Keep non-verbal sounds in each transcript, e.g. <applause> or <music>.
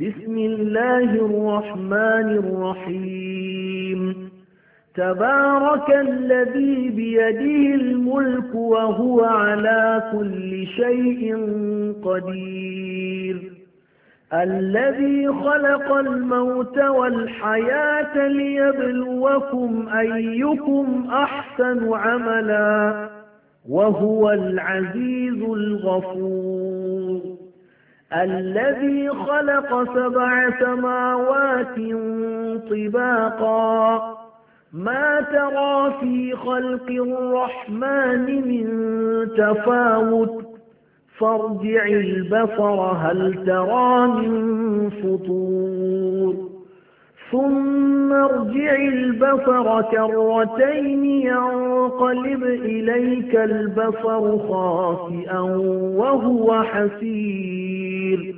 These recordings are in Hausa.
بسم الله الرحمن الرحيم تبارك الذي بيده الملك وهو على كل شيء قدير الذي خلق الموت والحياة ليبلوكم أيكم أحسن عملا وهو العزيز الغفور الذي خلق سبع سماوات طباقا ما ترى في خلق الرحمن من تفاوت فارجع البصر هل ترى من فطور ثم ارجع البصر كرتين ينقلب إليك البصر خاسئا وهو حسير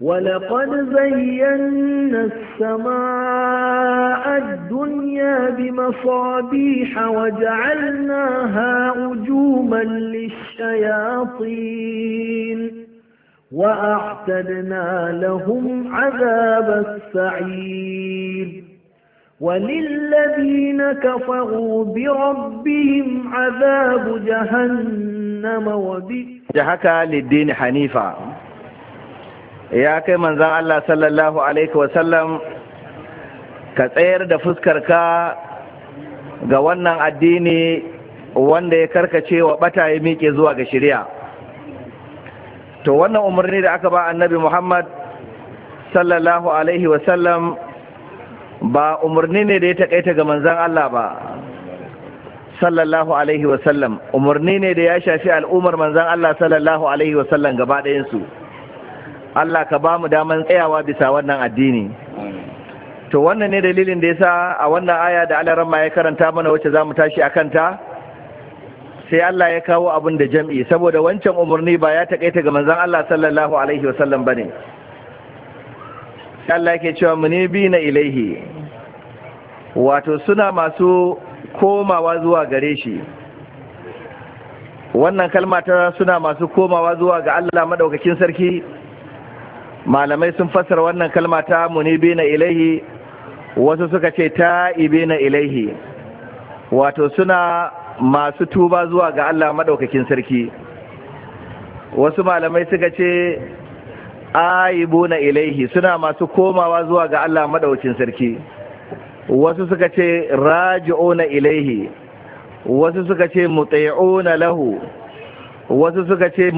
ولقد زينا السماء الدنيا بمصابيح وجعلناها عجوما للشياطين وأعتدنا لهم عذاب السعير وللذين كفروا بربهم عذاب جهنم وبئس جهك للدين حنيفا يا كي من ذا الله صلى الله عليه وسلم كتير دفسكر كا ga wannan addini wanda ya karkace wa bata ya miƙe zuwa ga shari'a to wannan umarni da aka ba annabi Muhammad sallallahu alaihi wasallam ba umarni ne da ya takaita ga manzan Allah ba sallallahu alaihi wasallam umarni ne da ya shafi al'ummar manzan Allah sallallahu alaihi wasallam gaba ɗayansu Allah ka ba mu daman tsayawa bisa wannan addini to wannan ne dalilin da ya sa a wannan aya da alaramma ya karanta mana wacce za mu tashi a kanta sai Allah ya kawo abin da jam'i saboda wancan umarni ba ya taƙaita ga manzon Allah sallallahu alaihi wasallam bane Allah yake cewa bi na ilaihi wato suna masu komawa zuwa gare shi wannan kalma ta suna masu komawa zuwa ga Allah madaukakin sarki malamai sun fassara wannan kalma ta bi na ilaihi wasu suka ce ta ibe na ilaihi wato suna masu tuba zuwa ga Allah maɗaukakin sarki wasu malamai suka ce aibu na ilaihi suna masu komawa zuwa ga Allah maɗaukakin sarki wasu suka ce na ilaihi wasu suka ce na lahu wasu suka ce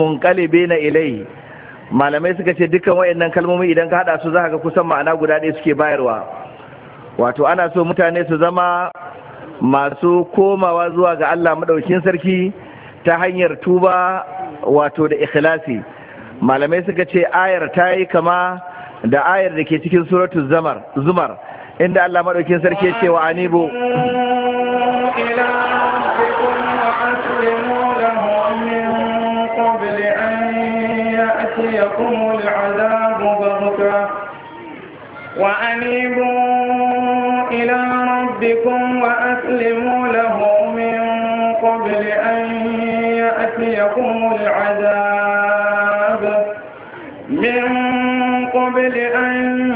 na ilaihi malamai suka ce dukkan wayannan kalmomi idan ka haɗa su zaka ga kusan ma'ana guda ɗaya suke bayarwa wato ana so mutane su zama masu komawa zuwa ga Allah maɗaukin sarki ta hanyar tuba wato da ikhlasi malamai suka ce ayar ta yi kama da ayar da ke cikin suratul zamar zumar inda Allah maɗaukin sarki ya ce wa anibu وأنيبوا ربكم وأسلموا له من قبل أن يأتيكم العذاب من قبل أن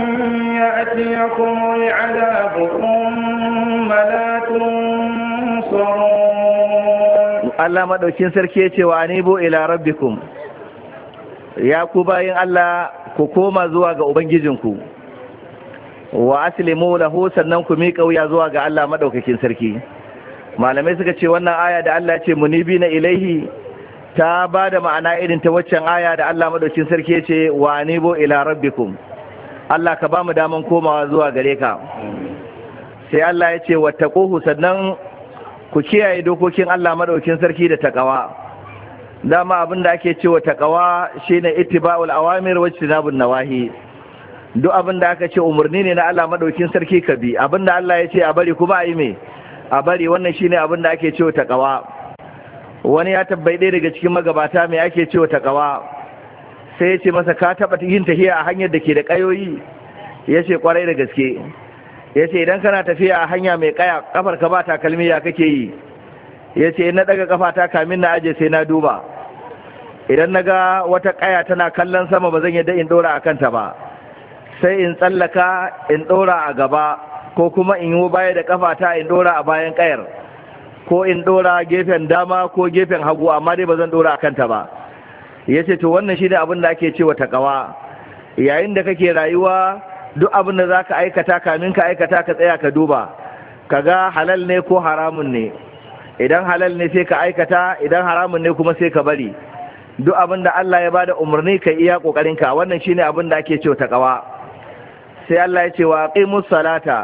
يأتيكم العذاب ثم لا تنصرون الله مدوكين سركيتي وأنيبوا إلى ربكم يا كوباين الله ku koma zuwa ga Ubangijinku, wa aslimu lahu sannan ku miƙa wuya zuwa ga Allah madaukakin sarki malamai suka ce wannan aya da Allah ce munibi na ilaihi ta bada ma'ana irin ta waccan aya da Allah madaukakin sarki ya ce wa anibu ila rabbikum Allah ka ba daman komawa zuwa gare ka sai Allah ya ce wattaquhu sannan ku kiyaye dokokin Allah madaukakin sarki da takawa dama abin da ake cewa takawa shine ittiba'ul awamir wa ijtinabun nawahi duk abin da aka ce umarni ne na Allah madaukin sarki ka bi abin da Allah ya ce a bari kuma a yi me a bari wannan shine abin da ake cewa taqwa wani ya tabbai ɗaya daga cikin magabata me ake cewa kawa sai ya ce masa ka taba yin tafiya a hanyar da ke da kayoyi ya ce kwarai da gaske ya ce idan kana tafiya a hanya mai kaya kafar ka ba takalmi ya kake yi ya ce na ɗaga kafa ta kamin na aje sai na duba idan na ga wata kaya tana kallon sama ba zan yadda in dora a kanta ba sai in tsallaka in ɗora a gaba ko kuma in yi baya da ƙafata in ɗora a bayan ƙayar ko in ɗora gefen dama ko gefen hagu amma dai ba zan ɗora a kanta ba ya ce to wannan shi ne abin da ake cewa ƙawa. yayin da kake rayuwa duk abin da za ka aikata kamin ka aikata ka tsaya ka duba ka ga halal ne ko haramun ne idan halal ne sai ka aikata idan haramun ne kuma sai ka bari duk abin da Allah ya bada umarni ka iya kokarin ka wannan shine abin da ake cewa kawa sai Allah ya ce wa aqimus salata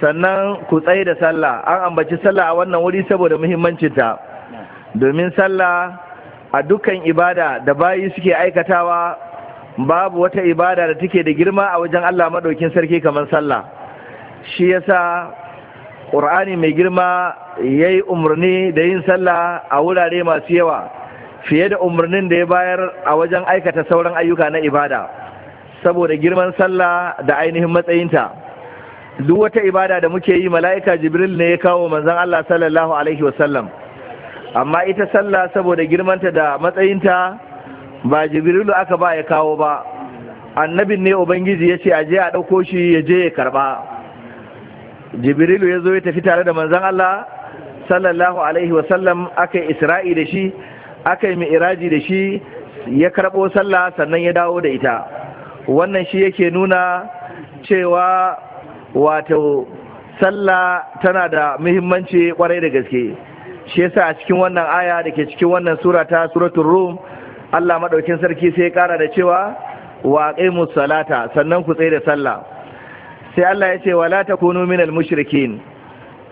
sannan ku tsaye da sallah an ambaci sallah a wannan wuri saboda muhimmancinta domin sallah a dukkan ibada da bayi suke aikatawa babu wata ibada da take da girma a wajen Allah maɗaukin sarki kamar sallah shi yasa ƙur'ani mai girma yayi yi umarni da yin sallah a wurare masu yawa fiye da umarnin da ya bayar a wajen aikata sauran ayyuka na ibada saboda girman sallah da ainihin matsayinta duk wata ibada da muke yi mala'ika jibril ne ya kawo manzon Allah sallallahu alaihi wasallam amma ita sallah saboda girmanta da matsayinta ba jibrilu aka ba ya kawo ba annabin ne ubangiji ya ce a je a ɗauko shi ya je ya karba jibrilu ya zo ya tafi tare da manzon Allah sallallahu alaihi wasallam aka yi isra'i da shi aka yi mi'iraji da shi ya karɓo sallah sannan ya dawo da ita wannan shi yake nuna cewa wato sallah tana da muhimmanci kwarai da gaske shi yasa a cikin wannan aya da ke cikin wannan sura ta suratul rum Allah madaukin sarki sai kara da cewa wa aqimus salata sannan ku tsaye da sallah sai Allah ya ce wala takunu minal mushrikin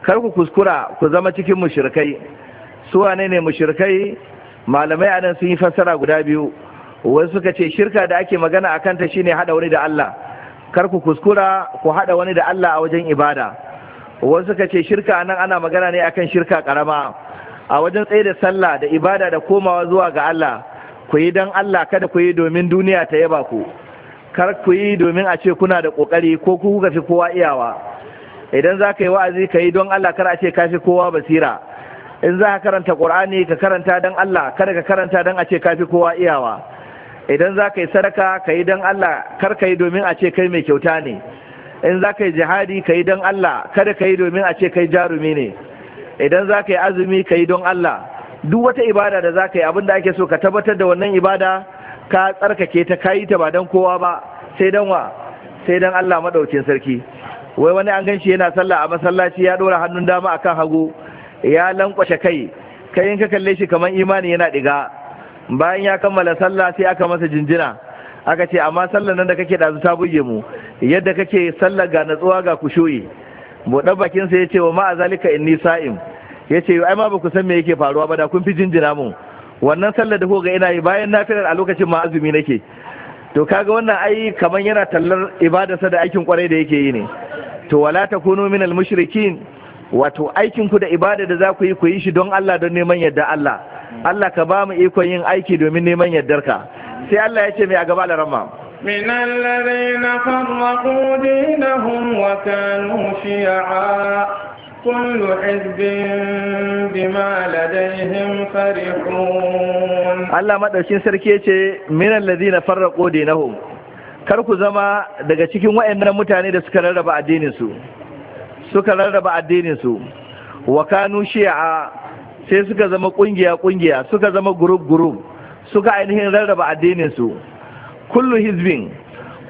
kar ku kuskura ku zama cikin mushrikai su wane ne mushrikai malamai anan sun yi fassara guda biyu wasu suka ce shirka da ake magana a kanta shine haɗa wani da Allah kar ku kuskura ku haɗa wani da Allah a wajen ibada wai suka ce shirka nan ana magana ne akan shirka karama a wajen tsaye da sallah da ibada da komawa zuwa ga Allah ku yi don Allah kada ku yi domin duniya ta yaba ku kar ku yi domin a ce kuna da kokari ko ku kuka fi kowa iyawa idan za ka yi wa'azi ka yi don Allah kar a ce ka fi kowa basira in za ka karanta qur'ani ka karanta don Allah kada ka karanta don a ce ka fi kowa iyawa idan za ka yi sadaka ka yi don Allah kar ka yi domin a ce kai mai kyauta ne in za ka yi jihadi ka yi don Allah kada ka yi domin a ce kai jarumi ne idan za ka yi azumi ka yi don Allah duk wata ibada da za ka yi abin da ake so ka tabbatar da wannan ibada ka tsarkake ta ka yi ta ba don kowa ba sai don wa sai don Allah maɗaukin sarki wai wani an ganshi yana sallah a masallaci ya ɗora hannun dama akan hagu ya lankwashe kai kai in ka kalle shi kamar imani yana ɗiga bayan ya kammala sallah sai aka masa jinjina aka ce amma sallar nan da kake dazu ta buge mu yadda kake sallar ga natsuwa ga kushoyi buɗe bakin sa yace wa ma zalika inni sa'im yace ai ma ba ku san me yake faruwa ba da kun fi jinjina mu wannan sallar da ga ina yi bayan nafilar a lokacin ma azumi nake to kaga wannan ai kaman yana tallar ibadarsa da aikin kwarai da yake yi ne to wala takunu minal mushrikin wato aikin ku da ibada da za ku yi ku yi shi don Allah don neman yadda Allah Allah ka ba mu ikon yin aiki domin neman yardarka sai Allah ya ce mai a gaba da rama من الذين فرقوا دينهم وكانوا شيعا كل حزب بما لديهم فرحون الله ما دوشين سركي ce من الذين فرقوا دينهم kar ku zama daga cikin nan mutane da suka rarraba addininsu suka rarraba addininsu wa kanu shi'a sai suka zama kungiya kungiya suka zama gurup guruf suka ainihin rarraba addinin su kullu hizbin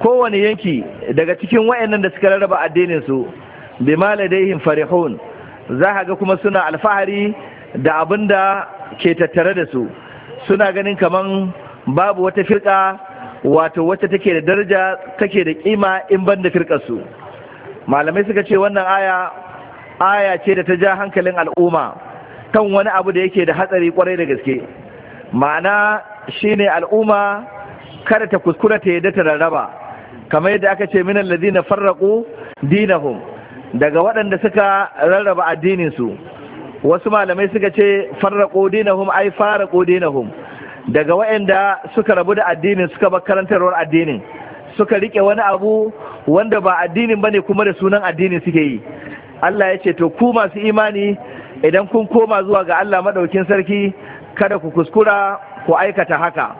kowane yanki daga cikin wayannan da suka rarraba addinin su bima ladaihim farihun za ka ga kuma suna alfahari da abin da ke tattare da su suna ganin kaman babu wata firka wato wacce take da daraja take da kima in banda firkar su malamai suka ce wannan aya aya ce da ta ja hankalin al'umma kan wani abu da yake da hatsari kwarai da gaske ma'ana shine al'umma kada ta kuskura ta yadda ta rarraba kamar yadda aka ce minan ladina farraqu dinahum daga waɗanda suka rarraba addinin su wasu malamai suka ce farraqu dinahum ai farraqu dinahum daga waɗanda suka rabu da addinin suka bar karantarwar addinin suka rike wani abu wanda ba addinin ne kuma da sunan addinin suke yi Allah ya ce to ku masu imani idan kun koma zuwa ga Allah madaukin sarki kada ku kuskura ku aikata haka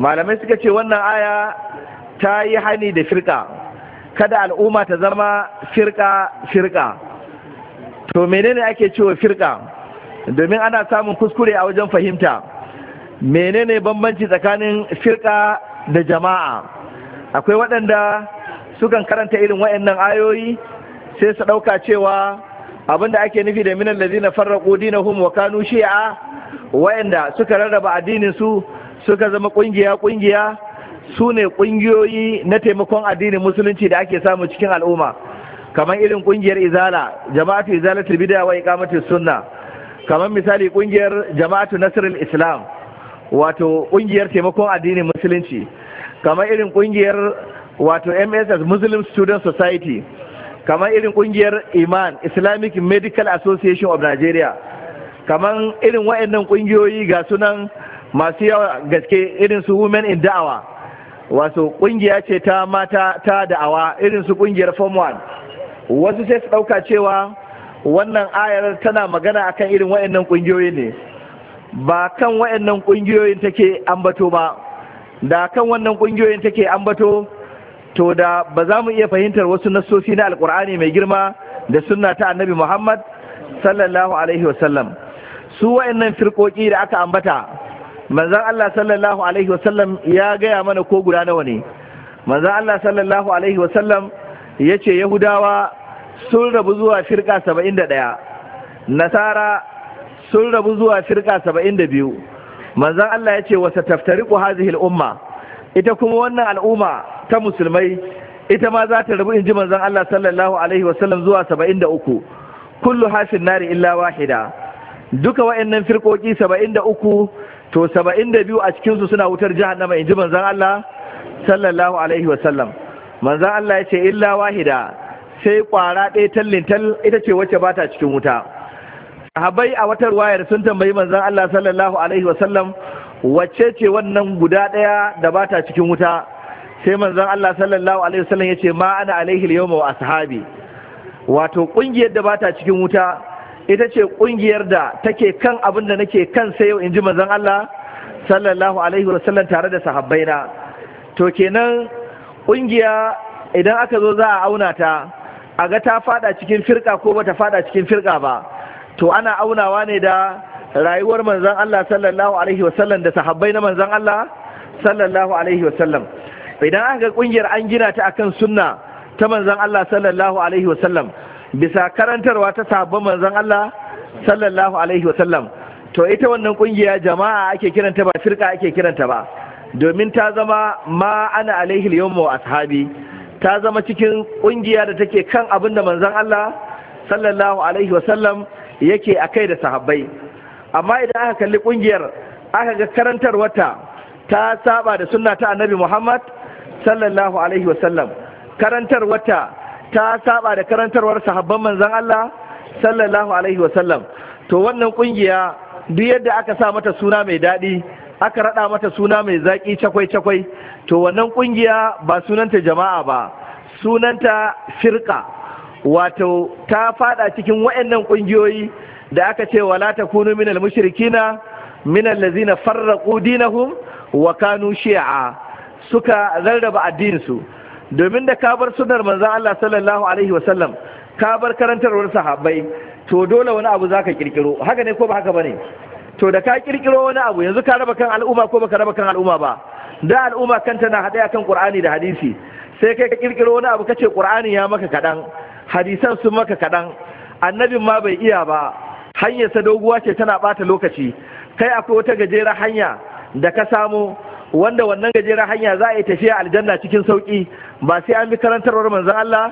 malamai suka ce wannan aya ta yi hani da firka kada al'umma ta zama firka firka to menene ake cewa firka domin ana samun kuskure a wajen fahimta menene bambanci tsakanin firka da jama'a akwai waɗanda sukan karanta irin waɗannan ayoyi sai su ɗauka cewa abinda ake nufi da minan na farraƙo dinahum wa kanu shi'a wayanda suka rarraba addinin su suka zama ƙungiya ƙungiya su ne ƙungiyoyi na taimakon addinin musulunci da ake samu cikin al'umma kamar irin ƙungiyar izala jama'atu izalatul bid'a wa iqamatus sunna kamar misali ƙungiyar jama'atu nasrul islam wato ƙungiyar taimakon addinin musulunci kamar irin ƙungiyar wato MSS Muslim Student Society kamar irin kungiyar iman islamic medical association of nigeria kamar irin wa'annan kungiyoyi ga sunan masu yawa gaske irin su women in da'awa wasu kungiya ce ta mata ta da'awa irin su kungiyar form 1 wasu sai su dauka cewa wannan ayar tana magana akan irin wa'annan kungiyoyi ne ba kan wa'annan kungiyoyin take ambato ba da kan wannan kungiyoyin take ambato to da ba za mu iya fahimtar wasu nasosi na alkur'ani mai girma da sunna ta annabi muhammad sallallahu alaihi wasallam su wa'annan firkoki da aka ambata manzan allah sallallahu alaihi wasallam ya gaya mana ko guda nawa ne manzan allah sallallahu alaihi wasallam ya ce yahudawa sun rabu zuwa firka saba'in da ɗaya nasara sun rabu zuwa firka saba'in da biyu manzan allah ya ce wasa taftariku hazihil umma ita kuma wannan al'umma ta musulmai ita ma za ta rabu in ji manzon Allah sallallahu alaihi wasallam zuwa saba'in da uku kullu hafin nari illa wahida duka wa'annan firkoki saba'in da uku to saba'in da biyu a cikinsu suna wutar jahannama in ji manzon Allah sallallahu alaihi wasallam manzon Allah ya ce illa wahida sai kwara ɗaya tallintal ita ce wacce ba ta cikin wuta sahabai a wata ruwayar sun tambayi manzon Allah sallallahu alaihi wasallam wacce ce wannan guda ɗaya da ba ta cikin wuta sai manzon Allah sallallahu alaihi wasallam ya ma ana alaihi al-yawma wa ashabi wato ƙungiyar da ba ta cikin wuta ita ce kungiyar da take kan abin da nake kan sai yau inji manzon Allah sallallahu alaihi wasallam tare da sahabbaina to kenan ƙungiya idan aka zo za a auna ta a ga ta fada cikin firka ko bata fada cikin firka ba to ana aunawa ne da rayuwar Manzan Allah sallallahu alaihi wasallam da sahabbai na Manzan Allah sallallahu alaihi wasallam idan aka kungiyar an gina ta akan sunna ta Manzan Allah sallallahu alaihi wasallam bisa karantarwa ta sahabban Manzan Allah sallallahu alaihi wasallam to ita wannan kungiya jama'a ake kiranta ba shirka ake kiranta ba domin ta zama ma ana alaihi a ashabi ta zama cikin kungiya da take kan abin da Manzan Allah sallallahu alaihi wasallam yake akai da sahabbai amma idan aka kalli ƙungiyar aka ga karantar karantarwata ta saba da sunna ta annabi muhammad sallallahu alaihi wasallam karantarwata ta saba da karantarwar sahabban manzan allah sallallahu alaihi wasallam to wannan ƙungiya duk yadda aka sa mata suna mai daɗi aka raɗa mata suna mai zaƙi cakwai-cakwai to wannan ƙungiya ba sunanta jama'a ba sunanta firka wato ta fada cikin waɗannan ƙungiyoyi da aka ce wala takunu minal mushrikina minal ladzina farraqu dinahum wa kanu shi'a suka rarraba addininsu domin da ka bar sunnar manza Allah sallallahu alaihi wasallam ka bar karantarwar sahabbai to dole wani abu zaka kirkiro haka ne ko ba haka bane to da ka kirkiro wani abu yanzu ka raba kan al'umma ko baka raba kan al'umma ba da al'umma kanta na haɗe akan Qur'ani da hadisi sai kai ka kirkiro wani abu kace Qur'ani ya maka kaɗan, hadisan sun maka kaɗan, annabin ma bai iya ba hanyarsa doguwa ce tana bata lokaci kai akwai wata gajeren hanya da ka samu wanda wannan gajeren hanya za a yi tafiya aljanna cikin sauƙi ba sai an bi karantarwar manzon Allah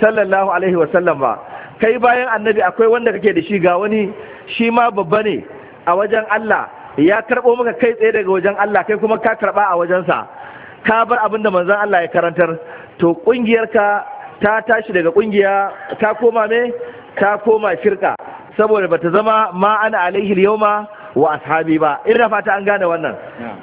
sallallahu alaihi wasallam ba kai bayan annabi akwai wanda kake da shi ga wani shi ma babba ne a wajen Allah ya karɓo maka kai tsaye daga wajen Allah kai kuma ka karɓa a wajensa ka bar abin da manzon Allah ya karantar to ƙungiyarka ta tashi daga ƙungiya ta koma me ta koma shirka saboda bata zama ma ana alaihi ma wa ashabi ba na fata an gane wannan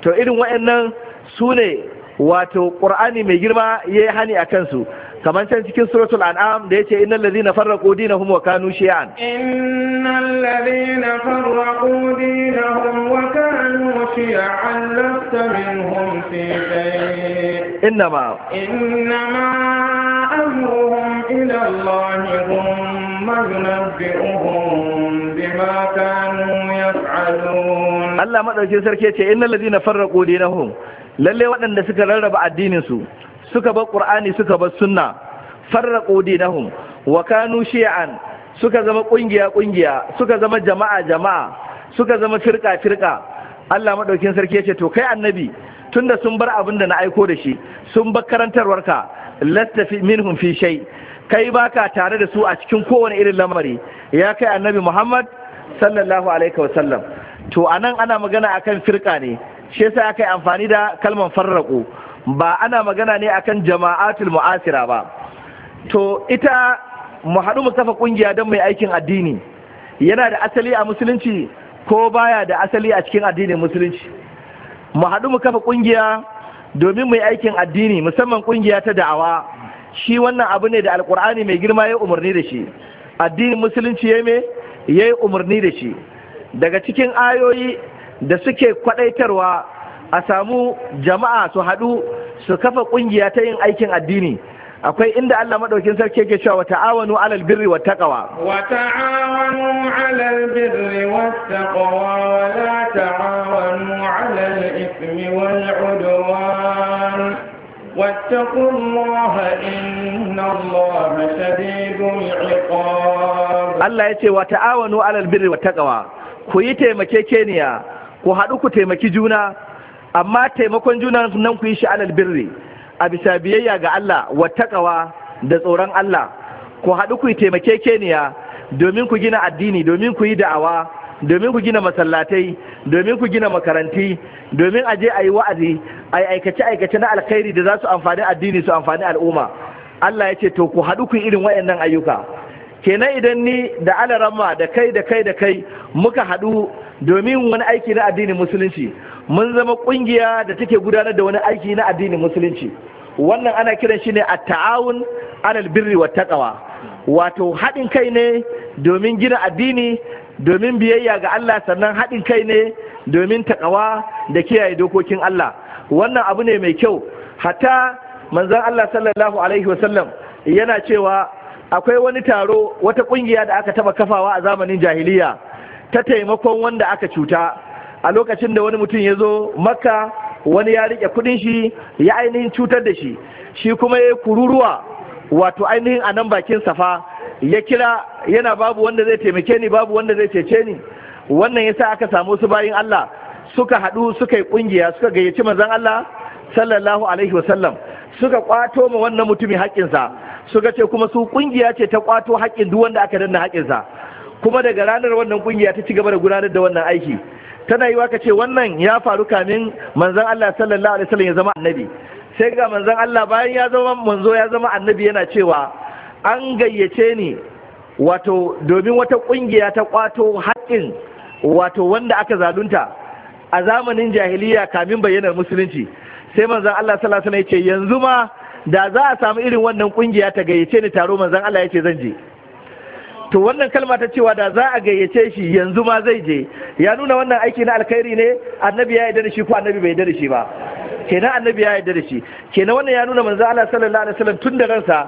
to irin wayannan su ne wato ƙur'ani mai girma ya yi hani a kansu kamar can cikin suratul an'am da ya ce, yace innal ladhina farraqu dinahum wa kanu shi'an innal ladhina farraqu dinahum wa kanu shi'an lasta minhum fi ma innama innama amruhum ila allahi allah ينبئهم sarki ce innal ladina farraqu dinahum lalle waɗanda suka rarraba addinin su suka bar qur'ani suka bar sunna farraqu dinahum wa kanu shi'an suka zama kungiya kungiya suka zama jama'a jama'a suka zama firka firka Allah madaukin sarki ya ce to kai annabi tunda sun bar abin da na aiko da shi sun bar karantarwarka latta minhum fi shay kai baka tare da su a cikin kowane irin lamari ya kai annabi Muhammad sallallahu alaihi wasallam to anan ana magana akan firka ne shi yasa aka yi amfani da kalman farraku ba ana magana ne akan jama'atul mu'asira ba to ita mu haɗu mu kafa ƙungiya don mai aikin addini yana da asali a musulunci ko baya da asali a cikin addinin musulunci mu haɗu mu kafa ƙungiya domin mai aikin addini musamman ƙungiya ta da'awa shi wannan abu ne da alkur'ani mai girma ya umarni da shi addinin musulunci ya me ya yi umarni da shi daga cikin ayoyi da suke kwadaitarwa a samu jama'a su haɗu su kafa ƙungiya ta yin aikin addini akwai inda Allah maɗaukin sarki yake cewa wa ta'awanu alal birri wat taqwa wa ta'awanu alal birri wat taqwa wa la ta'awanu alal ithmi wal udwan واتقوا الله إن الله شديد العقاب الله يتي وتعاونوا على البر والتقوى ku yi keniya, ku haɗu ku taimaki juna amma taimakon juna nan ku yi shi alal birri a bisa biyayya ga Allah wattakawa da tsoron Allah ku haɗu ku yi keniya domin ku gina addini domin ku yi da'awa domin ku gina masallatai domin ku gina makaranti domin a je a yi wa'azi ai aikace aikace na alkhairi da za su amfani addini su amfani al'umma Allah ya ce to ku haɗu ku irin waɗannan ayyuka kenan idan ni da alarama da kai da kai da kai muka haɗu domin wani aiki na addinin musulunci mun zama ƙungiya da take gudanar da wani aiki na addinin musulunci wannan ana kiran shi ne a ta'awun alal birri wa taqawa wato haɗin kai ne domin gina addini domin biyayya ga Allah sannan haɗin kai ne domin takawa da kiyaye dokokin Allah wannan abu ne mai kyau Hata manzan Allah sallallahu alaihi wasallam yana cewa akwai wani taro wata ƙungiya da aka taba kafawa a zamanin jahiliya ta taimakon wanda aka cuta a lokacin da wani mutum ya zo makka wani ya rike kudin shi ya ainihin cutar da shi shi kuma ya kururuwa wato ainihin a nan bakin safa ya kira yana babu wanda zai taimake ni babu wanda zai cece ni wannan yasa aka samu su bayin Allah suka haɗu suka yi ƙungiya suka gayyaci manzon Allah sallallahu alaihi wasallam suka kwato ma wannan mutumin haƙƙinsa suka ce kuma su ƙungiya ce ta kwato haƙƙin duk wanda aka danna haƙƙinsa kuma daga ranar wannan ƙungiya ta ci gaba da gudanar da wannan aiki tana yi ka ce wannan ya faru kamin manzon Allah sallallahu alaihi wasallam ya zama annabi sai ga manzon Allah bayan ya zama manzo ya zama annabi yana cewa an gayyace ni wato domin wata ƙungiya ta kwato haƙƙin wato wanda aka zalunta a zamanin jahiliya kamin bayyanar musulunci sai manzon Allah sallallahu alaihi wasallam yanzu ma da za a samu irin wannan kungiya ta gayyace ni taro manzon Allah yace zan je to wannan kalma ta cewa da za a gayyace shi yanzu ma zai je ya nuna wannan aiki na alkhairi ne annabi ya yarda da shi ko annabi bai yarda da shi ba kenan annabi ya yarda da shi kenan wannan ya nuna manzon Allah sallallahu alaihi wasallam tun da ransa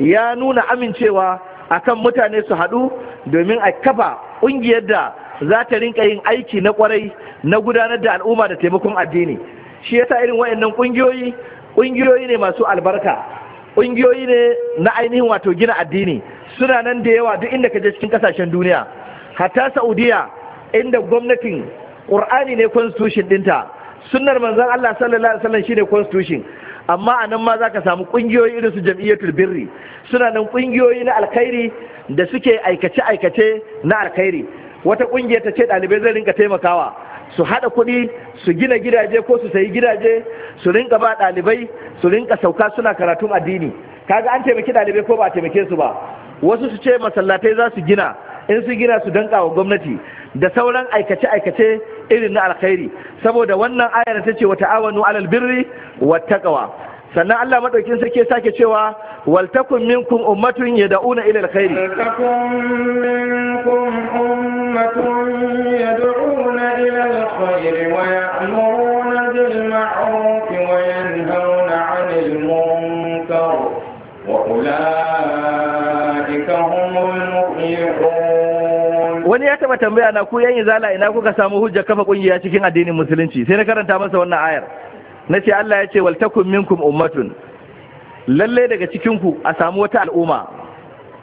ya nuna amincewa akan mutane su haɗu domin a kafa ƙungiyar da za ta rinka yin aiki na kwarai na gudanar da al'umma da taimakon addini shi yasa irin wayannan kungiyoyi kungiyoyi ne masu albarka Ƙungiyoyi ne na ainihin wato gina addini suna nan da yawa duk inda ka je cikin kasashen duniya hatta saudiya inda gwamnatin Ƙur'ani ne constitution dinta sunnar manzon Allah sallallahu alaihi wasallam shine constitution amma a nan ma za ka samu ƙungiyoyi irin su jam'iyyatul birri suna nan ƙungiyoyi na alkhairi da suke aikace-aikace na alkhairi wata ƙungiyar ta ce ɗalibai zai rinka taimakawa su haɗa kuɗi su gina gidaje ko su sayi gidaje su rinka ba ɗalibai su rinka sauka suna karatun addini kaga an taimaki ɗalibai ko ba a taimake su ba wasu su ce masallatai za su gina in su gina su danka wa gwamnati da sauran aikace-aikace irin na alkhairi saboda wannan ayar ta ce wata awanu alal birri wa taqwa sannan Allah maɗaukin sarki ya sake cewa wal takum minkum ummatun yad'una ila alkhairi wal wani ya taba tambaya na ku yayin zala, ina kuka samu hujja kafa kungiya cikin addinin musulunci sai na karanta masa wannan ayar na ce Allah ya ce waltakun minkum ummatun lalle daga cikinku a samu wata al'umma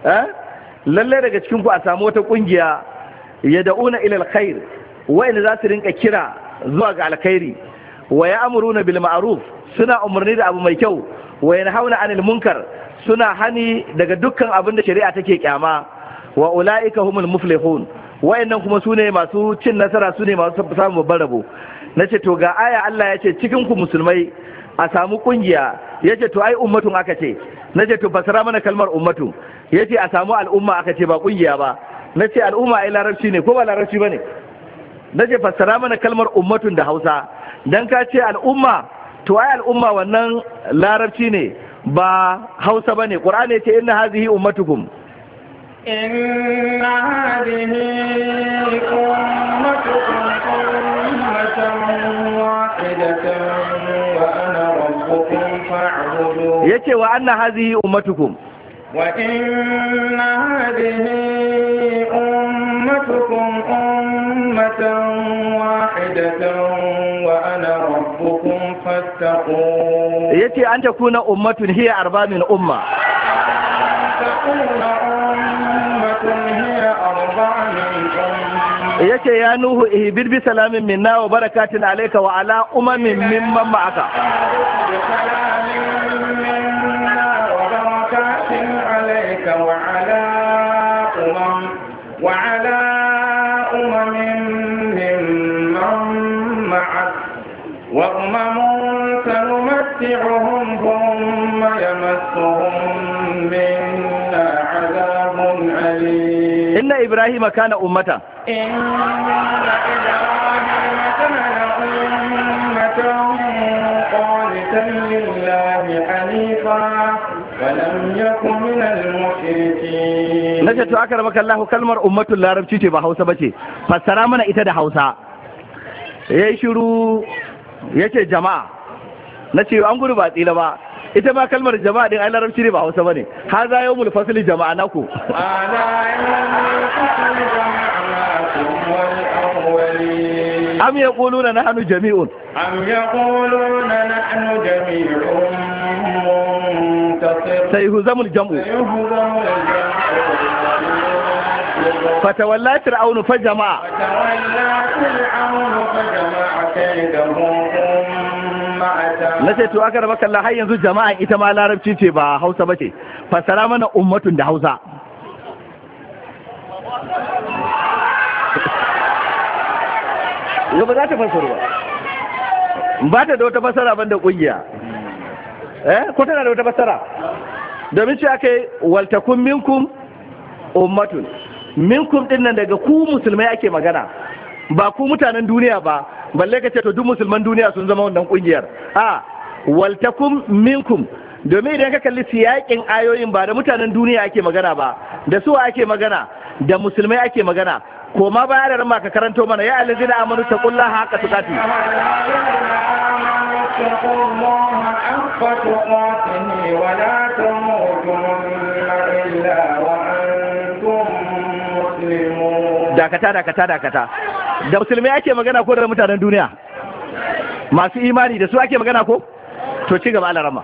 eh? lalle daga cikinku a samu wata kungiya ya da'una ilal wa in za su rinka kira zuwa ga alkhairi wa ya amuruna bil ma'ruf suna umarni da abu mai kyau wa yanhauna anil munkar suna hani daga dukkan abin da shari'a take kyama wa ulaika humul muflihun wa'annan kuma sune masu cin nasara sune masu samun babbar rabo na ce to ga aya Allah ya ce cikin ku musulmai a samu kungiya ya ce to ai ummatun aka ce na ce to basara mana kalmar ummatu ya ce a samu al'umma aka ce ba kungiya ba na ce al'umma ai larabci ne ko ba larabci ba ne na ce fassara mana kalmar ummatun da hausa dan ka ce al'umma to ai al'umma wannan larabci ne ba hausa ba ne ƙur'ani ce inna hazihi ummatukum إن هذه أمتكم واحدة وأنا ربكم فاعبدون يتي وأن هذه أمتكم وإن هذه أمتكم أمة واحدة وأنا ربكم فاتقون يتي أن تكون أمة هي أربع من أمة أن تكون أمة yake ya nuhu ihbir bi salamin minna wa barakatin alayka wa ala umamin mimman ma'aka وعلى Ibrahim kana ummata na ce kana ummatan qanitan lillahi hanifan ولم يكن من المشركين ba ce ba كلمة أمة العرب تيجي بحوسة بتي فسرامنا إتدا حوسة yace jama'a na ce an gudu ba tsila ba ita ma kalmar jama'a din ai larabci ne ba Hausa bane haza yawmul fasli jama'a naku ana yawmul fasli jama'a wal awwalin am yaquluna nahnu jami'un am yaquluna nahnu jami'un sai huzamul jam'u فتولى jam'u فجمع فتولى fa فجمع fatawalla fir'aunu na ce to aka rabaka Allah har yanzu jama'a ita ma larabci ce ba Hausa bace fasara mana ummatun da Hausa yau ba za ta fassara ba ba ta da wata ban banda kungiya eh ko tana da wata fasara domin ce akai waltakun minkum ummatun minkum dinnan daga ku musulmai ake magana ba ku mutanen duniya ba balle ka ce to duk musulman duniya sun zama wannan kungiyar a waltakum minkum domin idan ka kalli siyakin ayoyin ba da mutanen duniya ake magana ba da su ake magana da musulmai ake magana koma baya da rama ka karanto mana ya alladina amanu ta haqqa tuqati taqullaha haqqa wa la tamutunna illa dakata dakata dakata da musulmi ake magana ko da mutanen duniya masu imani da su ake magana ko to ci gaba Allah rama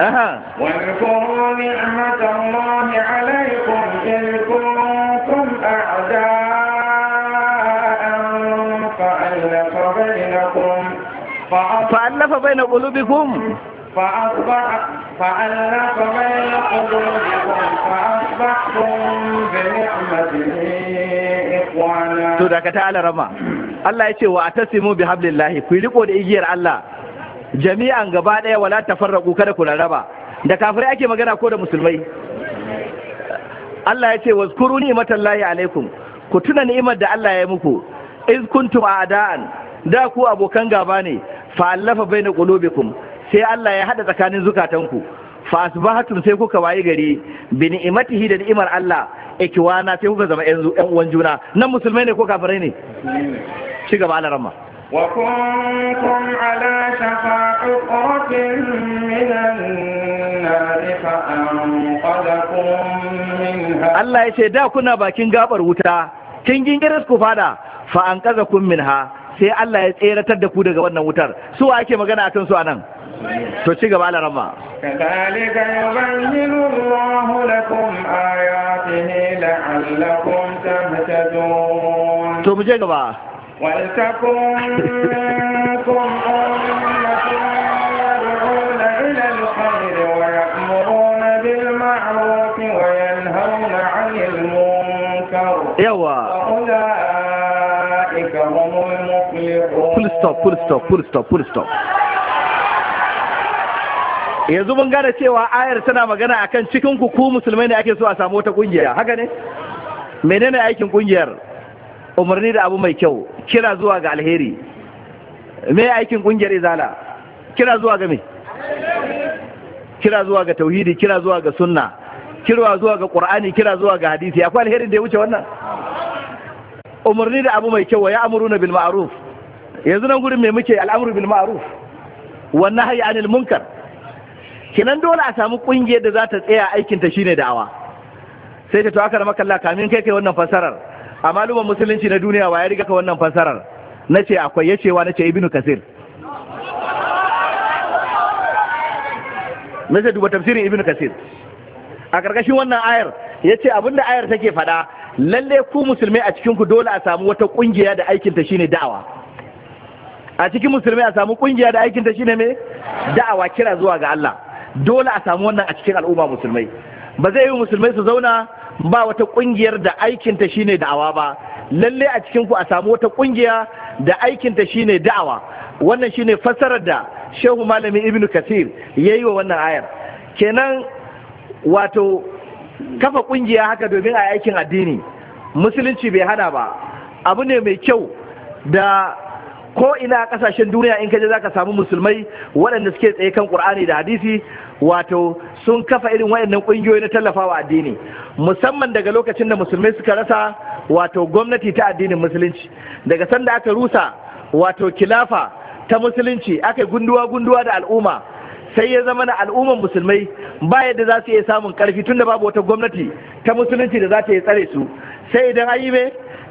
أها واذكروا نعمة الله عليكم إن كنتم أعداء فألف بينكم فألف بين قلوبكم فأصبح فألف بين قلوبكم فأصبحتم بنعمته إخوانا to da ka ta'ala rama Allah ya ce wa atasimu bi hablillahi ku riko da igiyar Allah jami'an gaba ɗaya wala tafarraqu kada ku raraba da kafirai ake magana ko da musulmai Allah ya ce wazkuru ni'matallahi alaikum ku tuna ni'imar da Allah ya muku iz a a'da'an da ku abokan gaba ne fa allafa baina qulubikum sai Allah ya hada tsakanin zukatanku fa asbahatum sai kuka waye gari bi ni'matihi da ni'mar Allah ikwana sai kuka zama ƴan uwan juna nan musulmai ne ko kafirai ne ci gaba alarama وكنتم an شفا حفرة من النار Allah ya ce da kuna bakin gabar wuta, kin gingiris ku fada fa an kaza kun minha sai Allah ya tseratar da ku daga wannan wutar su ake magana akan su anan to ci gaba da rama kadhalika yubayyinu Allahu lakum ayatihi la'allakum tahtadun to mu je gaba wal takum minkum ummatun yad'una ila al-khayr wa ya'muruna bil ma'ruf wa yanhauna 'anil munkar yawa ulaika humul muflihun full stop full stop full stop full stop yanzu mun gane cewa ayar tana magana akan cikin ku ku musulmai ne ake so a samu wata kungiya haka ne menene aikin kungiyar umarni da abu mai kyau kira zuwa ga alheri me aikin kungiyar izala kira zuwa ga me kira zuwa ga tauhidi kira zuwa ga sunna kira zuwa ga qur'ani kira zuwa ga hadisi akwai alherin da ya wuce wannan umarni da abu mai kyau ya amuruna bil ma'ruf yanzu nan gurin me muke al'amru bil ma'ruf wannan hayya anil munkar kinan dole a samu kungiyar da za ta tsaya aikin ta shine da'awa sai ta tawaka maka makalla kamin kai kai wannan fasarar a maluman musulunci na duniya wa ya riga ka wannan fasarar nace akwai ya cewa nace ibnu kasir nace duba tafsirin ibnu kasir a karkashin wannan ayar yace abinda ayar take faɗa lalle ku musulmai a cikin ku dole a samu wata kungiya da aikin ta shine da'awa a cikin musulmai a samu kungiya da aikin ta shine me da'awa kira zuwa ga Allah dole a samu wannan a cikin al'umma musulmai ba zai yi musulmai su zauna ba wata kungiyar da aikinta shine da'awa ba lalle a cikin ku a samu wata kungiya da aikinta shine da'awa wannan shine fassarar da shehu malami ibnu kasir ya yi wa wannan ayar kenan wato kafa kungiya haka domin a aikin addini musulunci bai hana ba abu ne mai kyau da ko ina kasashen duniya in kaje zaka samu musulmai waɗanda suke tsaye kan Qur'ani da hadisi wato sun kafa irin waɗannan ƙungiyoyi na tallafawa addini musamman daga lokacin da musulmai suka rasa wato gwamnati ta addinin musulunci daga sanda aka rusa wato kilafa ta musulunci aka gunduwa gunduwa da al'umma sai ya zama na al'umman musulmai ba yadda za su iya samun karfi da babu wata gwamnati ta musulunci da za ta yi tsare su sai idan an yi me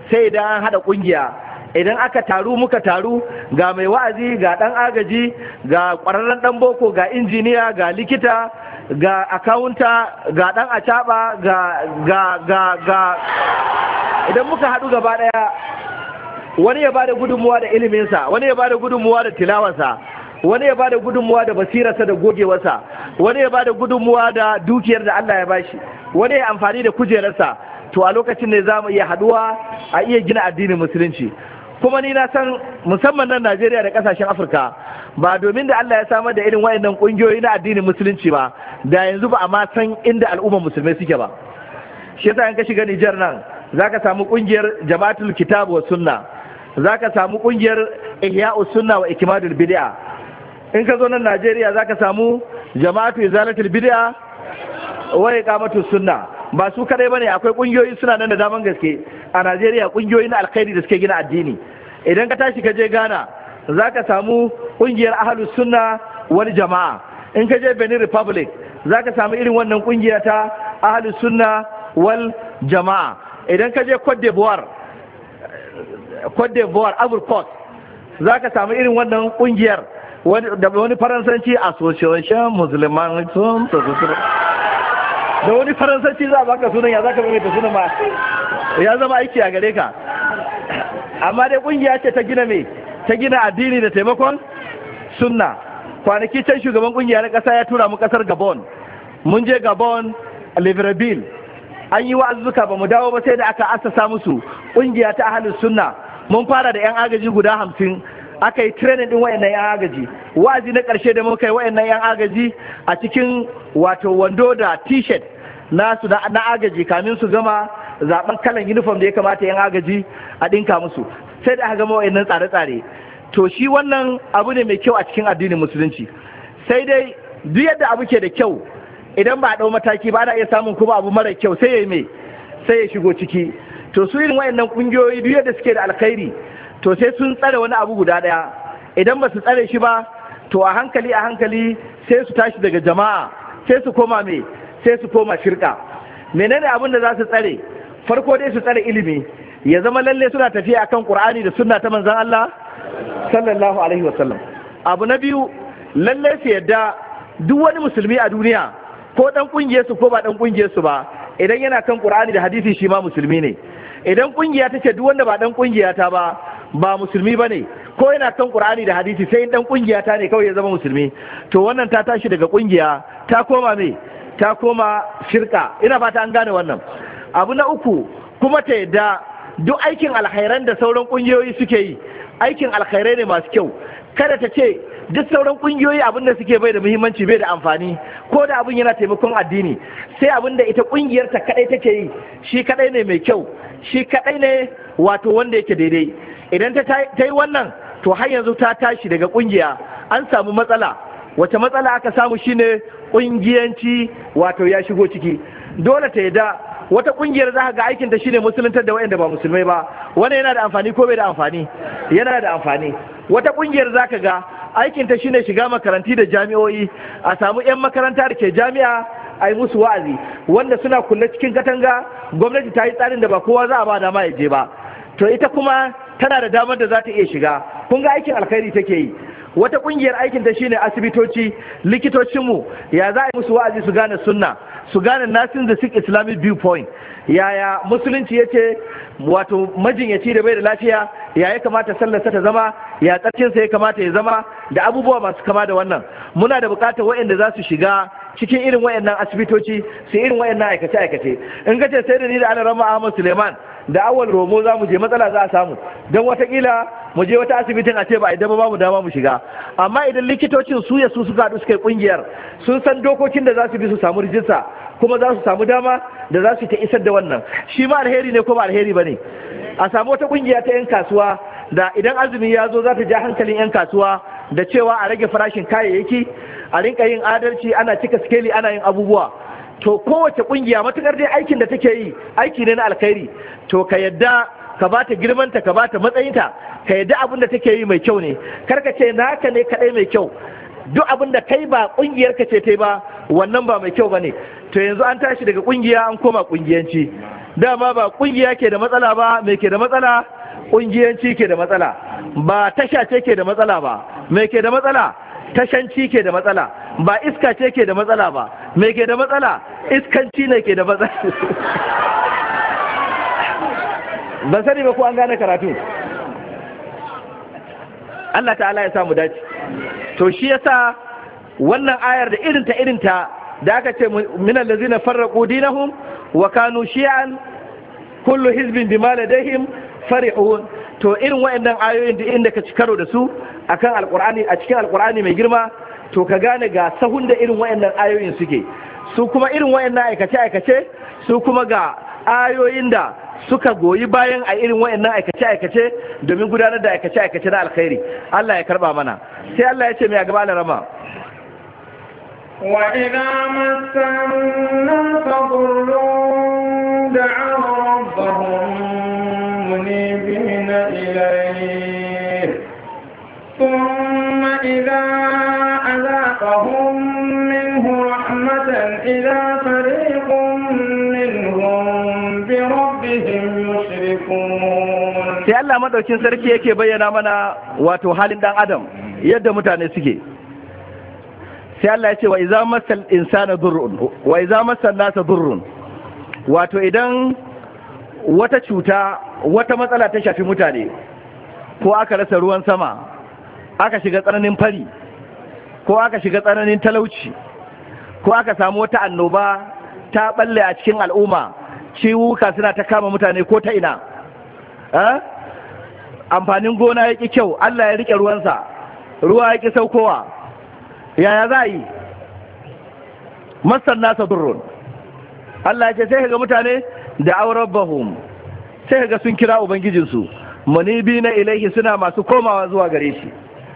sai idan an haɗa ƙungiya idan aka taru muka taru ga mai wa'azi ga ɗan agaji ga ƙwararren ɗan boko ga injiniya ga likita ga akawunta ga ɗan acaba ga ga ga ga idan muka haɗu gaba ɗaya wani ya bada gudunmuwa da iliminsa wani ya bada gudunmuwa da tilawarsa wani ya bada gudunmuwa da basirarsa da gogewarsa wani ya bada gudunmuwa da dukiyar da Allah ya bashi wani ya amfani da kujerarsa to a lokacin ne za mu iya haduwa a iya gina addinin musulunci kuma ni na san musamman nan Najeriya da kasashen Afirka ba domin da Allah ya samar da irin waɗannan ƙungiyoyi na addinin musulunci ba da yanzu ba a ma san inda al'ummar musulmai suke ba shi yasa in ka shiga Nijar nan zaka samu ƙungiyar Jama'atul Kitab wa Sunna zaka samu ƙungiyar Ihya'us Sunna wa Ikmadul Bid'a in ka zo nan Najeriya zaka samu Jama'atul Izalatul Bid'a wa Iqamatus Sunna ba su kadai bane akwai kungiyoyi suna nan da daman gaske a Najeriya kungiyoyi na alkhairi da suke gina addini idan ka tashi ka je Ghana zaka samu kungiyar ahlus sunna wal jama'a in ka je Benin Republic zaka samu irin wannan kungiya ta ahlus sunna wal jama'a idan ka je Cote d'Ivoire Cote d'Ivoire zaka samu irin wannan kungiyar wani faransanci association musulman sun da wani faransanci za a baka sunan ya zaka ta sunan ma ya zama aiki a gare ka amma dai kungiya ce ta gina mai ta gina addini da taimakon sunna kwanaki can shugaban kungiya na kasa ya tura mu kasar Gabon mun je Gabon Libreville an yi wa'azuka ba mu dawo ba sai da aka asasa musu kungiya ta ahalin sunna mun fara da yan agaji guda hamsin aka yi training din wayannan yan agaji wazi na karshe da muka yi wayannan yan agaji a cikin wato wando da t-shirt nasu na agaji kamin su gama zaben kalan uniform da ya kamata yan agaji a ɗinka musu sai da aka gama wayannan tsare-tsare to shi wannan abu ne mai kyau a cikin addinin musulunci sai dai duk yadda abu ke da kyau idan ba a ɗau mataki ba ana iya samun kuma abu mara kyau sai ya mai sai ya shigo ciki to su irin wayannan ƙungiyoyi duk yadda suke da alkhairi to sai sun tsare wani abu guda ɗaya idan ba su tsare shi ba to a hankali a hankali sai su tashi daga jama'a sai su koma me sai su koma shirka menene abin da za su tsare farko dai su tsare ilimi ya zama lalle suna tafiya akan qur'ani da sunna ta manzon Allah sallallahu alaihi wasallam abu na biyu lalle su yadda duk wani musulmi a duniya ko dan kungiyar ko ba ɗan ƙungiyarsu ba idan yana kan qur'ani da hadisi shi ma musulmi ne idan kungiya ta ce duk wanda ba dan kungiya ta ba ba musulmi ba ne. ko yana kan qur'ani da hadisi sai dan kungiya ta ne kawai ya zama musulmi to wannan ta tashi daga kungiya ta koma me ta koma shirka ina fata an gane wannan abu na uku kuma ta yadda duk aikin alkhairan da sauran kungiyoyi suke yi aikin alkhairai ne masu kyau kada ta ce duk sauran kungiyoyi abin da suke bai da muhimmanci bai da amfani ko da abin yana taimakon addini sai abin da ita kungiyar ta kadai take yi shi kadai ne mai kyau shi kadai ne wato wanda yake daidai idan ta yi wannan to har yanzu ta tashi daga kungiya an samu matsala wace matsala aka samu shine kungiyanci wato ya shigo ciki dole ta yadda wata kungiyar za ga aikin ta ne musuluntar da wayanda ba musulmai ba Wani yana da amfani ko bai da amfani yana da amfani wata kungiyar za ka ga aikinta ta ne shiga makaranti da jami'o'i a samu 'yan makaranta da ke jami'a a yi musu wa'azi wanda suna kulle cikin katanga gwamnati ta yi tsarin da ba kowa za a ba dama ya je ba to ita kuma tana da damar da za ta iya shiga kun ga aikin alkhairi take yi wata kungiyar aikin ta ne asibitoci likitocinmu ya za a yi musu wa'azi su gane sunna su gane nothing da sick islamic viewpoint yaya musulunci ya ce wato majinyaci da bai da lafiya ya ya kamata sallarsa ta zama ya tsarkinsa ya kamata ya zama da abubuwa masu kama da wannan muna da bukatar waɗanda za su shiga cikin irin waɗannan asibitoci su irin waɗannan aikace-aikace in ka ce sai da ni da ana rama ahmad suleiman da awal romo za mu je matsala za a samu don watakila mu je wata asibitin a ce ba a idan ba mu dama mu shiga amma idan likitocin su ya su suka haɗu suka ƙungiyar sun san dokokin da za su bi su samu rijista kuma za su samu dama da za su ta isar da wannan shi ma alheri ne ko ba alheri ba ne a samu wata kungiya ta 'yan kasuwa da idan azumi ya zo za ta ja hankalin 'yan kasuwa da cewa a rage farashin kayayyaki a rinka yin adalci ana cika skeli ana yin abubuwa to kowace kungiya matukar dai aikin da take yi aiki ne na alkhairi to ka yadda ka ba ta girmanta ka ba ta matsayinta ka yadda abin da take yi mai kyau ne Kar ka ce naka ne kadai mai kyau duk abin da kai ba kungiyar ka ce ta ba wannan ba mai kyau bane to yanzu an tashi daga kungiya an koma kungiyanci dama ba kungiya ke da matsala ba mai ke da matsala kungiyanci ke da matsala ba tasha ce ke da matsala ba mai ke da matsala tashanci ke da matsala ba iska ce ke da matsala ba mai ke da matsala iskanci ne ke da matsala <laughs> ban sani ba ko an gane karatu Allah ta'ala ya samu dace to shi yasa wannan ayar da irinta irinta da aka ce minan da zina farraku hun, wa kanu shi'an kullu hizbin bima ladaihim farihun to irin nan ayoyin da inda ka ci karo da su akan alqur'ani a cikin alqur'ani mai girma to ka gane ga sahun da irin nan ayoyin suke su kuma irin nan aikace aikace su kuma ga ayoyin da suka goyi bayan a irin nan aikace aikace domin gudanar da aikace aikace na alkhairi Allah ya karba mana sai Allah ya ce mai gaba da rama وإذا مس الناس ضر دعوا ربهم منيبين إليه ثم إذا أذاقهم منه رحمة إذا فريق منهم بربهم يشركون sai Allah madaukin sarki yake bayyana mana wato halin dan adam yadda mutane suke sai Allah ya ce wa iza masal insana durrun wa iza masal nasa durrun wato idan wata cuta wata matsala ta shafi mutane ko aka rasa ruwan sama aka shiga tsananin fari ko aka shiga tsananin talauci ko aka samu wata annoba ta balle a cikin al'umma ciwuka suna ta kama mutane ko ta ina amfanin gona ya ƙi kyau Allah ya riƙe ruwansa ruwa ya ƙi saukowa yaya za a yi masar nasa durrun Allah ya ce sai ga mutane da auren bahum sai ga sun kira ubangijinsu manibi na ilaihi suna masu komawa zuwa gare shi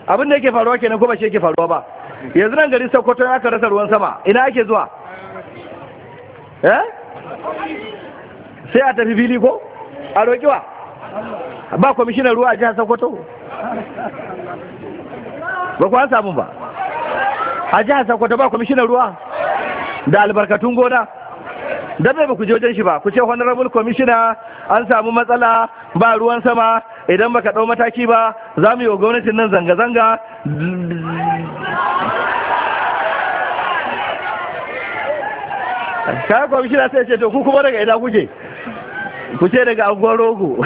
abin da yake faruwa kenan ko ba shi yake faruwa ba yanzu nan gari sokoto aka rasa ruwan sama ina ake zuwa eh sai a tafi fili ko a roƙi wa ba kwamishinan ruwa a jihar sokoto ba ku an samu ba a jihar Sokoto ba kwamishinan ruwa da albarkatun gona dan ba ku je wajen shi ba ku ce honorable commissioner an samu matsala ba ruwan sama idan baka ɗau mataki ba za mu yi wa gwamnatin nan zanga-zanga kayan komishina sai ce to ku kuma daga ina kuke ku ce daga anguwar rogo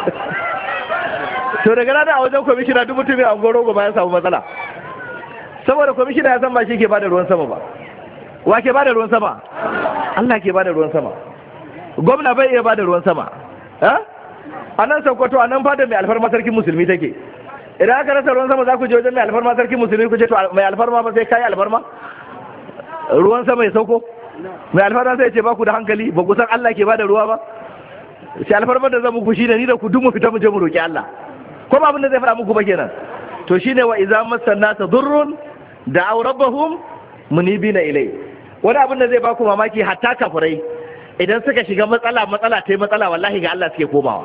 <laughs> to daga rana a wajen komishina dubu tumi anguwar rogo ba ya samu matsala saboda kwamishina ya san ba shi ke bada ruwan sama ba wa ke bada ruwan sama Allah ke bada ruwan sama gwamna bai iya bada ruwan sama a nan sokoto a nan fadar mai alfarma sarkin musulmi take idan aka rasa ruwan sama za ku je wajen mai alfarma sarkin musulmi ku je to mai alfarma ba sai kayi alfarma ruwan sama ya sauko mai alfarma sai ce ba ku da hankali ba ku san Allah ke bada ruwa ba sai alfarma da zamu ku ne ni da ku duk mu fita mu je mu roki Allah ko ba abin da zai fara muku ba kenan to shine wa idza massanna durrun da aurabbahum munibina ilai wani abin da zai ba ku mamaki hatta kafurai idan suka shiga matsala matsala ta matsala wallahi ga Allah suke komawa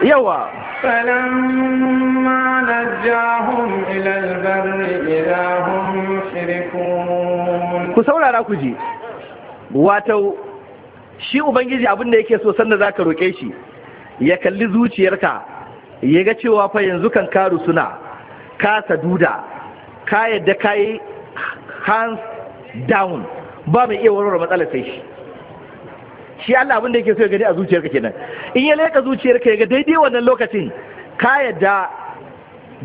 yawa ku saurara ku ji wato shi ubangiji abin da yake so sanda zaka roƙe shi ya kalli zuciyarka ya ga cewa fa yanzu kan karu suna ka saduda ka yadda ka yi hands down ba mai iya warware matsalar sai shi shi Allah abin da yake so ya gani a zuciyarka kenan in ya leka zuciyarka ya ga daidai wannan lokacin ka yadda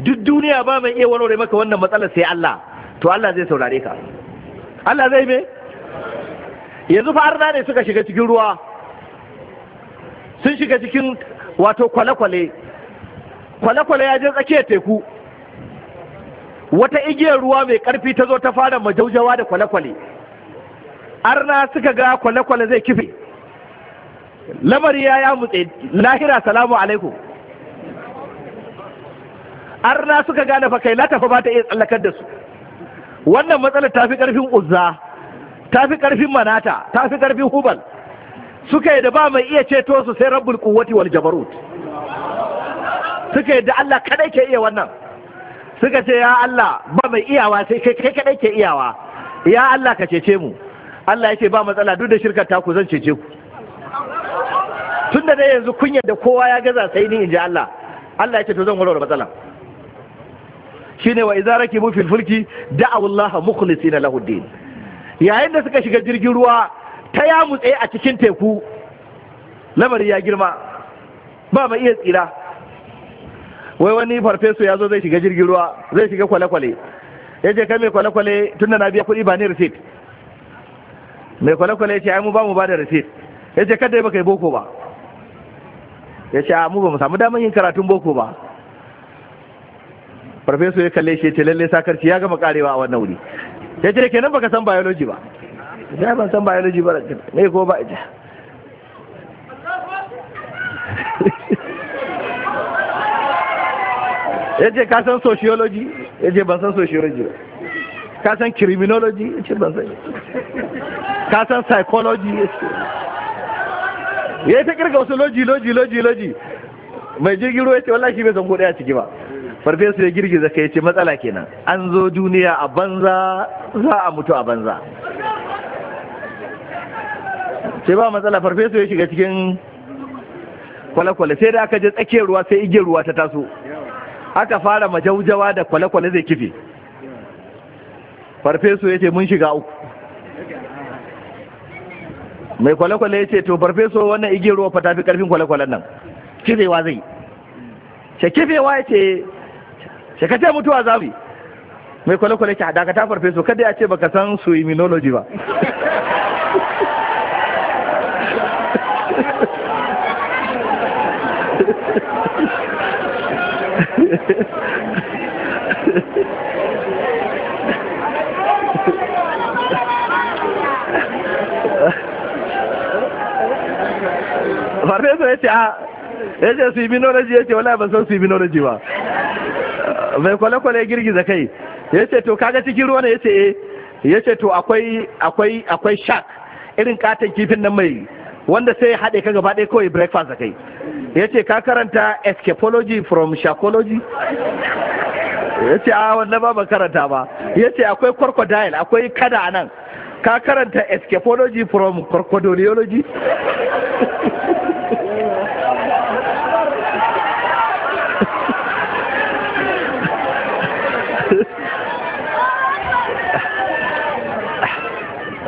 duk duniya ba mai iya warware maka wannan matsalar sai Allah to Allah zai saurare ka Allah zai me yanzu fa arna ne suka shiga cikin ruwa sun shiga cikin wato kwale-kwale kwale-kwale ya je tsakiyar teku wata igiyar ruwa mai karfi ta zo ta fara majaujawa da kwale-kwale arna suka ga kwale-kwale zai kife lamari ya ya mutse lahira salamu alaikum arna suka gane fa kai latafa ba ta iya tsallakar da su wannan matsalar ta fi karfin uzza ta fi ƙarfin manata ta fi ƙarfin hubal suka yi da ba mai iya ceto su sai rabbul kuwati wal jabarut suka yi da Allah kadai ke iya wannan suka ce ya Allah ba mai iyawa sai kai kadai ke iyawa ya Allah ka cece mu Allah yake ba matsala duk da shirkar ta ku zan cece ku tun da dai yanzu kunyar da kowa ya gaza sai ni in ji Allah Allah yake to zan warware matsala shine wa idza rakibu fil fulki da'u Allah mukhlisina lahu din yayin da suka shiga jirgin ruwa ta ya mutse a cikin teku lamari ya girma ba mai iya tsira wai wani farfeso ya zo zai shiga jirgin ruwa zai shiga kwale-kwale ya je kai mai kwale-kwale tun da na biya kuɗi ba ni receipt mai kwale-kwale ya ce ai mu ba mu ba da receipt ya ce kada ba yi boko ba ya ce mu ba mu samu damar yin karatun boko ba farfeso ya kalle shi ya ce lalle sakarci ya gama karewa a wannan wuri ya ce kenan baka san biology ba ya ban san biology ba ne ko ba ita <laughs> ya ce ka san sociology ya ce ban san sociology ba ka san criminology ya ce ban san ka san psychology ya ce ya ta kirga wasu loji loji loji loji mai jirgin ruwa ya ce wallahi bai san ko ciki ba farfesu ya girgiza kai ce matsala kenan an zo duniya a banza za a mutu a banza sai ba matsala farfesu ya shiga cikin kwale-kwale sai da aka je tsakiyar ruwa sai igiyar ruwa ta taso aka fara majaujawa da kwale-kwale zai kife farfesu ya ce mun shiga uku mai kwale-kwale ya ce to farfesu wannan igiyar ruwa fa tafi karfin kwale-kwalen nan kifewa zai ce kifewa ya ce shi ka ce mutuwa za mu mai kwale-kwale ki haɗa ka ta farfeso kada ya ce baka san su immunology ba farfesa ya ce a ah, ya ce su immunology ya ce wala ban san su immunology ba mai kwale-kwale girgiza kai ya ce to kaga cikin ruwa ne ya ce eh. ya ce to akwai akwai akwai shark irin katon kifin nan mai wanda sai haɗe ka gaba ɗaya kawai breakfast da kai ya ce ka karanta escapology from sharkology ya ce a ah, wanda ba ban karanta ba ya ce akwai crocodile akwai kada nan ka karanta escapology from crocodiliology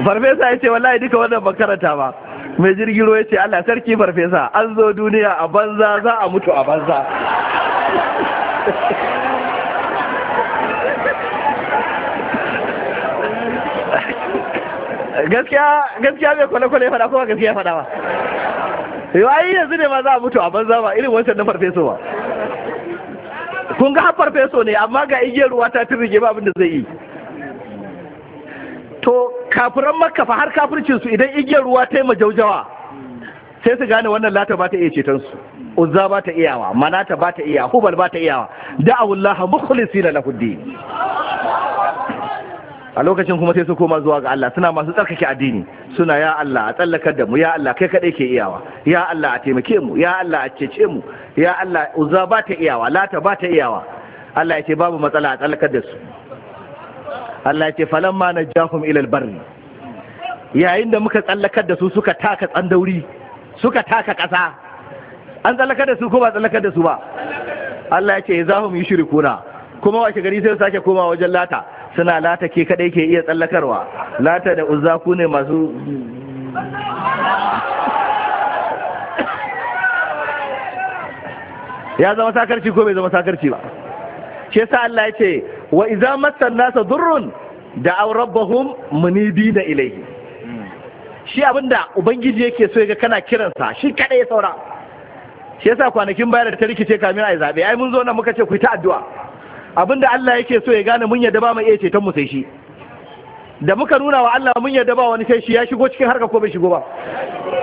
farfesa ya ce wallahi duka wannan ban ba mai jirgin ruwa ya ce Allah sarki farfesa an zo duniya a banza za a mutu a banza gaskiya mai kwale-kwale fada kuma gaskiya fada ba yayi yanzu ne ma za a mutu a banza ba irin wancan na farfeso ba kun ga har farfeso ne amma ga igiyar ruwa ta turige ba abin da zai yi to kafiran makka fa har kafircin su idan igiyar ruwa ta yi majaujawa sai su gane wannan lata ba ta iya ceton su uzza ba ta iyawa manata ba ta iya hubal ba ta iyawa da'awullaha mukhlisina lahu lahuddi a lokacin kuma sai su koma zuwa ga Allah suna masu tsarkake addini suna ya Allah a tsallakar da mu ya Allah kai kadai ke iyawa ya Allah a taimake mu ya Allah a cece mu ya Allah uzza ba ta iyawa lata ba ta iyawa Allah ya ce babu matsala a tsallakar da su Allah ce na najahum ilal barri yayin da muka tsallakar da su suka taka tsandauri suka taka ƙasa an tsallakar da su ko ba tsallakar da su ba Allah ya ce za mu yi kuna. kuma washe gari sai sake koma wajen lata suna lata ke kadai ke iya tsallakarwa lata da uzza ku ne masu ya zama sakarci ko bai zama sakarci ba shi sa Allah ya ce wa idza massan nasa durrun da aw rabbahum munibina ilayhi shi abinda ubangiji yake so ga kana kiransa shi kada ya saura shi yasa kwanakin bayar da ta rikice kamin ai zabe ai mun zo nan muka ce ku ta addu'a abinda Allah yake so ya gane mun yadda ba mu iya ceton mu sai shi da muka nuna wa Allah mun yadda ba wani sai shi ya shigo cikin harka ko bai shigo ba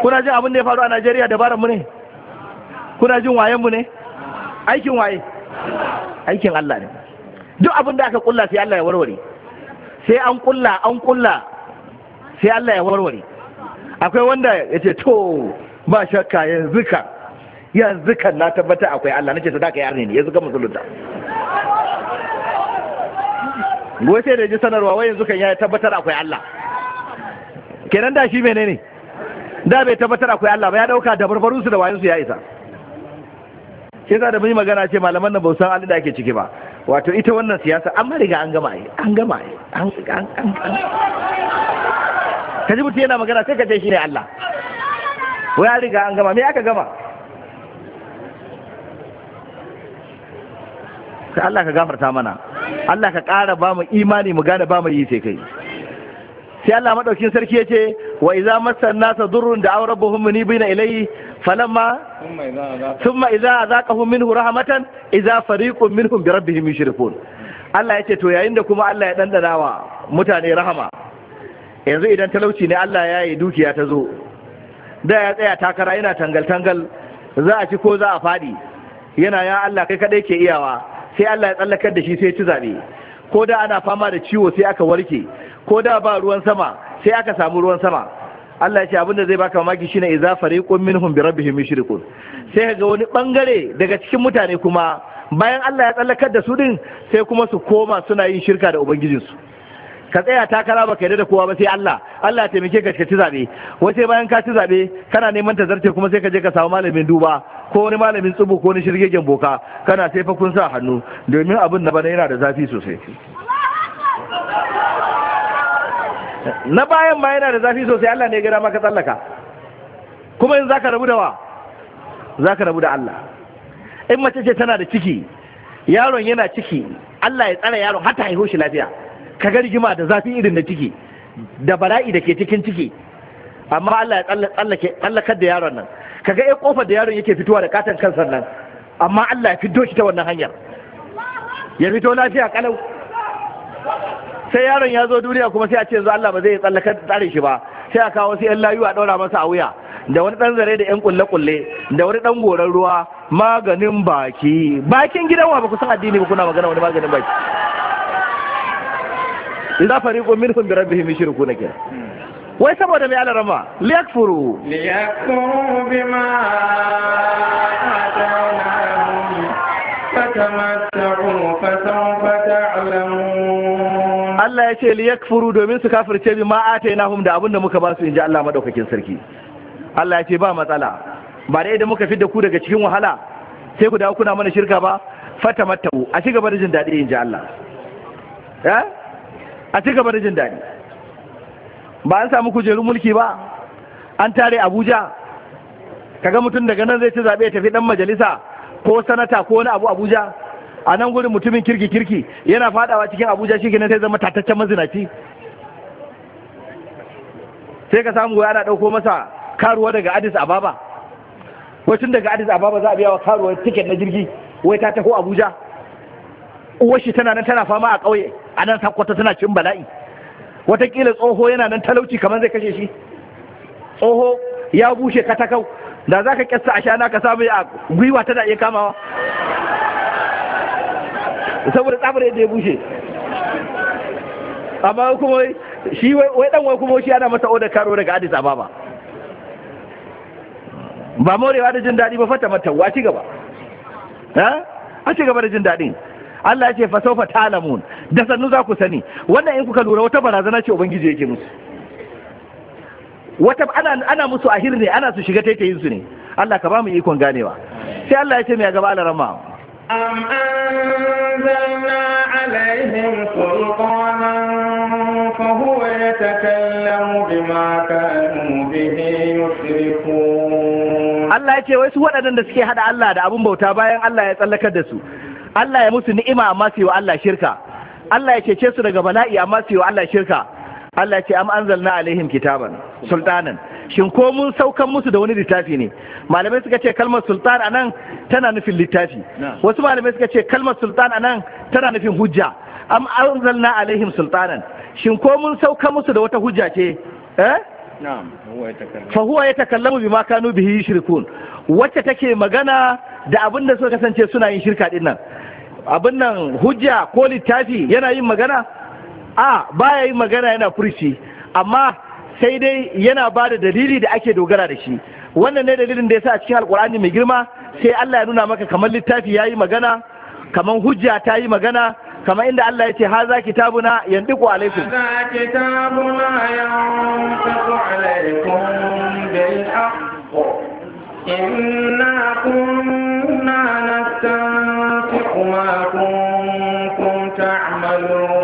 kuna jin abin da ya faru a Najeriya dabaran mu ne kuna jin wayen mu ne aikin waye aikin Allah ne duk abin da aka kulla sai Allah ya warware sai an kulla an kulla sai Allah ya warware akwai wanda ya ce to ba shakka yanzu ka yanzu kan na tabbata akwai Allah nake ta da ka yarne ne yanzu ka musulunta gobe sai da ji sanarwa wai yanzu kan ya tabbatar akwai Allah kenan da shi menene da bai tabbatar akwai Allah ba ya dauka da barbarunsu da wayansu ya isa shi za da mai magana ce malaman nan ba san halin da ake ciki ba wato ita wannan siyasa an riga an gama yi an gama yi an an an ka ji mutum yana magana sai ka ce shi ne Allah wai an riga an gama me aka gama Sai Allah ka gafarta mana Allah ka ƙara ba mu imani mu gane ba mu yi sai kai sai Allah madaukin sarki ya ce wa idza massa nasa durrun da awrabuhum munibina ilayhi falamma ثم idza azaqahu minhu rahmatan idza فريق منهم بربهم يشرفون الله Allah to yayin da kuma Allah ya dandana wa mutane rahama yanzu idan talauci ne Allah ya yi dukiya ta zo da ya tsaya takara yana tangal tangal za a ci ko za a fadi yana ya Allah kai kaɗai ke iyawa sai Allah ya tsallakar da shi sai ya ci zaɓe. ko da ana fama da ciwo sai aka warke ko da ba ruwan sama sai aka samu ruwan sama Allah ya ce abinda zai baka mamaki shine idza fariqun minhum bi rabbihim yushrikun sai ga wani bangare daga cikin mutane kuma bayan Allah ya tsallakar da su din sai kuma su koma suna yin shirka da ubangijin su ka tsaya takara baka yarda da kowa ba sai Allah Allah ya taimake ka ci zabe wace bayan ka ci zabe kana neman ta zarce kuma sai ka je ka samu malamin duba ko wani malamin tsubu ko wani shirgegen boka kana sai fa kun sa hannu domin abin na bana yana da zafi sosai na bayan ma yana da zafi sosai Allah ne gara maka tsallaka kuma yin zaka rabu da wa zaka rabu da Allah in mace ce tana da ciki yaron yana ciki Allah ya tsara yaron har ta haihu shi lafiya ka ga rigima da zafi irin da ciki da bala'i da ke cikin ciki amma Allah ya tsallakar da yaron nan ka ga kofar da yaron yake fitowa da katon kansa nan amma Allah ya fito shi ta wannan hanyar ya fito lafiya kalau sai yaron ya zo duniya kuma sai a ce yanzu Allah ba zai tsallaka tsare shi ba sai a kawo wasu yan layu a ɗaura masa a wuya da wani ɗan zare da yan kulle kulle da wani ɗan goran ruwa maganin baki bakin gidan wa ba ku san addini ba kuna magana wani maganin baki idza Minifin minhum bi rabbihim yushrikuna ke? wai saboda mai ala rama liyakfuru liyakfuru bima atana fatama Allah ya ce liyakfuru domin su kafirce bi ma atainahum da abin da muka ba su inji Allah madaukakin sarki Allah ya ce ba matsala ba da idan muka da ku daga cikin wahala sai ku dawo kuna mana shirka ba fata mattabu a ci gaba da jin daɗi inji Allah eh a ci gaba da jin daɗi ba an samu kujerun mulki ba an tare Abuja kaga mutum daga nan zai ci zaɓe ya tafi ɗan majalisa ko sanata ko wani abu Abuja a nan gurin mutumin kirki kirki yana fadawa cikin abuja shi kenan sai zama tataccen mazinaci sai ka samu ana dauko masa karuwa daga addis ababa tun daga addis ababa za a biya wa karuwa tiket na jirgi wai ta taho abuja uwar tana nan tana fama a ƙauye a nan sakwata tana cin bala'i watakila tsoho yana nan talauci kamar zai kashe shi tsoho ya bushe katakau da za ka kyasta a shana ka samu a gwiwa tana iya kamawa saboda tsabar yadda ya bushe amma kuma shi wai dan wa kuma shi yana mata odar karo daga Addis Ababa ba morewa da jin daɗi ba fata mata wa ci gaba ha a ci gaba da jin daɗin Allah ya ce fa sawfa ta'lamun da sannu za ku sani wannan in kuka lura wata barazana ce ubangiji yake musu wata ana ana musu ahir ne ana su shiga yin su ne Allah ka ba mu ikon ganewa sai Allah ya ce mai gaba alarama أم أنزلنا عليهم سلطانا فهو يتكلم بما كانوا به يشركون الله يتي ويسو ودن da suke haɗa Allah da abun bauta bayan Allah ya tsallakar da su Allah ya musu ni'ima amma su yi wa Allah shirka Allah ya cece su daga bala'i amma su yi wa Allah shirka Allah ya ce am anzalna alaihim kitaban sultanan shin ko mun saukan musu da wani littafi ne malamai suka ce kalmar sultan anan tana nufin littafi wasu malamai suka ce kalmar sultan anan tana nufin hujja am anzalna alaihim sultanan shin ko mun saukan musu da wata hujja ce eh fa huwa yatakallamu bima kanu bihi yushrikun wacce take magana da abin da suka kasance suna yin shirka din nan abin nan hujja ko littafi yana yin magana a baya yin magana yana furci amma sai dai yana ba da dalili da ake dogara da shi wannan ne dalilin da ya sa a cikin alkur'ani mai girma sai Allah ya nuna maka kamar littafi yayi magana kamar hujja ta yi magana kamar inda Allah ya ce haza kitabuna yandiku alaikum haza kitabuna yandiku alaikum bil haqq inna kunna nastansiku ma kuntum ta'malun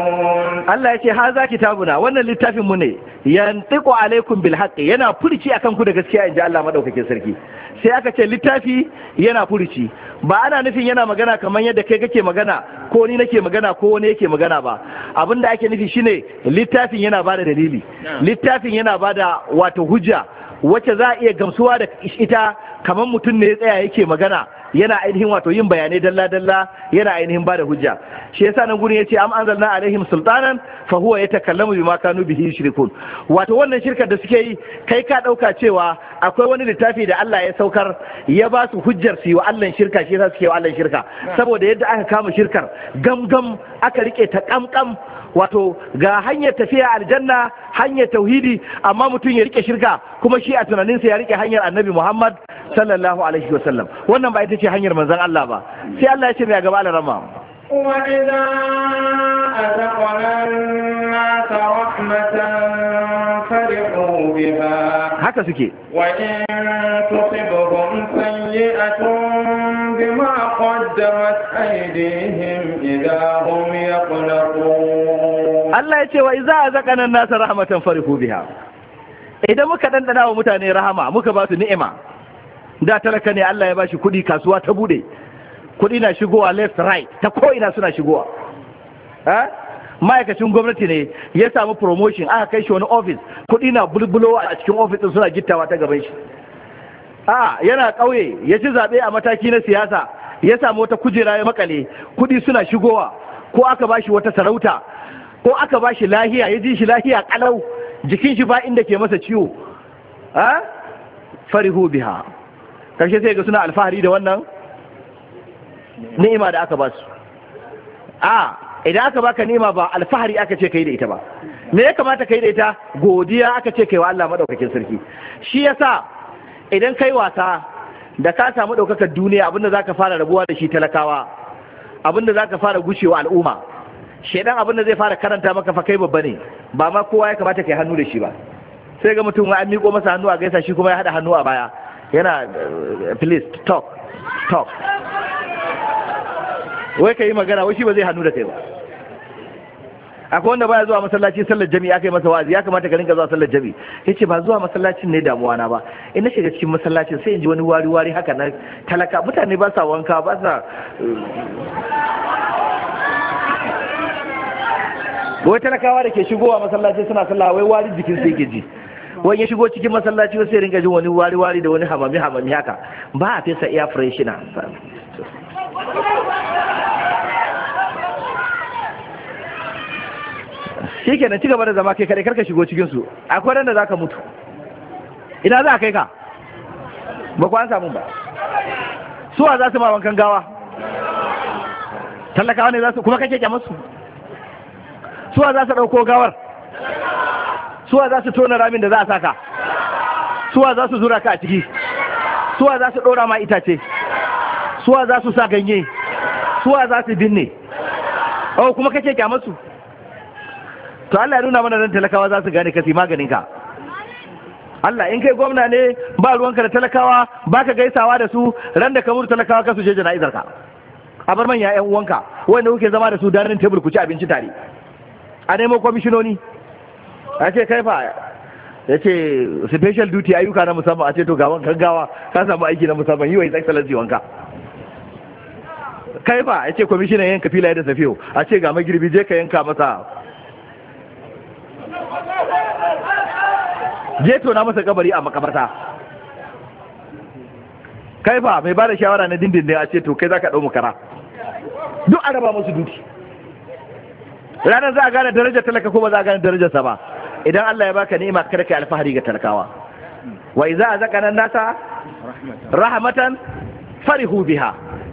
Allah ya ce ha za kitabuna wannan littafin mu ne yantiqu alaikum bil haqqi yana furci akan ku da gaskiya inji Allah madaukakin sarki sai aka ce littafi yana furuci. ba ana nufin yana magana kamar yadda kai kake magana ko ni nake magana ko wani yake magana ba abin da ake nufi shine littafin yana bada dalili littafin yana bada wato hujja wacce za a iya gamsuwa da ita kamar mutum ne ya tsaya yake magana yana ainihin wato yin bayanai dalla dalla yana ainihin ba da hujja shi yasa nan gurin yace am anzalna alaihim sultanan fa huwa yatakallamu bima kanu bihi yushrikun wato wannan shirkar da suke yi kai ka dauka cewa akwai wani littafi da Allah ya saukar ya ba su hujjar su yi wa Allah shirka shi yasa suke wa Allah shirka saboda yadda aka kama shirkar gam gam aka rike ta kamkam wato ga hanyar tafiya aljanna hanyar tauhidi amma mutum ya rike shirka kuma shi a tunaninsa ya rike hanyar annabi muhammad sallallahu alaihi wasallam wannan ba ita ce hanyar manzon allah ba sai allah ya ce mai gaba alarama وإذا أذقنا الناس رحمة فرحوا بها هكا سكي وإن تصبهم سيئة بما قدمت أيديهم إذا هم يقلقون Allah ya ce wa iza zaƙanan nasa rahmatan farihu biya?' idan muka ɗanɗana wa mutane rahama muka ba su ni'ima da talaka ne Allah ya bashi kudi kasuwa ta bude kudi na shigowa left right ta koina ina suna shigowa ma'aikacin gwamnati ne ya samu promotion aka kai shi wani ofis kudi na bulbulowa a cikin office suna gittawa ta gaban shi a yana ƙauye ya ci zaɓe a mataki na siyasa ya samu wata kujera ya makale kuɗi suna shigowa ko aka bashi wata sarauta ko aka ba shi lahiya ya ji shi lahiya kalau jikin shi ba inda ke masa ciwo a farihu biha karshe sai ga suna alfahari da wannan ni'ima da aka ba su a idan aka baka ni'ima ba alfahari aka ce kai da ita ba me ya kamata kai da ita godiya aka ce kai wa Allah madaukakin sarki shi yasa idan kai wasa da ka samu daukakar duniya abinda zaka fara rabuwa da shi talakawa abinda zaka fara gushewa al'umma shaidan abin da zai fara karanta maka fa kai babba ne ba ma kowa ya kamata kai hannu da shi ba sai ga mutum ya miko masa hannu a gaisa shi kuma ya hada hannu a baya yana eh, please talk talk wai kai magana wai shi ba zai hannu da kai ba akwai wanda baya zuwa masallaci sallar jami aka yi masa wazi ya kamata ka rinka zuwa sallar ya yace ba zuwa masallacin ne damuwa na ba in na shiga cikin masallacin sai in ji wani wari wari haka na talaka mutane ba sa wanka ba sa eh, wai talakawa da ke shigowa masallaci suna sallah wai wari jikin sai ke ji wani ya shigo cikin masallaci sai ringa jin wani wari wari da wani hamami hamami haka ba a fesa air freshener shi kenan ci gaba da zama kai kare karka shigo cikin su akwai ran da zaka mutu ina za a kai ka ba ku an samu ba suwa za su ma wankan gawa talakawa ne za su kuma kake kyamar su suwa za su ɗauko gawar suwa za su tona ramin da za a saka suwa za su zura ka a ciki suwa za su ɗora ma itace suwa za su sa ganye suwa za su binne oh kuma kake kyamarsu to Allah ya nuna mana nan talakawa za su gane kasi maganin ka Allah in kai gwamna ne ba ruwanka da talakawa ba ka gaisawa da su ran da ka mutu talakawa ka su je jana'izar ka a bar manya yan uwanka wanda kuke zama da su darin tebur ku ci abinci tare a nemo kwamishinoni a ce kai fa ya ce special duty ayyuka na musamman a ce to gawon gaggawa ka samu aiki na musamman yi wa his excellency wanka kai fa ya ce kwamishinan yanka filaye da safiyo a ce ga magirbi je ka yanka masa je tona masa kabari a makabarta kai fa mai ba da shawara na dindindin a ce to kai za ka ɗau makara duk araba masu duty ranar za a gane darajar talaka ko ba za a gane darajarsa ba idan Allah ya baka ni'ima kada kai alfahari ga talakawa wa idza azaqana nasa rahmatan farihu biha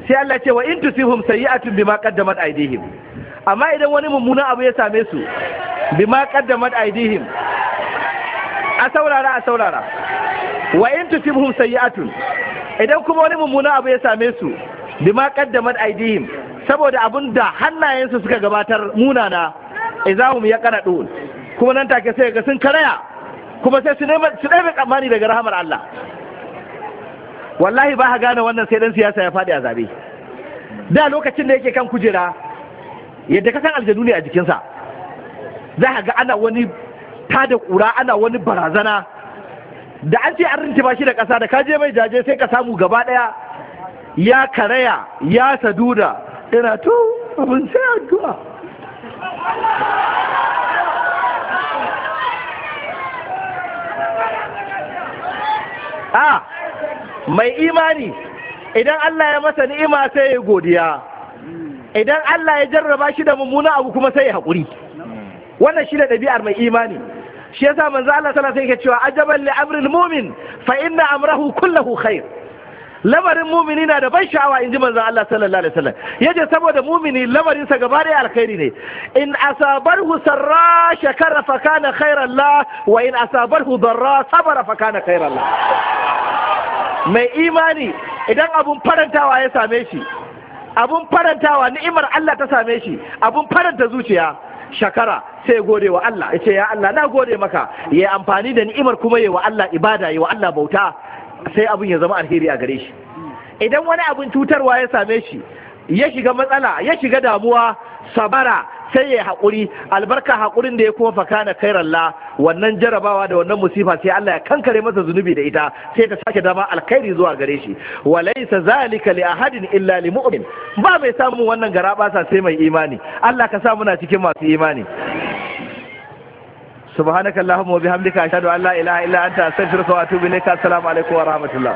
sai Allah ce wa in tusihum sayi'atun bima qaddamat aydihim amma idan wani mummunan abu ya same su bima qaddamat aydihim a saurara a saurara wa in tusihum sayi'atun idan kuma wani mummunan abu ya same su bima qaddamat aydihim saboda abin da hannayensu suka gabatar munana mu ya kanadu kuma nan take sai ga sun karaya kuma sai su ɗaya tsammani daga rahamar Allah wallahi ba ha gane wannan sai dan siyasa ya faɗi a zabe da lokacin da yake kan kujera yadda ka aljanu ne a jikinsa za ka ga ana wani tada kura ana wani barazana da an ce an rintima shi da ƙasa da kaje mai jaje sai ka samu gaba ɗaya ya karaya ya saduda yana to abin sai addu'a a ah, mai imani idan Allah ya masa ni'ima sai ya godiya idan Allah ya jarraba shi da mummuna abu kuma sai ya haƙuri wannan shi da ɗabi'ar mai imani shi yasa manzo Allah sallallahu alaihi wasallam yake cewa ajaban li amril mu'min fa inna amrahu kullahu khair lamarin mumini na da ban sha'awa in ji manzan Allah sallallahu alaihi wasallam yace saboda mumini lamarin sa gaba da alkhairi ne in asabarhu sarra shakara fa kana khairan la wa in asabarhu darra sabara fa kana khairan la mai imani idan abun farantawa ya same shi abun farantawa ni'imar Allah ta same shi abun faranta zuciya shakara sai gode wa Allah ya ce ya Allah na gode maka ya amfani da ni'imar kuma yi wa Allah ibada yi wa Allah bauta sai abin ya zama alheri a gare shi idan wani abin cutarwa ya same shi ya shiga matsala ya shiga damuwa sabara sai ya haƙuri albarka haƙurin da ya kuma faka na kairan la wannan jarabawa da wannan musifa sai Allah ya kankare masa zunubi da ita sai ta sake zama alkhairi zuwa gare shi walaysa zalika li ahadin illa li mu'min ba mai samun wannan garaba sai mai imani Allah ka sa muna cikin masu imani subhanaka allahumma wa bihamdika ashhadu an la ilaha illa anta astaghfiruka wa atubu ilayka assalamu alaikum wa rahmatullah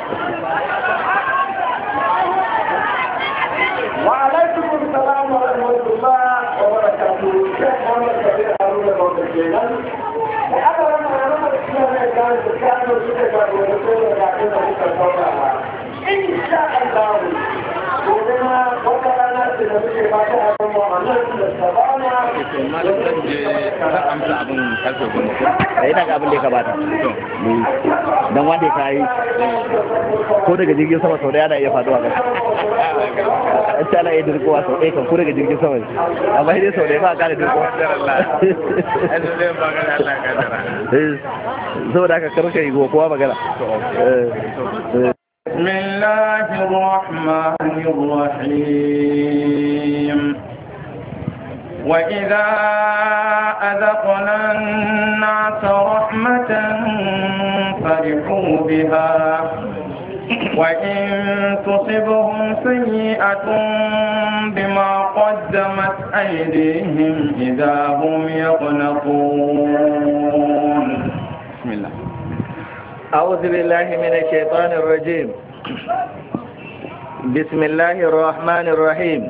wa alaikum assalam wa rahmatullah wa barakatuh shek Muhammad Kabir Haruna Bauchi kenan da aka rana ranar da kuma mai gani da kano suka ga gobe ko da kafin da suka saurara insha Allah gobe ma wata rana ce da muke fata a malam eh, zan je abin da yana ga abin da ya kabata don wanda ya kayi ko daga jirgin sama sau da yana iya faduwa ga in ta ana iya dirkowa sau ɗaya kan ko daga jirgin sama ne amma dai sau da ba a kare dirkowa eh, da haka karka yi kowa magana بسم الله الرحمن الرحيم وإذا أذقنا الناس رحمة فرحوا بها <clears throat> وإن تصبهم سيئة بما قدمت أيديهم إذا هم يقنطون بسم الله أعوذ بالله من الشيطان الرجيم بسم الله الرحمن الرحيم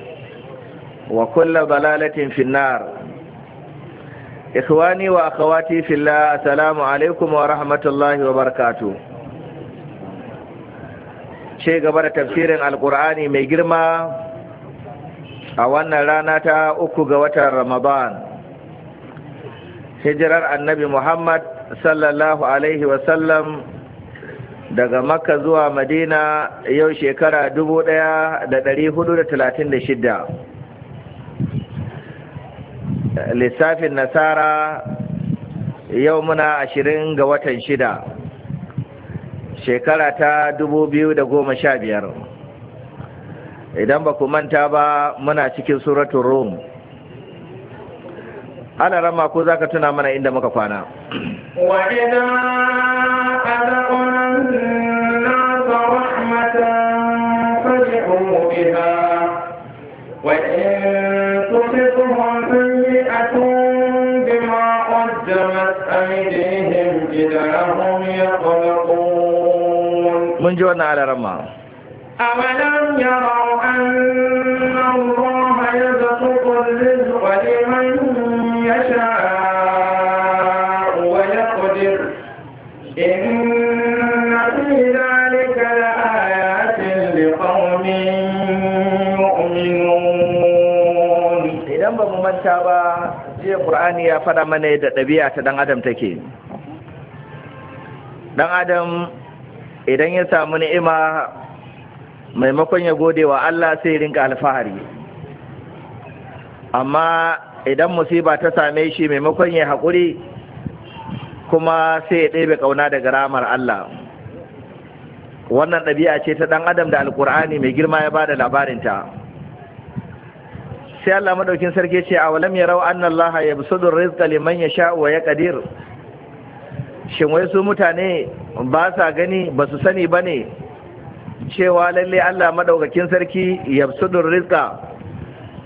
wa kulla balalatin finnar ikhwani wa akhawati fillah assalamu alaikum wa rahmatullahi wa barakatuh ce gaba da tafsirin alqur'ani mai girma a wannan rana ta uku ga watan ramadan Hijrar annabi muhammad sallallahu alaihi wa sallam daga makka zuwa madina yau shekara 1436 lissafin nasara yau muna ashirin ga watan shida shekara ta dubu biyu da goma sha biyar idan ba ku manta ba muna cikin suratun rum ana rama ko za ka tuna mana inda muka kwana وإذا أذقنا الناس rahmatan لهم يخلقون من جوانا على رمى أولم يروا أن الله يبسط الرزق لمن يشاء ويقدر إن في ذلك لآيات ba jiya ƙur'ani ya faɗa mana yadda ɗabi'a ta ɗan adam take dan adam idan ya samu ni'ima maimakon ya gode wa Allah sai rinka alfahari amma idan musiba ta same shi maimakon ya hakuri, kuma sai ya ɗebe ƙauna daga ramar Allah wannan ɗabi'a ce ta ɗan adam da alƙur'ani mai girma ya ba da labarinta sai Allah madaukin sarki ce a walam yarau anna Allah yabsudu rizqa liman yasha wa yaqdir shin wai su mutane ba sa gani ba su sani ba ne cewa lalle Allah madaukakin sarki yabsudur rizqa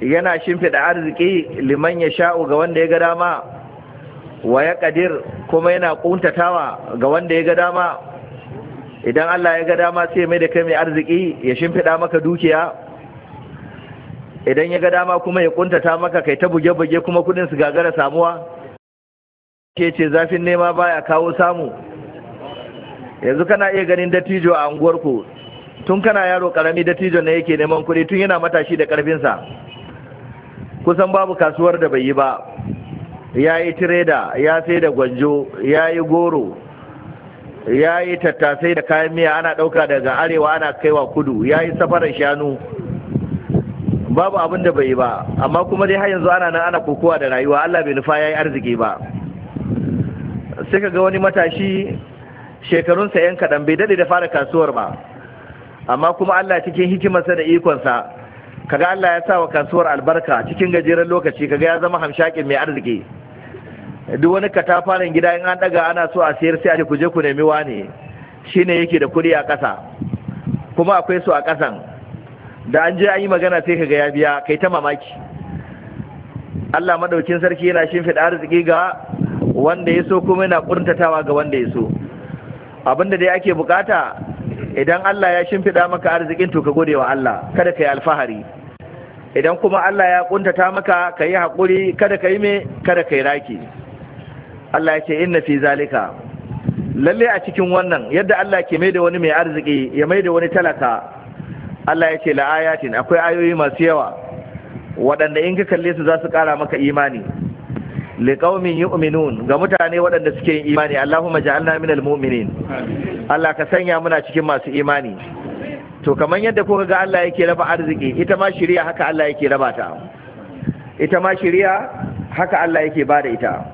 yana shimfiɗa arziki liman ya sha'u ga wanda ya ga dama wa ya ƙadir kuma yana ƙuntatawa ga wanda ya ga dama idan Allah ya ga dama sai mai da kai mai arziki ya shimfiɗa maka dukiya idan ya ga dama kuma ya ƙuntata maka kai ta buge-buge kuma kuɗin su gagara samuwa ke ce zafin nema baya kawo samu yanzu kana iya ganin dattijo a unguwarku tun kana yaro karami dattijo ne yake neman kuɗi tun yana matashi da ƙarfinsa kusan babu kasuwar da bai yi ba ya yi tireda ya sai da gwanjo ya yi goro ya yi tattasai da kayan miya ana ɗauka daga arewa ana kaiwa kudu ya yi safarar shanu babu abin da bai yi ba amma kuma dai har yanzu ana nan ana kokowa da rayuwa allah bai nufa ya yi arziki ba sai ka ga wani matashi shekarunsa yan kaɗan bai daɗe da fara kasuwar ba amma kuma Allah cikin hikimarsa da ikonsa kaga Allah ya sa wa kasuwar albarka cikin gajeren lokaci kaga ya zama hamshakin mai arziki duk wani katafaren gida in an daga ana so a sayar sai a ku je ku nemi wani shine yake da kuɗi a ƙasa kuma akwai su a ƙasan da an je an yi magana sai kaga ya biya kai ta mamaki Allah madaukin sarki yana shimfiɗa arziki ga wanda ya so kuma yana ƙuntatawa ga wanda ya so abinda dai ake bukata idan Allah ya shimfiɗa maka arzikin to ka gode wa Allah kada ka yi alfahari idan kuma Allah ya ƙuntata maka ka yi haƙuri kada ka yi me kada ka yi raki Allah ya ce inna fi zalika lalle a cikin wannan yadda Allah ke mai da wani mai arziki ya mai da wani talaka Allah ya ce la'ayatin akwai ayoyi masu yawa waɗanda in ka kalle su za su ƙara maka imani liqaumin yu'minun ga mutane waɗanda suke yin imani Allahumma ja'alna minal mu'minin Allah ka sanya muna cikin masu imani to kamar yadda kuka ga Allah yake raba arziki ita ma shiriya haka Allah yake raba ta ita ma shiriya haka Allah yake bada ita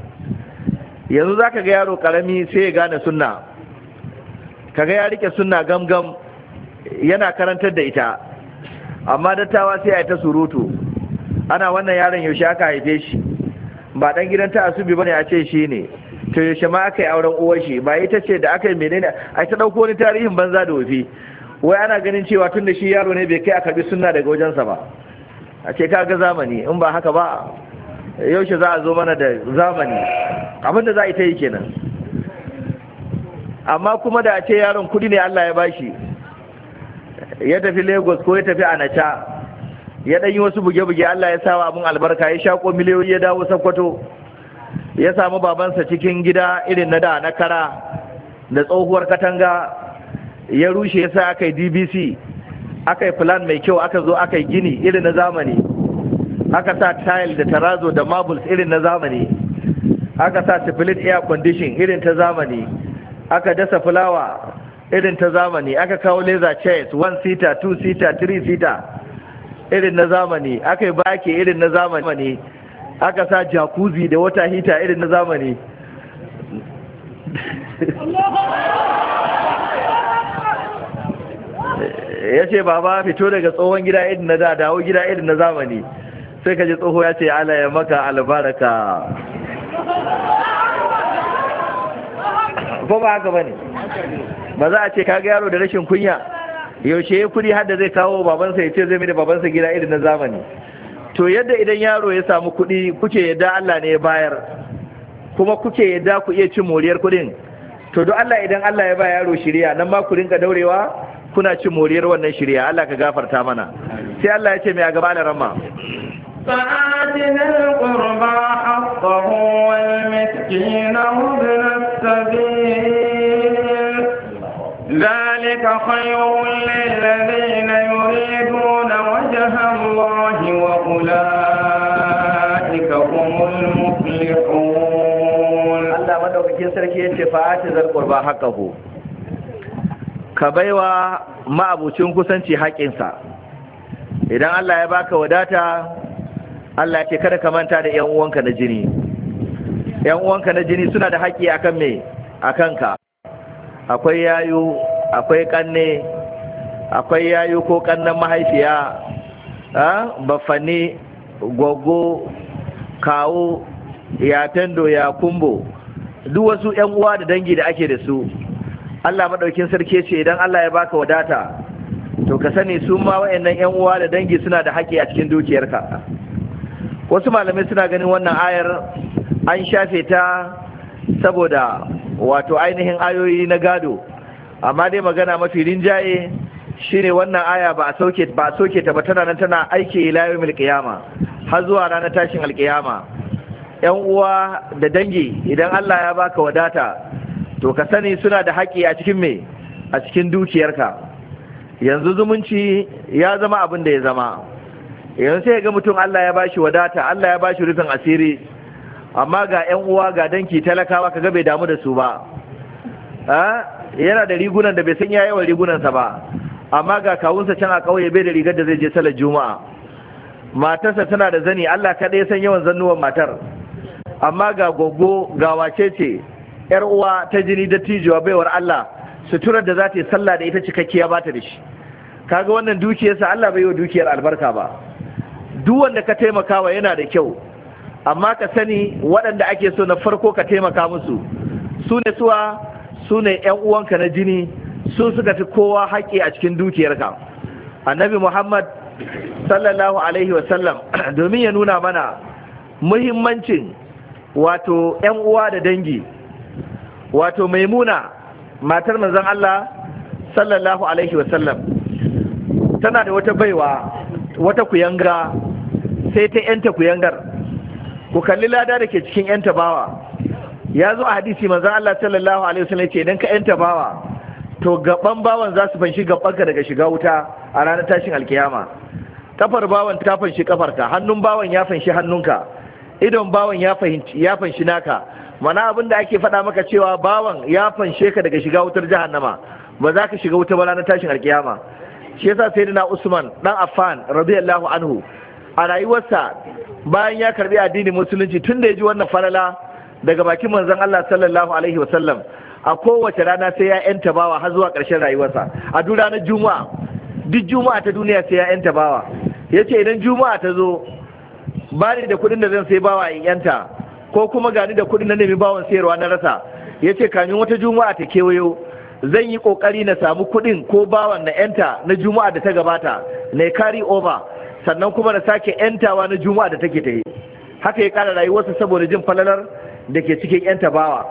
yanzu zaka ga yaro karami sai ya gane sunna kaga ya rike sunna gamgam yana karantar da ita amma dattawa sai ya ta surutu ana wannan yaron yaushe aka haife shi ba dan gidan ta asubi bane a ce shi ne to yaushe ma aka yi auren uwar shi ba ita ce da aka yi menene ai ta dauko wani tarihin banza da wofi wai ana ganin cewa tun da shi yaro ne bai kai a karbi sunna daga wajensa ba a ce kaga zamani in ba haka ba yaushe za a zo mana da zamani abin da za ita yi kenan amma kuma da a ce yaron kudi ne Allah ya bashi ya tafi Lagos ko ya tafi Anacha ya ɗan yi wasu buge-buge Allah ya sa wa abin albarka ya shaƙo miliyoyi ya dawo sakkwato ya samu babansa cikin gida irin na da na kara da tsohuwar katanga ya rushe ya sa aka yi dbc aka yi plan mai kyau aka zo aka yi gini irin na zamani aka sa tile da tarazo da marbles irin na zamani aka sa split air condition irin ta zamani aka dasa fulawa irin ta zamani aka kawo laser chairs one seater two seater three seater irin na zamani aka yi baki irin na zamani aka sa jacuzzi da wata hita irin na zamani <laughs> ya ce baba fito daga tsohon gida irin na da dawo gida irin na zamani sai ka ji tsoho ya ce ala ya maka albaraka ko ba haka ba ne ba za a ce kaga yaro da rashin kunya yaushe ya kuri hada zai kawo babansa ya ce zai mini babansa gida irin na zamani to yadda idan yaro ya samu kuɗi kuke yadda Allah ne ya bayar kuma kuke yadda ku iya cin moriyar kuɗin to don Allah idan Allah ya ba yaro shirya nan ma ku rinka daurewa kuna cin moriyar wannan shirya Allah ka gafarta mana sai Allah ya ce mai a gaba da rama فآتنا القربى حقه والمسكين وابن السبيل ذلك خير للذين يريدون وجه الله وأولئك هم المفلحون الله ما دوك مدوكين سركي يتفاعات ذا القربة حقه ما أبو شنكو سنتي حق إنسا Allah الله يباك وداتا Allah ce kada ka manta da ƴan uwanka na jini ƴan uwanka na jini suna da haƙƙi akan me akan ka akwai yayu akwai kanne akwai yayu ko kannan mahaifiya bafani gogo kawo ya tando ya kumbo duk wasu yan uwa da dangi da ake da su Allah maɗaukin sarki ce idan Allah ya baka wadata to ka sani su ma wayannan yan uwa da dangi suna da haƙƙi a cikin dukiyarka wasu malamai suna ganin wannan ayar an shafe ta saboda wato ainihin ayoyi na gado amma dai magana mafi rinjaye shine wannan aya ba a sauke ba sauke ta ba tana nan tana aiki ila yawmil qiyama har zuwa ranar tashin alqiyama yan uwa da dangi idan Allah ya baka wadata to ka sani suna da haƙƙi a cikin me a cikin dukiyarka yanzu zumunci ya zama abin da ya zama yanzu sai ga mutum Allah ya bashi wadata Allah ya bashi rufin asiri amma ga 'yan uwa ga danki talakawa kaga bai damu da su ba yana da rigunan da bai san ya yawan rigunansa ba amma ga kawunsa can a kauye bai da rigar da zai je salar juma'a matarsa tana da zani allah kaɗai san yawan zannuwan matar amma ga gogo ga wace ce yar uwa ta jini da tijuwa baiwar allah suturar da za ta yi sallah da ita cikakkiya ba ta da shi kaga wannan dukiyarsa allah bai yi wa dukiyar albarka ba duk wanda ka taimakawa yana da kyau amma ka sani waɗanda ake so na farko ka taimaka musu su ne suwa su ne ‘yan uwanka na jini su suka fi kowa haƙƙi a cikin dukiyarka annabi muhammad sallallahu alaihi wasallam <clears throat> domin ya nuna mana muhimmancin wato ‘yan uwa da dangi wato maimuna matar manzon allah sallallahu alaihi wasallam tana da wata baiwa wata kuyanga sai ta ‘yanta kuyangar ku kalli lada da ke cikin yan tabawa ya zo a hadisi manzan Allah sallallahu alaihi wasallam ce idan ka yan tabawa to gaban bawan za su fanshi gabanka daga shiga wuta a ranar tashin alkiyama kafar bawan ta fanshi kafarka hannun bawan ya fanshi hannunka idon bawan ya fanshi naka mana abin da ake faɗa maka cewa bawan ya fanshe ka daga shiga wutar jahannama ba za ka shiga wuta ba ranar tashin alkiyama shi yasa sai sayyidina Usman dan Affan radiyallahu anhu a rayuwarsa bayan ya karbi addinin musulunci tun da ya ji wannan falala daga bakin manzon Allah sallallahu alaihi wasallam a kowace rana sai ya yanta bawa har zuwa ƙarshen rayuwarsa a duk ranar juma'a duk juma'a ta duniya sai ya yanta bawa yace idan juma'a ta zo ba ni da kuɗin da zan sai bawa in yanta ko kuma gani da kuɗin na nemi bawan sayarwa na rasa Ya ce kamin wata juma'a ta kewayo zan yi ƙoƙari na samu kuɗin ko bawan na yanta na juma'a da ta gabata na kari over sannan kuma da sake yantawa na juma'a da take ta yi haka ya kara rayuwarsa saboda jin falalar da ke cikin yanta bawa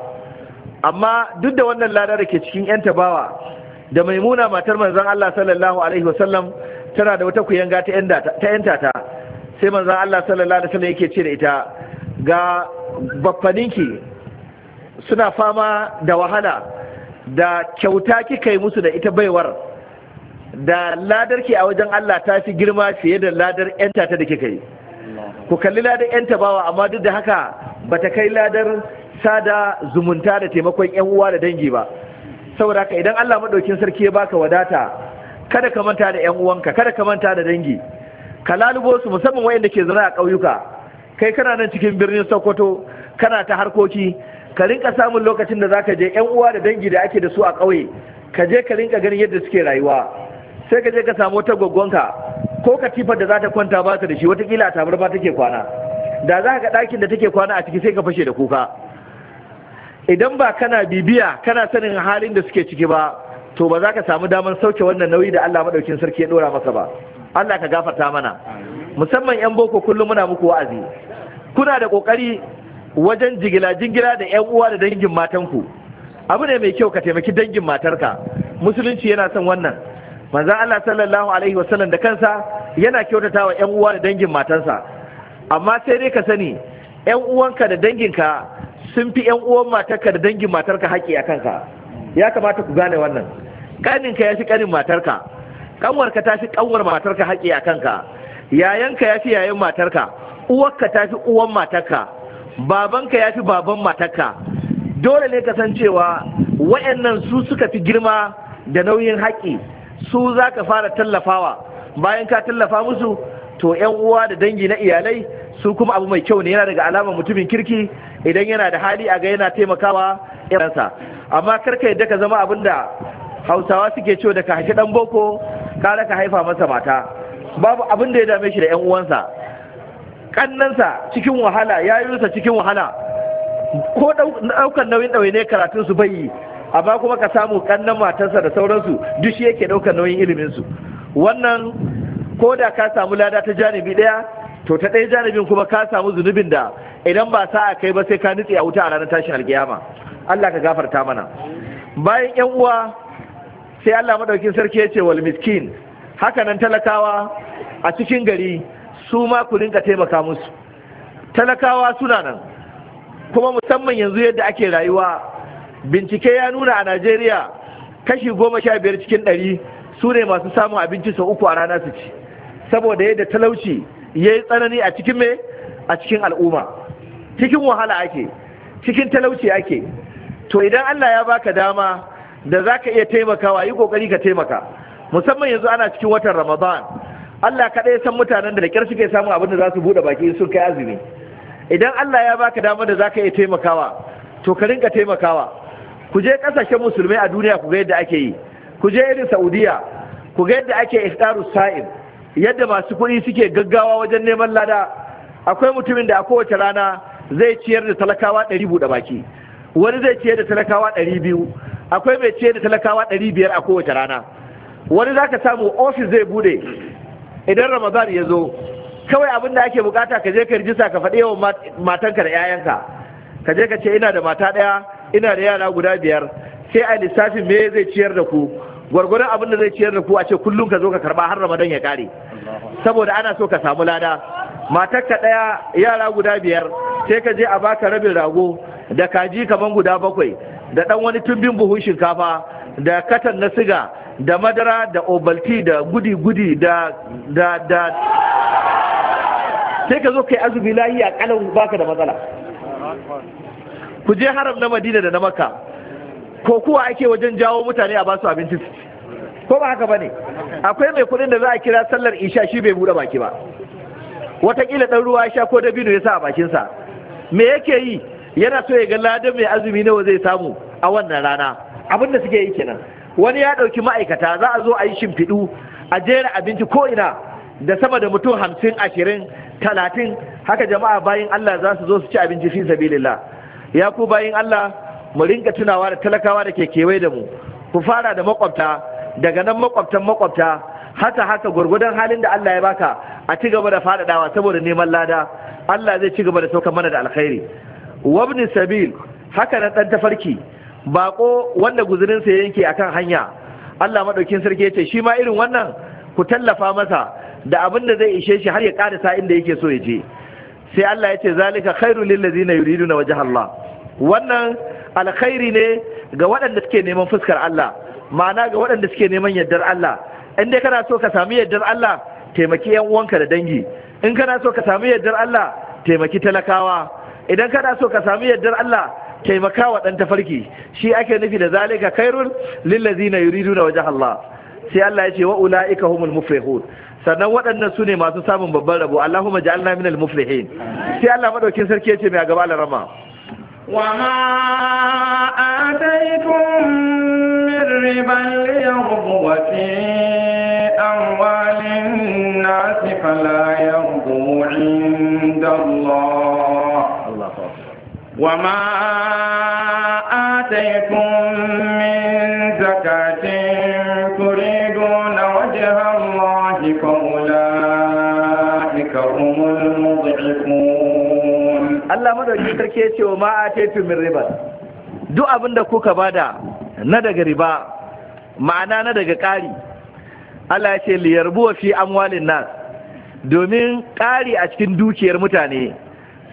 amma duk da wannan lada da ke cikin yanta bawa da maimuna matar manzon Allah sallallahu alaihi wasallam tana da wata kuyanga ta yanta ta sai manzon Allah sallallahu alaihi wasallam yake ce da ita ga baffaninki suna fama da wahala da kyauta kika yi musu da ita baiwar da ladar ki a wajen Allah ta fi girma fiye da ladar yanta ta da ke yi ku kalli ladar yanta bawa amma duk da haka ba ta kai ladar sada zumunta da taimakon yan uwa da dangi ba saboda ka idan Allah maɗaukin sarki ya baka wadata kada ka manta da yan uwanka kada ka manta da dangi ka lalubo su musamman wa'inda ke zama a ƙauyuka kai kana nan cikin birnin Sokoto kana ta harkoki ka rinka samun lokacin da za ka je yan uwa da dangi da ake da su a ƙauye ka je ka rinka ganin yadda suke rayuwa sai ka je ka samu wata gwaggonka ko katifar da za ta kwanta ba ta da shi watakila a tamar ba take kwana da za ka ɗakin da take kwana a ciki sai ka fashe da kuka idan ba kana bibiya kana sanin halin da suke ciki ba to ba za ka samu damar sauke wannan nauyi da Allah maɗaukin sarki ya ɗora masa ba Allah ka gafarta mana musamman 'yan boko kullum muna muku wa'azi kuna da ƙoƙari wajen jigila jingila da 'yan uwa da dangin matanku abu ne mai kyau ka taimaki dangin matarka musulunci yana son wannan manzon Allah sallallahu alaihi wasallam da kansa yana kyautata wa ƴan uwa da dangin matansa amma sai dai ka sani ƴan uwanka da danginka sun fi ƴan uwan matarka da dangin matarka haƙƙi a kanka ya kamata ku gane wannan Ƙaninka ya fi ƙanin matarka Ƙanwarka ta fi ƙanwar matarka haƙƙi a kanka yayanka ya fi yayan matarka uwarka ta fi uwan matarka babanka ya fi baban matarka dole ne kasancewa wa'annan su suka fi girma da nauyin haƙƙi su za ka fara tallafawa bayan ka tallafa musu to yan uwa da dangi na iyalai su kuma abu mai kyau ne yana daga alamar mutumin kirki idan yana da hali a ga yana taimakawa yansa amma karka yadda ka zama abin da hausawa suke cewa da ka haifi dan boko kara ka haifa masa mata babu abin da ya dame shi da yan uwansa kannansa cikin wahala yayinsa cikin wahala ko ɗaukar nauyin ne karatun su bai yi amma kuma ka samu kannan matarsa da sauransu duk shi yake ɗaukar nauyin iliminsu wannan ko da ka samu lada ta janibi ɗaya to ta ɗaya janibin kuma ka samu zunubin da idan ba sa a kai ba sai ka nutse a wuta a ranar tashin alkiyama Allah ka gafarta mana bayan yan uwa sai Allah madaukin sarki ya ce wal miskin haka nan talakawa a cikin gari su ma ku rinka taimaka musu talakawa suna nan kuma musamman yanzu yadda ake rayuwa bincike ya nuna a najeriya kashi goma sha biyar cikin ɗari su ne masu samun abinci sau uku a rana su ci saboda yadda talauci ya yi tsanani a cikin me a cikin al'umma cikin wahala ake cikin talauci ake to idan allah ya baka dama da za ka iya taimakawa yi kokari ka taimaka musamman yanzu ana cikin watan ramadan allah kaɗai san mutanen da da ƙyar suke samun abin da za su buɗe baki sun kai azumi idan allah ya baka dama da za ka iya taimakawa to ka rinka taimakawa ku je kasashen musulmai a duniya ku ga yadda ake yi ku je irin saudiya ku ga yadda ake iftaru yadda masu kuɗi suke gaggawa wajen neman lada akwai mutumin da a kowace rana zai ciyar da talakawa ɗari buɗe baki wani zai ciyar da talakawa ɗari biyu akwai mai ciyar da talakawa ɗari biyar a kowace rana wani za ka samu ofis zai bude idan ramadan ya zo kawai abin da ake bukata ka je ka rijista ka faɗi yawan matanka da 'ya'yanka ka je ka ce ina da mata ɗaya ina da yara guda biyar sai a lissafin me zai ciyar da ku gwargwaron abin da zai ciyar da ku a ce kullum ka zo ka karba har ramadan ya kare saboda ana so ka samu lada matar ka daya yara guda biyar sai ka je a baka rabin rago da kaji kaman guda bakwai da dan wani tumbin buhun shinkafa da katan na siga da madara da obalti da gudi gudi da da da sai ka zo kai azumi lahiya kalau baka da matsala ku je haram na madina da na maka ko kuwa ake wajen jawo mutane a basu abinci ko ba haka bane akwai mai kudin da za a kira sallar isha shi bai bude baki ba watakila dan ruwa sha ko dabino ya sa a bakin sa me yake yi yana so ya ga ladan mai azumi nawa zai samu a wannan rana abinda suke yi kenan wani ya dauki ma'aikata za a zo a yi shimfiɗu a jera abinci ko ina da sama da mutum hamsin ashirin talatin haka jama'a bayan Allah za su zo su ci abinci fi sabilillah ya ku bayin Allah mu rinka tunawa da talakawa da ke kewaye da mu ku fara da makwabta daga nan makwabtan makwabta haka haka gwargwadon halin da Allah ya baka a ci gaba da faɗaɗawa saboda neman lada Allah zai ci gaba da sauka mana da alkhairi wabni sabil haka na ɗan tafarki bako wanda guzurinsa ya yanke akan hanya Allah maɗaukin sarki ya ce shi ma irin wannan ku tallafa masa da abin da zai ishe shi har ya ƙarasa inda yake so ya je sai Allah ya ce zalika khairu lil ladina yuriduna wajha Allah wannan alkhairi ne ga waɗanda suke neman fuskar Allah ma'ana ga waɗanda suke neman yardar Allah in dai kana so ka sami yardar Allah taimaki yan uwanka da dangi in kana so ka sami yardar Allah taimaki talakawa idan kana so ka sami yardar Allah taimaka wa ɗan tafarki shi ake nufi da zalika khairul lil ladina yuriduna wajha Allah sai Allah ya ce wa ulaika humul muflihun sannan waɗannan su ne masu samun babban rabo Allahumma ja'alna minal muflihin sai Allah madaukin sarki yace mai gaba larama wa ma ataykum min riban liyarbu fi amwalin nas fala yarbu inda Allah wa ma ataykum min zakatin turin Allah madauki sarki ya ce wa ma min riba duk abinda kuka bada na daga riba ma'ana na daga ƙari Allah ya ce liyarbu fi amwalin nas domin ƙari a cikin dukiyar mutane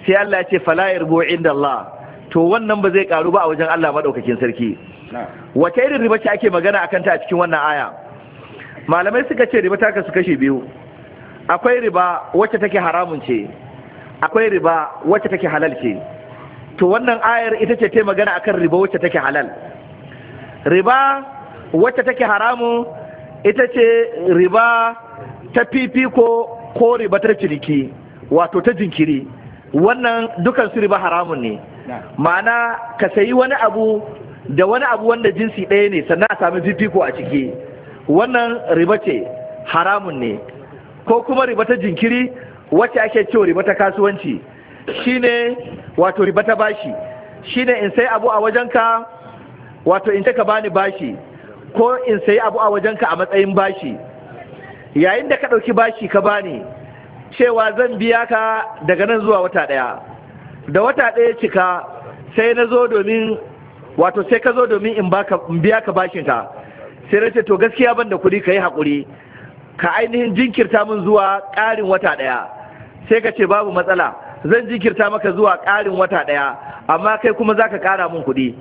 sai Allah ya ce fala yarbu inda Allah to wannan ba zai karu ba a wajen Allah madaukakin sarki wace irin riba ce ake magana akan ta a cikin wannan aya malamai suka ce riba ta su kashe biyu akwai riba wacce take haramun ce akwai riba wacce take halal ce to wannan ayar ita ce ta magana akan riba wacce take halal riba wacce take haramu ita ce riba ta fifiko ko riba ta ciniki wato ta jinkiri wannan dukan su riba haramun ne ma'ana ka sayi wani abu da wani abu wanda jinsi ɗaya ne sannan a sami fifiko a ciki wannan riba ce haramun ne ko kuma riba ta jinkiri wacce ake cewa riba ta kasuwanci shine wato riba ta bashi shine in sai abu a wajenka wato in ka bani bashi ko in sai abu a wajenka a matsayin bashi yayin da ka ɗauki bashi ka bani cewa zan biya ka daga nan zuwa wata ɗaya da wata ɗaya cika sai na zo domin wato sai ka zo domin in biya ka bashinka sai na to gaskiya ban da kuɗi ka yi haƙuri ka ainihin jinkirta min zuwa ƙarin wata ɗaya sai ka ce babu matsala zan jikirta maka zuwa ƙarin wata ɗaya amma kai kuma za ka ƙara min kuɗi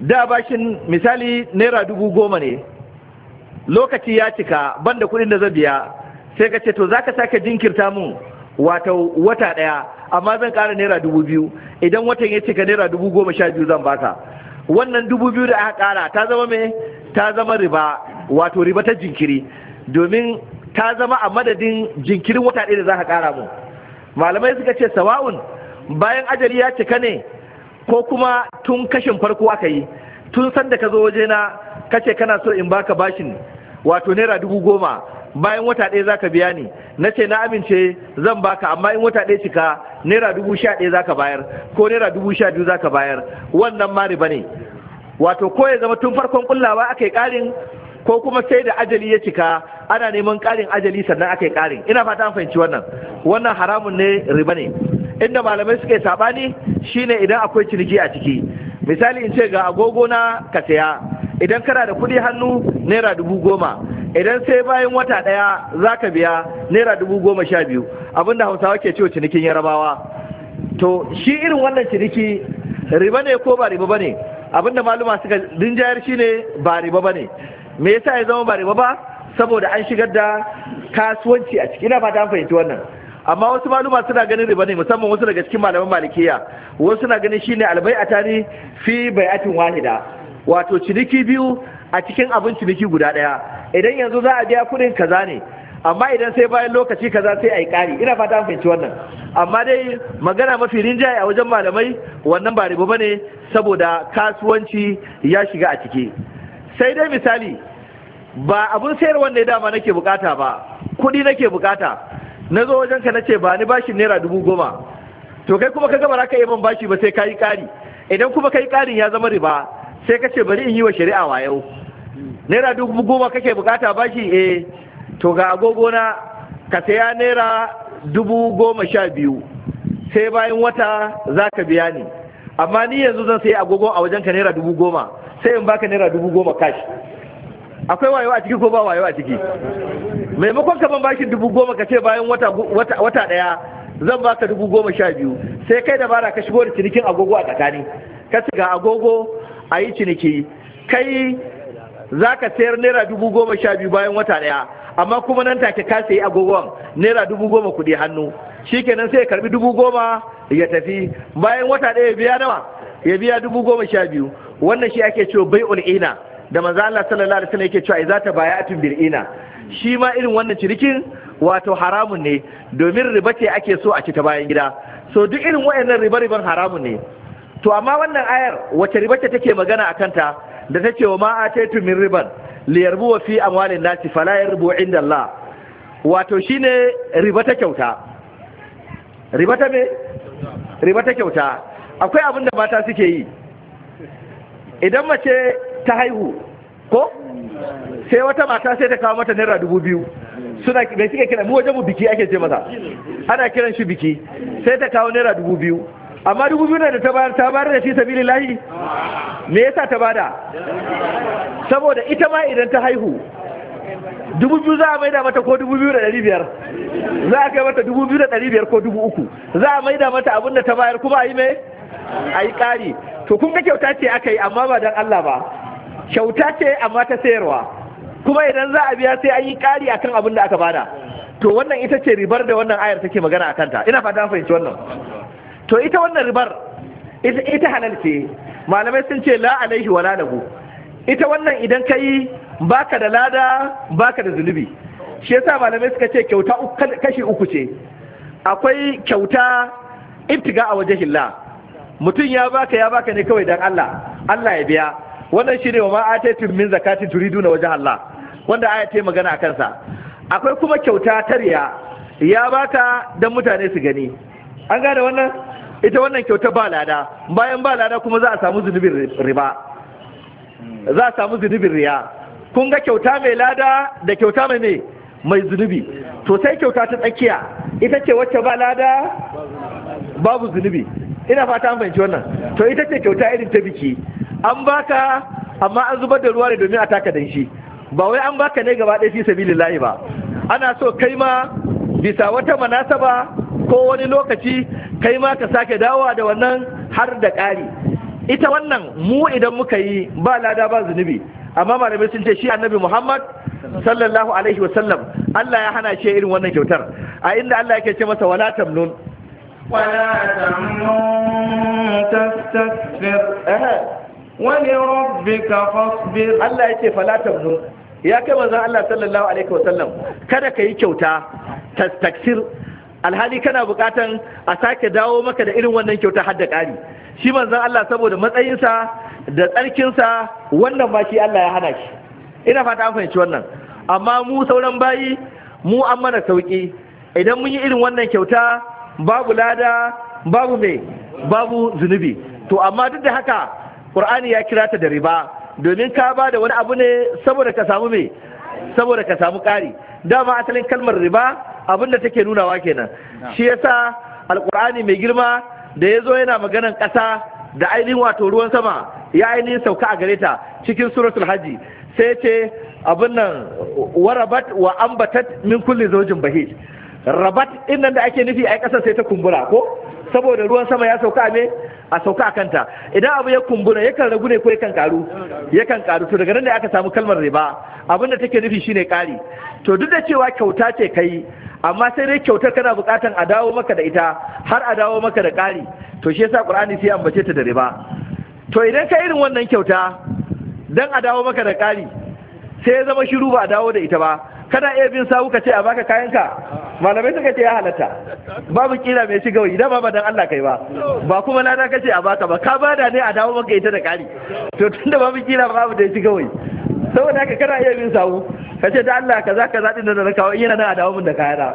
da bashin misali naira dubu goma ne lokaci ya cika banda kuɗin da zan biya sai ka ce to za ka sake jinkirta mun wata wata ɗaya amma zan ƙara naira dubu biyu idan watan ya cika naira dubu goma sha biyu zan baka wannan dubu biyu da aka ƙara ta zama me ta zama riba wato riba ta jinkiri domin ta zama a madadin jinkirin wata ɗaya da za ka ƙara mu malamai suka ce sawa'un bayan ajali ya cika ne ko kuma tun kashin farko aka yi tun sanda ka zo waje na kace kana so in baka bashin wato naira dubu goma bayan wata ɗaya za ka biya ni na ce na amince zan baka amma in wata ɗaya cika naira dubu sha ɗaya za ka bayar ko naira dubu sha biyu za ka bayar wannan ma riba ne wato ko ya zama tun farkon kullawa aka yi ƙarin ko kuma sai da ajali ya cika ana neman karin ajali sannan aka yi ƙarin ina fata an fahimci wannan wannan haramun ne riba ne inda malamai suke saɓani shine idan akwai ciniki a ciki misali in ce ga agogo na ka saya idan kana da kuɗi hannu naira dubu goma idan sai bayan wata ɗaya za ka biya naira dubu goma sha biyu abinda hausawa ke cewa cinikin yarabawa to shi irin wannan ciniki riba ne ko ba riba ba ne abinda maluma suka rinjayar shi ne ba riba ba ne me yasa ya zama ba ba saboda an shigar da kasuwanci a ciki ina fata an fahimci wannan amma wasu maluma suna ganin riba ne musamman wasu daga cikin malaman malikiya wasu suna ganin shine a tari fi bai'atin wahida wato ciniki biyu a cikin abin ciniki guda daya idan yanzu za a biya kudin kaza ne amma idan sai bayan lokaci kaza sai a yi ƙari ina fata an fahimci wannan amma dai magana mafi rinjaye a wajen malamai wannan ba riba bane saboda kasuwanci ya shiga a ciki sai dai misali ba abun sayar ne dama nake bukata ba kuɗi nake bukata na zo wajen ka nace ba ni bashin naira dubu goma to kai kuma ka gama ka yi man bashi ba sai ka yi ƙari idan kuma ka yi ƙarin ya zama riba sai ka ce bari in yi wa shari'a wayo naira dubu goma kake bukata bashi eh to ga agogo na ka saya naira dubu goma sha biyu sai bayan wata za ka biya ni amma ni yanzu zan sayi agogo a wajen ka naira dubu goma sai in baka naira dubu goma kashi akwai wayewa a ciki ko ba wayewa a ciki maimakon ka ban bashi dubu goma ka ce bayan wata daya zan baka dubu goma sha biyu sai kai dabara ka shigo da cinikin agogo a tsakani ka ga agogo a yi ciniki kai za ka sayar naira dubu goma sha biyu bayan wata daya amma kuma nan take ka sayi agogon naira dubu goma kuɗi hannu shikenan sai ya karbi dubu goma ya tafi bayan wata daya ya biya nawa ya biya dubu goma sha biyu wannan shi ake cewa bai ul’ina. da manzo Allah sallallahu alaihi wasallam yake cewa idza tabaya'tum bil'ina shi ma irin wannan cirikin wato haramun ne domin riba ce ake so a cika bayan gida so duk irin wayannan riba riban haramun ne to amma wannan ayar wace riba ce take magana akan ta da ta ce wa ma ataitu min riban liyarbu wa fi amwalin nasi fala yarbu inda Allah wato shine riba ta kyauta riba ta me riba ta kyauta akwai abin da mata suke yi idan mace ta haihu ko sai wata mata sai ta kawo mata naira dubu biyu suna mai suke kira mu wajen mu biki ake ce masa ana kiran shi biki sai ta kawo naira dubu biyu amma dubu biyu da ta bayar ta bayar da shi sabili lahi me yasa ta bada saboda ita ma idan ta haihu dubu biyu za a maida mata ko dubu biyu da ɗari biyar za a kai mata dubu biyu da ɗari biyar ko dubu uku za a maida mata abin da ta bayar kuma a yi mai a yi ƙari to kun ga kyauta ce aka yi amma ba don Allah ba kyauta ce amma ta sayarwa kuma idan za a biya sai an yi a kan abin da aka bada to wannan ita ce ribar da wannan ayar take magana a kanta ina fata fahimci wannan to ita wannan ribar ita halal ce malamai sun ce la alaihi wala lahu ita wannan idan kai baka da lada baka da zunubi shi yasa malamai suka ce kyauta kashi uku ce akwai kyauta ibtiga a wajen hilla mutum ya baka ya baka ne kawai dan Allah Allah ya biya wannan shine wa ma ataytum min turidu na wajen Allah wanda aya ta magana a kansa. akwai kuma kyauta ta riya ya baka dan mutane su gani an gane wannan ita wannan kyauta ba lada bayan ba lada kuma za a samu zunubin riba za a samu zunubin riya kun ga kyauta mai lada da kyauta mai ne mai zunubi to sai kyauta ta tsakiya ita ce wacce ba lada babu zunubi ina fata an fahimci wannan to ita ce kyauta irin ta biki an baka amma an zubar da ruwa ne domin a taka dan shi ba wai an baka ne gaba ɗaya fi sabilillahi ba ana so kai ma bisa wata manasaba ko wani lokaci kai ma ka sake dawowa da wannan har da ƙari ita wannan mu idan muka yi ba lada ba zunubi amma malamai sun ce shi annabi muhammad sallallahu alaihi wasallam allah ya hana shi irin wannan kyautar a inda allah yake ce masa wala tamnun ولا تمنن ولربك فاصبر الله يتي فلا تمنن ya kai manzon Allah sallallahu alaihi kada ka yi kyauta tastaksir alhali kana bukatan a sake dawo maka da irin wannan kyauta har da ƙari shi manzon Allah saboda matsayinsa da tsarkinsa wannan ba shi Allah ya hana shi ina fata an fahimci wannan amma mu sauran bayi mu an mana sauki idan mun yi irin wannan kyauta babu lada babu mai babu zunubi to amma duk da haka ƙur'ani ya kira ta da riba domin ka ba da wani abu ne saboda ka samu mai saboda ka samu ƙari dama asalin kalmar riba abinda take nunawa kenan shi yasa alƙur'ani mai girma da ya zo yana maganan ƙasa da ainihin wato ruwan sama ya ainihin sauka a gare ta cikin suratul hajji sai ce abin nan warabat wa ambatat min kulli zawjin bahij rabat inda da ake nufi ai kasar sai ta kumbura ko saboda ruwan sama ya sauka ne a sauka a kanta idan abu ya kumbura yakan ragu ne ko yakan karu yakan karu to daga nan da aka samu kalmar riba abin da take nufi shine kari to duk da cewa kyauta ce kai amma sai dai kyautar kana bukatan a dawo maka da ita har a dawo maka da kari to shi yasa qur'ani sai ambace ta da riba to idan ka irin wannan kyauta dan a dawo maka da kari sai ya zama shiru ba a dawo da ita ba kana iya bin sawu ka ce a baka kayanka malamai suka ce ya halatta babu kira mai shiga wai dama ba dan Allah kai ba ba kuma lada ka ce a baka ba ka bada ne a dawo maka ita da kari to tunda babu kira babu da shiga wai saboda haka kana iya bin sawu ka ce da Allah za ka zaɗi da na kawo yana nan a dawo mun da kayana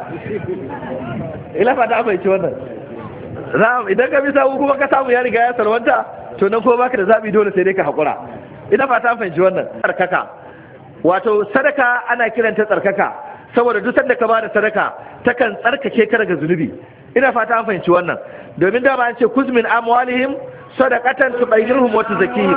ila fata bai ci wannan idan ka bi sawu kuma ka samu ya riga ya salwanta to nan ko baka da zabi dole sai dai ka hakura ina ta fahimci wannan harkaka wato sadaka ana kiranta tsarkaka saboda duk sanda ka bada sadaka takan tsarkake ka daga zunubi ina fata an fahimci wannan domin dama an ce kuzmin amwalihim sadaqatan tubayyiruhum wa tuzakkihim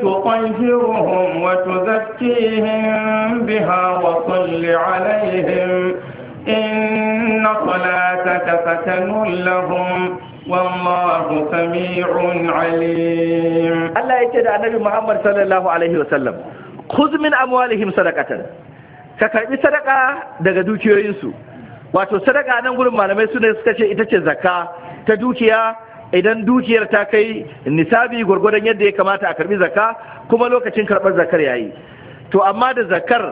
tubayyiruhum wa tuzakkihim biha wa salli إن صلاتك سكن لهم والله سميع عليم الله يتدعى النبي محمد صلى الله عليه وسلم خذ من أموالهم صدقة ka karbi sadaka daga dukiyoyinsu wato sadaka nan gudun malamai su suka ce ita ce zakka ta dukiya idan dukiyar ta kai nisabi gwargwadon yadda ya kamata a karbi zakka kuma lokacin karɓar zakar yayi to amma da zakar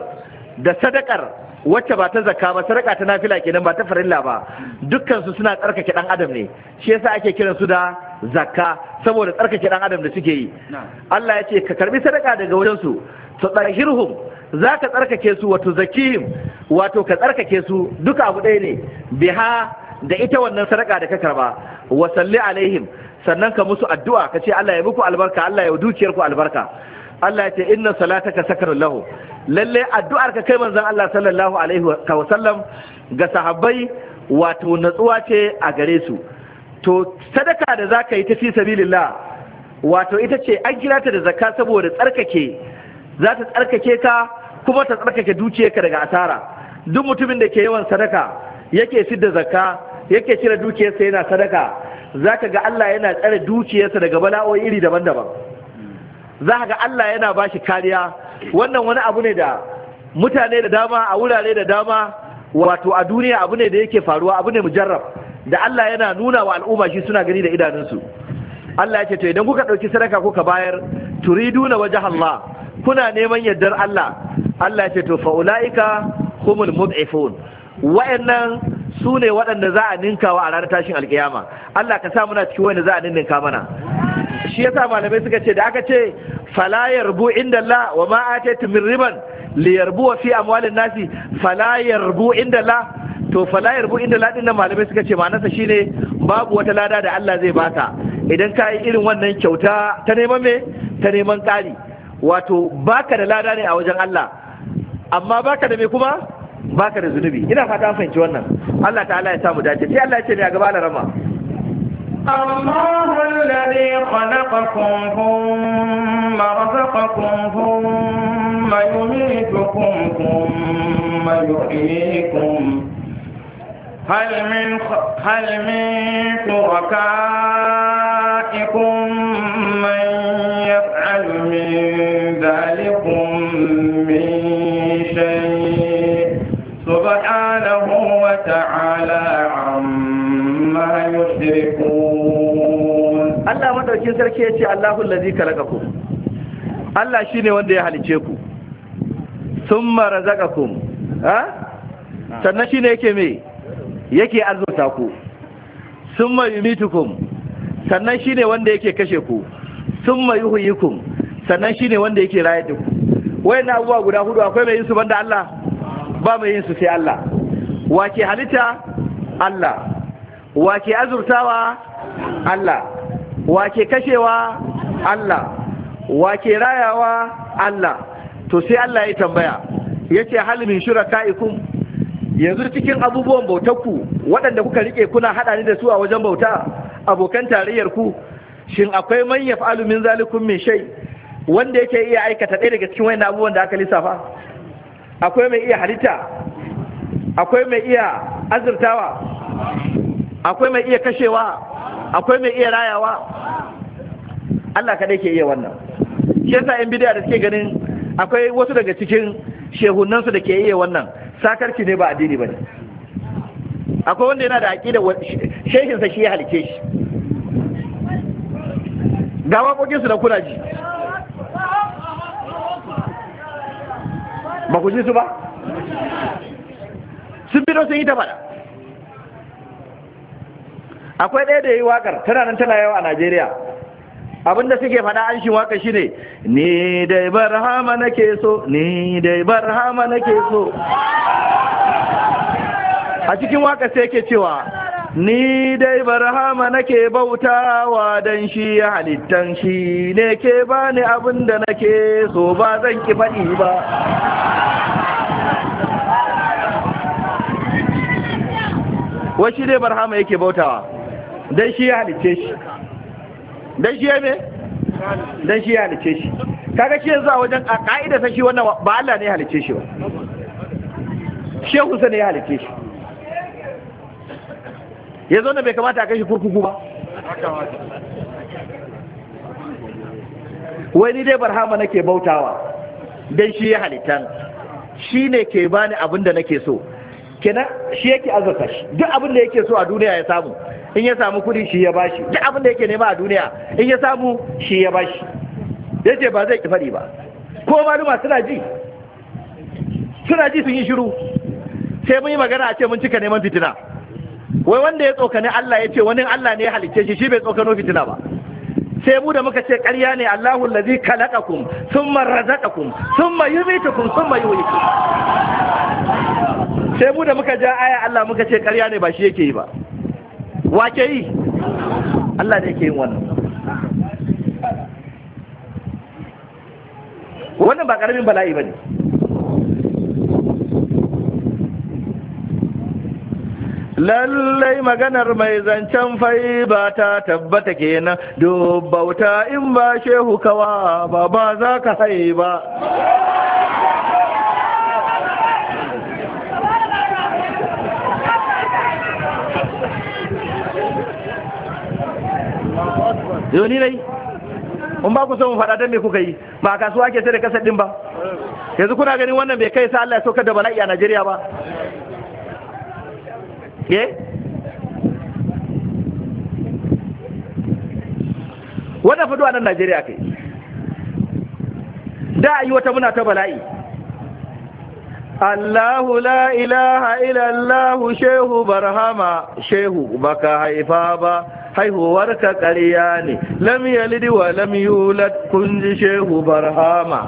da sadakar wacce ba ta zakka ba sadaka ta nafila kenan ba ta farilla ba dukkan su suna tsarkake dan adam ne shi yasa ake kiran su da zakka saboda tsarkake dan adam da suke yi Allah ya ce ka karbi sadaka daga wajen su to tsahirhum zaka tsarkake su wato zakihim wato ka tsarkake su duka abu ɗaya ne biha da ita wannan sadaka da ka karba wa salli alaihim sannan ka musu addu'a ka ce Allah ya muku albarka Allah ya dukiyar ku albarka Allah ya ce inna salataka sakarun lahu lalle addu'ar ka kai manzon Allah sallallahu alaihi wa sallam ga sahabbai wato natsuwa ce a gare su to sadaka da zaka yi ta fi sabilillah wato ita ce an kira ta da zakka saboda tsarkake za ta tsarkake ka kuma ta tsarkake dukiyarka daga asara duk mutumin da ke yawan sadaka yake da zakka yake cire dukiyarsa yana sadaka zaka ga Allah yana tsare dukiyarsa daga bala'o'i iri daban-daban za ka ga Allah yana bashi kariya wannan wani abu ne da mutane da dama a wurare da dama wato a duniya abu ne da yake faruwa abu ne mujarrab da Allah yana nuna wa al'umma shi suna gani da idanunsu Allah ya ce to idan kuka ɗauki sadaka kuka bayar turiduna wajh Allah kuna neman yardar Allah Allah ya ce to fa ulaika humul mud'ifun wa'annan su ne waɗanda za a ninkawa a ranar tashin alkiyama Allah ka sa muna cikin wanda za a ninka mana shi yasa malamai suka ce da aka ce fala yarbu inda Allah wa ma ataytum min riban li yarbu fi amwalin nasi fala yarbu inda Allah to fala yarbu inda Allah din malamai suka ce ma'anarsa shine babu wata lada da Allah zai baka idan ka yi irin wannan kyauta ta neman me ta neman ƙari wato baka da lada ne a wajen Allah amma baka da me kuma baka da zunubi ina fata an fahimci wannan Allah ta'ala ya samu dace sai Allah ya ce ne a gaba da rama الله هل من هل من شركائكم من يفعل من ذلكم من سبحانه وتعالى عما يشركون الله ما دوكين سركي يتي الله الذي خلقكم الله شيني wanda ya halice ku summa razaqakum ha sannan ne yake mai yake arzuta ku summa yumitukum sannan shi ne wanda yake kashe ku summa yuhyikum sannan shi ne wanda yake rayar da ku na abubuwa guda hudu akwai mai yin su banda Allah ba mai yin su sai Allah wake halitta Allah wake azurtawa Allah wake kashewa Allah wake rayawa Allah to sai Allah ya tambaya yace hal min shuraka'ikum yanzu cikin abubuwan bautarku waɗanda kuka rike kuna haɗa ni da su a wajen bauta abokan tarayyar ku shin akwai man yaf'alu min zalikum min shay wanda yake iya aikata ɗaya daga cikin wayannan abubuwan da aka lissafa akwai mai iya halitta akwai mai iya azurtawa akwai mai iya kashewa akwai mai iya rayawa Allah kaɗai ke iya wannan shi yasa yan bidiya da suke ganin akwai wasu daga cikin shehunansu da ke iya wannan sakarci ne ba addini ba ne akwai wanda yana da da shehinsa shi ya halice shi ga waƙoƙinsu da kuna ji ba ku ji su ba sun fito sun yi ta faɗa akwai ɗaya da yi wakar tana nan tana yawa a najeriya abinda suke faɗa an shi shi shine ni dai na ke so ni dai na ke so a cikin waƙa sai ke cewa ni dai barhama nake bautawa don shi ya halittan shi ne ke bani abinda ke so ba zan ki faɗi ba wai shi dai barhama yake bautawa dan shi ya halice shi dan shi ya me dan shi ya halice shi kaga shi yanzu a wajen a ka'ida ta shi wannan ba Allah ne ya halice shi ba shehu sa ne ya halice shi ya zo bai kamata a kashi kurkuku ba wai ni dai barhama nake bautawa dan shi ya halitan shi ne ke bani abin da nake so kenan shi yake azurta shi duk abin da yake so a duniya ya samu in ya samu kudi shi ya bashi duk abin da yake nema a duniya in ya samu shi ya bashi yace ba zai ki faɗi ba ko maluma suna ji suna ji sun yi shiru sai mun yi magana a ce mun cika neman fitina wai wanda ya tsokane Allah ya ce wani Allah ne ya halicce shi shi bai tsokano fitina ba sai mu da muka ce ƙarya ne Allahu allazi khalaqakum thumma razaqakum thumma yumitukum thumma yuhyikum sai mu da muka ja aya Allah muka ce ƙarya ne ba shi yake yi ba wa ke yi Allah ne ke yin wannan wannan ba ƙaramin bala'i ba ne lallai maganar mai zancen fai ba ta tabbata kenan dubbauta in ba shehu kawa ba ba za ka hai ba yau ni nai in ba ku so mu faɗa don me kuka yi ba a kasuwa ke sai da kasar ɗin ba yanzu kuna ganin wannan bai kai sa Allah ya sauka da bala'i a Najeriya ba ke wannan fado a nan Najeriya kai da yi wata muna ta bala'i Allahu la ilaha illallahu shehu barhama shehu baka haifa ba haihuwar ka ƙarya ne lam yalidi wa lam yulad kun ji shehu barhama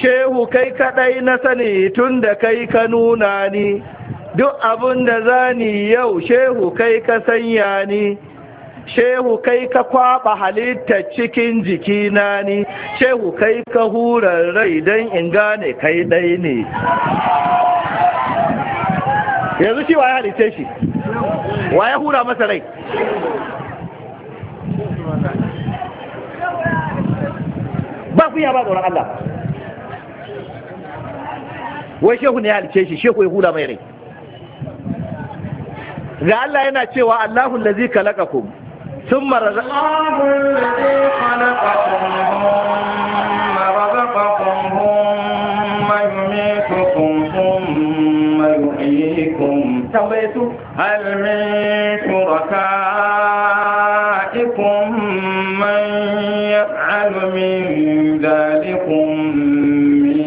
shehu kai kadai na sani tun da kai ka nuna ni duk abin da zani yau shehu kai ka sanya ni shehu kai ka kwaba halitta cikin jikina ni shehu kai ka hura rai don in gane kai ɗai ne yanzu shi wa ya halitta shi wa ya hura masa rai ba kunya ba tsoron Allah wai shehu ne ya halitta shi shehu ya hura mai rai ga Allah yana cewa Allahun lazi kalakakum ثم رزق الذي خلقكم ثم رزقكم ثم يميتكم ثم يحييكم هل من شركائكم من يفعل من ذلكم من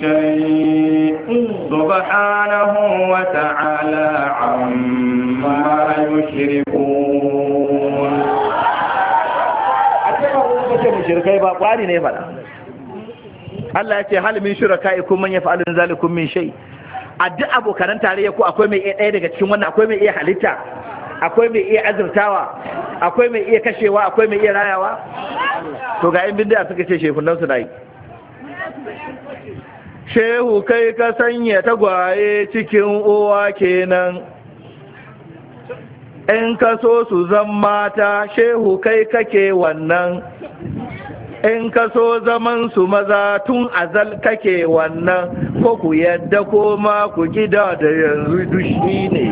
شيء سبحانه وتعالى عما يشرك shirkai ba ƙwari ne fada Allah ya ce hal min kun man yaf'alu zalikum min shay a duk abokanan tarayya ko akwai mai iya ɗaya daga cikin wannan akwai mai iya halitta akwai mai iya azurtawa akwai mai iya kashewa akwai mai iya rayawa to ga yan bindiya suka ce nan su dai shehu kai ka sanya tagwaye cikin uwa kenan in ka so su zan mata shehu kai kake wannan in ka so zaman su maza tun azal kake wannan ko ku yadda ko ma ku gida da yanzu dushi ne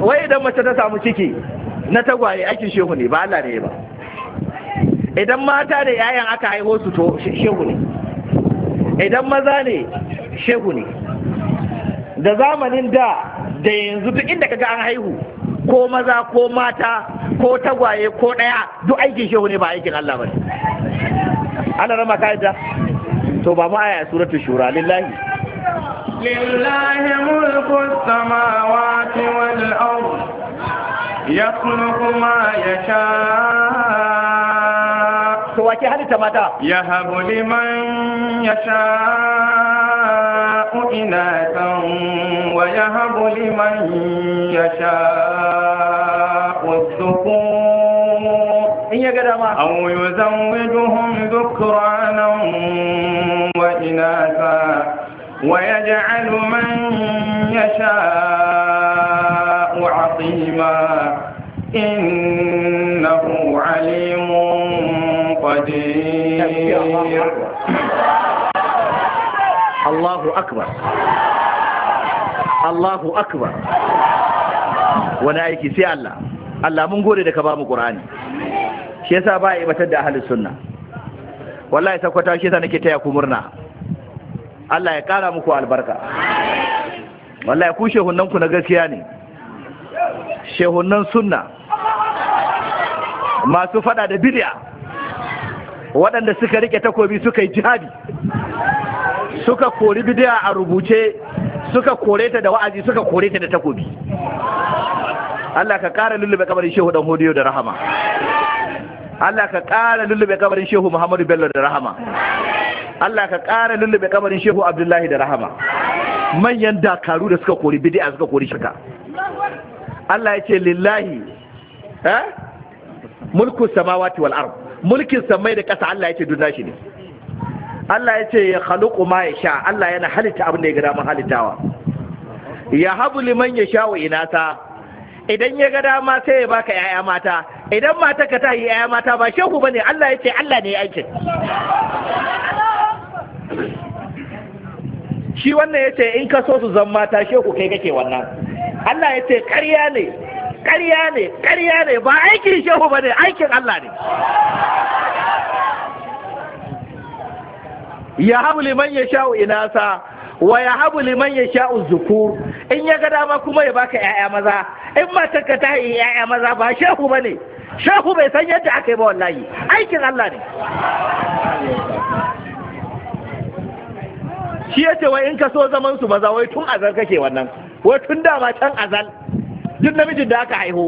wai idan mace ta samu ciki na tagwaye aikin shehu ne ba Allah ne ba idan mata da yayan aka haihu su to shehu ne idan maza ne shehu ne da zamanin da da yanzu duk inda kaga an haihu ko maza ko mata ko tagwaye ko ɗaya duk aikin shehu ne ba aikin Allah ba Allah rama ka to ba mu aya suratul shura lillahi lillahi mulku samawati wal ard yakhluqu ma yasha to wake halitta mata ya habu liman ya sha'u inatan wa ya habu liman ya sha'u dhukur in ya ga dama aw yuzawwijuhum dhukranan wa inatha ويجعل من يشاء عظيما إنه عليم قدير الله أكبر الله أكبر wani aiki sai Allah Allah mun gode da ka bamu ƙur'ani. Qur'ani shi yasa ba a batar da ahlus sunna wallahi sakwata shi yasa nake taya ku murna Allah ya kara muku albarka wallahi ku shehunnan ku na gaskiya ne shehunnan sunna masu faɗa da bid'a waɗanda suka rike takobi suka yi jihadi suka kori bidiya a rubuce suka kore ta da wa'azi suka kore ta da takobi Allah ka ƙara lullube kamar shehu dan hodiyo da rahama Allah ka ƙara lullube kamar shehu Muhammadu Bello da rahama Allah ka ƙara lullube kamar shehu Abdullahi da rahama manyan dakaru da suka kori bidi'a suka kori shirka Allah ya ce lillahi eh mulku samawati wal ard mulkin samai da ƙasa Allah ya ce duna shi ne Allah ya ce ya kuma ma sha. Allah yana halitta abin da ya ga dama halittawa ya habu liman sha wa inasa idan ya ga dama sai ya baka yaya mata idan mata ka ta yi yaya mata ba shehu bane Allah ya ce Allah ne ya ce shi wannan ya ce in ka so su zan mata shehu kai kake wannan Allah ya ce ƙarya ne ƙarya ne ƙarya ne ba aikin shehu ba ne aikin Allah ne ya habu liman ya sha'u inasa wa ya habu liman ya sha'u zuku in ya ga dama kuma ya baka ‘ya'ya maza in matarka ta yi ‘ya'ya maza ba shehu ba ne shehu bai san yadda aka yi ba wallahi aikin Allah ne shi ya ce wai in ka so zaman su maza wai tun azal kake wannan wai tun dama can azal duk namijin da aka haihu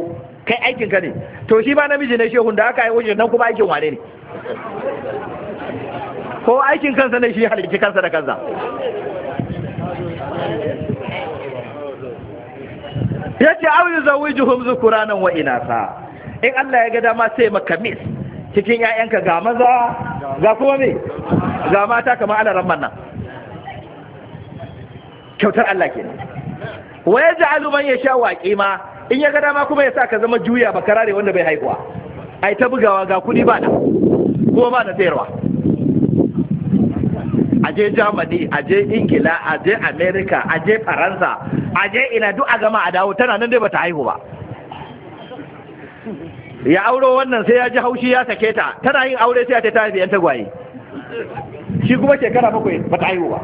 kai aikin ka ne to shi ba namiji ne shehun da aka haihu shi nan kuma aikin wane ne ko aikin kansa ne shi halitta kansa da kansa yace aw yuzawijuhum zukuranan wa inasa in Allah ya ga dama sai maka mis cikin 'ya'yanka ga maza ga kuma me ga mata kamar alaran nan kyautar Allah kenan wa ya sha waƙi ma, in ya ga dama kuma ya sa ka zama juya ba karare wanda bai haihuwa ai ta bugawa ga kudi ba na kuma ba na sayarwa aje Germany aje Ingila aje America aje Faransa aje ina duk a gama a dawo tana nan dai bata haihu ba ya auro wannan sai ya ji haushi ya sake ta tana yin aure sai ta tafi yan gwaye shi kuma shekara bakwai bata haihu ba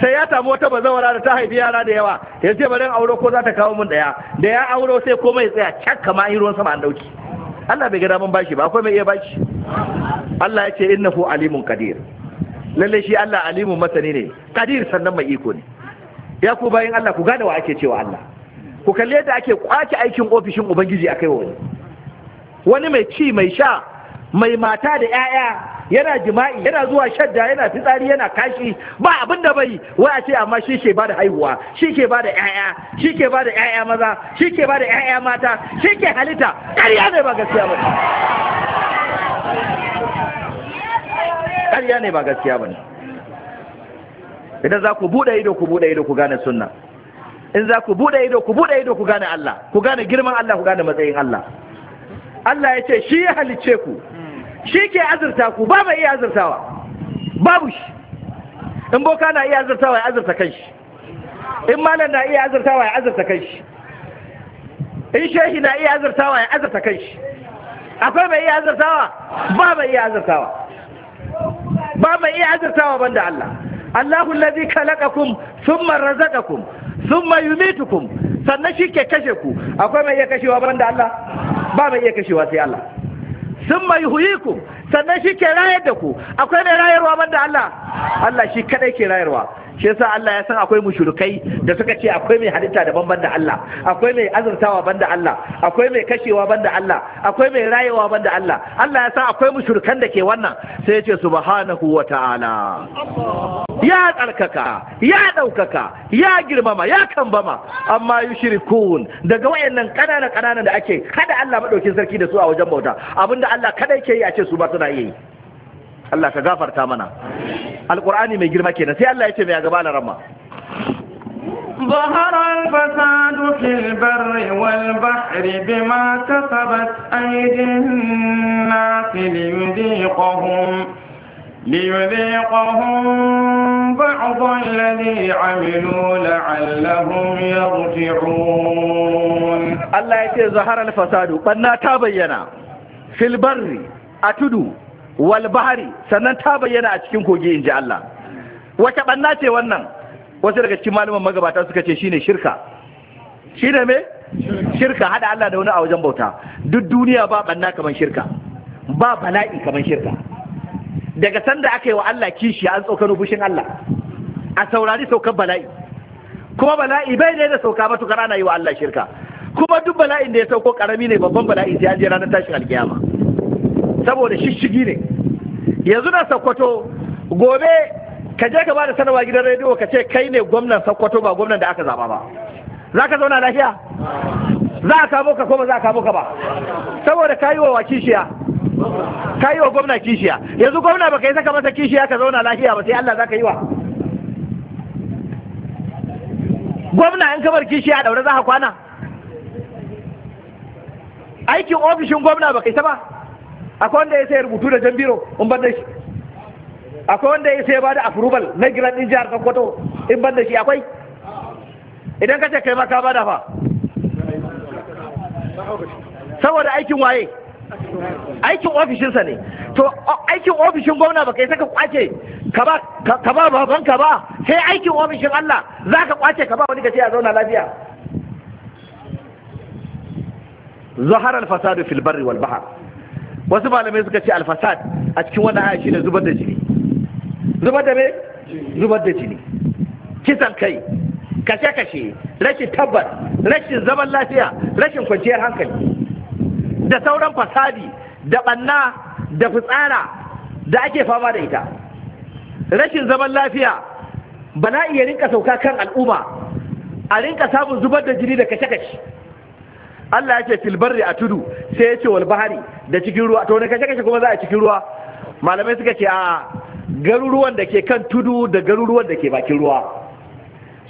sai ya samu wata bazawara da ta haifi yara da yawa ya ce bari auro ko za ta kawo min daya da ya auro sai komai ya tsaya cak kama in ruwan sama an dauki Allah bai ga daman bashi ba akwai mai iya bashi Allah ya ce innahu alimun qadir lalle shi Allah alimun masani ne qadir sannan mai iko ne ya ku bayin Allah ku gane wa ake cewa Allah ku kalle yadda ake kwaki aikin ofishin ubangiji akai wani wani mai ci mai sha mai mata da 'ya'ya yana jima'i yana zuwa shadda yana fitsari yana kashi ba abin da bai wai a ce amma shi ke bada haihuwa shi ke bada 'ya'ya shi ke bada 'ya'ya maza shi ke bada 'ya'ya mata shi ke halitta ƙarya ne ba gaskiya ba ƙarya ne ba gaskiya ba idan za ku buɗe ido ku buɗe ido ku gane sunna in za ku buɗe ido ku buɗe ido ku gane Allah ku gane girman Allah ku gane matsayin Allah Allah ya ce shi ya halice ku shi ke azurta ku ba mai iya azurtawa babu shi in boka na iya azurtawa ya azurta kan shi in malam na iya azurtawa ya azurta kan shi in shehi na iya azurtawa ya azurta kan shi akwai mai iya azurtawa ba mai iya azurtawa ba mai iya azurtawa da Allah Allahu allazi khalaqakum thumma razaqakum thumma yumitukum sannan shi ke kashe ku akwai mai iya kashewa ban da Allah ba mai iya kashewa sai Allah sun mai huyi ku sannan shi ke rayar da ku akwai mai rayarwa banda Allah Allah shi kadai ke rayarwa shi yasa Allah ya san akwai mushrikai da suka ce akwai mai halitta daban banda Allah akwai mai azurtawa banda Allah akwai mai kashewa banda Allah akwai mai rayewa banda Allah Allah ya san akwai mushrikan da ke wannan sai ya ce subhanahu wa ta'ala ya tsarkaka ya ɗaukaka ya girmama ya kambama amma yushrikun daga wayannan kanana kanana da ake kada Allah madaukin sarki da su a wajen bauta abinda Allah kada yake yi a ce su ba suna yi Allah ka gafarta mana alqur'ani mai girma kenan sai Allah ya ce mai gaba na rama ظهر الفساد في البر والبحر بما كسبت أيدي الناس ليذيقهم ليذيقهم بعض الذي عملوا لعلهم يرجعون الله يتي ظهر الفساد بنا تبين في البر أتدو Walbahari sannan ta bayyana a cikin kogi inji Allah wace banna ce wannan wasu daga cikin malaman magabata suka ce shine shirka shine me shirka hada Allah da wani a wajen bauta duk duniya ba banna kaman shirka ba bala'i kaman shirka daga sanda aka yi wa Allah kishi an tsokano fushin Allah a saurari saukar bala'i kuma bala'i bai ne da sauka matukar ana yi wa Allah shirka kuma duk bala'in da ya sauko karami ne babban bala'i sai an je ranar tashin alkiyama saboda shishigi ne yanzu na sakkwato gobe ka je ka ba da sanarwa gidan rediyo ka ce kai ne gwamnan sakkwato ba gwamnan da aka zaba ba za ka zauna lafiya za a kamo ka ko ba za a kamo ka ba saboda ka yi wa kishiya ka yi wa gwamna kishiya yanzu gwamna ba ka yi saka masa kishiya ka zauna lafiya ba sai Allah za ka yi wa gwamna in kamar kishiya a daure za ka kwana aikin ofishin gwamna ba kai ta ba akwai wanda ya sai rubutu da jambiro in ban da shi akwai wanda ya sai ba da approval na gidan din jihar Sokoto in ban da shi akwai idan ka ce kai maka ba da fa saboda aikin waye aikin ofishinsa ne to aikin ofishin gwamna ba kai saka kwace ka ba ka ba baban ka ba sai aikin ofishin Allah za ka kwace ka ba wani ka a zauna lafiya zahara al-fasadu fil barri wal bahr wasu malamai suka ce alfasad a cikin wannan aya shine zubar da jini zubar da me zubar da jini kisan kai kashe kashe rashin tabbas rashin zaman lafiya rashin kwanciyar hankali da sauran fasadi da banna da fitsara da ake fama da ita rashin zaman lafiya bana iya rinka sauka kan al'umma a rinka samun zubar da jini da kashe kashe Allah ya ce filbarri a tudu sai ya ce walbahari da cikin ruwa to ne kashe-kashe kuma za a cikin ruwa malamai suka ce a garuruwan da ke kan tudu da garuruwan da ke bakin ruwa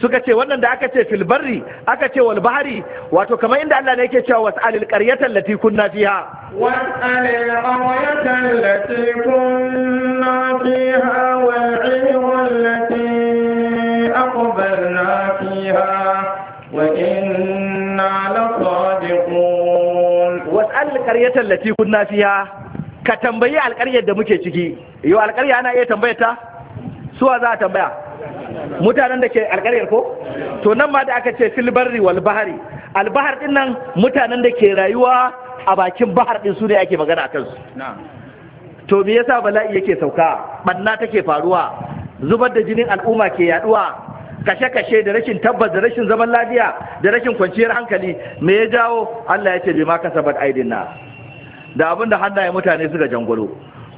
suka ce wannan da aka ce filbarri aka ce walbahari, wato kamar inda Allah ne yake cewa was'alil qaryatan lati kunna fiha was'alil qaryatan lati kunna fiha wal 'ayra lati aqbalna fiha wa in alƙaryatar lati kunna nafiya, ka tambayi alƙaryar da muke ciki yau alƙarya ana iya tambayar ta suwa za a tambaya mutanen da ke alƙaryar ko to nan ma da aka ce filbarri wal bahari albahar din nan mutanen da ke rayuwa a bakin bahar din su ne ake magana a kansu to me yasa bala'i yake sauka banna take faruwa zubar da jinin al'umma ke yaduwa kashe-kashe da rashin tabbas da rashin zaman lafiya da rashin kwanciyar hankali me ya jawo Allah ya ce bai ma kasabat aidin na da abin da hannaye mutane suka jangwalo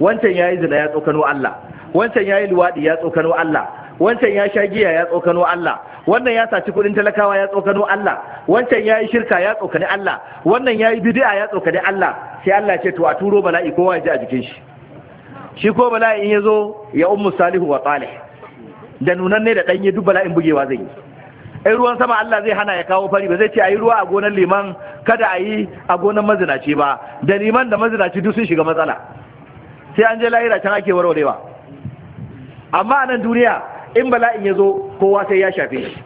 wancan yayi zina ya tsokano Allah wancan yayi luwaɗi ya tsokano Allah wancan ya sha giya ya tsokano Allah wannan ya saci kudin talakawa ya tsokano Allah wancan yayi shirka ya tsokani Allah wannan yayi bid'a ya tsokani Allah sai Allah ya ce to a turo bala'i kowa ya ji a jikin shi shi ko bala'i in yazo ya ummu salihu wa talih da nunan ne da ɗanye duk bala'in bugewa zai yi ruwan sama Allah zai hana ya kawo fari ba zai ce ayi ruwa a gonar liman kada a yi a gonar mazinaci ba da liman da mazinaci duk sun shiga matsala sai an je lahira can ake warwarewa amma a nan duniya in bala'in ya zo kowa sai ya shafe shi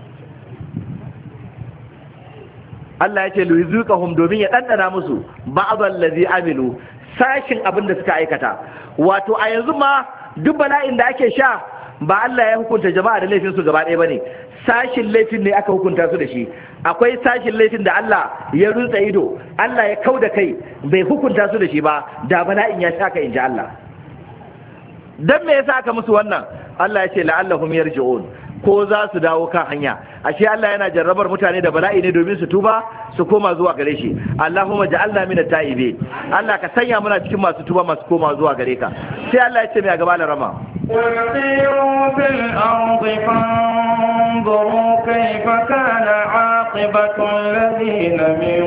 Allah ya ce yuzuqahum domin ya ɗanɗana musu ba'dal ladzi amilu sashin abin da suka aikata wato a yanzu ma duk bala'in da ake sha ba Allah ya hukunta jama'a da laifin su gaba ɗaya bane sashin laifin ne aka hukunta su da shi akwai sashin laifin da Allah ya rutsa ido Allah ya kau da kai bai hukunta su da shi ba da bana in ya shaka ji Allah dan me yasa aka musu wannan Allah ya ce la'allahum yarji'un ko za su dawo kan hanya ashe Allah yana jarrabar mutane da bala'i ne domin su tuba su koma zuwa gare shi Allahumma ja'alna minat ta'ibi Allah ka sanya muna cikin masu tuba masu koma zuwa gare ka sai Allah ya ce mai gaba da rama وسيروا في الأرض فانظروا كيف كان عاقبة الذين من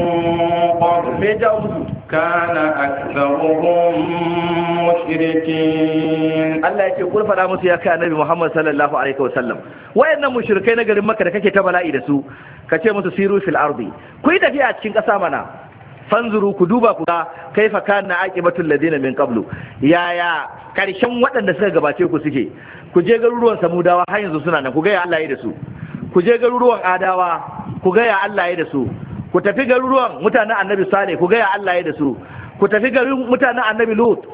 قبلهم ya أكثرهم مشركين الله يقول فلا موسى يا كان النبي محمد صلى الله عليه وسلم وإن مشركين قال مكة kake ta bala'i da su ka ce musu siru fil ardi ku yi tafiya cikin ƙasa mana fanzuru ku duba ku ga kaifa kana aqibatul ladina min qablu yaya karshen waɗanda suka gabace ku suke ku je garuruwan samudawa har yanzu suna nan ku ga ya Allah ya da su ku je garuruwan adawa ku ga ya Allah ya da su ku tafi garuruwan mutanen annabi saleh ku ga ya Allah ya da su ku tafi garin mutanen annabi lut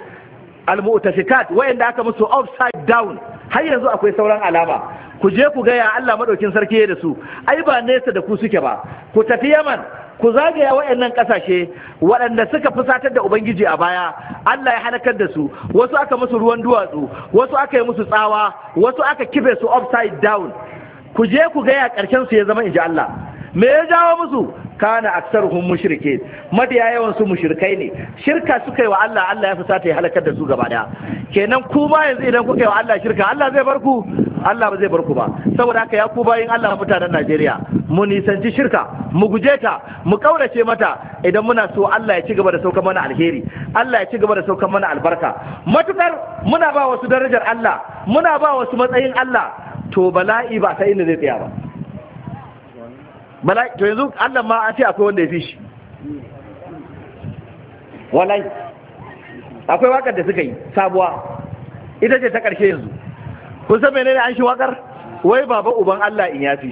al wayanda aka musu upside down har yanzu akwai sauran alama ku je ku gaya Allah madaukin sarki ya da su ai ba nesa da ku suke ba ku tafi Yaman ku zagaya waɗannan ƙasashe waɗanda suka fusatar da Ubangiji a baya Allah ya halakar da su wasu aka musu ruwan duwatsu wasu aka yi musu tsawa wasu aka kife su upside down ku je ku gaya ƙarshen su ya zama inji Allah me ya jawo musu kana aksaruhum mushrike mafiya yawan su mushrikai ne shirka suka yi wa Allah Allah ya fusata ya halakar da su gaba daya kenan ku ma yanzu idan kuka yi wa Allah shirka Allah zai bar ku Allah ba zai bar ku ba saboda haka ya ku bayin Allah mutanen Najeriya mu nisanci shirka mu guje ta mu kaurace mata idan muna so Allah ya ci gaba da saukar mana alheri Allah ya ci gaba da saukar mana albarka matukar muna ba wasu darajar Allah muna ba wasu matsayin Allah to bala'i ba ta inda zai tsaya ba bala'i to yanzu Allah ma an ce akwai wanda ya fi shi wallahi akwai wakar da suka yi sabuwa ita ce ta ƙarshe yanzu kun san ne an shi wakar wai baba uban Allah in yafi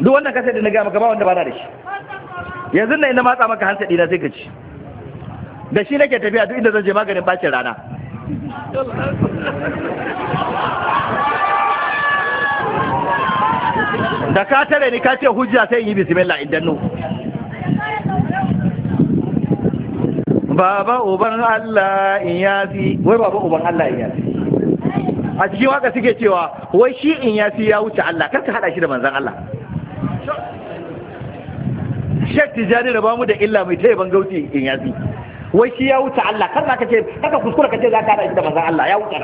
duk wannan kasa da na gama gaba wanda ba na da shi yanzu na ina matsa maka hansa dina sai ka ci da shi nake tafiya duk inda zan je maganin bacin rana da ka tare ni ka ce hujja sai in yi bismillah in danno baba uban Allah in yasi. wai baba uban Allah in yasi. a cikin waka suke cewa wai shi in yasi ya wuce Allah karka hada shi da manzan Allah Sheikh Tijani da bamu da illa mai taya bangauti in yasi. wai shi ya wuce Allah kar ka ce kaka kuskura ka ce za ka hada shi da manzan Allah ya wuce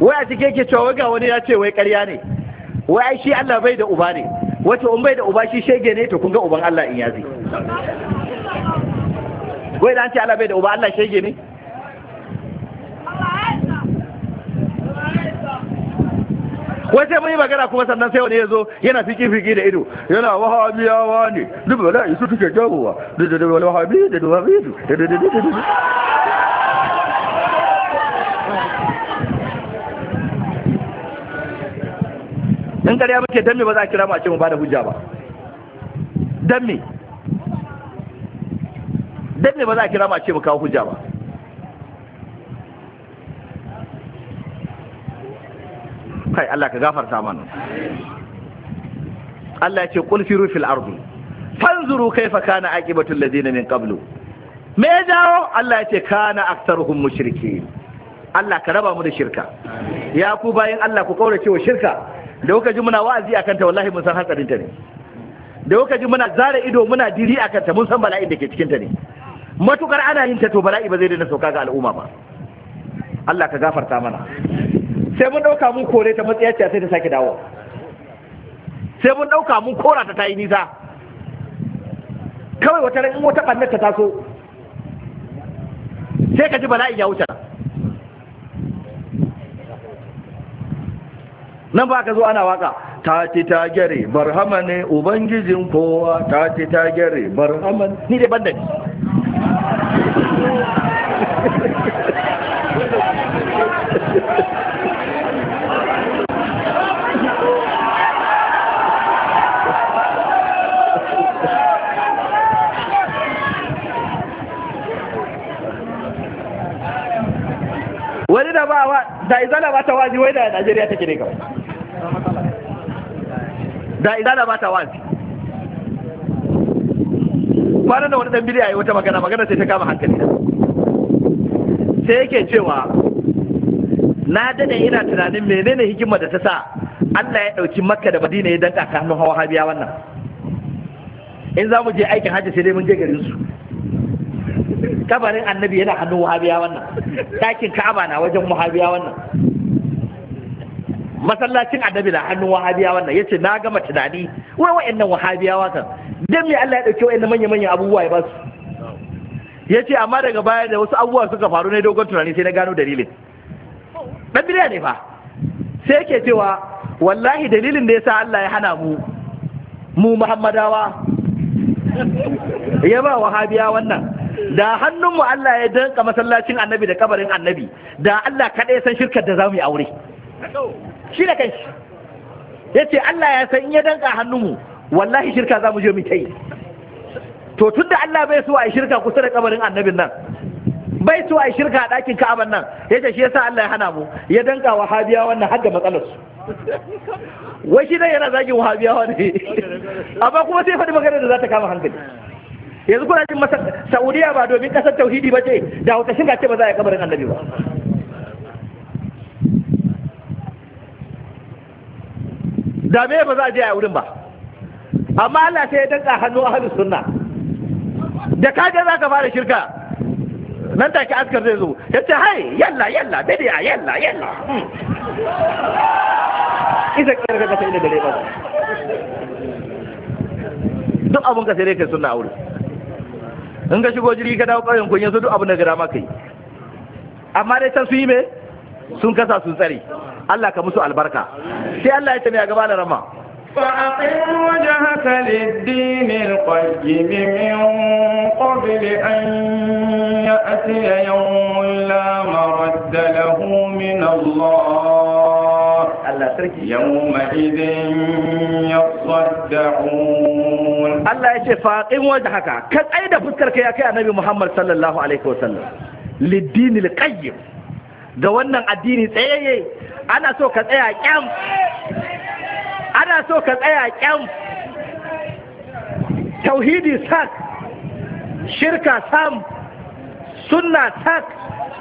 wai a cikin yake cewa wai ga wani ya ce wai karya ne wai ai shi Allah bai da uba ne wato in bai da uba shi shege ne to kun ga uban Allah in yasi? Gwai da an ce Allah bai da uba Allah shege ne wai sai mun yi magana kuma sannan sai wani ya zo yana fiki fiki da ido yana wahabiyawa ne duk ba yi su tuke jawowa da da duk wahabi da da wahabi da da da da da in ƙarya muke me ba za a kira mu a ce mu ba da hujja ba dan me dan ne ba za a kira ma ce mu kawo hujja ba kai Allah ka gafarta mana Allah ya ce qul firu fil ardi fanzuru kaifa kana aqibatu alladhina min qablu me ya jawo Allah ya ce kana aktharuhum mushriki Allah ka raba mu da shirka ya ku bayan Allah ku kaura wa shirka da kuka ji muna wa'azi akan ta wallahi mun san hatsarin ta ne da kuka ji muna zara ido muna diri akan ta mun san bala'in da ke cikin ta ne matukar ana yin ta to bala'i ba zai daina sauka ga al'umma ba Allah ka gafarta mana sai mun dauka mun kore ta ta sai ta sake dawo sai mun dauka mun kora ta tayi nisa kawai wata ran in wata bannar ta taso sai ka ji bala'i ya wuce nan ba ka zo ana waka ta ti ta gyare barhama ne ubangijin kowa ta ti ta gyare barhama ni dai banda wani da ba wa da izana ba ta wazi wai da Najeriya take ne kawai da ba ta wazi kwanan da wani dan bidiya yi wata magana magana sai ta kama hankali sai yake cewa na dade ina tunanin menene hikima da ta sa Allah ya ɗauki makka da madina ya danka ta hannun hawa habiya wannan in za mu je aikin hajji sai dai mun je garin su kabarin annabi yana hannun wahabiya wannan ɗakin ka'aba na wajen wahabiya wannan masallacin adabi na hannun wahabiyawa nan yace na gama tunani wai wayannan wahabiyawa kan dan me Allah ya dauke wayannan manya manyan abubuwa ya ba su yace amma daga baya da wasu abubuwa suka faru ne dogon tunani sai na gano dalilin dan bidiya ne fa sai yake cewa wallahi dalilin da yasa Allah ya hana mu mu Muhammadawa ya ba wahabiya wannan da hannunmu Allah ya danka masallacin annabi da kabarin annabi da Allah kaɗai san shirkar da za mu yi aure shi da kanshi yace Allah ya san in ya danka hannunmu wallahi shirka za mu je mu kai to da Allah bai so a yi shirka kusa da kabarin annabin nan bai so a yi shirka a ɗakin ka'aban nan yace shi yasa Allah ya hana mu ya danka wahabiya wannan har da matsalar su wai shi dai yana zagin wahabiya wani amma kuma sai faɗi maganar da za ta kama hankali yanzu kuna jin masa saudiya ba domin ƙasar tauhidi ba ce da wata shirka ce ba za a yi kabarin annabi ba da me ba za a je a wurin ba amma Allah sai ya danka hannu ahlus sunna da kaje za ka fara shirka nan take askar zai zo ya ce hai yalla yalla bidiya yalla yalla isa karka ka sai da dare ba duk abun ka sai kai sunna aure in ka shigo jirgi ka dawo ƙauyen kun yanzu duk abun da gara maka yi amma dai san su yi me sun kasa sun tsare Allah ka musu albarka sai Allah ya tambaya gaba da rama فأقم وجهك للدين القيم من قبل أن يأتي يوم لا مرد له من الله يومئذ يصدعون الله يشفى إن وجهك كد أين فكرك يا كي النبي محمد صلى الله عليه وسلم للدين القيم da wannan addini tsayayye ana so ka tsaya kyam ana so ka tsaya kyam tauhidi sak shirka sam sunna sak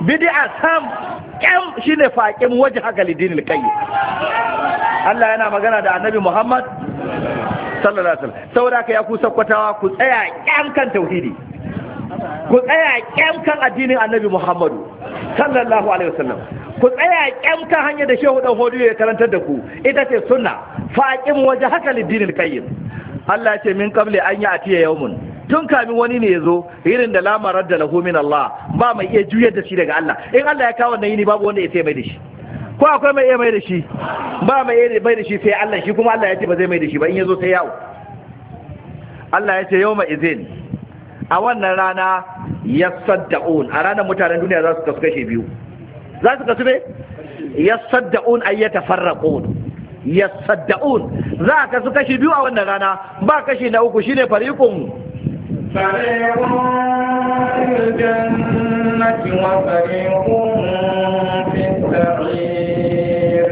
bid'a sam kyam shine faqim waje haka lidinil kai. Allah yana magana da Annabi Muhammad sallallahu alaihi wasallam saboda ka ya ku sakkwatawa ku tsaya kyam kan tauhidi ku tsaya kyam kan addinin annabi muhammadu sallallahu alaihi wasallam ku tsaya kyam kan hanyar da shehu dan hodiyo ya karantar da ku ita ce sunna faqim waje haka lidinil qayyim Allah ce min qabli an ya atiya yawmun tun kamin wani ne ya zo irin da lamarar da lahu min Allah ba mai iya juyar da shi daga Allah in Allah ya kawo wannan yini babu wanda ya sai mai da shi ko akwai mai iya mai da shi ba mai iya mai da shi sai Allah shi kuma Allah ya ce ba zai mai da shi ba in ya zo sai yawo Allah ya ce yawma izin a wannan rana ya sadda'un a ranar mutanen duniya za su kasu kashe biyu za su kasu ne ya sadda'un ayyata ya ya sadda'un za a kasu kashi biyu a wannan rana ba kashi na uku shine fariƙun.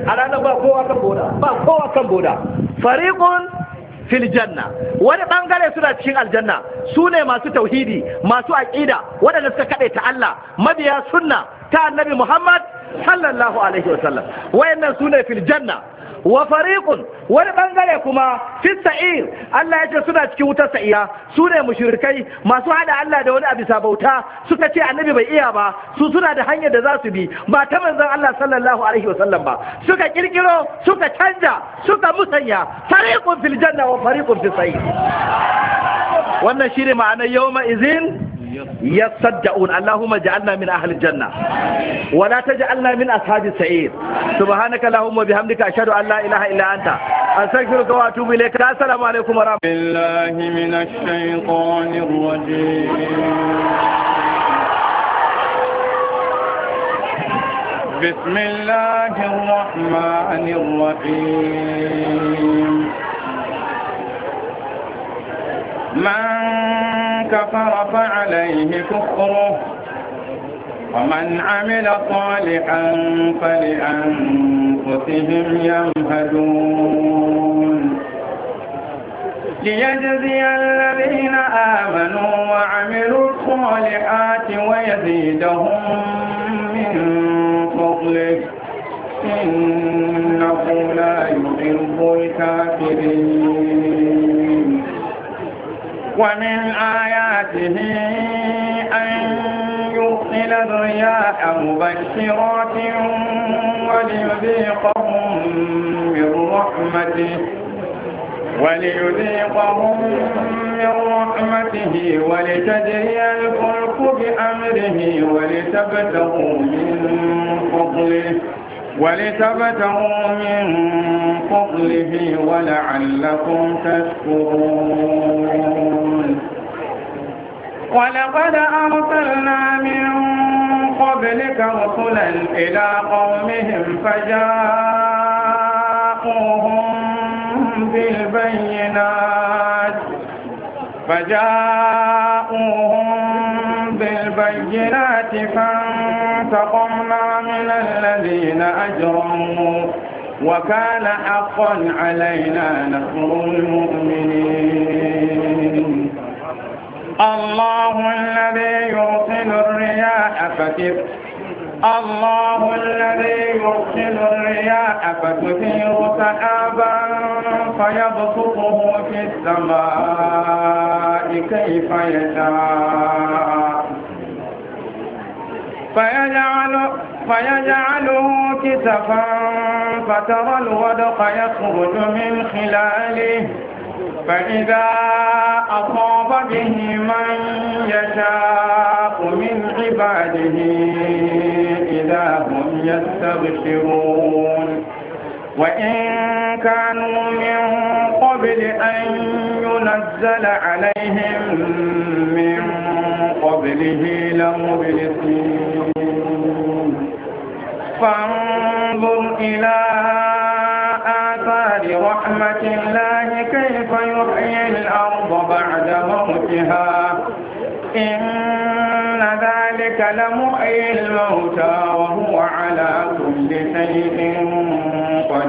a ranar ba kowa kan boda ba kowa kan boda Fariƙun. fil janna wani bangare suna cikin aljanna su ne masu tauhidi masu aqida waɗanda suka kaɗe ta Allah mabiya sunna ta annabi Muhammad sallallahu alaihi wasallam wayannan su ne fil janna wa fariqun wani bangare kuma fi sa'ir Allah ya ce suna cikin wutar sa'iya su ne mushrikai masu hada Allah da wani abisa bauta suka ce annabi bai iya ba su suna da hanyar da za su bi ba ta manzon Allah sallallahu alaihi sallam ba suka kirkiro suka canja suka musanya fariqun fil janna wa fariqun fi sa'ir wannan shine ma'anar yawma izin يصدقون اللهم اجعلنا من أهل الجنة ولا تجعلنا من أصحاب السعير سبحانك اللهم وبحمدك أشهد أن لا إله إلا أنت أستغفرك وأتوب إليك السلام عليكم ورحمة الله من الشيطان الرجيم بسم الله الرحمن الرحيم من كفر فعليه كفره ومن عمل صالحا فلأنفسهم يمهدون ليجزي الذين آمنوا وعملوا الصالحات ويزيدهم من فضله إنه لا يحب الكافرين ومن آياته أن يرسل الرياح مبشرات وليذيقهم من رحمته وليذيقهم من رحمته ولتجري الفلك بأمره ولتبتغوا من فضله ولتبتغوا من فضله ولعلكم تشكرون ولقد أرسلنا من قبلك رسلا إلى قومهم فجاءوهم بالبينات فجاءوهم بالبينات فانتقمنا من الذين أجرموا وكان حقا علينا نصر المؤمنين الله الذي يرسل الرياح فتر الله الذي يرسل الرياح فتثير سحابا فيبسطه في السماء كيف يشاء فيجعل فيجعله كسفا فترى الودق يخرج من خلاله فإذا أصاب به من يشاء من عباده إذا هم يستبشرون وإن كانوا من قبل أن ينزل عليهم من قبله لمبلسين فانظر إلى آثار رحمة الله كيف يحيي الأرض بعد موتها إن ذلك لمحيي الموتى وهو على كل شيء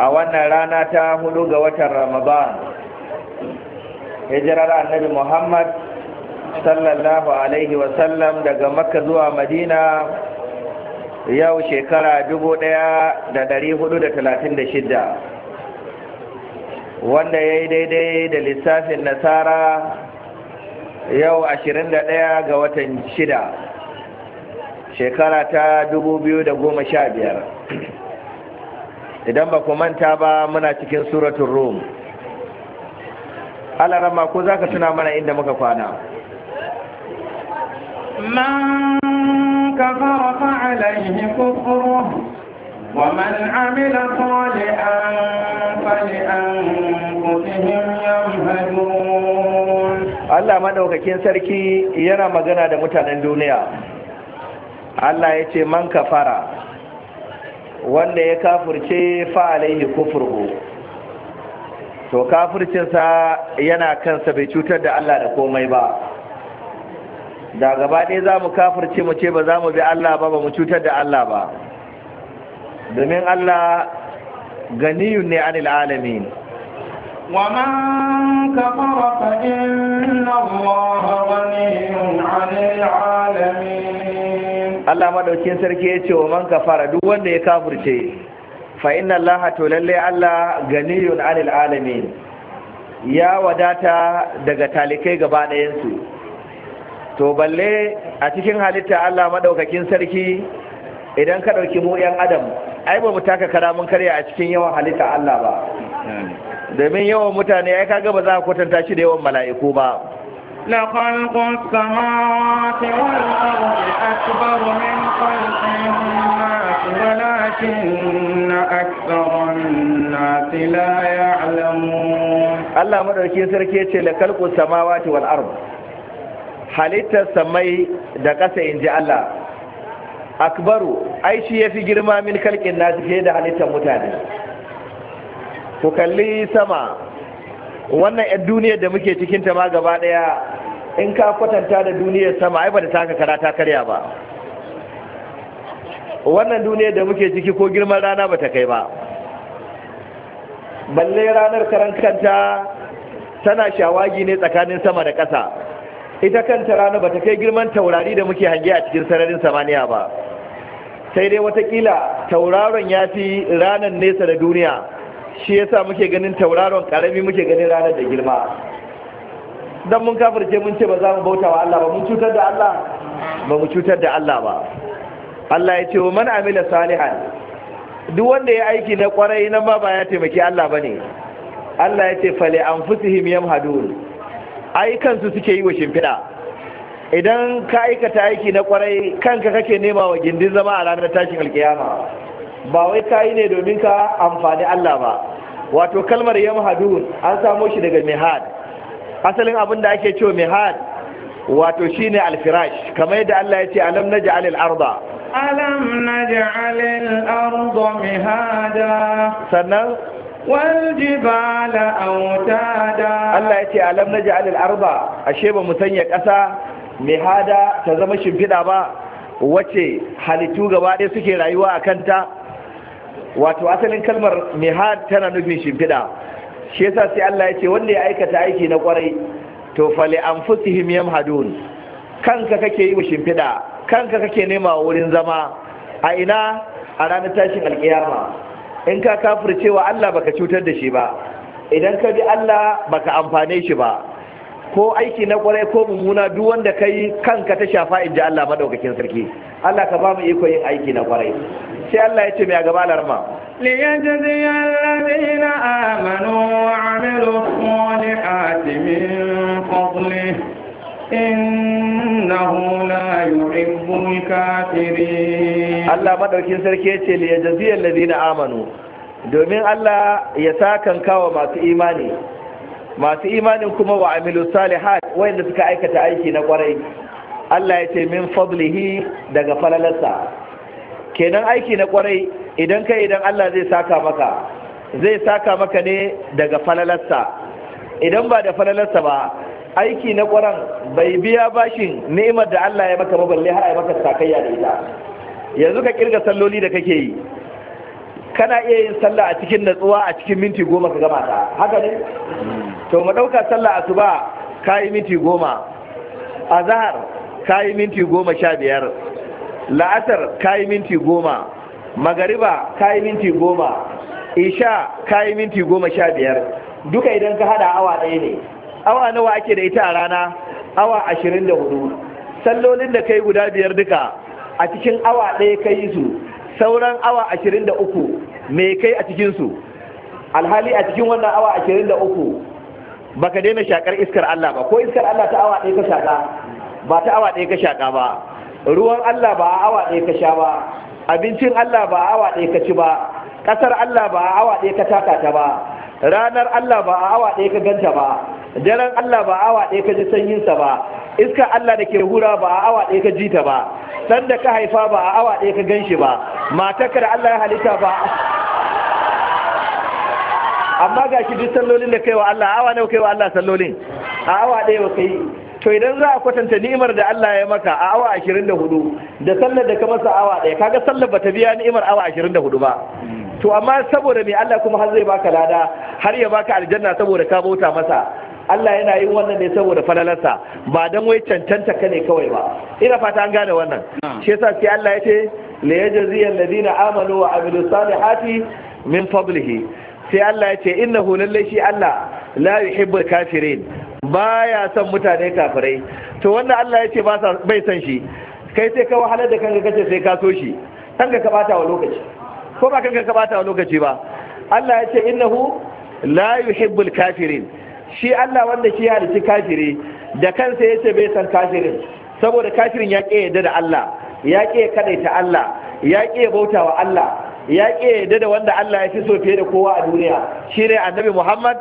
a wannan rana ta hudu ga watan ramadan hijirar annabi muhammad sallallahu alaihi wasallam daga makka zuwa madina yau shekara shidda, wanda ya yi daidai da lissafin nasara yau ɗaya ga watan 6 shekara ta biyar. idan ba ku manta ba muna cikin suratun rum alarama ko za ka tuna mana inda muka kwana an Allah maɗaukakin sarki yana magana da mutanen duniya Allah ya ce man kafara wanda ya kafirce fa alaihi kufruhu to kafircinsa yana kansa bai cutar da Allah da komai ba da gaba ɗaya za mu kafirce mu ce ba za mu bi Allah ba ba mu cutar da Allah ba domin Allah ganiyun ne anil alamin ومن كفر فإن الله غني عن العالمين Allah madaukin sarki ya ce wa man kafara duk wanda ya kafirce fa inna Allah to lalle Allah ganiyun anil alamin ya wadata daga talikai gaba ɗayan su to balle a cikin halitta Allah madaukakin sarki idan ka dauki mu yan adam ai ba mu taka kara mun karya a cikin yawan halitta Allah ba domin yawan mutane ai kaga ba za ka kwatanta shi da yawan mala'iku ba لخلق السماوات والأرض أكبر من خلق الناس ولكن أكثر الناس لا يعلمون الله مدركين سركيتي لخلق السماوات والأرض halittar السمي da ƙasa in ji Allah akbaru ai shi ya fi girma min kalkin nasu fiye da halittar mutane wannan 'yan duniyar da muke cikin ta ma gaba ɗaya in ka kwatanta da duniyar sama ai ba da taka kara ta karya ba wannan duniyar da muke ciki ko girman rana ba ta kai ba balle ranar karan kanta tana shawagi ne tsakanin sama da ƙasa ita kanta rana ba ta kai girman taurari da muke hange a cikin sararin samaniya ba sai dai watakila tauraron ya fi ranar nesa da duniya shi yasa muke ganin tauraron ƙarami muke ganin ranar da girma dan mun kafirce mun ce ba za mu bauta wa Allah ba mun cutar da Allah ba mu cutar da Allah ba Allah ya ce wa man amila salihan duk wanda ya aiki na kwarai nan ba ya taimaki Allah ba ne. Allah ya ce fali anfusihim yamhadun ai kansu suke yi wa shimfiɗa idan ka aikata aiki na kwarai kanka kake nema wa gindin zama a ranar tashin alkiyama ba wai ka yi ne domin ka amfani Allah ba wato kalmar yamhadun an samo shi daga mihad asalin abin da ake cewa mihad wato shine alfirash kamar yadda Allah ya ce alam naj'al al-arda alam naj'al al mai mihada sannan والجبال أوتادا الله يتي ashe ba mu sanya مسنية mihada ta zama shimfiɗa ba, wace halittu gaba ɗaya suke rayuwa a kanta wato asalin kalmar mihad tana nufin shimfiɗa shi yasa sai Allah ya ce wanda ya aikata aiki na kwarai to fali anfusihim yamhadun kanka kake yi shimfiɗa kanka kake nema wurin zama a ina a ranar tashin alkiyama in ka cewa Allah baka cutar da shi ba idan ka bi Allah baka amfane shi ba ko aiki na kwarai ko mummuna duk wanda kai kanka ta shafa in ji Allah madaukakin sarki Allah ka ba mu iko yin aiki na kwarai sai Allah ya ce mai gaba larma ليجزي الذين آمنوا وعملوا الصالحات من فضله إنه لا يحب الكافرين الله مدركين سركي ce ليجزي الذين آمنوا domin Allah ya sakan kawo masu imani masu imanin kuma wa amilu salihat wanda suka aikata aiki na kwarai Allah ya ce min fadlihi daga falalarsa kenan aiki na kwarai idan kai idan Allah zai saka maka zai saka maka ne daga falalarsa idan ba da falalarsa ba aiki na kwaran bai biya bashin ni'imar da Allah ya maka ba balle har ai maka sakayya da ita yanzu ka kirga salloli da kake yi kana iya yin sallah a cikin natsuwa a cikin minti goma ka gama ta haka ne to mu ɗauka sallah asuba ka yi minti goma zahar ka yi minti goma sha biyar la'asar ka yi minti goma magariba ka yi minti goma isha ka yi minti goma sha biyar duka idan ka hada awa ɗaya ne awa nawa ake da ita a rana awa ashirin da hudu sallolin da kai guda biyar duka a cikin awa ɗaya ka yi su sauran awa 23 me kai a cikinsu alhali a cikin wannan awa 23 baka daina shakar iskar Allah ba ko iskar Allah ta awa ɗaya ka shaka ba ta awa ɗaya ka shaka ba ruwan Allah ba a awa ɗaya ka sha ba abincin Allah ba a awa ɗaya ka ci ba ƙasar Allah ba a awa ɗaya ka taka ta ba ranar Allah ba a awa ɗaya ka ganta ba daren Allah ba a awa ɗaya ka ji sanyinsa ba iska Allah da ke hura ba a awa ɗaya ka jita ba san da ka haifa ba a awa ɗaya ka gan shi ba da Allah ya halitta ba amma ga shi duk sallolin da kai wa Allah awa nawa kai wa Allah sallolin a awa ɗaya ba kai to idan za a kwatanta ni'imar da Allah ya maka a awa 24 da sallar da ka masa awa ɗaya kaga sallar bata biya ni'imar awa 24 ba to amma saboda me Allah kuma har zai baka lada har ya baka aljanna saboda ka bauta masa Allah yana yin wannan ne saboda falalarsa ba dan wai cancanta ka ne kawai ba ina fata an gane wannan shi yasa sai Allah ya ce la yajzi alladhina amanu wa amilus salihati min fadlihi sai Allah ya ce innahu lallai shi Allah la yuhibbul kafirin baya son mutane kafirai to wannan Allah ya ce bai son shi kai sai ka wahalar da kanka kace sai ka so shi kanka ka bata wa lokaci ko ba kanka ka bata wa lokaci ba Allah ya ce innahu la yuhibbul kafirin shi Allah wanda shi halici kafiri da kansa ya ce bai san kafirin saboda kafirin ya ƙi yadda da Allah ya ƙi kadaita Allah ya ƙi bauta wa Allah ya ƙi yadda da wanda Allah ya fi so fiye da kowa a duniya shi ne annabi Muhammad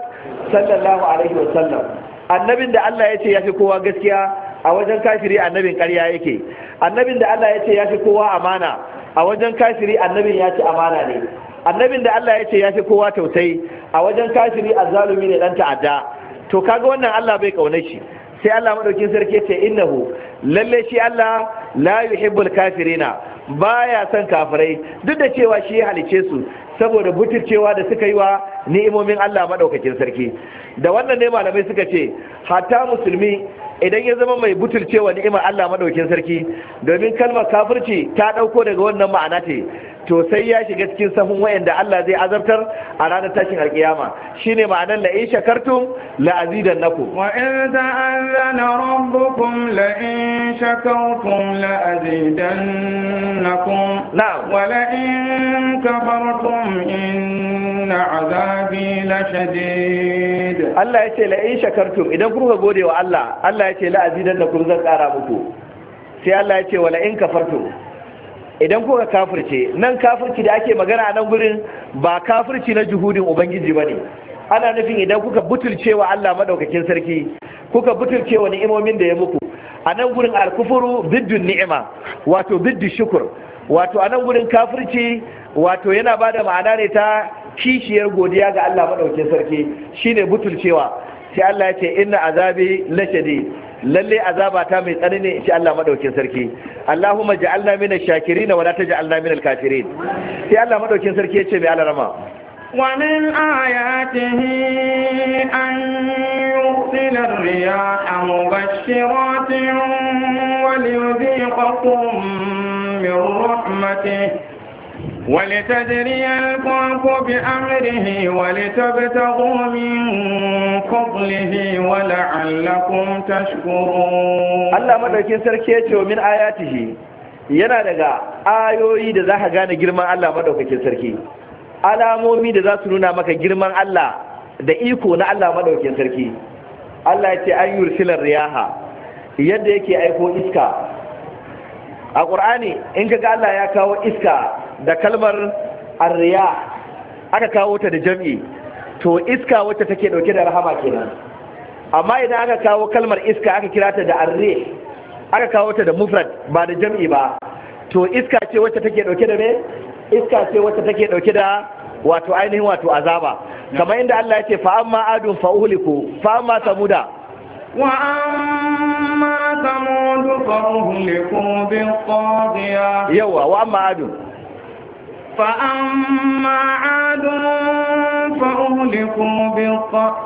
sallallahu alaihi wa sallam annabin da Allah ya ce ya fi kowa gaskiya a wajen kafiri annabin ƙarya yake annabin da Allah ya ce ya fi kowa amana a wajen kafiri annabin ya ci amana ne annabin da Allah ya ce ya fi kowa tausayi a wajen kafiri azzalumi ne dan ta'adda to kaga wannan Allah bai kauna shi sai Allah madaukin sarki ce innahu lalle shi Allah la yuhibbul kafirina baya son kafirai duk da cewa shi ya halice su saboda butulcewa da suka yi wa ni'imomin Allah madaukakin sarki da wannan ne malamai suka ce hatta musulmi idan ya zama mai butulcewa ni'imar Allah madaukakin sarki domin kalmar kafirci ta dauko daga wannan ma'ana ce to sai ya shiga cikin sahun wayanda Allah zai azabtar a ranar tashin alkiyama shine ma'anar la in shakartum la azidannakum wa in ta'azzana rabbukum la in shakartum la azidannakum na wa la in kafartum inna azabi la shadid Allah ya la in shakartum idan kuka gode wa Allah Allah ya la'azidan la azidannakum zan kara muku sai Allah ya ce wala in kafartum idan kuka kafirce nan kafirci da ake magana a nan gurin ba kafirci na juhudin ubangiji ba ne ana nufin idan kuka butulce wa Allah madaukakin sarki kuka butulce wa ni'imomin da ya muku a nan gurin alkufuru biddun ni'ima wato biddu shukur wato a nan gurin kafirci wato yana ba da ma'ana ne ta kishiyar godiya ga Allah madaukakin sarki shine butulcewa sai Allah ya ce inna azabi lashadi lalle azaba ta mai tsanani insha Allah madaukin sarki Allahumma ja'alna minash shakirin wa la taj'alna minal kafirin sai Allah madaukin sarki yace mai alarama ومن آياته أن يرسل الرياح مبشرات وليذيقكم من رحمته ولتدري الفلك بأمره ولتبتغوا من فضله ولعلكم تشكرون الله مدركين سركيتي من آياته yana daga ayoyi da za ka gane girman Allah madaukakin sarki alamomi da za su nuna maka girman Allah da iko na Allah madaukakin sarki Allah ya ce an yursilar riyaha yadda yake aiko iska a ƙur'ani in ka ga Allah ya kawo iska da kalmar arriya aka kawo ta da jam'i to iska wacce take dauke da rahama kenan amma idan aka kawo kalmar iska aka kira ta da arre aka kawo ta da mufrad ba da jam'i ba to iska ce wacce take dauke da me iska ce wacce take dauke da wato ainihin wato azaba kamar inda Allah ya ce fa amma adun fa uhliku fa amma samuda wa amma samudu fa uhliku bi qadiya yawa wa amma adun فأما عاد فأهلكوا بالطاغوت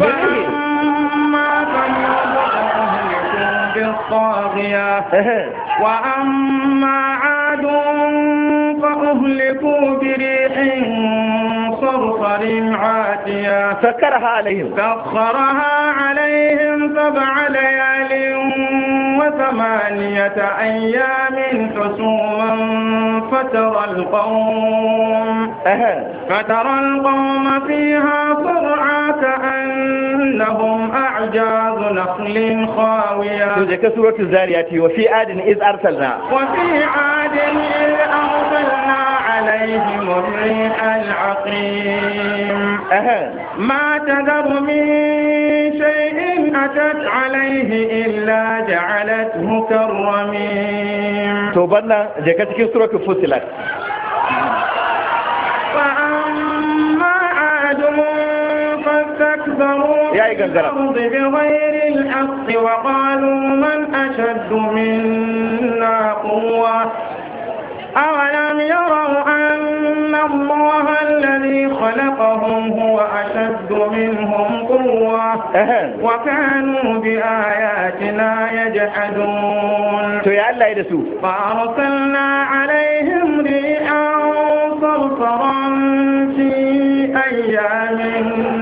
فأما ثمود فأهلكوا بالطاغية وأما عاد فأهلكوا بريح صرصر عاتيا سكرها عليهم سخرها عليهم سبع ليال وثمانية أيام حسوما فترى القوم فترى القوم فيها صرعا كأنهم أعجاز نخل خاوية سورة الزاريات وفي عاد إذ أرسلنا وفي عاد إذ أرسلنا عليهم الريح العقيم ما تذر من شيء أتت عليه إلا جعلته كالرميم توبنا جكتك سورة فصلت فأما عاد فاستكبروا في الأرض بغير الحق وقالوا من أشد منا قوة أولم يروا أن الله الذي خلقهم هو أشد منهم قوة وكانوا بآياتنا يجحدون فأرسلنا عليهم ريحا صرصرا في أيام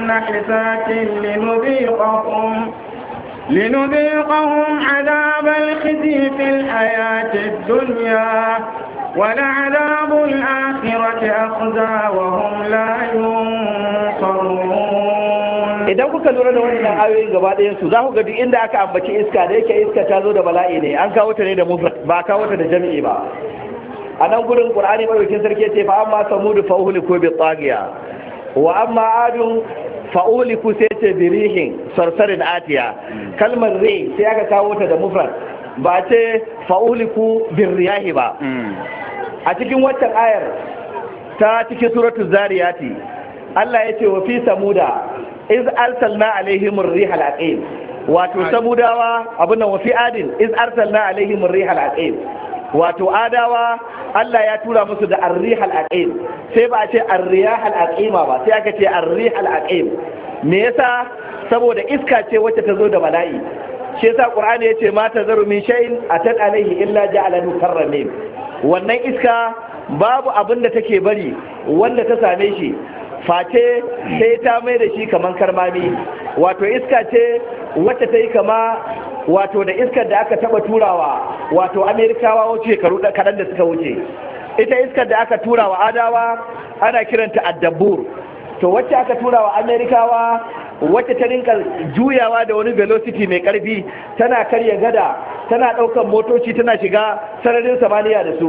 نحسات لنذيقهم لنذيقهم عذاب الخزي في الحياة الدنيا ولعذاب الآخرة أخزى وهم لا idan kuka lura da wannan ayoyin gaba ɗayan su za ku ga duk inda aka ambaci iska da yake iska ta zo da bala'i ne an kawo ta ne da mufrad ba kawo ta da jami'i ba a nan gurin qur'ani madaukin sarki ce fa amma samudu fa'uli uhliku bi taghiya wa amma adun fa uhliku sai ce birihin sarsarin atiya kalmar ri sai aka kawo ta da mufrad ba ce fa'uliku bin riyahi ba hmm. a cikin waccan ayar ta cikin suratu zariyati Allah ya ce wa fi samuda iz arsalna alaihim ar-rihal aqim wato samudawa abin nan wa fi adin iz arsalna alaihim ar-rihal aqim wato adawa Allah ya tura musu da arriha rihal aqim sai ba a ce arriha rihal aqima ba sai aka ce arriha rihal aqim me yasa saboda iska ce wacce ta zo da bala'i shi yasa qur'ani yace ma zaru min shay'in atat alaihi illa ja'ala mukarramin wannan iska babu abin da take bari wanda ta same shi face sai ta mai da shi kaman karmami wato iska ce wacce ta yi kama wato da iskar da aka taba turawa wato amerikawa wuce kadan da suka wuce ita iskar da aka turawa adawa ana kiranta addabur to wacce aka turawa amerikawa wacce ta rinka juyawa da wani velocity mai karfi tana karya gada tana daukan motoci tana shiga sararin samaniya da su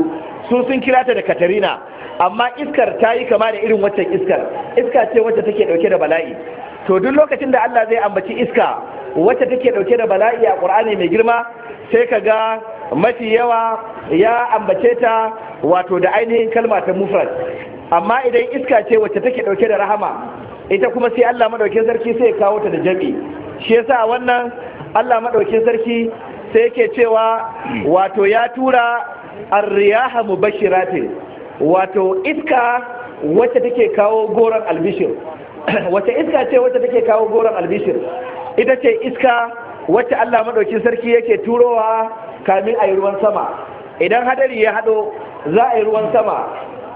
su sun kira ta da katarina amma iskar ta yi kama da irin waccan iskar iska ce wacce take dauke da bala'i to duk lokacin da Allah zai ambaci iska wacce take dauke da bala'i a Ƙur'ani mai girma sai ka ga mafi yawa ya ambace ta wato da ainihin kalma ta mufrad amma idan iska ce wacce take dauke da rahama ita kuma sai Allah madaukin sarki sai ya kawo ta da jami shi yasa wannan Allah madaukin sarki sai yake cewa wato ya tura arriyaha mubashiratin wato iska wacce take kawo goron albishir <clears throat> wacce iska ce wacce take kawo goron albishir ita ce iska wacce Allah madaukin sarki yake turowa kamin a ruwan sama idan hadari ya hado za a yi ruwan sama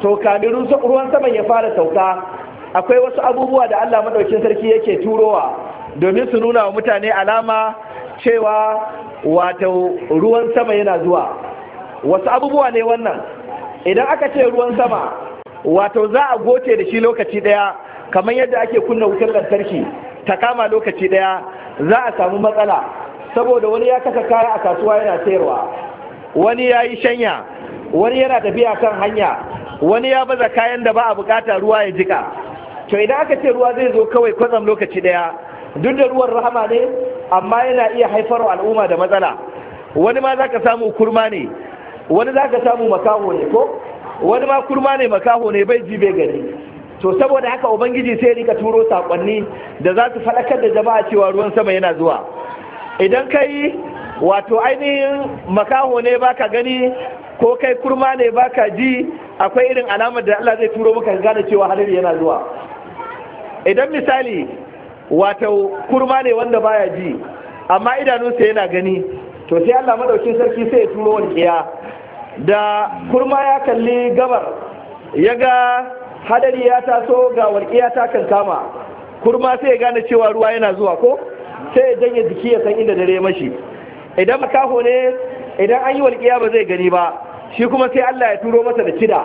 to kamin ruwan sama ya fara sauka akwai wasu abubuwa da Allah madaukin sarki yake turowa domin su nuna wa mutane alama cewa wato ruwan sama yana zuwa wasu abubuwa ne wannan idan aka ce ruwan sama wato za a goce da shi lokaci daya kamar yadda ake kunna wutar lantarki ta kama lokaci daya za a samu matsala saboda wani ya kasa kaya a kasuwa yana sayarwa wani ya yi shanya wani yana tafiya kan hanya wani ya baza kayan da ba a bukata ruwa ya jika to idan aka ce ruwa zai zo kawai kwatsam lokaci daya duk da ruwan rahama ne amma yana iya haifar wa al'umma da matsala wani ma za ka samu kurma ne wani za ka samu makaho ne ko wani ma kurma ne makaho ne bai ji bai gani to saboda haka ubangiji sai rika turo sakonni da za su faɗakar da jama'a cewa ruwan sama yana zuwa idan kai wato ainihin makaho ne baka gani ko kai kurma ne baka ji akwai irin alamar da Allah zai turo maka gane cewa hadari yana zuwa idan misali wato kurma ne wanda baya ji amma idanunsa yana gani to sai Allah madaukin sarki sai ya turo walƙiya da kurma ya kalli gabar ya ga hadari ya taso ga walƙiya ta kan kama kurma sai ya gane cewa ruwa yana zuwa ko sai ya janye jiki ya san inda dare mashi idan makaho ne idan an yi walƙiya ba zai gani ba shi kuma sai Allah ya turo masa da kida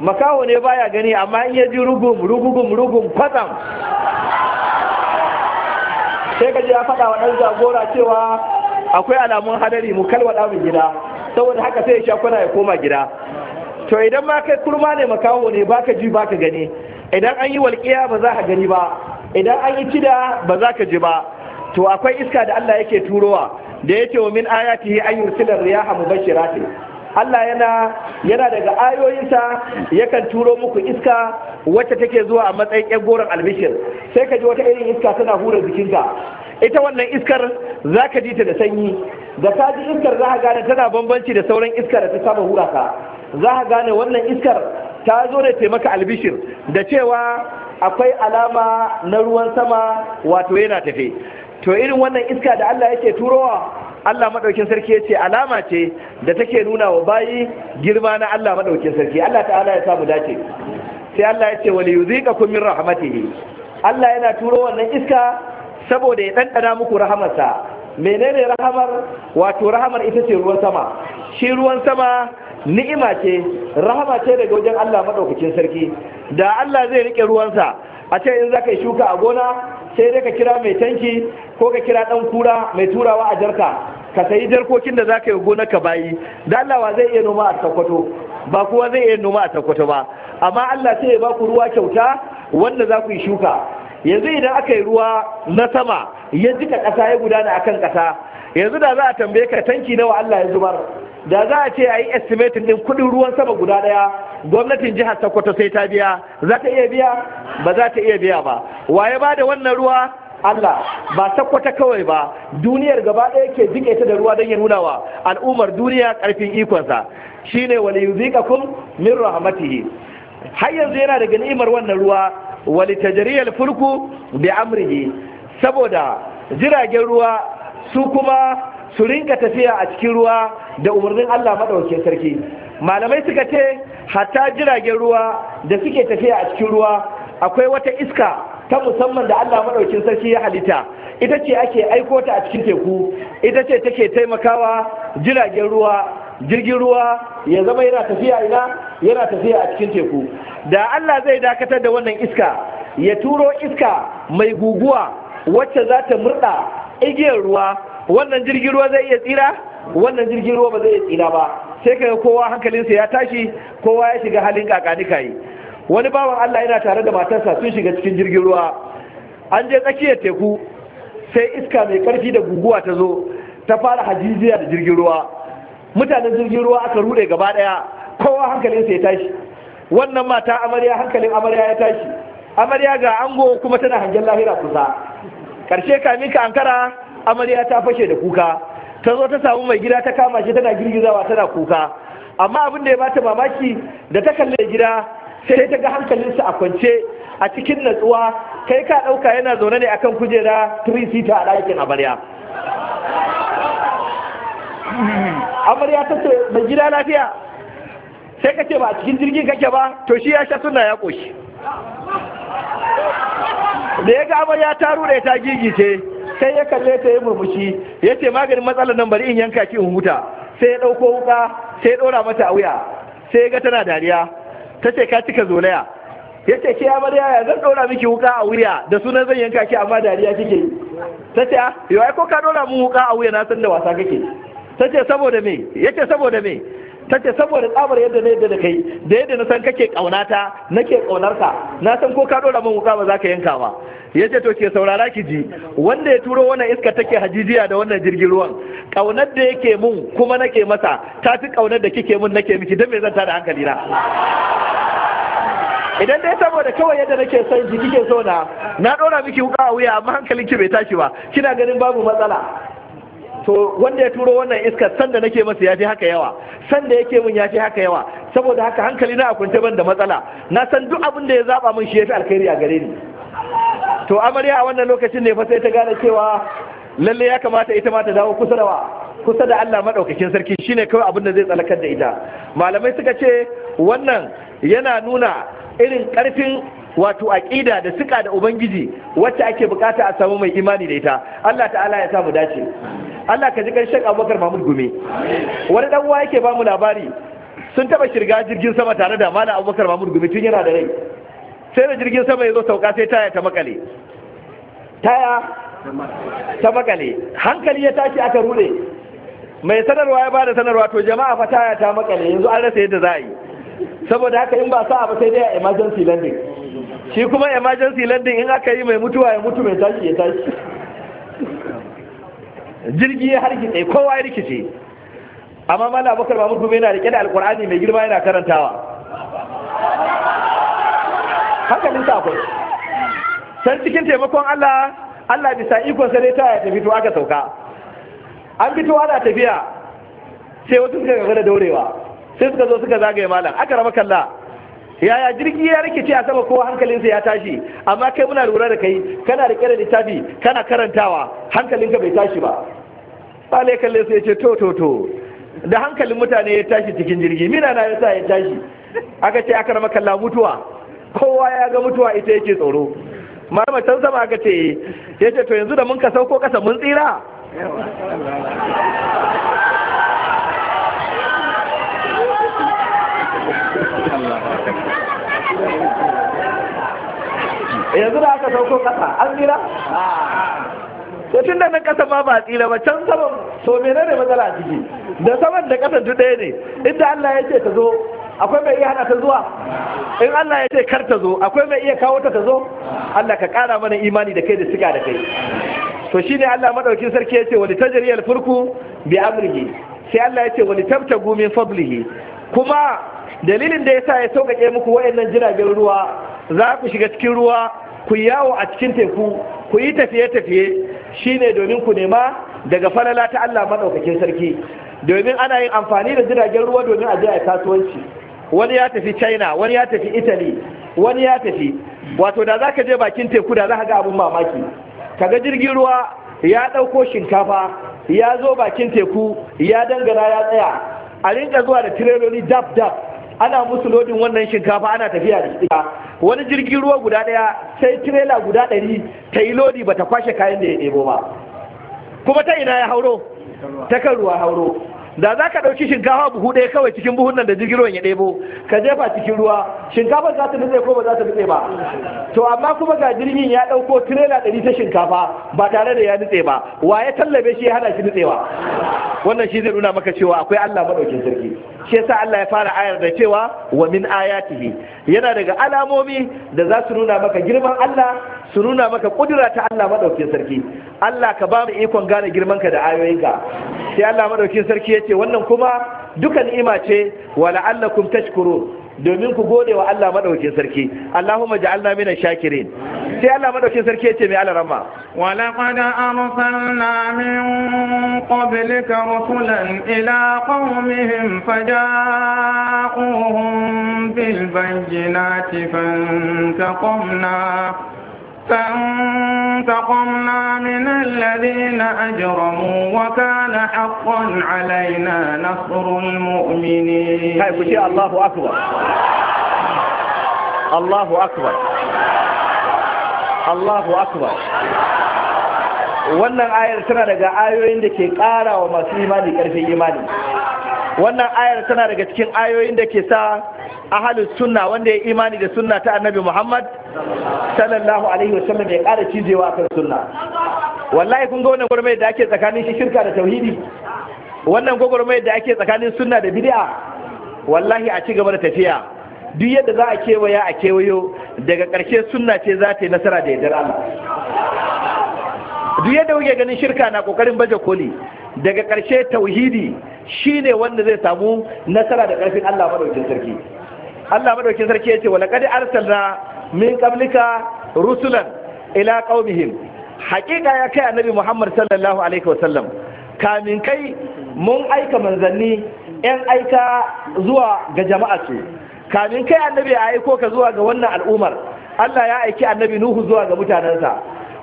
makaho ne baya gani amma in yaji ji rugum rugum rugum kwatsam sai ka ji ya faɗa wa ɗan jagora cewa akwai alamun hadari mu kalwaɗa mu gida saboda haka sai ya sha kwana ya koma gida to idan ma kai kurma ne makaho ne baka ji baka gani idan an yi walƙiya ba za ka gani ba idan an yi cida ba za ka ji ba to akwai iska da Allah yake turowa da yake wa min ayatihi an yursila riyaha mubashirati Allah yana yana daga ayoyinsa yakan turo muku iska wacce take zuwa a matsayin yan goron albishir sai ka ji wata irin iska tana hura jikinka ita wannan iskar za ka ji ta da sanyi da ka ji iskar za ka gane tana bambanci da sauran iskar da ta saba hura ka za ka gane wannan iskar ta zo da taimaka albishir da cewa akwai alama na ruwan sama wato yana tafe to irin wannan iska da Allah yake turowa Allah madaukin sarki yace alama ce da take nuna wa bayi girma na Allah madaukin sarki Allah ta'ala ya samu dace sai Allah yace wa yuziqakum min rahmatihi Allah yana turo wannan iska saboda ya dandana muku rahamarsa menene rahamar wato rahamar ita ce ruwan sama shi ruwan sama ni'ima ce rahama ce daga wajen Allah madaukakin sarki da Allah zai rike ruwansa a ce in zaka yi shuka a gona sai dai ka kira mai tanki ko ka kira ɗan kura mai turawa a jarka ka sayi jarkokin da za ka yi gona ka bayi da Allah wa zai iya noma a sakwato ba kowa zai iya noma a sakwato ba amma Allah sai ya ba ku ruwa kyauta wanda za ku yi shuka yanzu idan aka yi ruwa na sama ya jika ƙasa ya gudana kan ƙasa yanzu da za a tambaye ka tanki nawa Allah ya zubar da za a ce a yi estimatin ɗin kuɗin ruwan sama guda ɗaya gwamnatin jihar sokoto sai ta biya za ta iya biya ba za ta iya biya ba waye ba da wannan ruwa Allah ba sakwata kawai ba duniyar gaba ɗaya ke jike ta da ruwa don ya nuna wa al'ummar duniya ƙarfin ikonsa shine wani kun? min rahmatihi har yanzu yana da ni'imar wannan ruwa wali tajariyar fulku bi amrihi saboda jiragen ruwa su kuma su rinka tafiya a cikin ruwa da umarnin Allah maɗaukin sarki malamai suka ce hatta jiragen ruwa da suke tafiya a cikin ruwa akwai wata iska ta musamman da Allah maɗaukin sarki ya halitta ita ce ake aiko ta a cikin teku ita ce take taimakawa jiragen ruwa jirgin ruwa ya zama yana tafiya ina yana tafiya a cikin teku da Allah zai dakatar da wannan iska ya turo iska mai guguwa wacce za ta murda igiyar ruwa wannan jirgin ruwa zai iya tsira wannan jirgin ruwa ba zai iya tsira ba sai ka ga kowa hankalinsa ya tashi kowa ya shiga halin kakanika yi wani bawan Allah yana tare da matarsa sun shiga cikin jirgin ruwa an je tsakiyar teku sai iska mai karfi da guguwa ta zo ta fara hajijiya da jirgin ruwa mutanen jirgin ruwa aka rude gaba daya kowa hankalinsa ya tashi wannan mata amarya hankalin amarya ya tashi amarya ga ango kuma tana hangen lahira kusa karshe kamin ka ankara amarya ta fashe da kuka ta zo ta samu mai gida ta kama shi tana girgizawa tana kuka amma abin da ya bata mamaki da ta kalle gida sai ta ga hankalinsa a kwance a cikin natsuwa kai ka ɗauka yana zaune ne akan kujera 3 seater a ɗakin amarya amarya ta ce mai gida lafiya sai ka ce ba a cikin jirgin kake ba to shi ya sha suna ya ƙoshi da ya ga amarya ta rure ta gigice sai ya kalle ta yi murmushi ya ce maganin matsalar nan bari in yanka ki in huta sai ya ɗauko wuka sai ya ɗora mata a wuya sai ya ga tana dariya ta ce ka cika zolaya ya ce ke amarya ya zan ɗora miki wuka a wuya da sunan zan yanka ki amma dariya kike yi ta ce ah, yau ai ko ka ɗora min wuka a wuya na san da wasa kake ta ce saboda me ya ce saboda me ta ce saboda tsabar yadda na yadda da kai da yadda na san kake kaunata nake ka na san ko ka ɗora min wuka ba za ka yanka ba ya ce to ke saurara ki ji wanda ya turo wannan iska take hajijiya da wannan jirgin ruwan ƙaunar da yake mun kuma nake masa ta fi ƙaunar da kike mun nake miki don me zan tada hankali na idan dai saboda kawai yadda nake son ki kike so na na ɗora miki wuka a wuya amma hankalinki bai tashi ba kina ganin babu matsala to wanda ya turo wannan iskar sanda nake masa ya fi haka yawa sanda yake mun ya fi haka yawa saboda haka hankali na a kwance ban da matsala na san duk abin da ya zaba mun shi ya fi alkhairi a gare ni to amarya a wannan lokacin ne fa sai ta gane cewa lalle ya kamata ita ma ta dawo kusa da wa kusa da Allah madaukakin sarki shine kawai abin da zai tsalakar da ita malamai suka ce wannan yana nuna irin karfin wato aqida da suka da ubangiji wacce ake bukata a samu mai imani da ita Allah ta'ala ya samu dace Allah ka ji karshen Abubakar Mahmud Gume wani dan uwa yake bamu labari sun taba shirga jirgin sama tare da Malam Abubakar Mahmud Gume tun yana da rai sai da jirgin sama ya zo sauka sai taya ta makale taya ta makale hankali ya tashi aka rude mai sanarwa ya bada sanarwa to jama'a fa taya ta makale yanzu an rasa yadda za a yi saboda haka in ba sa ba sai dai a emergency landing shi kuma emergency landing in aka yi mai mutuwa ya mutu mai tashi ya tashi jirgi ya tsaye kowa ya rikice amma mana abokar mamu kuma yana rike da alkur'ani mai girma yana karantawa haka nisa akwai san cikin taimakon allah allah bisa ikon sa ta ya tafi to aka sauka an fito ana tafiya sai wasu suka gaba da daurewa sai suka zo suka zagaye malam aka rama kalla yaya jirgi ya rikice a sama kowa hankalinsa ya tashi amma kai muna lura da kai kana rike da littafi kana karantawa hankalinka bai tashi ba bale kalle sai ce to to to da hankalin mutane ya tashi cikin jirgi mina na yasa ya tashi aka ce aka rama kalla mutuwa kowa ya ga mutuwa ita yake tsoro malama can sama aka ce ya to yanzu da mun ka ko kasa mun tsira yanzu da aka sauko ƙasa an tsira ko tun da nan ƙasa ba ba tsira ba can saman to menene matsala ciki da saman da ƙasan duk ɗaya ne inda Allah ya ce ta zo akwai mai iya hana ta zuwa in Allah ya ce kar ta zo akwai mai iya kawo ta ta zo Allah ka ƙara mana imani da kai da siga da kai to shine Allah madaukin sarki ya ce wani tajriyal furku bi amrihi sai Allah ya ce wani tabta gumin fadlihi kuma dalilin da yasa ya sauƙaƙe muku wayannan jiragen ruwa za ku shiga cikin ruwa ku yawo a cikin teku ku yi tafiye-tafiye shine domin ku nema daga falala ta Allah maɗaukakin sarki domin ana yin amfani da jiragen ruwa domin a je a kasuwanci wani ya tafi china wani ya tafi italy wani ya tafi wato da za ka je bakin teku da za ka ga abin mamaki kaga jirgin ruwa ya ɗauko shinkafa ya zo bakin teku ya dangana ya tsaya a rinka zuwa da tireloli dab dab ana musu lodin wannan shinkafa ana tafiya da shi wani jirgin ruwa guda daya sai tirela guda ɗari ta yi lodi ba ta kwashe kayan da ya ɗebo ba kuma ta ina ya hauro ta kan ruwa hauro da za ka ɗauki shinkafa buhu ɗaya kawai cikin buhun nan da jirgin ruwan ya ɗebo ka jefa cikin ruwa shinkafa za ta nutse ko ba za ta nutse ba to amma kuma ga jirgin ya ɗauko tirela ɗari ta shinkafa ba tare da ya nutse ba wa ya tallabe shi ya hana shi nutsewa wannan shi zai nuna maka cewa akwai Allah maɗaukin sarki shi yasa Allah ya fara ayar da cewa wa min ayatihi yana daga alamomi da za su nuna maka girman Allah su nuna maka kudura ta Allah maɗaukin sarki Allah ka ba mu ikon gane girman ka da ayoyinka sai Allah maɗaukin sarki ya yace wannan kuma duka ni'ima ce wa la'allakum tashkurun domin ku gode wa Allah madaukakin sarki Allahumma ja'alna minan shakirin sai Allah madaukakin sarki yace mai alarama wa laqad arsalna min qablika rusulan ila qaumihim faja'uhum bil bayyinati fantaqamna فانتقمنا من الذين أجرموا وكان حقا علينا نصر المؤمنين هاي الله أكبر الله أكبر الله أكبر wannan ayar tana daga ayoyin da ke ƙara wa masu imani ƙarfin imani wannan ayar tana daga cikin ayoyin da ke sa ahalus sunna wanda ya imani da sunna ta annabi Muhammad sallallahu alaihi wa sallam. ya ƙara cijewa kan sunna wallahi kun ga wannan gurmai da ake tsakanin shi shirka da tauhidi wannan gwagwarmayar da ake tsakanin sunna da bid'a wallahi a ci gaba da tafiya duk yadda za a kewaya a kewayo daga ƙarshe sunna ce za ta yi nasara da yardar Allah duk yadda kuke ganin shirka na kokarin baje koli daga ƙarshe tauhidi shine wanda zai samu nasara da ƙarfin Allah madaukakin sarki Allah madaukin sarki yace wa laqad arsalna min qablika rusulan ila qaumihim haƙiƙa ya kai annabi Muhammad sallallahu alaihi sallam kamin kai mun aika manzanni yan aika zuwa ga jama'a su kamin kai annabi ya aiko ka zuwa ga wannan al'umar Allah ya aiki annabi Nuhu zuwa ga mutanansa.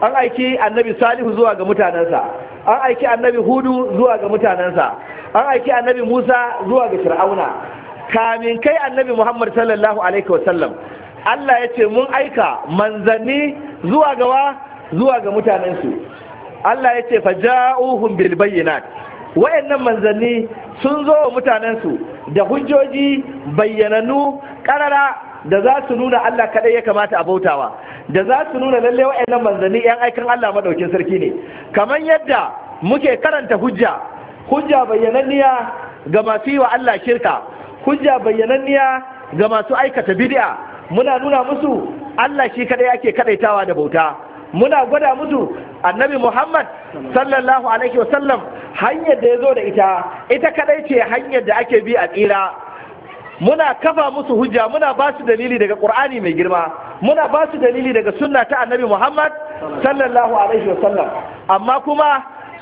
an aiki annabi Salihu zuwa ga mutanansa. an aiki annabi Hudu zuwa ga mutanansa. an aiki annabi Musa zuwa ga Fir'auna kamin kai annabi Muhammad sallallahu alaihi wasallam Allah ya ce mun aika manzanni zuwa gawa zuwa ga mutanensu Allah ya ce faja'uhum bil bayyinat wayannan manzanni sun zo wa mutanensu da hujjoji bayyananu karara da za su nuna Allah kaɗai ya kamata a bautawa da za su nuna lalle wayannan manzanni yan aikan Allah madaukin sarki ne kamar yadda muke karanta hujja hujja bayyananniya ga masu yi wa Allah shirka hujja bayyananniya ga masu aikata bid'a muna nuna musu Allah shi kadai yake kadaitawa da bauta muna gwada musu annabi Muhammad sallallahu alaihi wa sallam hanyar da ya zo da ita ita kadai ce hanyar da ake bi a tsira muna kafa musu hujja muna ba su dalili daga qur'ani mai girma muna ba su dalili daga sunna ta annabi Muhammad sallallahu alaihi wa sallam, amma kuma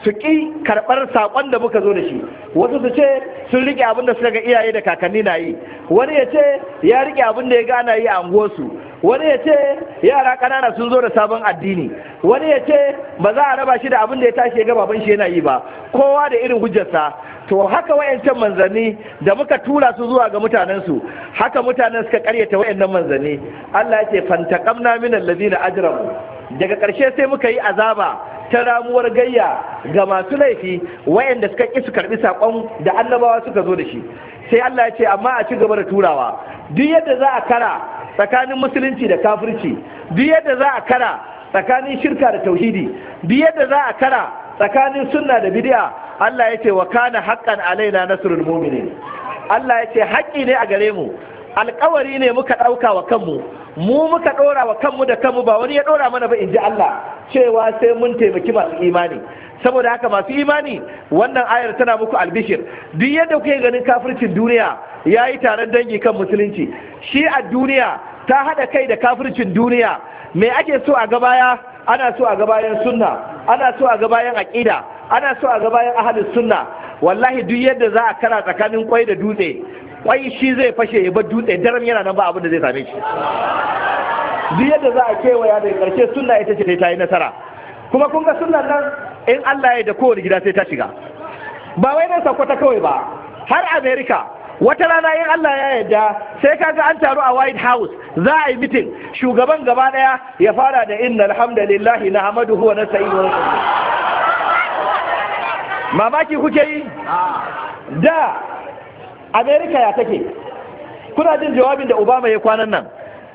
su ƙi karɓar saƙon da muka zo da shi wasu su ce sun riƙe abin da suka ga iyaye da kakanni na yi wani ya ce ya riƙe abin da ya gana yi a unguwarsu wani ya ce yara ƙanana sun zo da sabon addini wani ya ce ba za a raba shi da abin da ya tashi ya ga ban shi yana yi ba kowa da irin hujjarsa to haka wayancan manzanni da muka tura su zuwa ga mutanensu haka mutanen suka karyata wayannan manzanni Allah ya ce fantaqamna minal ladina ajramu daga ƙarshe sai muka yi azaba ta ramuwar gayya ga masu laifi wayanda suka ƙi su karɓi saƙon da annabawa suka zo da shi sai Allah ya ce amma a ci gaba da turawa duk yadda za a kara tsakanin musulunci da kafirci duk yadda za a kara tsakanin shirka da tauhidi duk yadda za a kara tsakanin sunna da bid'a Allah ya ce wa kana haqqan alaina nasrul mu'minin Allah ya ce haƙƙi ne a gare mu alkawari ne muka ɗauka wa kanmu mu muka ɗora wa kanmu da kanmu ba wani ya ɗora mana ba in ji Allah cewa sai mun taimaki masu imani saboda haka masu imani wannan ayar tana muku albishir duk yadda kuke ganin kafircin duniya ya yi taron dangi kan musulunci shi a duniya ta haɗa kai da kafircin duniya me ake so a gabaya ana so a gabayan sunna ana so a gabayan aƙida ana so a gabayan ahalin sunna wallahi duk yadda za a kara tsakanin kwai da dutse kwai shi zai fashe ya bar dutse daram yana nan ba abin da zai same shi duk yadda za a kewaya daga karshe sunna ita ce ta yi nasara kuma kun ga sunnan nan in Allah ya da kowane gida sai ta shiga ba wai nan sakwata kawai ba har Amerika, wata rana in Allah ya yarda sai kaga an taru a White House za a yi mitin shugaban gaba daya ya fara da inna alhamdulillahi na hamadu huwa na sa'idu mamaki kuke yi ah. da amerika ya take kuna jin jawabin da obama ya kwanan nan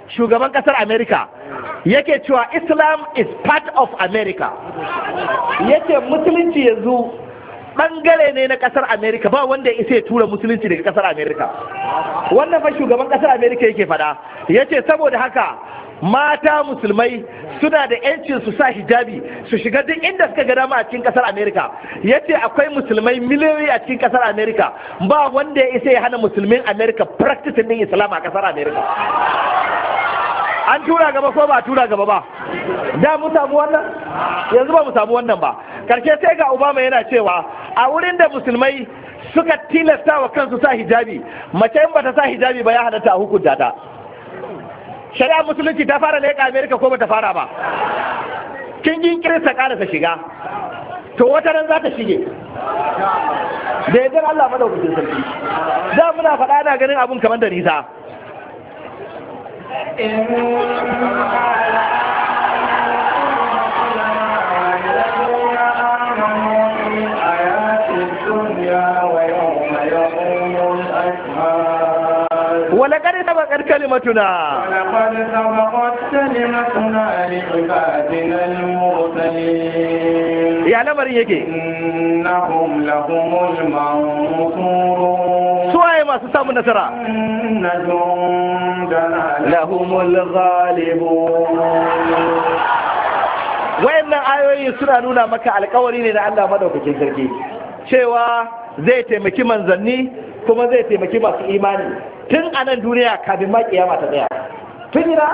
shugaban kasar amerika yake cewa islam is part of america yake musulunci yanzu bangare ne na kasar Amerika, ba wanda ya isa ya tura musulunci daga kasar Amerika. wannan fa shugaban kasar Amerika yake fada yace saboda haka mata musulmai suna da yancin su sa hijabi su shiga duk inda suka ga dama a cikin kasar america ya ce akwai musulmai miliyoyi a cikin kasar america ba wanda ya isa ya hana musulmin america practicing din islam a kasar america an tura gaba ko ba tura gaba ba da mu samu wannan yanzu ba mu samu wannan ba karshe sai ga obama yana cewa a wurin da musulmai suka tilasta wa kansu sa hijabi mace in bata sa hijabi ba ya halatta a hukunta ta shari'a musulunci ta fara leƙa amerika ko bata fara ba kin yin kirista ƙarasa shiga to wata ran za ta shige da yadda Allah madaukakin sarki da muna faɗa na ganin abun kamar da nisa ƙa'ir kalimatuna ya lamarin yake suwaye masu samun nasara wayannan ayoyi suna nuna maka alkawari ne na Allah madaukakin sarki cewa zai taimaki manzanni kuma zai taimaki masu imani tun a nan duniya kafin ma kiyama ta tsaya tun ina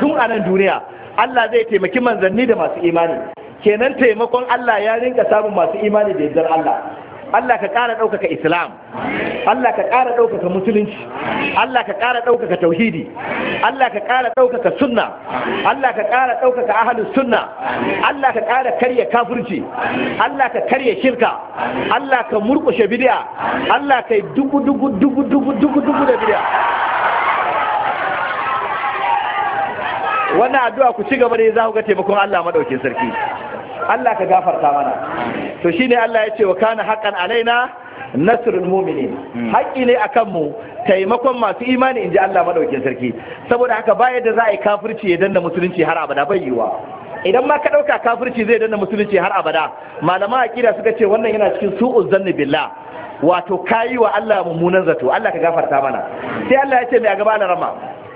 tun a nan duniya Allah zai taimaki manzanni da masu imani kenan taimakon Allah ya rinka samun masu imani da yaddar Allah Allah ka ƙara ɗaukaka Islam Allah ka ƙara ɗaukaka musulunci Allah ka ƙara ɗaukaka tauhidi Allah ka ƙara ɗaukaka sunna Allah ka ƙara ɗaukaka ahalus sunna Allah ka ƙara karya kafirci Allah ka karya shirka Allah ka murƙushe bidiya, Allah ka yi dubu dubu dubu dubu dubu dubu da bidiya. wannan addu'a ku ci gaba da za ku ga taimakon Allah maɗaukin sarki Allah ka gafarta mana to ne Allah ya ce wa kana haƙan alaina nasrul mu'minin haƙƙi ne akan mu taimakon masu imani in ji Allah madaukin sarki saboda haka ba yadda za a yi kafirci ya danna musulunci har abada bai yiwa idan ma ka ɗauka kafirci zai danna musulunci har abada malaman akida suka ce wannan yana cikin su'uz zanni billah wato kayi wa Allah mummunan zato Allah ka gafarta mana sai Allah ya ce mai a gaba na rama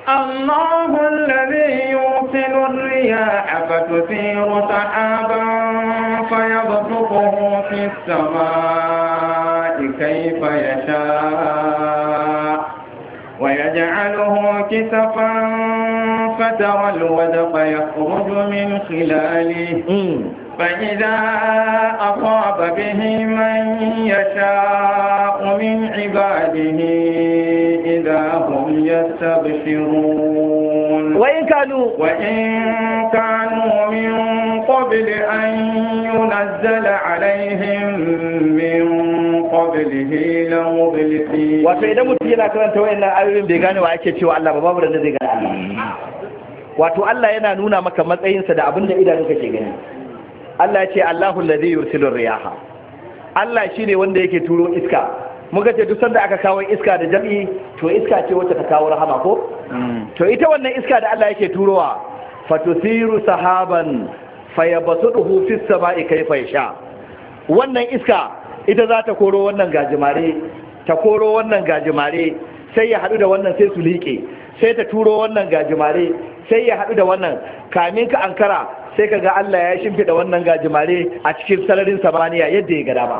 الله الذي يرسل الرياح فتثير سحابا فيبسطه في السماء كيف يشاء ويجعله كسفا فترى الودق يخرج من خلاله فإذا أصاب به من يشاء من عباده إذا هم يستبشرون وإن كانوا وإن كانوا من قبل أن ينزل عليهم من قبله لمبلسين wato idan mutum yana karanta wayannan ayoyin bai gane wa ake cewa Allah ba babu da zai gane wato Allah yana nuna maka matsayinsa da abin da idanunka ke gani Allah ce Allahu allazi yursilu riyaha Allah shine wanda yake turo iska muka ce duk sanda aka kawo iska da jam'i to iska ce wacce ta kawo rahama ko mm. to ita wannan iska da Allah yake turowa fatusiru sahaban fayabsuduhu fis sama'i kayfa yasha wannan iska ita za ta koro wannan gajimare ta koro wannan gajimare sai ya haɗu da wannan sai su liƙe sai ta turo wannan gajimare sai ya haɗu da wannan kamin ka ankara sai kaga Allah ya shimfida wannan gajimare a cikin sararin samaniya yadda ya gada ba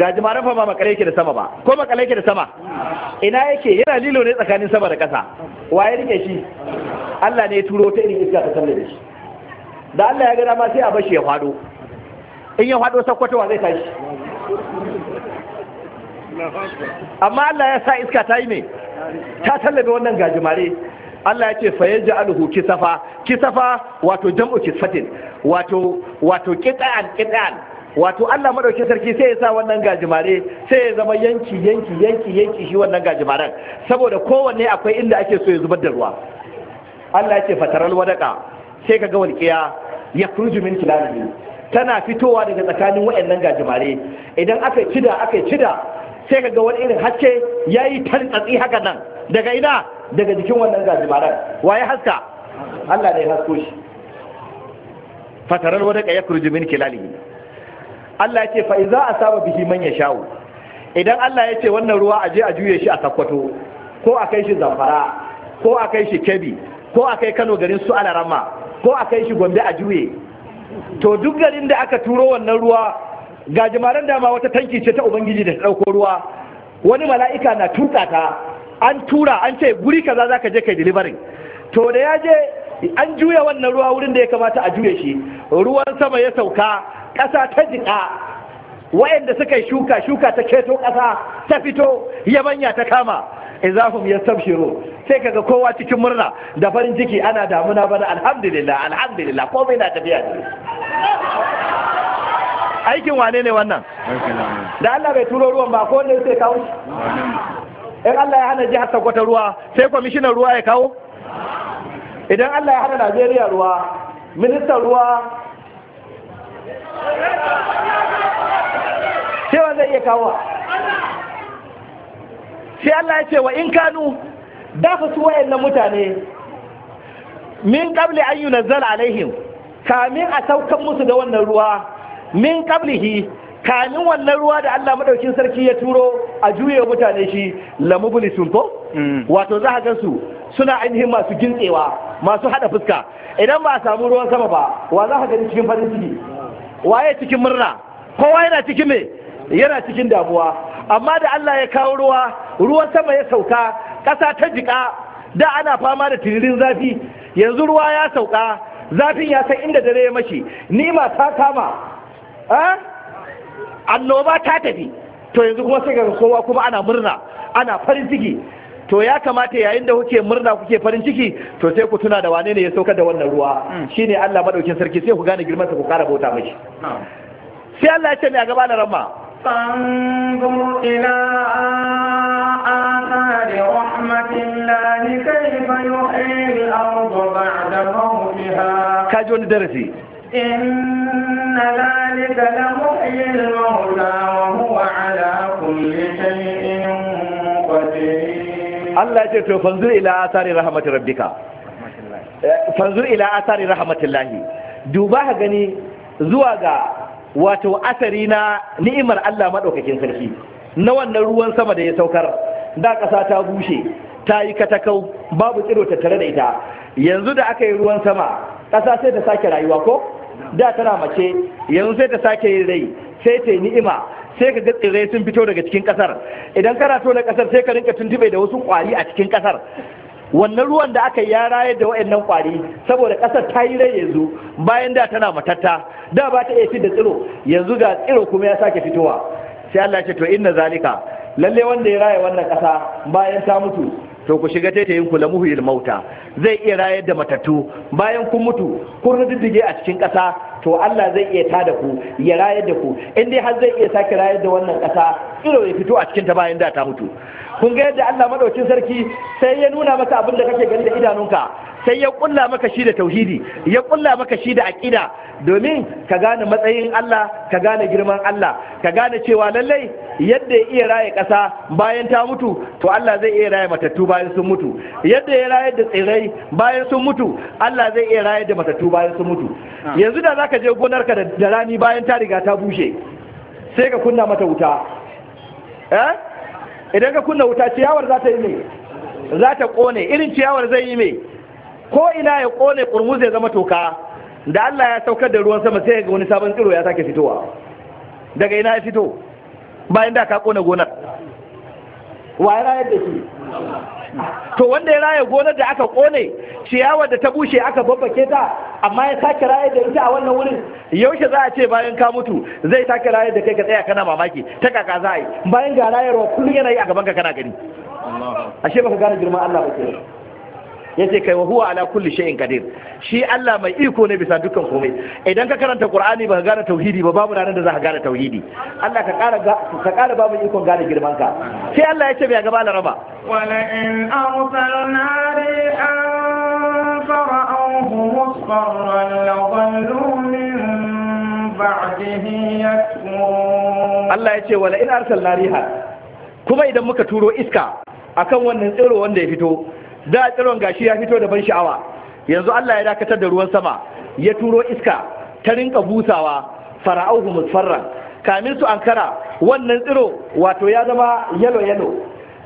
gajimaren fa ba makale yake da sama ba ko makale yake da sama ina yake yana lilo ne tsakanin sama da ƙasa waye rike shi Allah ne ya turo ta irin iska ta sallar da shi da Allah ya gada ma sai a bashi ya fado in ya fado sakkwatowa zai tashi amma Allah ya sa iska ta yi ne ta sallabe wannan gajimare Allah ya ce ji alhu kisafa kisafa wato jam'u kisfatin wato wato kitan kitan wato Allah madauki sarki sai ya sa wannan gajimare sai ya zama yanki yanki yanki yanki shi wannan gajimaren saboda kowanne akwai inda ake so ya zubar da ruwa Allah ya ce fataral wadaka sai kaga walqiya ya kruju min tana fitowa daga tsakanin waɗannan gajimare idan aka cida aka cida sai ka ga wani irin haske ya yi tantsatsi haka nan daga ina daga jikin wannan gajimaran wa ya haska Allah ne ya hasko shi fatarar wadaka ya kurji min kilali Allah ya ce fa iza asaba bihi man shawo. idan Allah ya ce wannan ruwa aje a juye shi a Sakkwato ko a kai shi Zamfara ko a kai shi Kebbi ko a kai Kano garin su Alarama ko a kai shi Gombe a juye to duk garin da aka turo wannan ruwa ga jimaren dama wata tanki ce ta ubangiji da ta ɗauko ruwa wani mala'ika na tuka ta an tura an ce guri kaza ka je kai delivery to da ya je an juya wannan ruwa wurin da ya kamata a juya shi ruwan sama ya sauka ƙasa ta jiƙa wayanda suka yi shuka shuka ta keto ƙasa ta fito yabanya ta kama izahum yastabshiru sai kaga kowa cikin murna da farin ciki ana damuna bana alhamdulillah alhamdulillah komai na tafiya ne aikin wane ne wannan da Allah bai turo ruwan ba ko ne sai kawo in Allah ya hana jihar Sokoto ruwa sai kwamishinan ruwa ya kawo idan Allah ya hana Najeriya ruwa ministan ruwa sai wanda iya kawo sai Allah ya ce wa in kanu dafa su wayannan mutane min qabli an yunzal alaihim kamin a saukan musu da wannan ruwa min kablihi kamin wannan ruwa da Allah madaukin sarki ya turo a juye mutane shi lamublisun ko mm. wato za ka su suna ainihin masu gintsewa masu hada fuska idan ba a samu ruwan sama ba wa za ka gani cikin farin ciki waye cikin murna kowa yana cikin me yana cikin damuwa amma da Allah ya kawo ruwa ruwan sama ya sauka ƙasa ta jika da ana fama da tiririn zafi yanzu ruwa ya sauka zafin ya san inda dare ya mashi nima ta kama annoba ta tafi to yanzu kuma sai ga kowa kuma ana murna ana farin ciki to ya kamata yayin da kuke murna kuke farin ciki to sai ku tuna da wane ne ya saukar da wannan ruwa hmm. shine Allah madaukin sarki sai ku gane girman sa ku kara bauta mishi sai Allah ya ce a gaba na ramma فانظر إلى آثار رحمة إن ذلك لمحي المولى وهو على كل شيء قدير الله يجب فانظر إلى آثار رحمة ربك fanzur ila asari rahmatullahi duba ka gani zuwa ga wato asari na ni'imar Allah madaukakin sarki na wannan ruwan sama da ya saukar da ƙasa ta bushe ta yi katakau babu tsiro tattare da ita yanzu da aka yi ruwan sama ƙasa sai ta sake rayuwa ko da tana mace yanzu sai ta sake yin rai sai ta yi ni'ima sai ka ga tsirrai sun fito daga cikin kasar idan kana rato na kasar sai ka rinka tuntube da wasu kwari a cikin kasar wannan ruwan da aka ya rayar da nan kwari saboda kasar ta yi rai yanzu bayan da tana matatta da ba ta iya fi da tsiro yanzu ga tsiro kuma ya sake fitowa sai Allah ce to inna zalika lalle wanda ya raya wannan kasa bayan ta mutu to ku shiga taitayin ku lamuhu mauta zai iya rayar da matattu bayan kun mutu kun riddige a cikin ƙasa to Allah zai iya ta da ku ya rayar da ku in dai har zai iya sake rayar da wannan ƙasa tsiro ya fito a cikin ta bayan da ta mutu kun ga yadda Allah madaukin sarki sai ya nuna maka abin da kake gani da idanunka sai ya kulla maka shi da tauhidi ya kulla maka shi da aqida domin ka gane matsayin Allah ka gane girman Allah ka gane cewa lallai yadda ya iya raye kasa bayan ta mutu to Allah zai iya raye matattu bayan sun mutu yadda ya raye da tsirai bayan sun mutu Allah zai iya raye da matattu bayan sun mutu yanzu da zaka je gonarka da rani bayan ta riga ta bushe sai ka kunna mata wuta eh idan ka kunna wuta ciyawar za ta yi mai za ta kone irin ciyawar zai yi mai ko ina ya kone kurmus ya zama toka da Allah ya saukar da ruwan sama sai ga wani sabon tsiro ya sake fitowa daga ina ya fito bayan da ka kone gonar wa ya rayar da shi to wanda ya raya gonar da aka kone ciyawar da ta bushe aka babbake ta amma ya sake raya da ita a wannan wurin yaushe za a ce bayan ka mutu zai sake raya da kai ka tsaya kana mamaki ta kaka za a yi bayan ga rayarwa kullum yana yi a gaban ka kana gani ashe baka gane girman Allah ba ke Ya ce kai wa huwa ala kulli shay'in qadir shi Allah mai iko ne bisa dukkan komai idan ka karanta Qur'ani ka gane tauhidi ba babu ranar da za ka gane tauhidi Allah ka ƙara ka ƙara babu ikon gane girman ka sai Allah ya ce bai gaba laraba wala in arsalna rihan fara'uhu musfarran law dhallu min ba'dihi yakfurun Allah ya ce wala in arsalna rihan kuma idan muka turo iska akan wannan tsiro wanda ya fito da tsiron gashi ya fito da ban sha'awa yanzu Allah ya dakatar da ruwan sama ya turo iska ta rinka busawa fara'auhu musfarran kamin su ankara wannan tsiro wato ya zama yalo yalo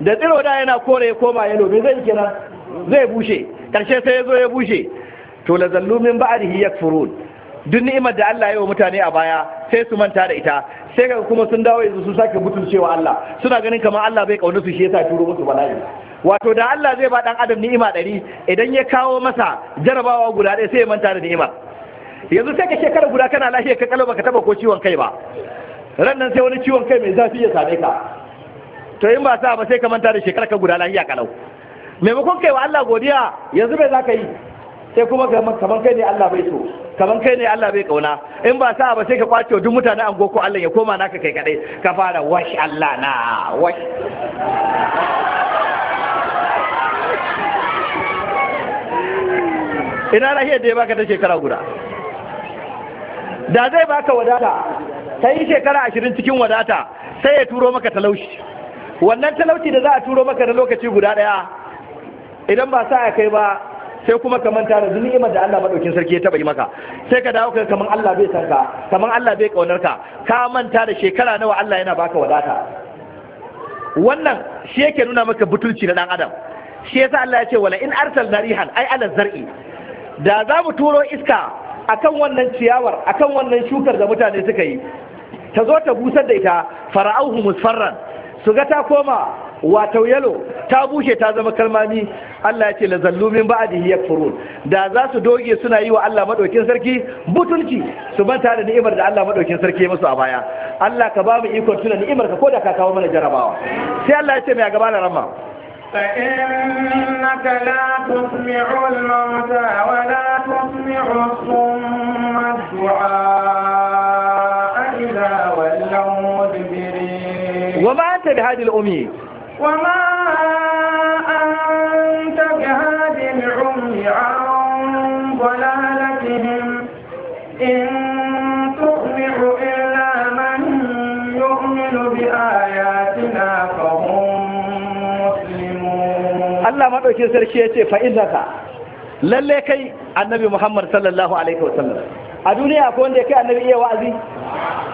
da tsiro da yana kore koma yalo me zai kira zai bushe karshe sai ya zo ya bushe to la zallu min ba'dihi yakfurun duk ni'imar da Allah ya yi wa mutane a baya sai su manta da ita sai kuma sun dawo yanzu su sake butulcewa Allah suna ganin kamar Allah bai kauna su shi yasa turo musu bala'i wato da Allah zai ba dan adam ni'ima ɗari idan ya kawo masa jarabawa guda ɗaya sai ya manta da ni'imar yanzu sai ka shekara guda kana lafiya ka kalau baka taba ko ciwon kai ba ran nan sai wani ciwon kai mai zafi ya same ka to in ba sa ba sai ka manta da shekara ka guda lafiya kalau maimakon kai wa Allah godiya yanzu bai za ka yi sai kuma kaman kai ne Allah bai so kaman kai ne Allah bai kauna in ba sa ba sai ka kwace duk mutane an goko Allah ya koma naka kai kadai ka fara wash Allah na wash ina rahiyar da ya baka ta shekara guda da zai baka wadata ta yi shekara ashirin cikin wadata sai ya turo maka talauci wannan talauci da za a turo maka na lokaci guda daya idan ba sa ya kai ba sai kuma ka manta da ni'imar da Allah madaukin sarki ya taba yi maka sai ka dawo kai kaman Allah bai san ka Allah bai kaunar ka ka manta da shekara nawa Allah yana baka wadata wannan shi yake nuna maka butulci na dan adam shi yasa Allah ya ce wala in arsal narihan ai ala zar'i da za mu turo iska akan wannan ciyawar akan wannan shukar da mutane suka yi ta zo ta busar da ita fara'auhu musfarran su ga ta koma wato yalo ta bushe ta zama kalmami Allah ya ce la zallu min ba'dihi yakfurun da za su doge suna yi wa Allah madaukin sarki butulci su manta da ni'imar da Allah madaukin sarki ya musu a baya Allah ka ba mu ikon tuna ni'imar ka koda ka kawo mana jarabawa sai Allah ya ce mai gaba na rama فإنك لا تسمع الموتى ولا تسمع الصم الدعاء إذا ولوا مدبرين وما أنت بهذه الأمي وما أنت بهاد العمي عن ضلالتهم إن تؤمع إلا من يؤمن بآياتنا فهم مسلمون الله ما تقول سرشيتي فإنك للي كي النبي محمد صلى الله عليه وسلم a duniya akwai wanda ya kai annabi iya wa'azi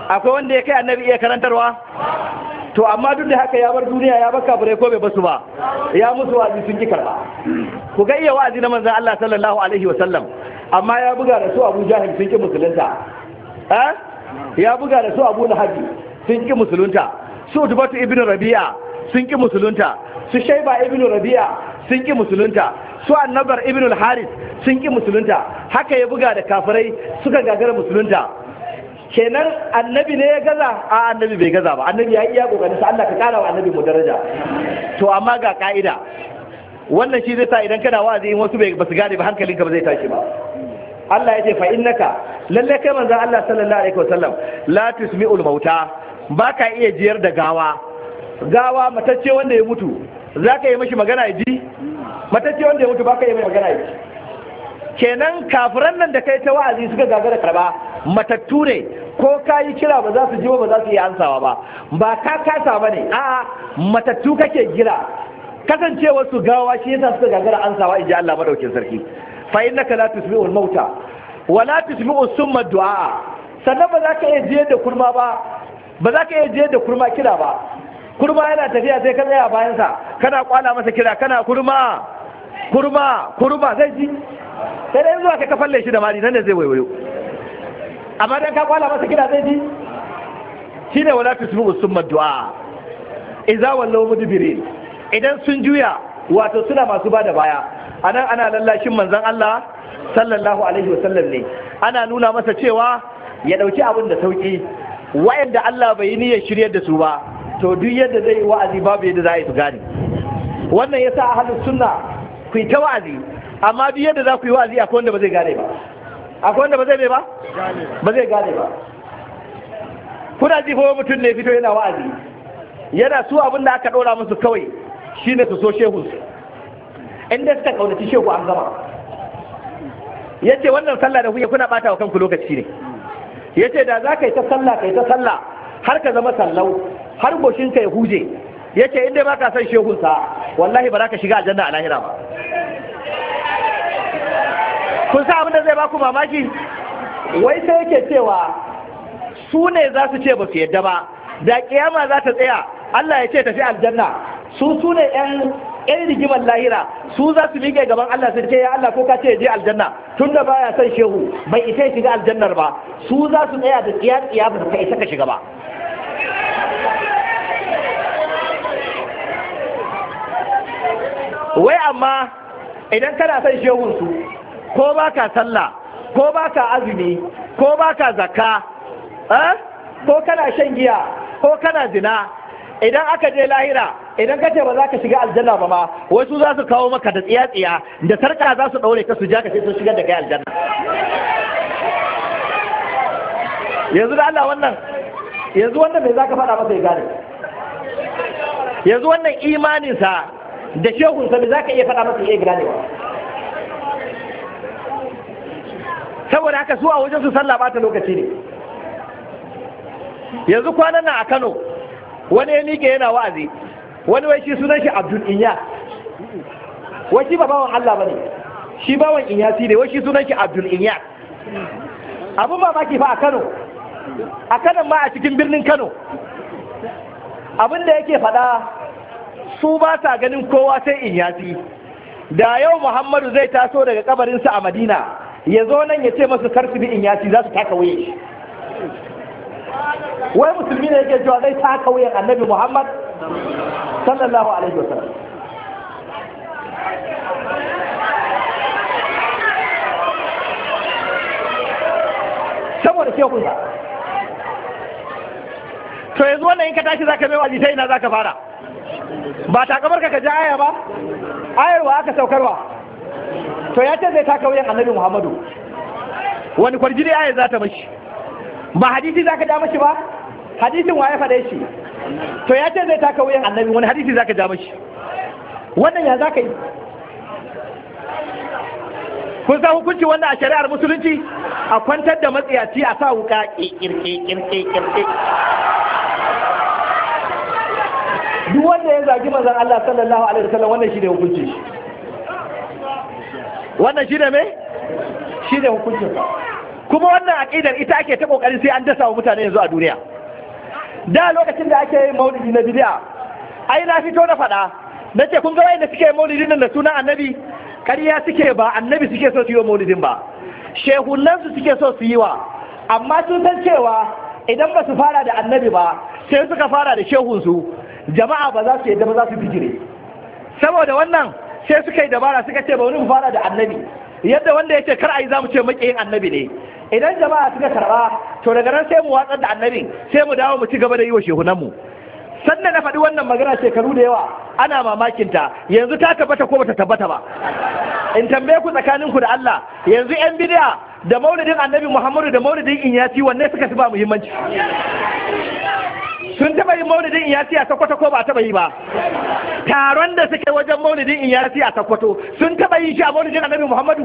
akwai wanda ya kai annabi iya karantarwa to amma duk da haka ya bar duniya ya bar kafirai ko bai basu ba ya musu wa'azi sun ki karba ku ga iya wa'azi na manzon Allah sallallahu alaihi wa sallam amma ya buga da su Abu Jahil sun ki musulunta eh ya buga da su Abu Lahab sun ki musulunta su Dubatu ibn Rabi'a sun ki musulunta su shaiba ibn rabi'a sun ki musulunta su annabar ibn al-haris sun ki musulunta haka ya buga da kafirai suka gagara musulunta kenan annabi ne ya gaza a annabi bai gaza ba annabi ya iya kokarin sa Allah ka kara wa annabi mu daraja to amma ga ka'ida wannan shi zai sa idan kana wa'azi in wasu ba su gane ba hankalinka ba zai tashi ba Allah ya ce fa innaka lalle kai manzo Allah sallallahu alaihi wasallam la tusmi'ul mauta baka iya jiyar da gawa gawa matacce wanda ya mutu za ka yi mashi magana ya ji matacce wanda ya mutu ba ka yi mai magana ya ji kenan kafiran nan da kai ta wa'azi suka gagara karba matattu ne ko ka yi kira ba za su ji ba za su yi ansawa ba ba ka kasa ba ne a matattu kake gira kasancewar su gawa shi yasa suka gagara ansawa in ji Allah madaukin sarki fa innaka la tusmi'u al-mauta wa la tusmi'u summa du'a sannan ba za ka iya jiyar da kurma ba ba za ka iya jiyar da kurma kira ba kurma yana tafiya sai ka tsaya bayansa kana kwana masa kira kana kurma kurma kurma zai ji sai dai zuwa ka kafalle shi da mari nan ne zai waiwayo amma dan ka kwana masa kira zai ji shine wala tusmu summa du'a idza wallahu mudbirin idan sun juya wato suna masu bada baya anan ana lallashin manzon Allah sallallahu alaihi wa sallam ne ana nuna masa cewa ya dauki abin da sauki wayanda Allah bai yi niyyar shiryar da su ba to duk yadda zai yi wa'azi babu yadda za a yi su gane wannan ya sa ahalin suna ku yi ta wa'azi amma duk yadda za ku yi wa'azi akwai wanda ba zai gane ba akwai wanda ba zai mai ba ba zai gane ba kuna ji fa mutum ne fito yana wa'azi yana su abin da aka ɗora musu kawai shine su so shehu inda suka kaunaci shehu an gama ce wannan sallah da kuke kuna ɓata wa kanku lokaci ne ce da za ka yi ta sallah ka yi ta sallah har ka zama sallau har goshin ka ya huje yace inda ba ka san shehunsa wallahi ba za ka shiga aljanna a lahira ba kun sa abin da zai baku mamaki wai sai yake cewa su ne za su ce ba su yadda ba da kiyama za ta tsaya Allah ya ce tafi aljanna su su ne yan rigimar lahira su za su miƙe gaban Allah su ce ya Allah ko ka ce je aljanna tunda baya son shehu bai ita shiga aljannar ba su za su tsaya da tsiya tsiya ba ka isa ka shiga ba wai amma idan kana son su ko ba ka sallah ko ba ka azumi ko ba ka zakka eh, ko kana shan giya ko kana zina idan aka je lahira idan ka ce ba za ka shiga aljanna ba ma wai su za su kawo maka da tsiya-tsiya da sarka za su ɗaure ka su ja ka sai sun shigar da kai aljanna yanzu da Allah wannan yanzu wannan mai za ka faɗa masa ya gane yanzu wannan imaninsa da shehunsa mai za ka iya faɗa masa ya gane ba saboda haka su a wajen su sallah ta lokaci ne yanzu kwanan nan a Kano wani ya miƙe yana wa'azi wani wai shi sunan shi abdul inya wai shi ba bawan Allah bane shi bawan inya si ne wai shi sunan shi abdul inya abun mamaki fa a Kano a Kano ma a cikin birnin Kano abin da yake faɗa su ba ta ganin kowa sai inyasi da yau Muhammadu zai taso daga kabarinsa a Madina ya zo nan ya ce masu karfi bi inyasi za su taka wuye wai musulmi ne yake cewa zai taka wuyan annabi Muhammad sallallahu alaihi wa sallam saboda ke kunsa. to yanzu wannan in ka tashi zaka mai waji sai ina zaka fara ba kamar ka ji aya ba ayarwa aka saukarwa to ya ce zai taka wuyan annabi muhammadu wani kwarjini aya za ta mashi ba hadisi za ka ja mashi ba hadisin waye faɗe shi to ya ce zai taka wuyan annabi wani hadisi zaka ja mashi wannan ya zaka yi kun san hukunci wannan a shari'ar musulunci a kwantar da matsiyaci a sa wuka kirkirkirkirkirkir duk wanda ya zagi mazan Allah sallallahu alaihi wasallam wannan shi ne hukunci wannan shi ne me shi ne hukuncin kuma wannan aqidar ita ake ta kokarin sai an dasa wa mutane yanzu a duniya da lokacin da ake yin maulidi na bid'a ai na fito na faɗa na ce kun ga wayanda suke maulidin nan da suna annabi ƙarya suke ba annabi suke so su yi wa maulidin ba shehunan su suke so su yi wa amma sun san cewa idan ba su fara da annabi ba sai suka fara da shehunsu jama'a ba za su yadda ba za su bijire saboda wannan sai suka yi dabara suka ce ba wani mu fara da annabi yadda wanda ya ce kar a yi za mu ce maƙiyin annabi ne idan jama'a suka karba to daga nan sai mu watsar da annabi sai mu dawo mu ci gaba da yi wa mu. sannan na faɗi wannan magana shekaru da yawa ana mamakin ta yanzu ta tabbata ko bata tabbata ba in tambaye ku tsakanin ku da Allah yanzu yan bid'a da maulidin annabi Muhammadu da maulidin Inyasi wanne suka fi ba muhimmanci sun taɓa yin maulidin iyasi a sakwato ko ba a taɓa yi ba taron da suke wajen maulidin iyasi a sakwato sun taɓa yi shi a maulidin annabi muhammadu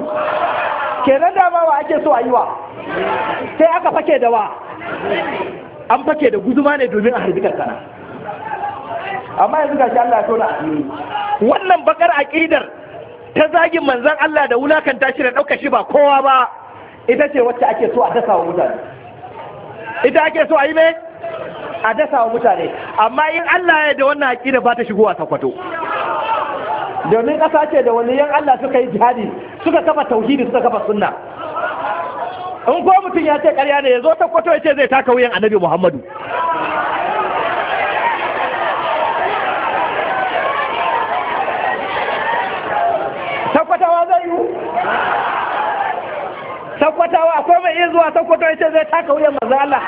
kenan dama wa ake so a yi wa sai aka fake da wa an fake da guzuma ne domin a harbi kankana amma yanzu gashi Allah ya tona asiri wannan bakar aqidar ta zagin manzon Allah da wulakanta shi da dauka shi ba kowa ba ita ce wacce ake so a dasa wa mutane ita ake so a yi mai a dasa wa mutane amma in Allah ya da wannan da ba ta shigo a sakwato domin ƙasa ce da wani yan Allah suka yi jihadi suka kafa tauhidi suka kafa sunna in ko mutum ya ce ƙarya ne ya zo sakwato ya ce zai taka wuyan annabi Muhammadu sakwatawa zai yi sakwatawa akwai mai iya zuwa sakwato ya ce zai taka wuyan manzo Allah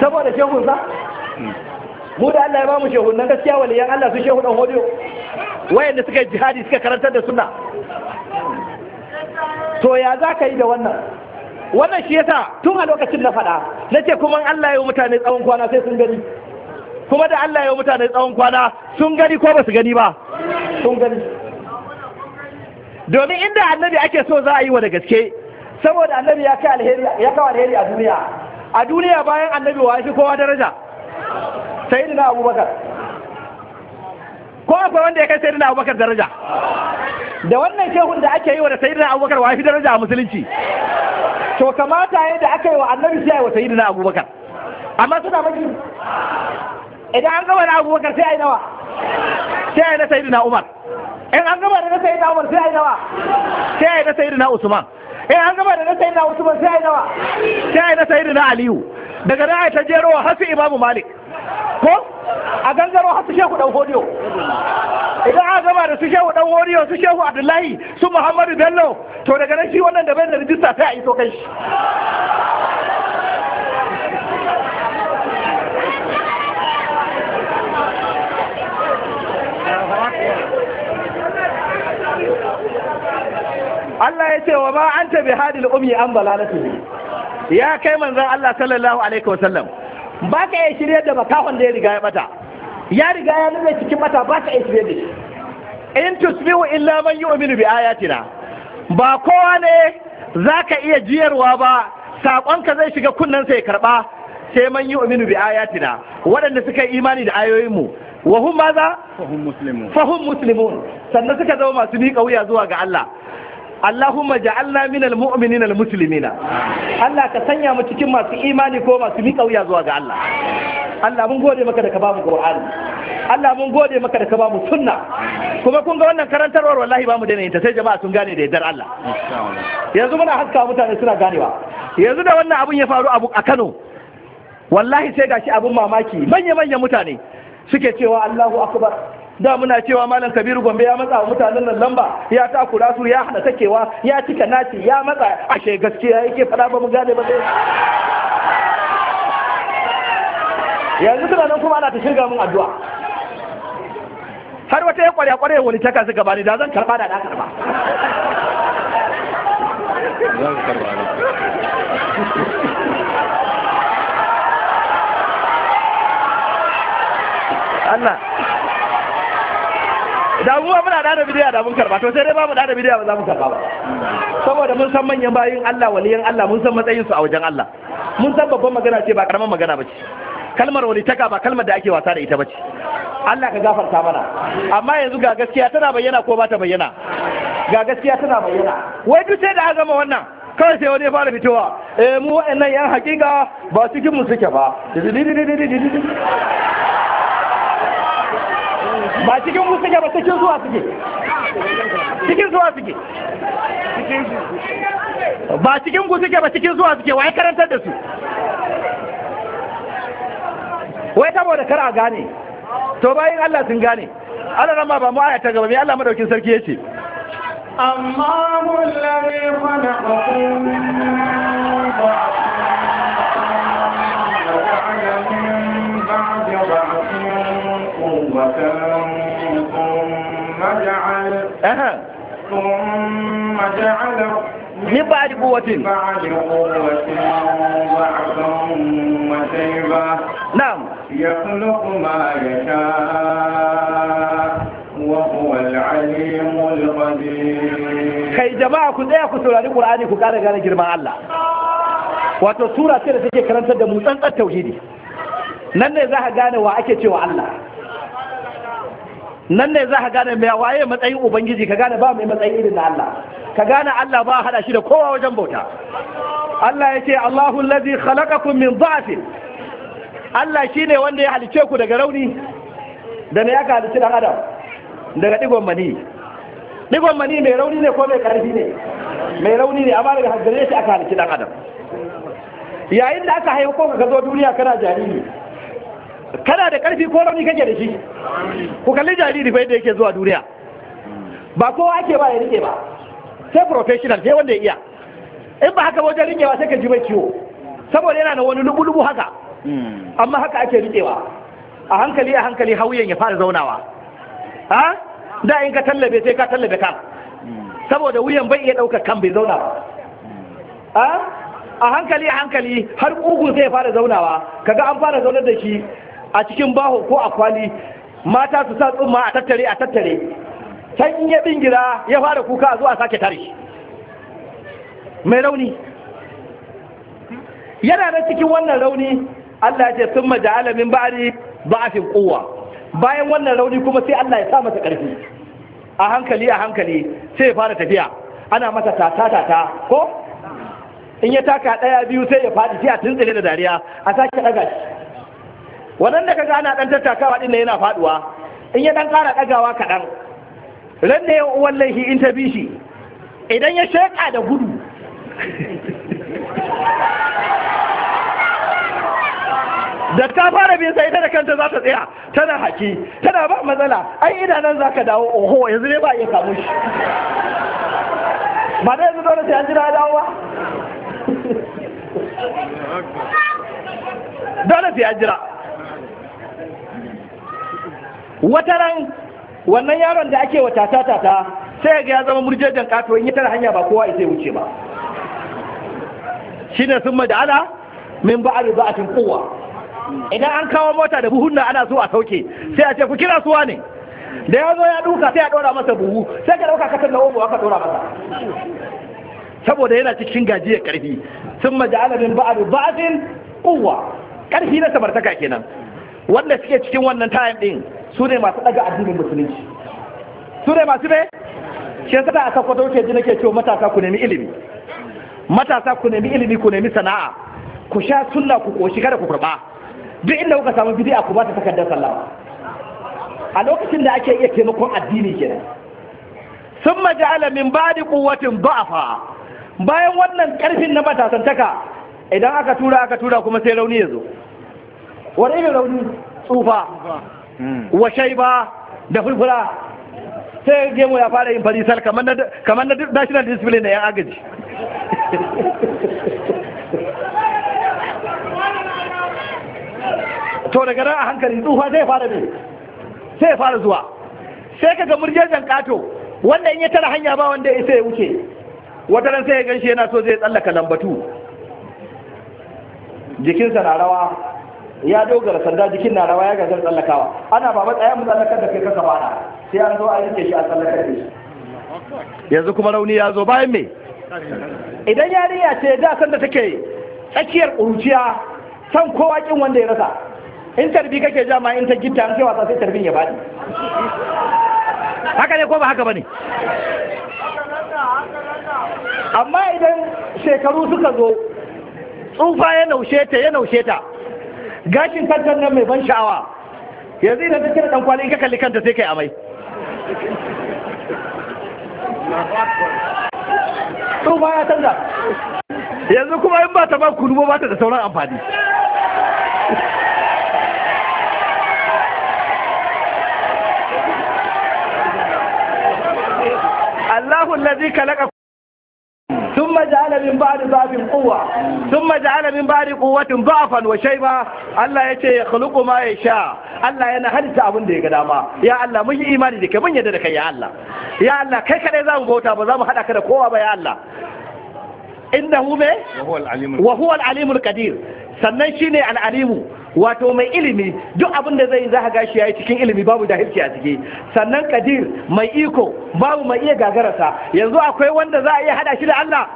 saboda shehunsa mu da Allah ya ba mu shehun nan gaskiya waliyan Allah su shehu dan hodiyo wayanda suka jihadi suka karantar da sunna to ya za ka yi da wannan wannan shi yasa tun a lokacin na faɗa na kuma Allah ya yi mutane tsawon kwana sai sun gani kuma da Allah ya yi mutane tsawon kwana sun gani ko ba su gani ba sun gani domin inda annabi ake so za a yi wa da gaske saboda annabi ya kai alheri ya kawo alheri a duniya a duniya bayan annabi wa fi kowa daraja sayyidina abubakar ko akwai wanda ya kai sayyidina abubakar daraja da wannan shehun da ake yi wa da sayyidina abubakar wa fi daraja a musulunci to kamata yadda aka yi wa annabi sai wa sayyidina abubakar amma suna maki idan an gaba da abubakar sai a yi nawa sai a yi na da umar in an gaba da na da umar sai a yi nawa sai a yi na da usman eh an gaba da na sayi na wasu ba sai ai nawa sai na sayi na aliyu daga na ai ta jero wa hasu imamu malik ko a gangaro hasu su shehu dan hodiyo idan an gaba da su shehu dan hodiyo su shehu abdullahi su muhammadu bello to daga nan shi wannan da bai da rijista sai a iso kai shi Allah ya ce wa ma an tabi hadil ummi an balalatu ya kai manzon Allah sallallahu alaihi wasallam ba ka yi shirye da makahon da ya riga ya bata ya riga ya nuna cikin mata ba ka yi shirye da shi in tusbihu illa man yu'minu bi ayatina ba kowa ne zaka iya jiyarwa ba ka zai shiga kunnan sai karba sai man yu'minu bi ayatina waɗanda suka yi imani da ayoyinmu wa hum maza fahum muslimun sannan suka zama masu miƙa wuya zuwa ga Allah Allahumma ja'alna minal mu'minina al muslimina Allah ka sanya mu cikin masu imani ko masu miƙa wuya zuwa ga Allah Allah mun gode maka da ka bamu Qur'ani Allah mun gode maka da ka bamu sunna kuma kun ga wannan karantarwar wallahi bamu da ta sai jama'a sun gane da yardar Allah yanzu muna haska mutane suna ganewa yanzu da wannan abun ya faru a Kano wallahi sai gashi abun mamaki manya manyan mutane suke cewa Allahu akbar da muna cewa malam kabiru gombe ya matsa wa mutanen nan lamba ya takura su ya hana takewa ya cika naci ya matsa ashe gaskiya yake fada ba mu gane ba sai yanzu suna nan kuma ana ta shirga mun addu'a har wata ya kware kware wani taka suka gabani da zan karba da na karba Allah da abubuwa muna da bidiya da mun karba to sai dai ba mu da bidiya ba za mu karba ba saboda mun san manyan bayin Allah waliyan Allah mun san matsayin su a wajen Allah mun san babban magana ce ba karaman magana bace kalmar wali taka ba kalmar da ake wasa da ita ba ce Allah ka gafarta mana amma yanzu ga gaskiya tana bayyana ko ba ta bayyana ga gaskiya tana bayyana wai duk sai da aka gama wannan kawai sai wani ya fara fitowa eh mu wa'annan yan hakika ba cikin mu suke ba ba cikin musu ba cikin zuwa suke cikin zuwa suke ba cikin ku suke ba cikin zuwa suke wai karantar da su wai da kar a gane to bayan Allah sun gane Allah nan ba mu aya ta gaba mai Allah madaukin sarki yace Allahu na ba Ní bá di kúwọ́tí. ba a di kúwọ́tí ba a wà kan mọ́ tẹ́yìn bá. Náà. Yẹ fún lọ́kùn máa yẹ káà. Wọ́n ba wà Kai jama'a ku ɗaya ku saurari ƙura'ani ku ƙara gane girman Allah. Wato, Sura nan ne za ka gane mai waye matsayin ubangiji ka gane ba mai matsayin irin na Allah ka gane Allah ba hada shi da kowa wajen bauta Allah ya ce Allahu lazi khalaqakum min dha'fin Allah shi ne wanda ya halice ku daga rauni da ne aka halice dan adam daga digon mani digon mani mai rauni ne ko mai karfi ne mai rauni ne amma daga hajjare shi aka halice dan adam yayin da aka haihu ko ka zo duniya kana jariri kana da karfi ko rauni kake da shi ku kalli jariri fa yadda yake zuwa duniya ba kowa ake ba ya rike ba sai professional sai wanda ya iya in ba haka wajen rikewa sai ka ji mai ciwo saboda yana da wani lubu-lubu haka amma haka ake rikewa a hankali a hankali hauyen ya fara zaunawa ha da in ka tallabe sai ka tallabe kan saboda wuyan bai iya daukar kan bai zauna ba a hankali a hankali har ƙugun sai ya fara zaunawa kaga an fara zaunar da shi a cikin baho ko a kwali mata su sa tsumma a tattare a tattare can in ya bingira ya fara kuka a zuwa sake tare mai rauni yana da cikin wannan rauni Allah ce sun maja'ala alamin ba'ari ba'afin kowa bayan wannan rauni kuma sai Allah ya sa mata ƙarfi a hankali a hankali sai ya fara tafiya ana masa tata tata ko in ya taka ɗaya biyu sai ya faɗi sai a tuntsile da dariya a sake ɗaga waɗanda ka ana ɗan tattakawa ɗin yana faɗuwa in ya ɗan ƙara ɗagawa kaɗan ran da yau uwan laifi in ta bi shi idan ya sheƙa da gudu da ta fara bin sa ita da kanta za ta tsaya tana haƙi tana ba matsala ai idanan za ka dawo oho yanzu ne ba iya samu shi ba da yanzu dole sai an jira dawo ba dole sai an jira wata ran wannan yaron da ake wata tata ta sai ga ya zama murjejen kato in yi tara hanya ba kowa sai wuce ba shine sun da ala min ba ba a kowa idan an kawo mota da buhun ana so a sauke sai a ce ku kira suwa ne da ya zo ya duka sai a dora masa buhu sai ka dauka katon na omo aka dora masa saboda yana cikin gajiyar karfi sun ala min ba'adu ba'adin kowa karfi na samartaka kenan wanda suke cikin wannan time din su ne masu daga addinin musulunci su ne masu ne shi yasa a sakwato ke ji nake cewa matasa ku nemi ilimi matasa ku nemi ilimi ku nemi sana'a ku sha sunna ku koshi kada ku kurba duk inda kuka samu bid'a ku ba ta takardar sallah a lokacin da ake iya taimakon addini kenan sun maja'ala min ba'di quwwatin da'afa bayan wannan karfin na matasantaka idan aka tura aka tura kuma sai rauni ya zo wani irin rauni tsufa wa shaiba da Fulfura sai gemu ya fara yin farisar kamar na national discipline da ya agaji <laughs> to daga nan a hankali tsufa zai fara ne sai fara zuwa sai kaga murjejan kato wanda in ya tara hanya ba wanda ya sai wuce wata ran sai ya ganshi yana so zai tsallaka lambatu jikinsa na rawa ya dogara sanda jikin na rawa ya ga zan tsallakawa ana ba matsaya mu tsallakar da kai kasa bana sai an zo a yanke shi a tsallakar da shi yanzu kuma rauni ya zo bayan me idan yarinya ce da sanda take tsakiyar ƙuruciya san kowa kin wanda ya rasa in tarbi kake ma in ta gitta an sai wasa sai tarbin ya bani haka ne ko ba haka bane amma idan shekaru suka zo tsufa ya naushe ta ya naushe ta gashin kantar nan mai ban sha'awa yanzu idan ta cire kwali in ka kalli kanta sai kai amai ba ya canza yanzu kuma in ba ta ba kunu ba ta da sauran amfani Allahun lazi kalaka ثم جعل من بعد ضعف قوة ثم جعل من بعد قوة ضعفا وشيبا الله يتي يخلق ما يشاء الله yana halitta abin da ya ga dama ya Allah mun yi imani da kai mun yarda da kai ya ya Allah kai kadai za mu bauta ba za mu hada ka da kowa ba ya Allah alimul sannan shine al-alimu wato mai ilimi duk abin da zai za a gashi yayi cikin ilimi babu jahilci a ciki sannan kadir mai iko babu mai iya gagararsa yanzu akwai wanda za a iya hada shi da Allah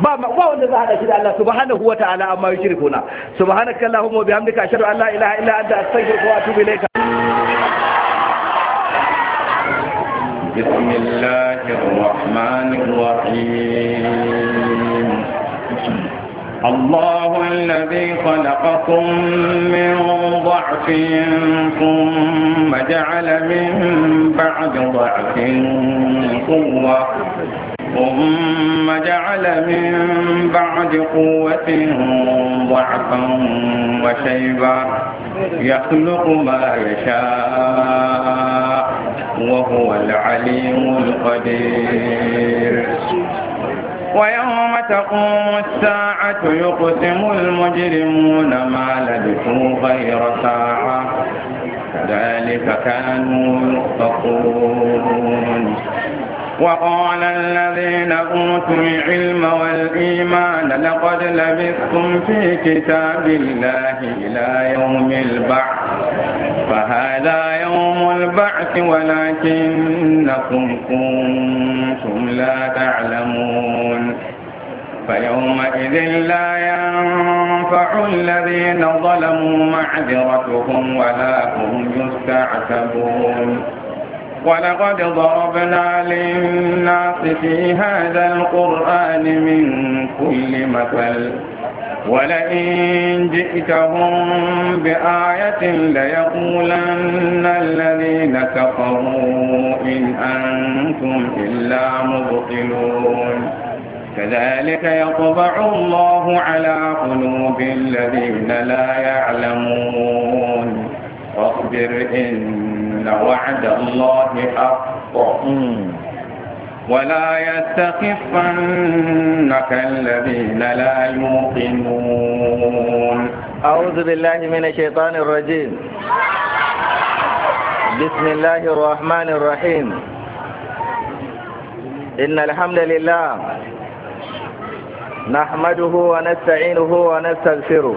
ba ba wanda za a hada shi da Allah subhanahu wata'ala amma yushrikuna subhanaka allahumma wa bihamdika ashhadu an la ilaha illa anta astaghfiruka wa atubu ilayka بسم الله الرحمن الرحيم الله الذي خلقكم من ضعف ثم جعل من بعد ضعف قوة ثم جعل من بعد قوة ضعفا وشيبا يخلق ما يشاء وهو العليم القدير ويوم تقوم الساعة يقسم المجرمون ما لبثوا غير ساعة كذلك كانوا يخطئون وقال الذين أوتوا العلم والإيمان لقد لبثتم في كتاب الله إلى يوم البعث فهذا يوم البعث ولكنكم كنتم لا تعلمون فيومئذ لا ينفع الذين ظلموا معذرتهم ولا هم يستعتبون ولقد ضربنا للناس في هذا القرآن من كل مثل ولئن جئتهم بآية ليقولن الذين كفروا إن أنتم إلا مبطلون كذلك يطبع الله على قلوب الذين لا يعلمون واصبر إن إن وعد الله حق ولا يستخفنك الذين لا يوقنون أعوذ بالله من الشيطان الرجيم بسم الله الرحمن الرحيم إن الحمد لله نحمده ونستعينه ونستغفره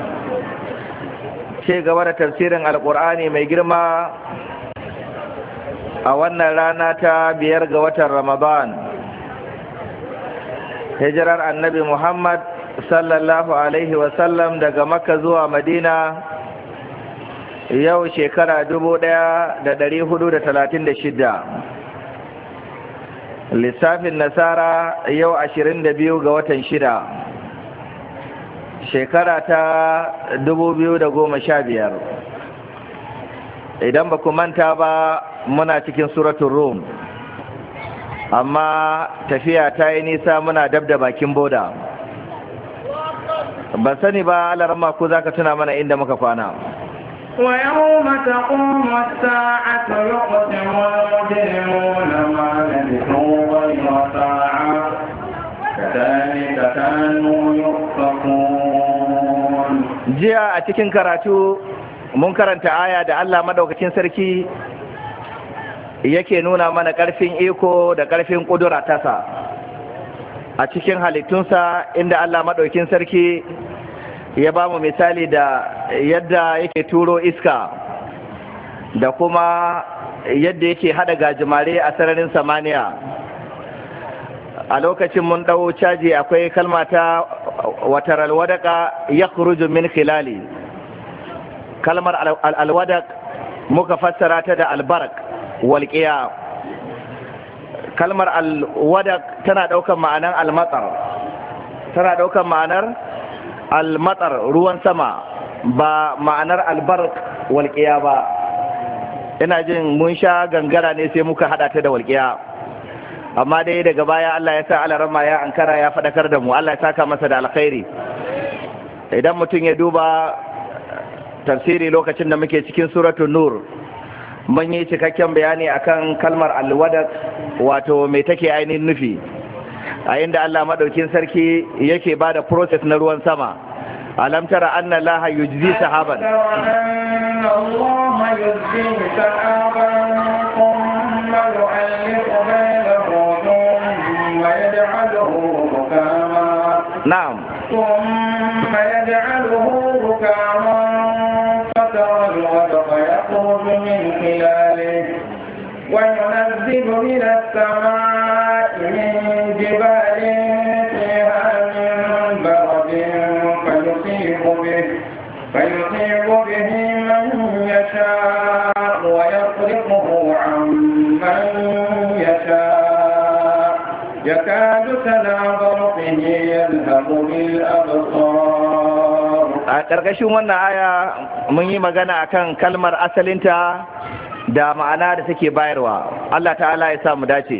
ce gaba da tafsirin alkur'ani mai girma a wannan rana ta biyar ga watan ramadan hijirar annabi muhammad sallallahu alaihi wasallam daga makka zuwa madina yau shekara dubu ɗaya da ɗari hudu da talatin da shida lissafin nasara yau ashirin da biyu ga watan shida shekara ta da goma sha biyar. idan ba ku manta ba muna cikin suratun rum amma tafiya ta yi nisa muna dab da bakin boda ban sani ba alarma ko za ka tuna mana inda muka kwana jiya a cikin karatu mun karanta aya da Allah madaukakin sarki yake nuna mana ƙarfin iko da ƙarfin ƙudura tasa a cikin halittunsa inda Allah madaukakin sarki ya ba mu misali da yadda yake turo iska da kuma yadda yake haɗa gajimare a sararin samaniya a lokacin mun ɗau caji akwai kalma ta watar alwadaka ya min khilali kalmar alwadak muka fassara ta da albarak walƙiya kalmar alwadak tana ɗaukar ma'anar almatsar tana ɗaukar ma'anar almatsar ruwan sama ba ma'anar albarak walƙiya ba ina jin mun sha gangara ne sai muka haɗa ta da walƙiya amma dai daga baya Allah ya sa alarama ya ankara ya faɗakar da mu Allah ya saka masa da alkhairi idan mutum ya duba tafsiri lokacin da muke cikin suratul nur mun yi cikakken bayani akan kalmar alwadat wato mai take ainihin nufi a inda Allah madaukin sarki yake ba da process na ruwan sama alam tara anna laha yujzi sahaban Allah yujzi sahaban kuma يجعله ركاما نعم ثم يجعله ركاما فترى الودق يخرج من خلاله وينزل من السماء من جبال ƙarƙashin wannan aya mun yi magana akan kalmar asalinta da ma'ana da take bayarwa Allah ta'ala ya samu dace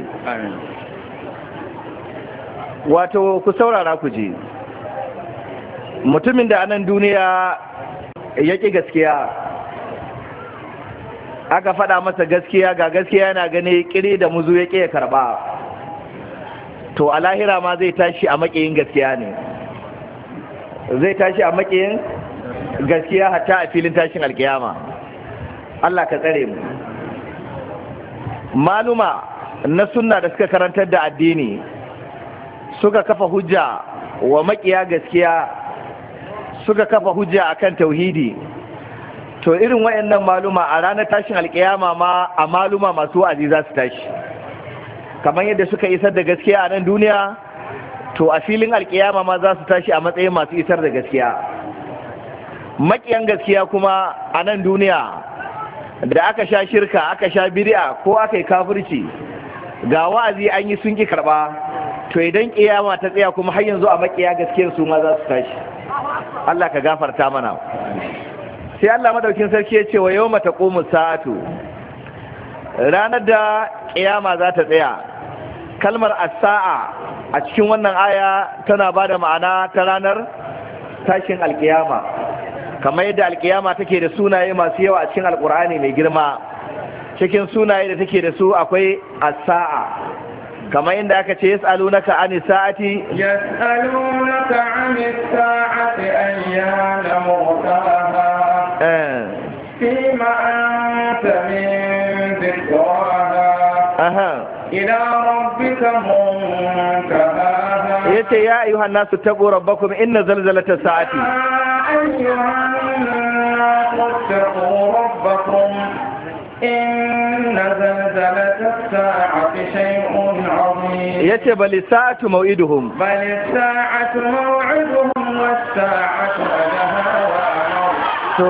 wato ku saurara ku ji mutumin da anan duniya ya ƙi gaskiya aka faɗa masa gaskiya ga gaskiya yana gani ƙiri da muzu ya ƙi ya karɓa to a lahira ma zai tashi a maƙiyin gaskiya ne zai tashi a maƙiyin gaskiya hata a filin tashin alkiyama Allah ka tsare mu maluma na sunna da suka karantar da addini suka kafa hujja wa makiya gaskiya suka kafa hujja akan tauhidi to irin wayannan maluma a ranar tashin alkiyama ma a maluma masu wa'azi za su tashi kamar yadda suka isar da gaskiya a nan duniya to a filin alkiyama ma za su tashi a matsayin masu isar da gaskiya maƙiyan gaskiya kuma a nan duniya da aka sha shirka aka sha bid'a ko aka yi kafirci ga wa'azi an yi sun ki karɓa, to idan kiyama ta tsaya kuma har yanzu a maƙiya gaskiyar su ma za su tashi Allah ka gafarta mana sai Allah madaukin sarki ya ce wa yau mata sa'atu ranar da kiyama za ta tsaya kalmar asa'a saa a cikin wannan aya tana ba da ma'ana ta ranar tashin alkiyama kamar yadda alkiyama take da sunaye masu yawa a cikin alkur'ani mai girma cikin sunaye da take da su akwai as-sa'a kamar yadda aka ce yas'alunaka ani sa'ati yas'alunaka ani sa'ati ayyana ta. فيما أنت من ذكراها أها إلى ربك منتهاها يتي يا أيها الناس اتقوا ربكم إن زلزلة الساعة يا أيها الناس اتقوا ربكم إن زلزلة الساعة شيء عظيم يتي بل الساعة موعدهم بل الساعة موعدهم والساعة أجل to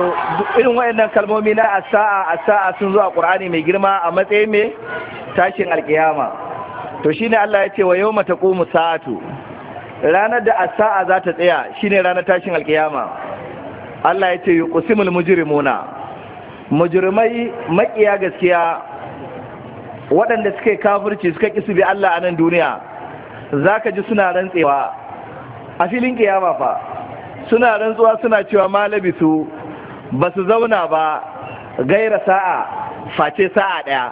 irin wayannan kalmomi na asa'a asa'a sun zo a Qur'ani mai girma a matsayin me tashin alkiyama to shine Allah ya ce wa yawma taqumu sa'atu ranar da asa'a za ta tsaya shine ranar tashin alkiyama Allah ya ce yuqsimul mujrimuna mujrimai maƙiya gaskiya waɗanda suka yi kafirci suka ƙi su bi Allah a nan duniya za ka ji suna rantsewa a filin kiyama fa suna rantsuwa suna cewa ma su ba su zauna ba gaira sa'a face sa'a ɗaya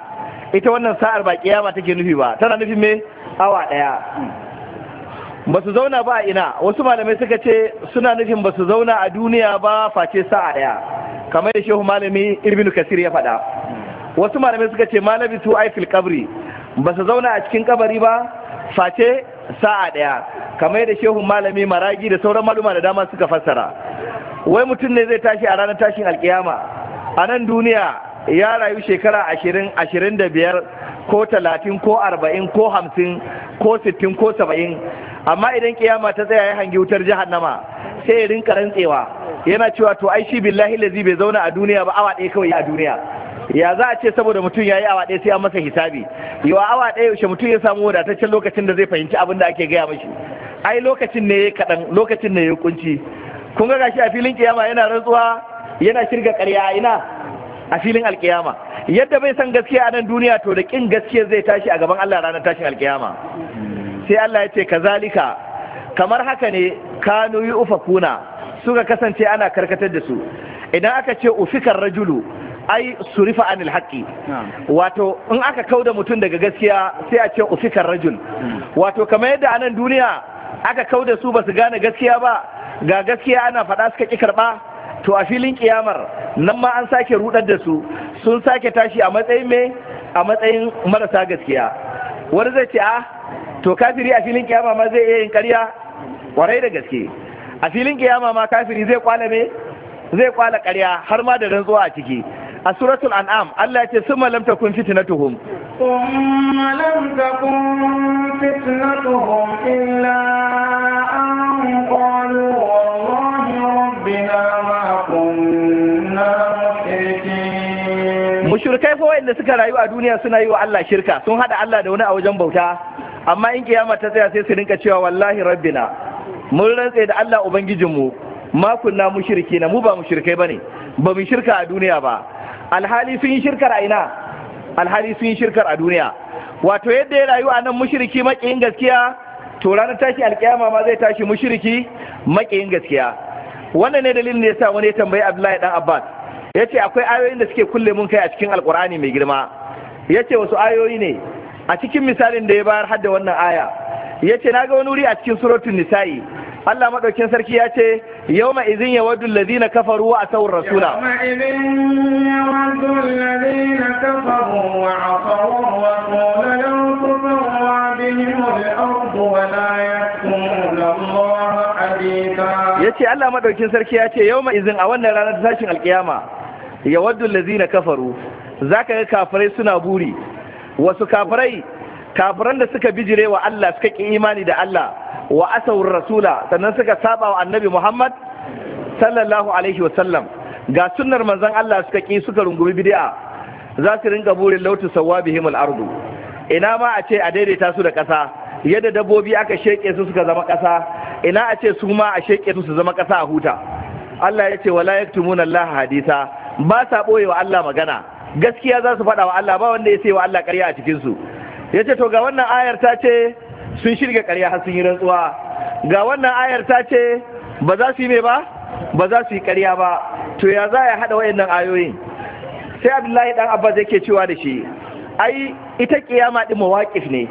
ita wannan sa'ar ba kiyama take nufi ba tana nufin me awa ɗaya ba su zauna ba a ina wasu malamai suka ce suna nufin ba su zauna a duniya ba face sa'a ɗaya kamar da shehu malami ibn kasir ya faɗa wasu malamai suka ce malami su aifil kabri ba su zauna a cikin kabari ba face sa'a ɗaya kamar da shehun malami maragi da sauran maluma da dama suka fassara wai mutum ne zai tashi a ranar tashin alkiyama a nan duniya ya rayu shekara ashirin ashirin da biyar ko talatin ko arba'in ko hamsin ko sittin ko saba'in amma idan kiyama ta tsaya ya hangi wutar jahannama sai ya rinka rantsewa yana cewa to ai shi billahi lazi bai zauna a duniya ba awa ɗaya kawai a duniya ya za a ce saboda mutum ya yi awa ɗaya sai an masa hisabi yawa awa ɗaya yaushe mutum ya samu wadataccen lokacin da zai fahimci abin da ake gaya mashi ai lokacin ne ya kaɗan lokacin ne ya kunci kun ga gashi a filin kiyama yana rantsuwa yana shirga ƙarya ina a filin alkiyama yadda bai san gaskiya a nan duniya to da kin gaskiya zai tashi a gaban Allah ranar tashin alkiyama sai Allah ya ce kazalika kamar haka ne kanu yi su suka kasance ana karkatar da su idan aka ce ufikar rajulu ai surifa anil haqqi wato in aka kauda mutum daga gaskiya sai a ce ufikar rajul wato kamar yadda anan duniya aka kau da su basu gane gaskiya ba ga gaskiya ana faɗa suka ki karɓa to a filin kiyamar nan ma an sake rudar da su sun sake tashi a matsayin me a matsayin marasa gaskiya wani zai ce a ah, to kafiri a filin kiyama ma zai iya yin ƙarya kwarai da gaske a filin ƙiyama ma kafiri zai kwala me zai kwala ƙarya har ma da rantsuwa a ciki a suratul an'am Allah ya ce summa lam takun fitnatuhum summa lam takun fitnatuhum illa an qalu wallahi rabbina ma kunna mushrikai fa wanda suka rayu a duniya suna yi wa Allah shirka sun hada Allah da wani a wajen bauta amma in kiyama ta tsaya sai su rinka cewa wallahi rabbina mun rantse da Allah ubangijinmu ma kunna na mu ba mushrikai bane ba mu shirka a duniya ba alhali sun yi shirkar a ina alhali sun yi shirkar a duniya wato yadda ya rayu a nan mushiriki maƙiyin gaskiya to ranar tashi alƙiyama ma zai tashi mushriki maƙiyin gaskiya wannan ne dalilin da ya sa wani ya tambayi abdullahi dan abbas ya ce akwai ayoyin da suke kulle mun kai a cikin alƙur'ani mai girma ya ce wasu ayoyi ne a cikin misalin da ya bayar hadda wannan aya ya ce na ga wani wuri a cikin suratun nisa'i Allah madaukin sarki ya ce yawma idhin yawaddu alladhina kafaru wa asaw kafaru wa asaw rasula law tusawwa Allah haditha yace Allah sarki ya ce ma izin a wannan ranar tashin alkiyama yawaddu alladhina kafaru ka ga kafirai suna buri wasu kafirai kafiran da suka bijire wa Allah suka ƙi imani da Allah wa asawar rasula sannan suka saba wa annabi Muhammad sallallahu alaihi wasallam ga sunnar manzan, Allah suka ki suka rungumi bid'a za su rinka burin lautu sawabihim al-ardu ina ma a ce a daidaita su da ƙasa yadda dabbobi aka sheke su suka zama ƙasa ina a ce su ma a sheke su su zama ƙasa a huta Allah ya ce wala yaktumuna Allah hadisa ba sa boye wa Allah magana gaskiya za su faɗa wa Allah ba wanda ya sai wa Allah ƙarya a cikin su ya ce to ga wannan ayar ta ce sun shirga karya har sun yi rantsuwa ga wannan ayar ta ce ba za su yi mai ba ba za su yi karya ba to ya za ya haɗa wayannan ayoyin sai abdullahi dan abbas yake cewa da shi ai ita kiyama ɗin mawaƙif ne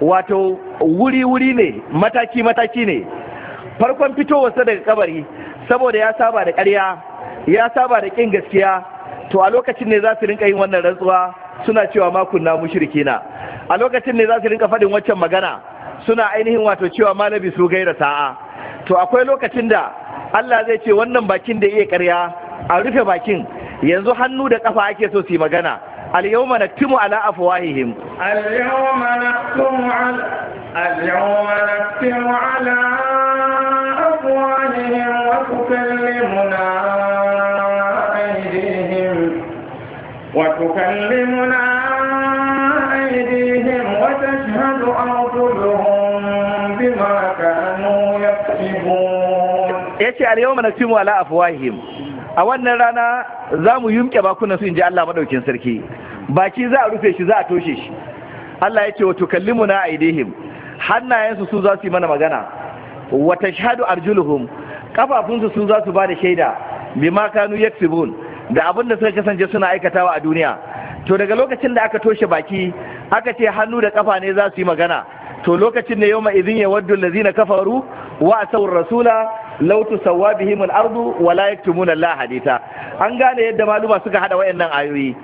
wato wuri-wuri ne mataki-mataki ne farkon fitowarsa daga kabari saboda ya saba da karya, ya saba da ƙin gaskiya to a lokacin ne za su rinka yin wannan rantsuwa suna cewa ma mushrikina a lokacin ne za su rinka faɗin waccan magana suna ainihin wato cewa malabi su gaira sa'a to akwai lokacin da Allah zai ce wannan bakin da iya karya a rufe bakin yanzu hannu da ƙafa ake so su yi magana اليوم نكتم على أفواههم اليوم نكتم على اليوم نكتم على أفواههم وتكلمنا وتكلمنا أيديهم وتشهد أرجلهم بما كانوا يكسبون يأتي اليوم نكتم على أفواههم a wannan rana za mu yumke bakunan su in ji Allah maɗaukin sarki baki za a rufe shi za a toshe shi Allah ya ce wa tukallimu na aidihim hannayen su za su yi mana magana wa tashhadu arjuluhum kafafunsu su za su ba da shaida bima kanu yaksubun da abin da suka kasance suna aikatawa a duniya to daga lokacin da aka toshe baki aka ce hannu da kafa ne za su yi magana to lokacin ne yawma ya yawaddu allazina kafaru wa asawur rasula law tusawwa bihim al-ardu wa la yaktumuna Allah an gane yadda maluma suka hada wayannan ayoyi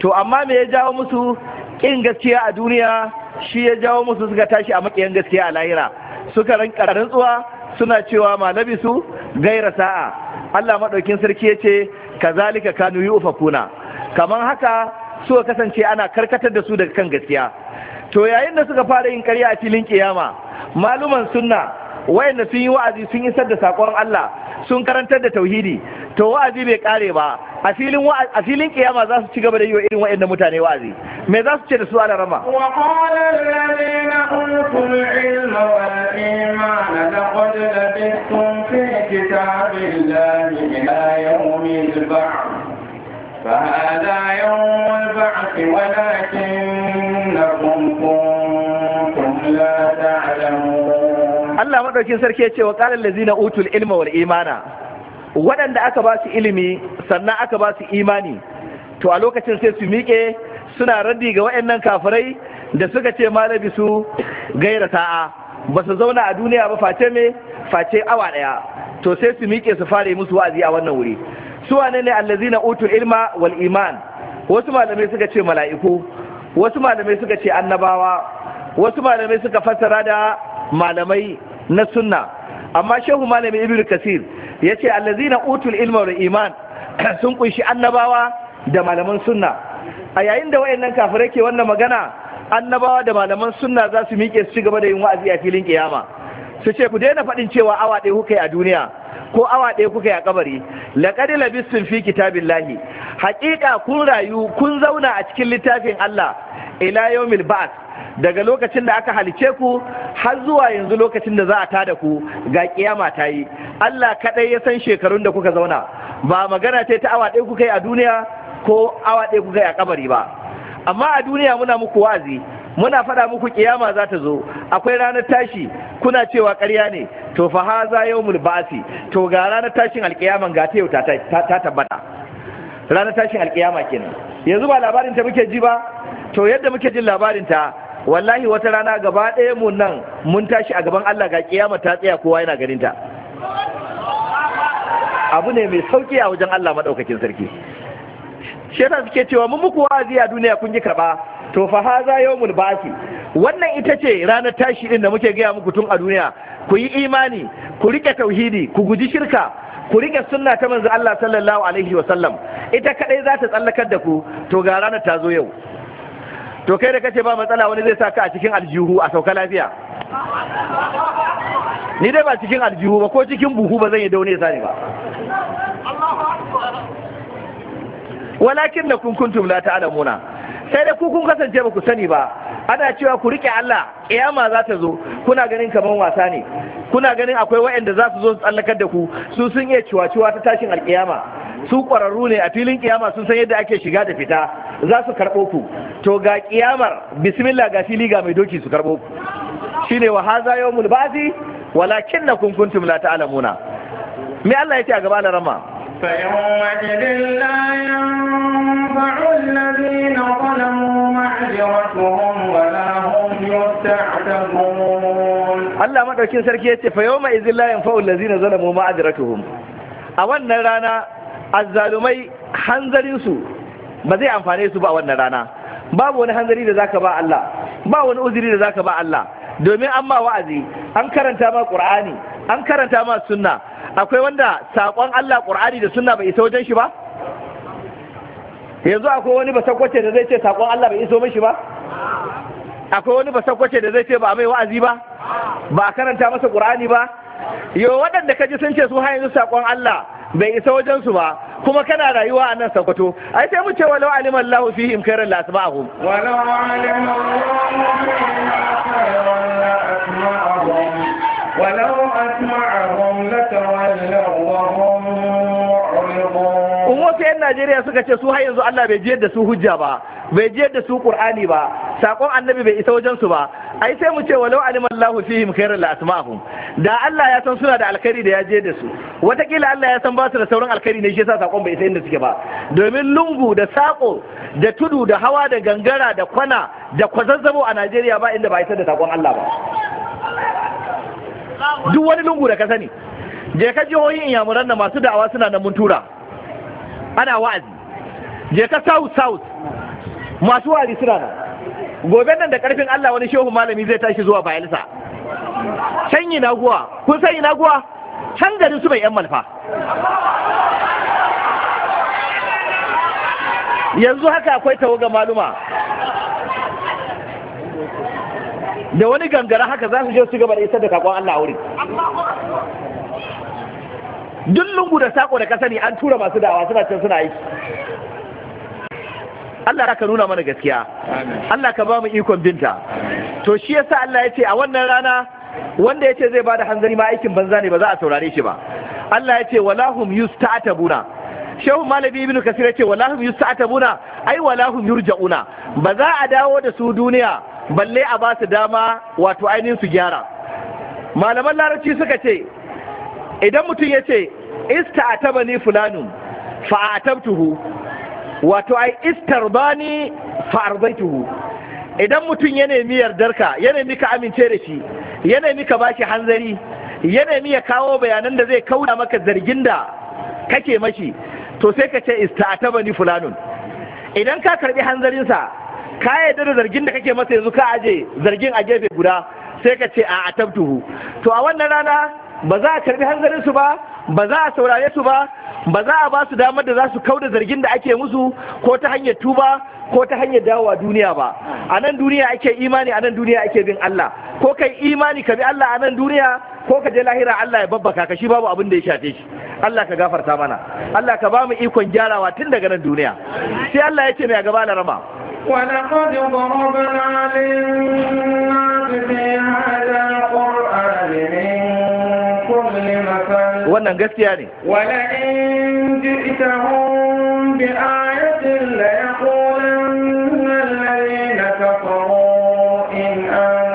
to amma me ya jawo musu kin gaskiya a duniya shi ya jawo musu suka tashi a makiyan gaskiya a lahira suka ran rantsuwa suna cewa su gaira sa'a Allah madaukin sarki ya ce. kazalika kanu yufakuna kaman haka suka kasance ana karkatar da su daga kan gaskiya to yayin da suka fara yin karya a filin kiyama maluman sunna wayanda sun yi wa'azi sun isar da sakon Allah sun karantar da tauhidi to wa'azi bai kare ba a filin a filin kiyama za su ci gaba da yi wa irin wayannan mutane wa'azi me za su ce da su ala rama wa qala alladhina utul ilma wal imana laqad labithtum fi kitabillahi ila yawmil ba'th فهذا يوم البعث ولكنكم كنتم لا تعلمون Allah madaukin sarki ya ce wa qala allazina utul ilma wal imana waɗanda aka ba su ilimi sannan aka ba su imani to a lokacin sai su miƙe suna raddi ga waɗannan kafirai da suka ce malabi su gaira ta'a ba su zauna a duniya ba face me face awa ɗaya to sai su miƙe su fara musu wa'azi a wannan wuri su wane ne allazina utul ilma wal iman wasu malamai suka ce mala'iku wasu malamai suka ce annabawa wasu malamai suka fassara da malamai na sunna amma shehu malami ibnu kasir yace allazina utul ilma wal iman <clears throat> sun kunshi annabawa da malaman sunna a yayin da wayannan kafirai ke wannan magana annabawa da malaman sunna za su miƙe su ci gaba da yin wa'azi a filin kiyama su ce ku daina faɗin cewa awa ɗaya kuka a duniya ko awa ɗaya kuka yi a kabari laqad labistin fi lahi haƙiƙa kun rayu kun zauna a cikin littafin Allah ila yawmil ba'th daga lokacin da aka halice ku har zuwa yanzu lokacin da za a tada ku ga kiyama ta yi Allah kaɗai ya san shekarun da kuka zauna ba magana ce ta awa ɗaya kuka yi a duniya ko awa ɗaya kuka yi a kabari ba amma a duniya muna muku wazi muna faɗa muku kiyama za ta zo akwai ranar tashi kuna cewa ƙarya ne to fa haza yawmul ba'si to ga ranar tashin alƙiyaman ga ta yau ta tabbata ranar tashin alƙiyama kenan yanzu ba labarin ta muke ji ba to yadda muke jin labarin ta wallahi wata rana gaba ɗaya mu nan mun tashi a gaban Allah ga kiyama ta tsaya kowa yana ganin ta abu ne mai sauki a wajen Allah madaukakin sarki shi suke cewa mun muku wa'azi a duniya kun ji karɓa to fa haza yawmul baki wannan ita ce ranar tashi din da muke gaya muku tun a duniya ku yi imani ku rike tauhidi ku guji shirka ku rike sunna ta manzo Allah sallallahu alaihi wa sallam ita kadai za ta tsallakar da ku to ga ranar ta zo yau to kai da kace ba matsala wani zai saka a cikin aljihu a sauka lafiya ni dai ba cikin aljihu ba ko cikin buhu ba zan yi daune sani ba walakin da kun kuntum la ta'lamuna sai da ku kun kasance ba ku sani ba ana cewa ku rike Allah kiyama za ta zo kuna ganin kamar wasa ne kuna ganin akwai waɗanda za su zo su tsallakar da ku su sun iya ciwa-ciwa ta tashin alkiyama su ƙwararru ne a filin kiyama sun san yadda ake shiga da fita za su karɓo ku to ga kiyamar bismillah ga fili ga mai doki su karɓo ku shine wa haza yawmul ba'thi walakinnakum kuntum la ta'lamuna me Allah yake a gaba da rama فيومئذ لا ينفع الذين ظلموا معذرتهم ولا هم يستعتبون الله ما دوكين سركي yace fa yawma idhil la yanfa'u allazina zalamu ma'adratuhum a wannan rana azzalumai hanzarin su ba zai amfane su ba a wannan rana babu wani hanzari da zaka ba Allah ba wani uzuri da zaka ba Allah domin an wa'azi an karanta ma Qur'ani an karanta ma sunna akwai wanda saƙon Allah ƙur'ani da suna bai isa wajen shi ba yanzu akwai wani ba sakwace da zai ce saƙon Allah bai iso mashi ba akwai wani ba sakwace da zai ce ba mai wa'azi ba ba a karanta masa ƙur'ani ba yo waɗanda ka ji sun ce su yanzu saƙon Allah bai isa wajen su ba kuma kana rayuwa a nan sakwato ai sai mu ce walau alima Allahu fi khairan la asma'ahum walau alima Allahu fihim khairan la asma'ahum ولو أسمعهم wasu 'yan Najeriya suka ce su har yanzu Allah bai jiyar da su hujja ba bai jiyar da su Ƙur'ani ba saƙon annabi bai isa wajensu su ba ai sai mu ce walau aliman fi fihim khairan la asma'ahum da Allah ya san suna da alkhairi da ya je da su watakila Allah ya san ba su da sauran alkhairi ne shi yasa saƙon bai isa inda suke ba domin lungu da saƙo, da tudu da hawa da gangara da kwana da kwazazzabo a Najeriya ba inda ba isa da saƙon Allah ba duk wani lungu da ka sani je ka jihohin inyamuran da masu da'awa suna da muntura tura ana wa'azi je ka south south masu wa'azi suna da gobe nan da karfin Allah wani shehu malami zai tashi zuwa bayelsa can yi naguwa kun san yi naguwa can garin su mai yan malfa yanzu haka akwai tawo ga maluma da wani gangara haka za su je su gaba da isar da kakon Allah a wurin duk lungu da sako da ne an tura masu da'awa suna can suna aiki Allah ka nuna mana gaskiya Allah ka ba mu ikon binta to shi yasa Allah ya ce a wannan rana wanda ya ce zai bada hanzari ma aikin banza ne ba za a saurare shi ba Allah ya ce walahum yusta'tabuna shehu malami Ibn kasir ya ce walahum yusta'tabuna ai walahum yurja'una ba za a dawo da su duniya balle a ba su dama wato ainihin su gyara malaman larabci suka ce idan mutum ya ce ista a taba ni fulanun fa'atabtuhu wato ai istarbani tuhu. idan mutum ya nemi yardarka ya nemi ka amince da shi ya nemi ka bashi hanzari ya nemi ya kawo bayanan da zai kauna maka zargin da kake mashi to sai ka ce ista a taba ni fulanun idan ka karbi hanzarinsa ka yadda da zargin da kake masa yanzu ka aje zargin a gefe guda sai ka ce a atabtuhu to a wannan rana ba za a karbi hanzarin su ba ba za a saurare su ba ba za a ba su damar da za su da zargin da ake musu ko ta hanyar tuba ko ta hanyar dawowa duniya ba a nan duniya ake imani a nan duniya ake bin Allah ko kai imani ka bi Allah a nan duniya ko ka je lahira Allah ya babbaka ka shi babu abin da ya shafe shi Allah ka gafarta mana Allah ka ba mu ikon gyarawa tun daga nan duniya sai Allah ya ce mai gaba da rama ولقد ضربنا للناس في هذا القرآن من كل مثل wannan gaskiya ne ولئن جئتهم بآية ليقولن الذين كفروا إن آمنوا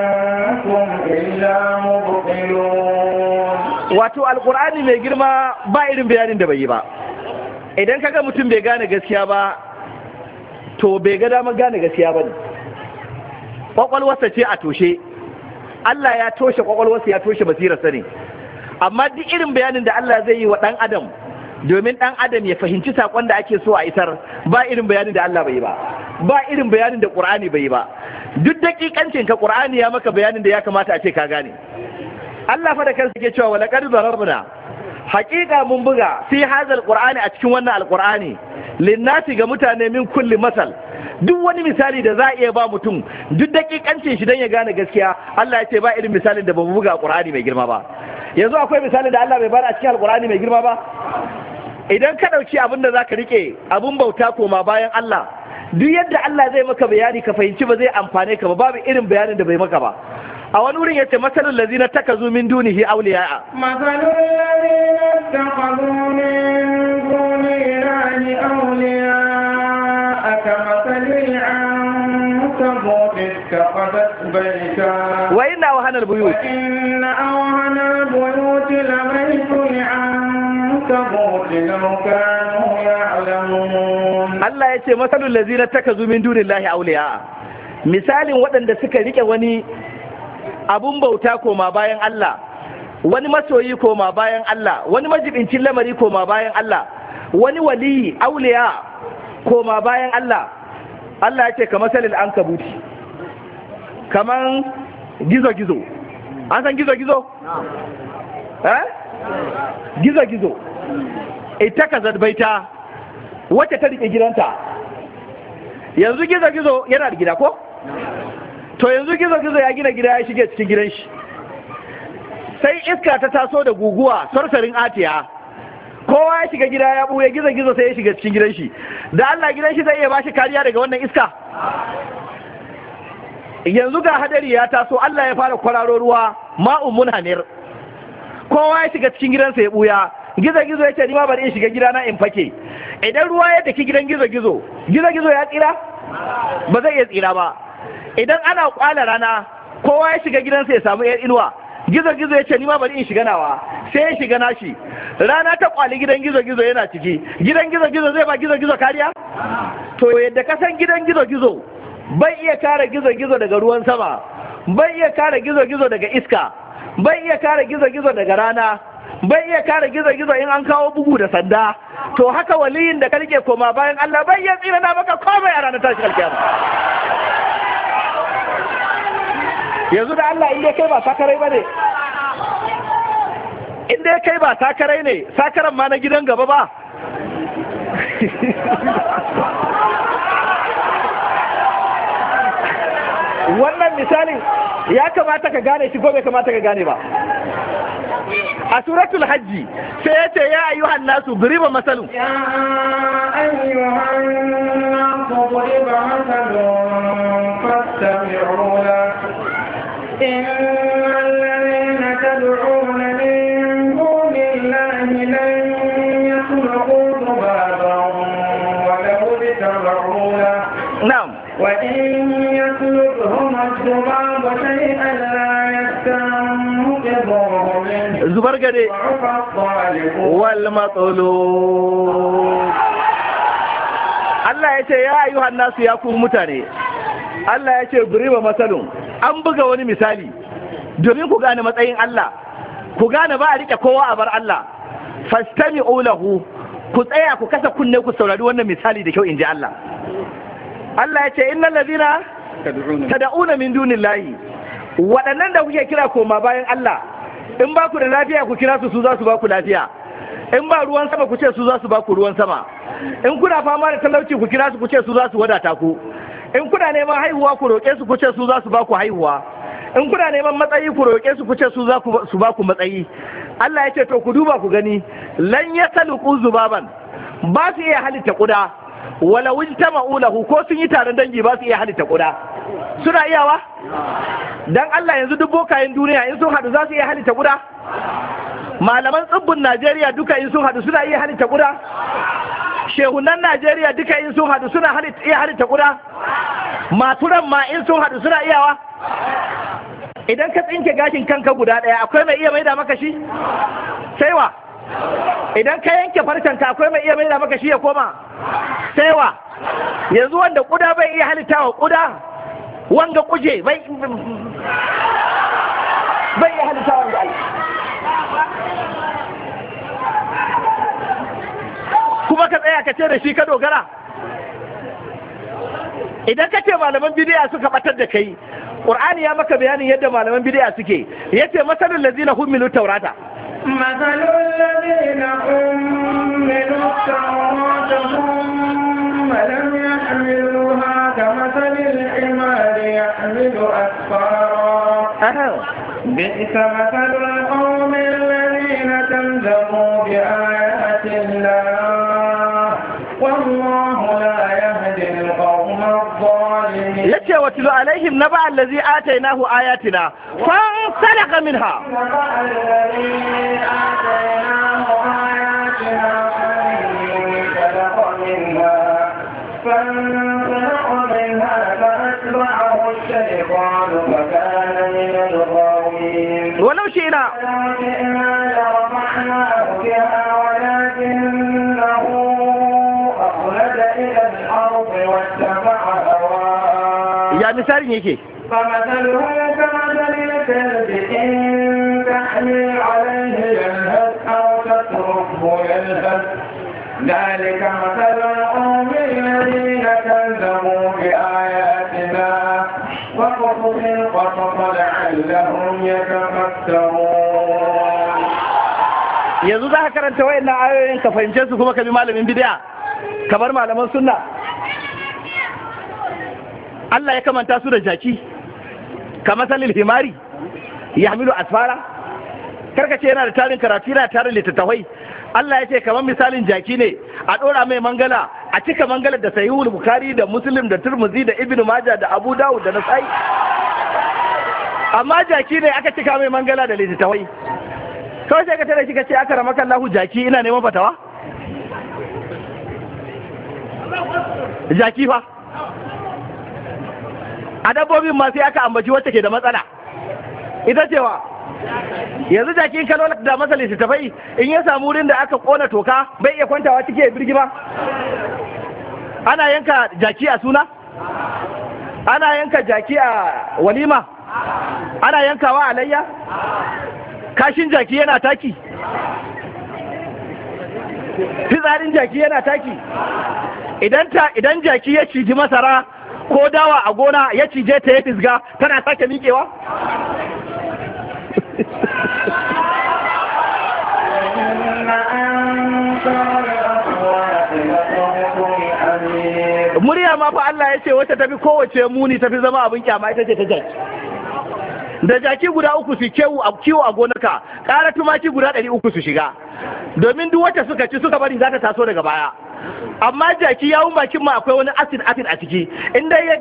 wato alkur'ani mai girma ba irin bayanin da bai yi ba idan kaga mutum bai gane gaskiya ba to bai ga damar gane gaskiya ba ne kwakwalwarsa ce a toshe Allah ya toshe kwakwalwarsa ya toshe basirarsa ne amma duk irin bayanin da Allah zai yi wa ɗan adam domin ɗan adam ya fahimci saƙon da ake so a isar ba irin bayanin da Allah bai ba ba irin bayanin da ƙur'ani bai ba duk dakikancin ka qur'ani ya maka bayanin da ya kamata a ce ka gane Allah fa da kansa ke cewa wala qad zararna haqiqa mun buga fi hadal qur'ani a cikin wannan alqur'ani linnati ga mutane min kulli masal duk wani misali da za a iya ba mutum duk dakikancin shi dan ya gane gaskiya Allah ya ce ba irin misalin da ba mu buga qur'ani mai girma ba yanzu akwai misalin da Allah bai bada a cikin alqur'ani mai girma ba idan ka dauki abin da zaka rike abun bauta koma bayan Allah duk yadda Allah zai maka bayani ka fahimci ba zai amfane ka ba babu irin bayanin da bai maka ba a wani wurin yace masalul ladina takazu min dunihi awliya masalul ladina takazu min dunihi awliya kamasalil وإن أوهن البيوت وإن أوهن البيوت لبيت العنكبوت لو كانوا يعلمون الله يتي مثل الذين اتخذوا من دون الله أولياء misalin waɗanda suka rike wani abun bauta koma bayan Allah wani masoyi koma bayan Allah wani majibincin lamari koma bayan Allah wani waliyi auliya koma bayan Allah Allah ya ce ka masalil an kabuti kaman gizo-gizo an san gizo-gizo? eh? gizo-gizo ita ka ta wacce ta rike gidanta yanzu gizo-gizo yana da gida ko? to yanzu gizo-gizo ya gina gida ya shige cikin gidan shi sai iska ta taso da guguwa sarsarin atiya kowa ya shiga gida ya buye gizo-gizo sai ya shiga cikin gidan shi da Allah gidan shi zai iya bashi kariya daga wannan iska yanzu ga hadari ya taso Allah ya fara kwararo ruwa ma'un munhanir kowa ya shiga cikin gidansa ya buya gizo-gizo ya ce ni ma bari in shiga gidana in fake idan ruwa ya daki gidan gizo-gizo gizo-gizo ya tsira ba zai iya tsira ba idan ana kwala rana kowa ya shiga gidansa ya samu yar inuwa gizo gizo ya ce ni ma bari in shiga nawa sai ya shiga nashi rana ta kwali gidan gizo gizo yana ciki gidan gizo gizo zai ba gizo gizo kariya to yadda ka san gidan gizo gizo bai iya kare gizo gizo daga ruwan sama bai iya kare gizo gizo daga iska bai iya kare gizo gizo daga rana bai iya kare gizo gizo in an kawo bugu da sanda to haka waliyin da ka rike koma bayan Allah bai ya tsira na maka komai a ranar tashi alkiyama yanzu da Allah inda ya kai ba sakarai ba ne inda kai ba sakarai ne sakaran ma na gidan gaba ba wannan misalin ya kamata ka gane shi gobe kamata ka gane ba a suratul hajji sai ya ce ya ayyuhan nasu duriba masalun ya ayyuhan nasu duriba masalun fattabi'u إن الذين تدعون من دون الله لن يخلقوا ذبابا ولو اجتمعوا نعم وإن يسلبهم الذباب شيئا لا منه والمطلوب Allah ya ce ya ayyuhan nasu ya ku mutane Allah ya ce an buga wani misali domin ku gane matsayin Allah ku gane ba a rike kowa a bar Allah fastami'u lahu ku tsaya ku kasa kunne ku saurari wannan misali da kyau inji Allah Allah ya innal ladina tad'una min dunillahi waɗannan da kuke kira koma bayan Allah in ba ku da lafiya ku kira su su za su ba ku lafiya in ba ruwan sama ku ce su za su ba ku ruwan sama in kuna fama da talauci ku kira su ku ce su za su wadata ku in kuna neman haihuwa ku roƙe su kuce su za su ba haihuwa in kuna neman matsayi ku roƙe su kuce su za su ba matsayi Allah ya ce to ku duba ku gani lan saluku zubaban ba su iya halitta kuda wala wunta ma'ulahu ko sun yi taron dangi ba su iya halitta kuda suna iyawa dan Allah yanzu duk bokayen duniya in sun hadu za su iya halitta kuda malaman tsibbin najeriya duka in sun hadu suna iya halitta kuda shehunan najeriya duka in sun hadu suna iya halitta kuda maturan ma in sun hadu suna iyawa idan ka tsinke gashin kanka guda ɗaya akwai mai iya maida maka shi sai wa idan ka yanke farcenka akwai mai iya maida maka shi ya koma sai wa yanzu wanda kuda bai iya halitta wa kuda wanga kuje bai iya halitta wanda kuma ka tsaya ka ce da shi ka dogara idan ka ce malaman bidiya suka batar da kai ƙurani ya maka bayanin yadda malaman bidiya suke Ya ce yace masalul na humilu taurata masalul ladzina humilu taurata thumma lam yahmiluha kamasalil ya yahmilu asfara بئس مثل القوم الذين كذبوا بآيات الله والله لا يهدي القوم الظالمين يتي واتل عليهم نبع الذي آتيناه آياتنا فانسلق منها نبع الذي آتيناه آياتنا فانسلق منها فانسلق منها فأتبعه الشيطان الظالمين ya misalin yake فمثله كمثل الكلب إن تحمل عليه يلهث أو تتركه يلهث ذلك مثل القوم الذين كذبوا بآياتنا فانفقوا في القصص لعلهم يتفكرون yanzu za ka karanta wayannan ayoyin ka fahimce su kuma ka bi malamin bidiya kamar malaman sunna Allah ya kamanta su da jaki ka masalil himari ya hamilu asfara karka ce yana da tarin karatu yana tarin littattafai Allah ya ce kamar misalin jaki ne a ɗora mai mangala a cika mangalar da sahihul bukhari da muslim da turmuzi da ibnu majah da abu dawud da nasai amma jaki ne aka cika mai mangala da litattafai. kawai sai ka tare shi ka aka ramakan lahu jaki ina neman fatawa jaki fa a dabbobin ma sai aka ambaci wacce ke da matsala ita cewa yanzu jakin kalo da masa tafai, in ya samu wurin da aka kona toka bai iya kwantawa cike birgi ba ana yanka jaki a suna ana yanka jaki a walima ana yankawa alayya kashin jaki yana taki fitsarin jaki yana taki idan jaki ya ciji masara ko dawa a gona ya cije ta ya fisga tana sake miƙewa <laughs> murya ma fa Allah ya ce wata tafi kowace muni tafi zama abin kyama ita ce ta jaki da jaki guda uku su kewu a kiwo a gonaka ƙara tumaki guda ɗari uku su shiga domin duk wata suka ci suka bari za ta taso daga baya amma jaki yawun bakin ma akwai wani acid acid a ciki inda ya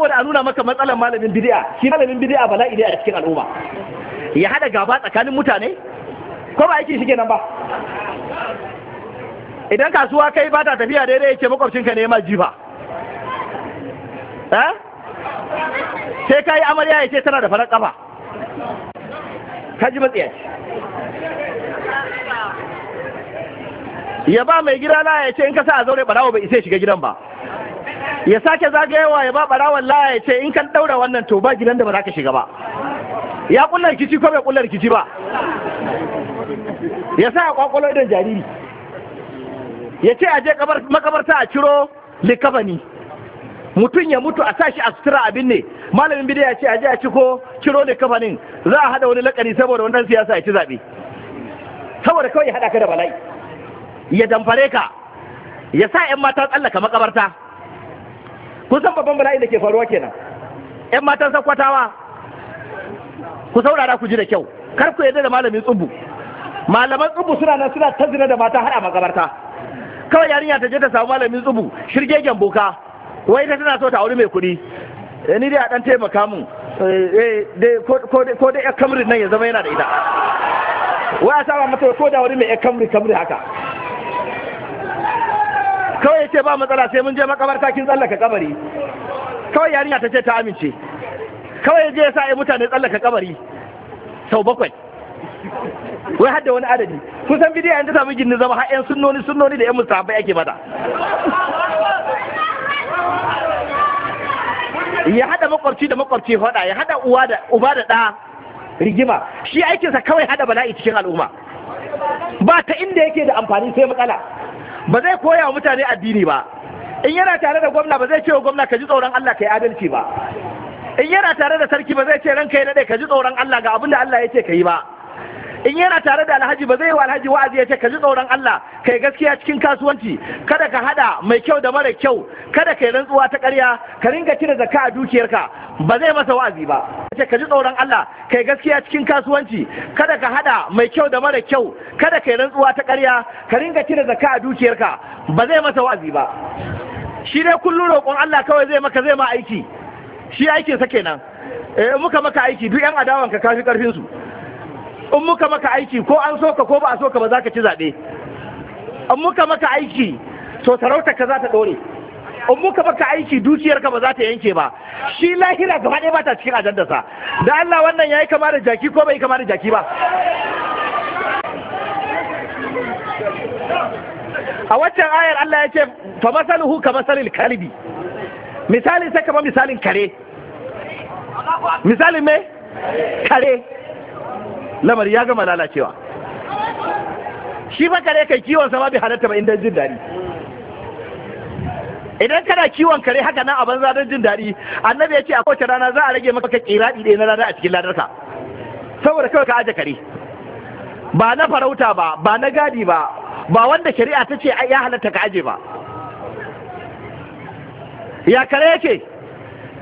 saboda a nuna maka matsalar malamin bid'a shi malamin bid'a ba ne a cikin al'umma ya hada gaba tsakanin mutane ko ba aikin shi kenan ba idan kasuwa kai ba ta tafiya daidai yake ka ne ma jifa eh sai kai amarya ce tana da farar kafa kaji matsiya ya ba mai gida na ya ce in ka sa a zaure barawo bai isa shiga gidan ba ya sake zagayewa ya ba barawon laya ya ce in kan daura wannan to ba gidan da ba za ka shiga ba ya kulla rikici ko bai kulla rikici ba ya sa a kwakwalo idan jariri ya ce a je makabarta a ciro likabani mutum ya mutu a sashi a sutura abin ne malamin bidiyo ya ce a je a ciko ciro likafanin za a hada wani lakari saboda wannan siyasa ya ci zaɓe saboda kawai ya hada ka da bala'i ya damfare ka ya sa 'yan mata tsallaka makabarta kun san babban bala'i da ke faruwa kenan yan matan sakwatawa ku saurara ku ji da kyau kar ku yadda da malamin tsubu malaman tsubu suna nan suna ta zina da mata har a makabarta kawai yarinya ta je ta samu malamin tsubu shirgegen boka wai ta tana so ta auri mai kuɗi eh, ni dai a dan taimaka mun eh, eh, ko dai ya kamri nan ya zama yana da ita wai a saba mata ko da wani mai ya kamri kamri haka kawai ce ba matsala sai mun je makabarta kin tsallaka kabari kawai yarinya ta ce ta amince kawai je ya sa ai mutane tsallaka kabari sau bakwai wai hadda wani adadi kusan bidiyo yanzu ta mijin zama har yan sunnoni sunnoni da yan musabai ake mata ya hada makwabci da makwabci hada ya hada uwa da uba da ɗa rigima shi aikin sa kawai hada bala'i cikin al'umma ba ta inda yake da amfani sai matsala ba zai koya wa mutane addini ba in yana tare da gwamna ba zai ce wa gwamna ka ji tsoron Allah ka yi adalci ba in yana tare da sarki ba zai ce ranka ya daɗe ka ji tsoron Allah ga abin da Allah ya ce ka yi ba in yana tare da alhaji ba zai yi wa alhaji wa'azi ya ce ka ji tsoron Allah kai gaskiya cikin kasuwanci kada ka hada mai kyau da mara kyau kada ka yi rantsuwa ta ƙarya ka ringa cire zakka a dukiyarka ba zai masa wa'azi ba ya ce ka ji tsoron Allah kai gaskiya cikin kasuwanci kada ka hada mai kyau da mara kyau kada ka yi rantsuwa ta ƙarya ka ringa cire zakka a dukiyarka ba zai masa wa'azi ba shi dai kullum roƙon Allah kawai zai maka zai ma aiki shi aikinsa kenan eh muka maka aiki duk yan adawanka kafi karfin su in muka maka aiki ko an so ka ko ba a so ka ba za ka ci zaɓe in muka maka aiki to sarauta ka za ta ɗore in muka maka aiki dukiyarka ba za ta yanke ba shi lahira gaba ɗaya ba ta cikin ajandarsa da Allah wannan ya yi kama da jaki ko bai kama da jaki ba a waccan ayar Allah ya ce fa masaluhu ka masalil kalbi misali sai kama misalin kare misalin me kare lamari ya gama lalacewa shi fa kare kai kiwon sa bi halarta halatta ba inda jin dadi idan kana kiwon kare haka nan a banza don jin daɗi annabi ya ce a kowace rana za a rage maka kiradi ɗaya na rana a cikin ladarka saboda kawai ka aje kare ba na farauta ba ba na gadi ba ba wanda shari'a ta ce ya halatta ka aje ba ya kare yake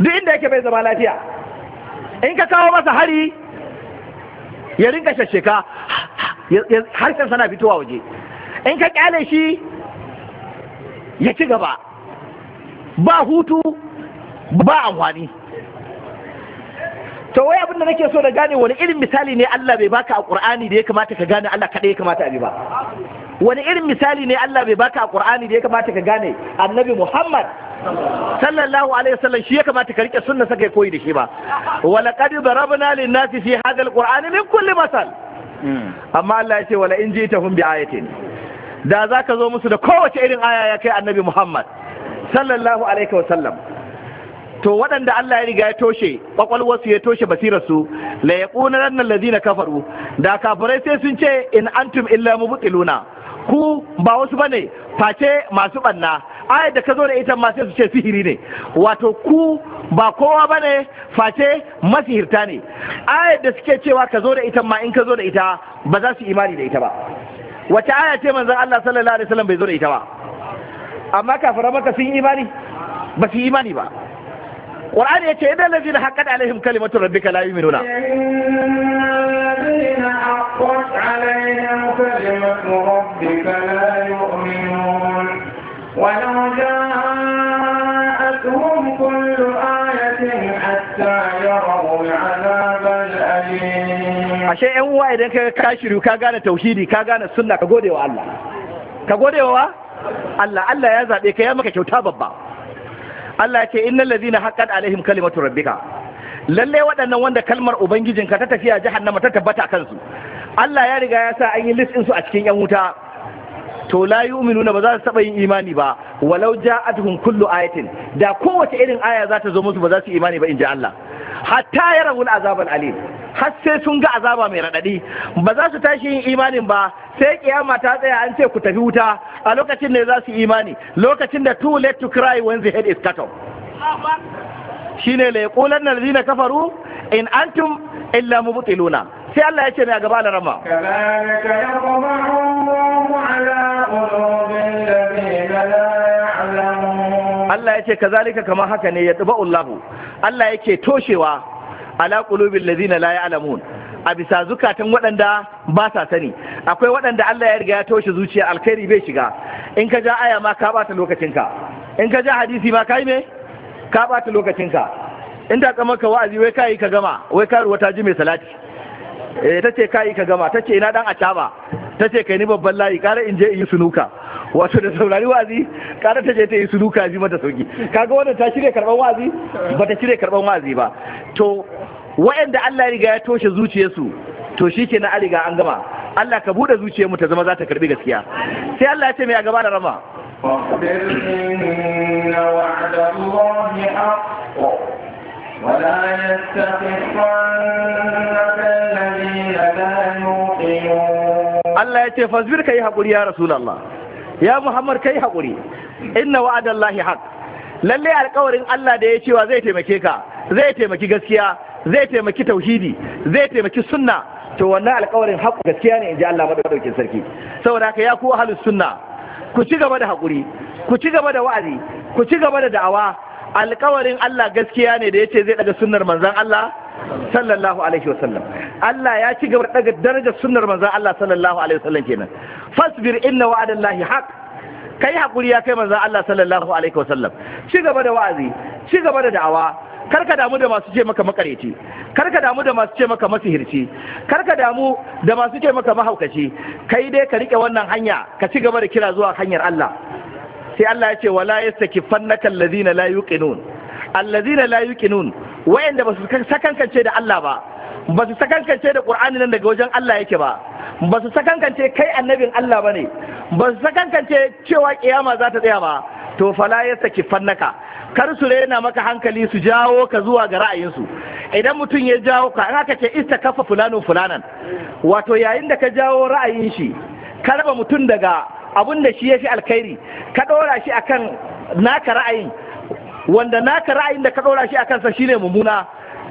duk inda yake bai zama lafiya in ka kawo masa hari ya rinka shasheka harshen sana fitowa waje in ka kyale shi ya ci gaba ba hutu ba amfani to wai abin da nake so da gane wani irin misali ne Allah bai baka a Qur'ani da ya kamata ka gane Allah kadai ya kamata a bi ba wani irin misali ne Allah bai baka a Qur'ani da ya kamata ka gane Annabi Muhammad sallallahu alaihi wasallam shi ya kamata ka rike sunna saka koyi da shi ba wa laqad darabna lin nasi fi hadha alquran min kulli masal amma Allah ya ce wala in jitahum bi ayatin da zaka zo musu da kowace irin aya ya kai annabi Muhammad sallallahu alaihi wasallam to waɗanda Allah ya riga ya toshe kwakwalwarsu ya toshe basirar su la yaquna lana alladhina kafaru da kafirai sai sun ce in antum illa mubtiluna ku ba wasu bane face masu banna ayar da ka zo da ita masu yasu ce sihiri ne wato ku ba kowa bane face masihirta ne ayar da suke cewa ka zo da ita ma in ka zo da ita ba za su imani da ita ba wace aya ce manzan Allah sallallahu alaihi wasallam bai zo da ita ba amma kafiran maka sun imani ba su imani ba Qur'ani yace idan lazina haqqat alaihim kalimatu rabbika la yu'minuna حقت عليهم كلمة ربك ashe 'yan uwa idan ka kashiru ka gane tauhidi ka gane sunna ka gode wa Allah ka gode wa Allah Allah ya zaɓe ka ya maka kyauta babba Allah ce innal ladina haqqat alaihim kalimatu rabbika lalle waɗannan wanda kalmar ubangijinka ta tafiya jihar na ta tabbata kansu Allah ya riga ya sa an yi list su a cikin yan wuta to la yu'minuna ba za su taba yin imani ba walau ja'atuhum kullu ayatin da kowace irin aya za ta zo musu ba za su imani ba in ji Allah hatta yarawul azabal alim har sai sun ga azaba mai raɗaɗi ba za su tashi yin imanin ba sai kiyama ta tsaya an ce ku tafi wuta a lokacin da za su imani lokacin da too late to cry when the head is cut off shine la na allazina kafaru in antum illa mubtiluna sai Allah ya ce a gaba da rama Allah ya ce kazalika kamar haka ne ya tuba Allah Allah yake toshewa ala qulubil ladina la ya'lamun a bisa zukatan waɗanda ba sa sani akwai waɗanda Allah ya riga ya toshe zuciya alkhairi bai shiga in ka ja aya ma ka bata lokacinka in ka ja hadisi ma kai me ka bata lokacinka in da ka wa'azi wai kai ka gama wai karuwa ta ji mai salati eh ta ce kai ka gama ta ce ina dan acaba ta ce kai ni babban layi kara in je in yi sunuka wato da saurari wazi kare ta ce ta yi sunuka ji mata sauki kaga wannan ta shirya karban wazi ba ta shirya karban wazi ba to wa'anda Allah ya riga ya toshe zuciyarsu to shi ke na riga an gama Allah ka bude zuciyarmu ta zama za ta karbi gaskiya sai Allah ya ce mai a gaba da rama إن وعد الله حق ولا يستخفنك الذين لا يوقنون الله يتي فاصبر كي حقوري يا رسول الله يا محمد كي حقوري إن وعد الله حق lalle alkawarin Allah da ya cewa zai taimake ka zai taimaki gaskiya zai taimaki tauhidi zai taimaki sunna to wannan alkawarin haƙu gaskiya ne in ji Allah madaukakin sarki saboda haka ya ku ahlus sunna ku ci gaba da haƙuri ku ci gaba da wa'azi ku ci gaba da da'awa alkawarin Allah gaskiya ne da yace zai daga sunnar manzon Allah sallallahu alaihi wasallam Allah ya ci gaba daga darajar sunnar manzon Allah sallallahu alaihi wasallam kenan fasbir inna wa'adallahi haq. kai hakuri ya kai manzon Allah sallallahu alaihi wasallam ci gaba da wa'azi ci gaba da da'awa karka damu da masu ce maka makareci karka damu da masu ce maka masihirci karka damu da masu ce maka mahaukaci kai dai ka rike wannan hanya ka ci gaba da kira zuwa hanyar Allah sai Allah ya ce wala fannaka allazina la yuqinun allazina la yuqinun wayanda basu sakankance da Allah ba basu sakankance da Qur'ani nan daga wajen Allah yake ba basu sakankance kai annabin Allah bane basu sakankance cewa kiyama za ta tsaya ba to fala fannaka. kar su rena maka hankali su jawo ka zuwa ga ra'ayinsu idan mutum ya jawo ka aka ce ista kafa fulanin fulanan wato yayin da ka jawo ra'ayin shi ka karba mutum daga abin da shi ya fi alkhairi ka ɗora shi akan naka ra'ayin wanda naka ra'ayin da ka ɗora shi a kansa shi ne mummuna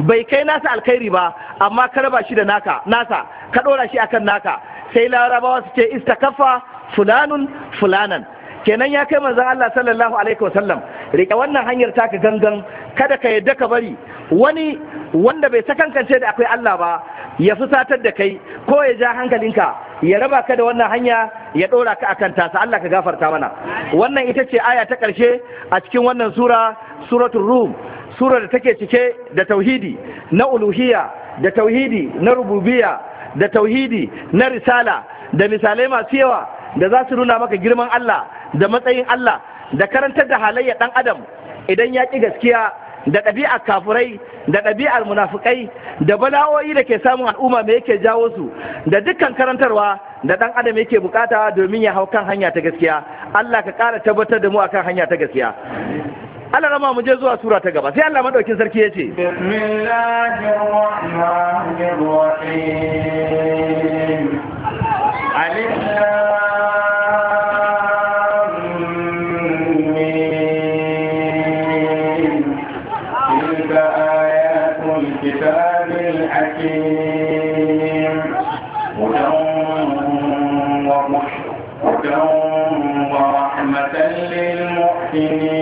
bai kai nasa alkhairi ba amma ka raba shi da nasa ka ɗora shi akan naka sai larabawa su ce istakafa fulanun fulanan kenan ya kai manzon Allah sallallahu alaihi wasallam rike wannan hanyar taka gangan kada ka yadda ka bari wani wanda bai sakankance da akwai Allah ba ya fi satar da kai ko ya ja hankalinka ya raba ka da wannan hanya ya dora ka akan tasa Allah ka gafarta mana wannan ita ce aya ta karshe a cikin wannan sura suratul rum sura da take cike da tauhidi na uluhiyya da tauhidi na rububiyya da tauhidi na risala da misalai masu yawa da za su nuna maka girman Allah da matsayin Allah da karantar da halayya ɗan adam idan ya ƙi gaskiya da ɗabi'ar kafurai da ɗabi'ar munafukai da bala'o'i da ke samun al'umma me yake jawo su da dukkan karantarwa da ɗan adam yake bukata domin ya hau kan hanya ta gaskiya Allah ka ƙara tabbatar da mu akan hanya ta gaskiya Allah rama mu je zuwa sura ta gaba sai Allah madaukin sarki yace bismillahir rahmanir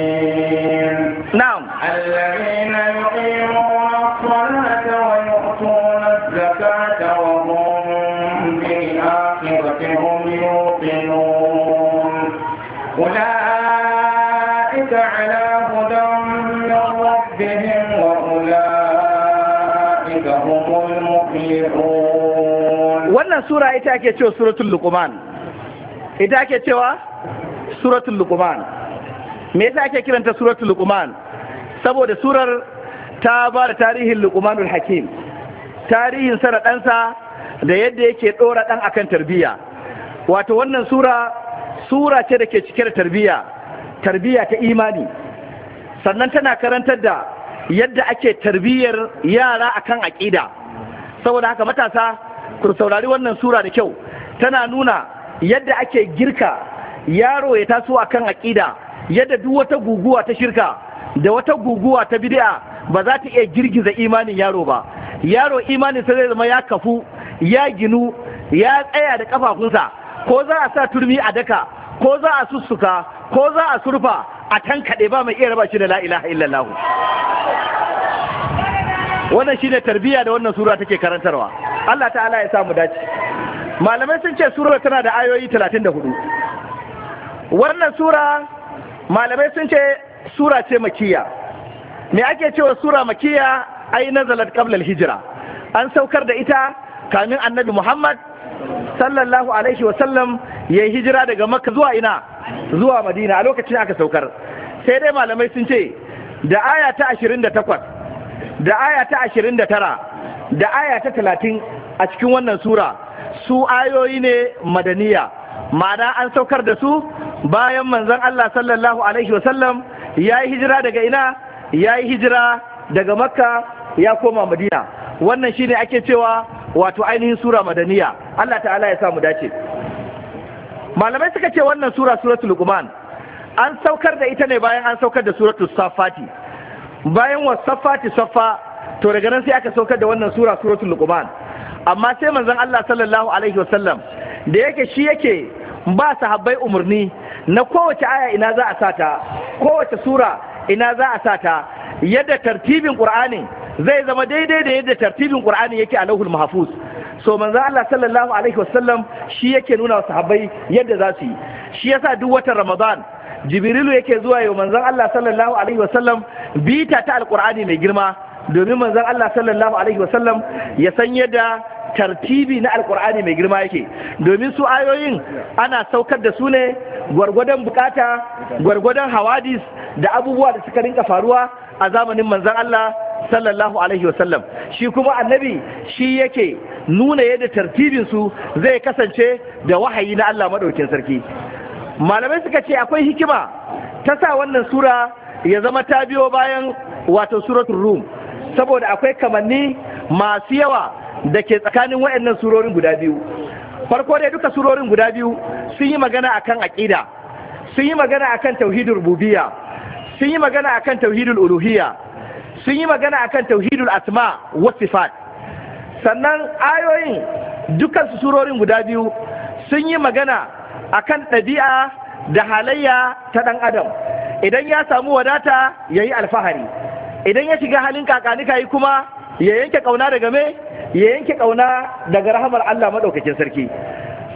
sura ita ake cewa suratul luqman ita ake cewa suratul luqman me yasa ake kiranta suratul luqman saboda surar ta ba da tarihin luqmanul hakim tarihin sa ɗansa da yadda yake ɗora ɗan akan tarbiyya wato wannan sura sura ce da ke cike da tarbiyya tarbiyya ta imani sannan tana karantar da yadda ake tarbiyyar yara akan aƙida saboda haka matasa ku saurari wannan sura da kyau tana nuna yadda ake girka yaro ya taso a kan aƙida yadda duk wata guguwa ta shirka da wata guguwa ta bid'a ba za ta iya girgiza imanin yaro ba yaro imanin sa zai zama ya kafu ya ginu ya tsaya da kafafunsa ko za a sa turmi a daka ko za a sussuka ko za a surfa a tankaɗe ba mai iya raba shi da la ilaha illallah wannan shine tarbiyya da wannan sura take karantarwa Allah ta'ala ya samu dace malamai sun ce surar tana da ayoyi 34 wannan sura malamai sun ce sura ce makiya me ake cewa sura makiya ai nazalat qabla hijira an saukar da ita kamin annabi Muhammad sallallahu alaihi wa sallam ya hijira daga Makka zuwa ina zuwa Madina a lokacin aka saukar sai dai malamai sun ce da aya ta 28 da aya ta 29 da aya ta talatin a cikin wannan sura su ayoyi ne madaniya ma'ana an saukar da su bayan manzon Allah sallallahu alaihi wasallam ya yi hijira daga ina ya yi hijira daga makka ya koma madina wannan shi ne ake cewa wato ainihin sura madaniya Allah ta'ala ya samu dace malamai suka ce wannan sura suratul luqman an saukar da ita ne bayan an saukar da suratul safati bayan wa safati safa to daga nan sai aka saukar da wannan sura suratul luqman amma sai manzon Allah sallallahu alaihi wasallam da yake shi yake ba sahabbai umarni na kowace aya ina za a sata kowace sura ina za a sata yadda tartibin qur'ani zai zama daidai da yadda tartibin qur'ani yake a lauhul mahfuz so manzon Allah sallallahu alaihi wasallam shi yake nuna wa sahabbai yadda za su yi shi yasa duk watan ramadan jibrilu yake zuwa yau manzon Allah sallallahu alaihi wasallam bita ta alqur'ani mai girma domin manzon Allah sallallahu alaihi wasallam ya san yadda tartibi na alkur'ani mai girma yake domin su ayoyin ana saukar da su ne gwargwadon bukata gwargwadon hawadis da abubuwa da suka rinka faruwa a zamanin manzon Allah sallallahu alaihi wasallam shi kuma annabi shi yake nuna yadda tartibinsu zai kasance da wahayi na Allah maɗaukin sarki malamai suka ce akwai hikima ta sa wannan sura ya zama ta biyo bayan wato suratul rum saboda akwai kamanni masu yawa da ke tsakanin waɗannan surorin guda biyu farko dai duka surorin guda biyu sun yi magana akan aƙida sun yi magana akan tauhidul bubiya. sun yi magana akan tauhidul uluhiyya sun yi magana akan tauhidul asma wa sifat sannan ayoyin dukkan su surorin guda biyu sun yi magana akan ɗabi'a da halayya ta ɗan adam idan ya samu wadata yayi alfahari idan ya shiga halin kakanika yi kuma ya yanke kauna daga me ya yanke kauna daga rahamar Allah madaukakin sarki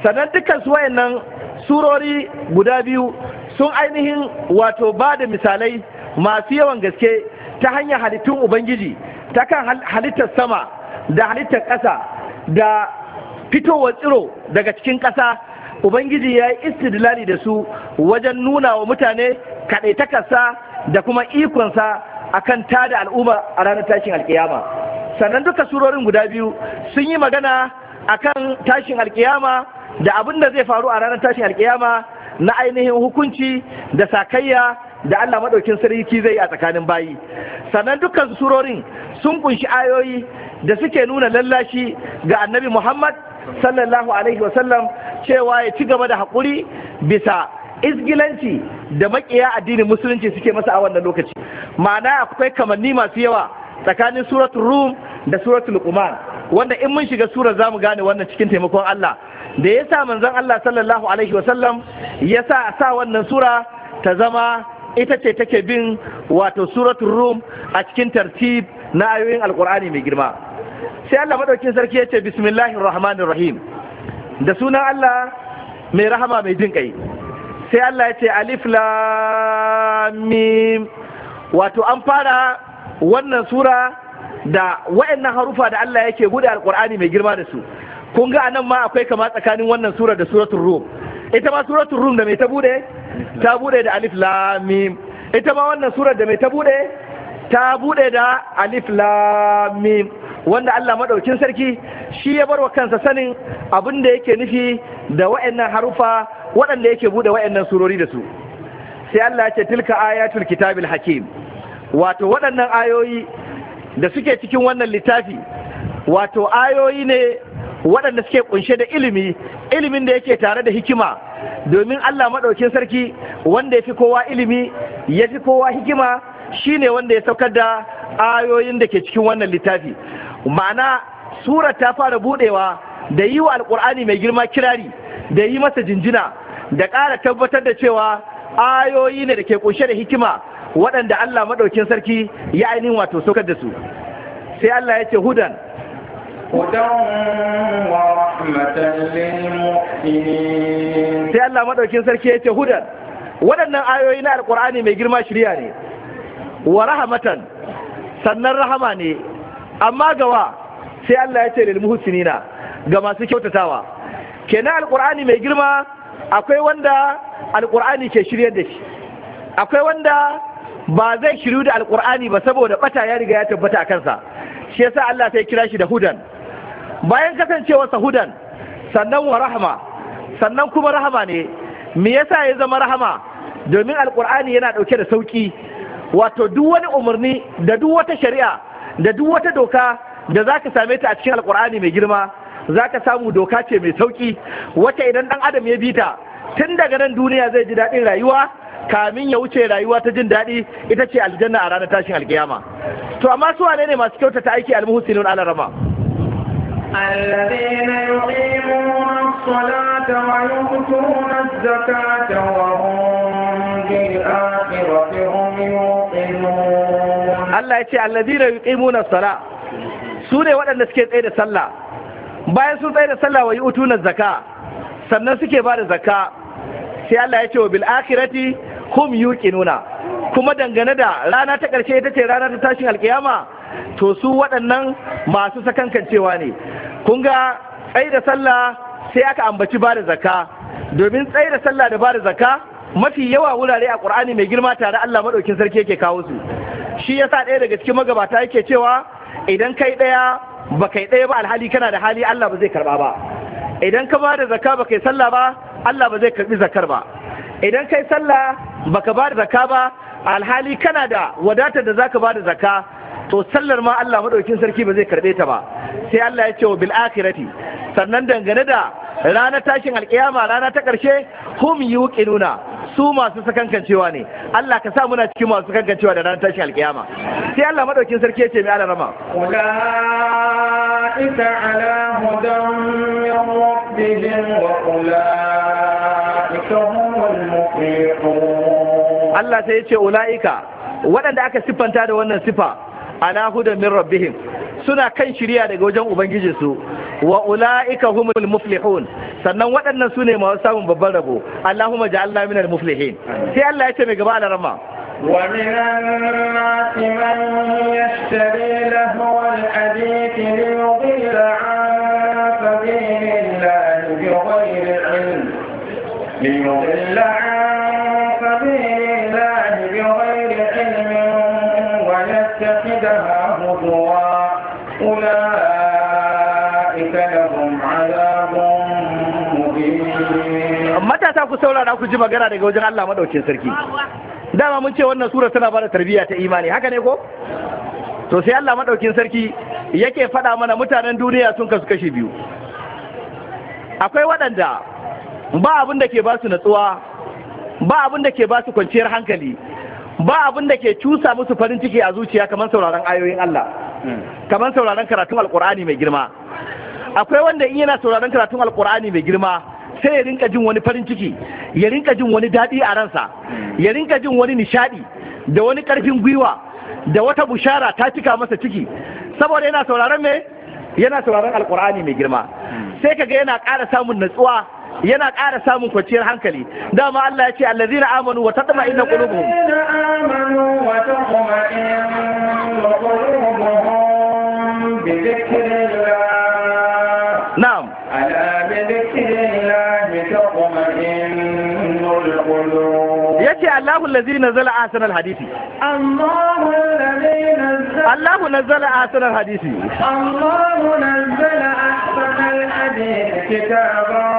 sannan dukkan su wayannan surori guda biyu sun ainihin wato ba da misalai masu yawan gaske ta hanyar halittun ubangiji ta kan halittar sama da halittar ƙasa da fitowar tsiro daga cikin ƙasa ubangiji ya yi istidlali da su wajen nuna wa mutane kaɗaitakarsa da kuma ikonsa akan tada al'umma a ranar tashin alkiyama sannan duka surorin guda biyu sun yi magana akan tashin alkiyama da abin da zai faru a ranar tashin alkiyama na ainihin hukunci da sakayya da Allah maɗaukin sarki zai yi a tsakanin bayi sannan dukkan surorin sun kunshi ayoyi da suke nuna lallashi ga annabi Muhammad sallallahu alaihi wasallam cewa ya ci gaba da haƙuri bisa izgilanci da makiya addinin musulunci suke masa a wannan lokaci ma'ana akwai kamanni masu yawa tsakanin suratul rum da suratul luqman wanda in mun shiga sura zamu gane wannan cikin taimakon Allah da yasa manzon Allah sallallahu alaihi wasallam yasa sa wannan sura ta zama ita ce take bin wato suratul rum a cikin tartib na ayoyin alqur'ani mai girma sai Allah madaukin sarki yace ce bismillahir rahmanir rahim da sunan Allah mai rahama mai jin kai sai Allah ya ce alif mim wato an fara wannan sura da na harufa da Allah yake gudu alƙur'ani mai girma da su kun ga anan ma akwai kama tsakanin wannan sura da suratul rum ita ma suratul rum da mai ta bude ta bude da alif mim ita ma wannan sura da mai ta bude ta bude da alif mim wanda Allah maɗaukin sarki shi ya bar wa kansa sanin abin da yake nufi da wa'annan harufa waɗanda yake buɗe wa'annan surori da su sai Allah ya ce tilka ayatul kitabil hakim wato waɗannan ayoyi da suke cikin wannan littafi wato ayoyi ne waɗanda suke kunshe da ilimi ilimin da yake tare da hikima domin Allah maɗaukin sarki wanda ya fi kowa ilimi ya fi kowa hikima shi ne wanda ya saukar da ayoyin da ke cikin wannan littafi ma'ana surar ta fara budewa da yi wa alkur'ani mai girma kirari da yi masa jinjina da ƙara tabbatar da cewa ayoyi ne da ke kunshe da hikima waɗanda Allah maɗaukin sarki ya ainihin wato saukar da su sai Allah ya ce hudan sai Allah maɗaukin sarki ya ce hudan waɗannan ayoyi na alkur'ani mai girma shirya ne wa rahamatan sannan rahama ne amma gawa sai Allah ya ce lil muhsinina ga masu kyautatawa kenan alqur'ani mai girma akwai wanda alqur'ani ke shiryar da shi akwai wanda ba zai shiru da alqur'ani ba saboda ɓata ya riga ya tabbata a kansa shi yasa Allah sai kira shi da hudan bayan kasancewarsa hudan sannan wa rahama sannan kuma rahama ne me yasa ya zama rahama domin alqur'ani yana ɗauke da sauki wato duk wani umarni da duk wata shari'a da duk wata doka da za ka same ta a cikin alkur'ani mai girma za ka samu doka ce mai sauƙi wata idan ɗan adam ya bita, tun daga nan duniya zai ji daɗin rayuwa kamin ya wuce rayuwa ta jin daɗi ita ce aljanna a ranar tashin alkiyama to amma su wane ne masu ta aiki almuhsinun ala rama الذين يقيمون الصلاة ويؤتون الزكاة وهم Allah ya ce يوقنون الله يتي sala. Su ne waɗanda suke tsaye da sallah, bayan sun tsaye da sallah wa utuna zaka sannan suke ba da zaka sai Allah ya ce wa bil akhirati hum yuqinuna kuma dangane da rana ta karshe ita ce rana ta tashin alkiyama to su waɗannan masu sakankancewa ne kun ga tsaye da sallah sai aka ambaci ba da zaka domin tsaye da sallah da ba da zaka mafi yawa wurare a ƙur'ani mai girma tare Allah maɗaukin sarki yake kawo su shi yasa ɗaya daga cikin magabata yake cewa idan kai ɗaya ba kai ɗaya ba alhali kana da hali Allah ba zai karɓa ba idan ka ba da zakka ba kai sallah ba Allah ba zai karɓi zakar ba idan kai sallah baka ba da zakka ba alhali kana da wadatar da zaka ba da zakka to sallar ma Allah madaukin sarki ba zai karbe ta ba sai Allah ya ce wa bil akhirati sannan dangane da ranar tashin alkiyama rana ta karshe hum yuqinuna su masu sakankancewa ne Allah ka sa muna cikin masu sakankancewa da ranar tashin alkiyama sai Allah madaukin sarki ya ce mai alarama ulaika ala hudan min rabbihim wa ulaika humul muflihun Allah sai ya ce ulaika waɗanda aka siffanta da wannan siffa. ala hudan min rabbihim suna kan shirya daga wajen su wa ula'ika humul muflihun sannan waɗannan sune masu samun babban rabo Allahumma ja'alna minal muflihin sai Allah ya ce mai gaba da rama ومن أولئك لهم matasa ku saurara ku ji magana daga wajen Allah madaukin sarki dama mun ce wannan sura tana bada tarbiyya ta imani haka ne ko to sai Allah madaukin sarki yake faɗa mana mutanen duniya sun kasu kashi biyu akwai waɗanda ba abin da ke ba su natsuwa ba abin da ke ba su kwanciyar hankali ba abin da ke cusa musu farin ciki a zuciya kamar sauraron ayoyin Allah kamar sauraron karatun alkur'ani mai girma akwai wanda in yana sauraron karatun alkur'ani mai girma sai ya rinka jin wani farin ciki ya rinka jin wani daɗi a ransa ya rinka jin wani nishaɗi da wani ƙarfin gwiwa da wata bushara ta cika masa ciki saboda yana sauraron me yana sauraron alkur'ani mai girma sai kaga yana ƙara samun natsuwa yana ƙara samun kwanciyar hankali dama Allah ya ce allazina amanu wa tatma'innu qulubuhum allazina amanu wa tatma'innu qulubuhum bi dhikrillah na'am ala bi dhikrillah tatma'innul qulub yace Allahu allazi nazala ahsan alhadisi Allahu allazi nazala Allahu nazala ahsan alhadisi Allahu nazala ahsan alhadisi kitaban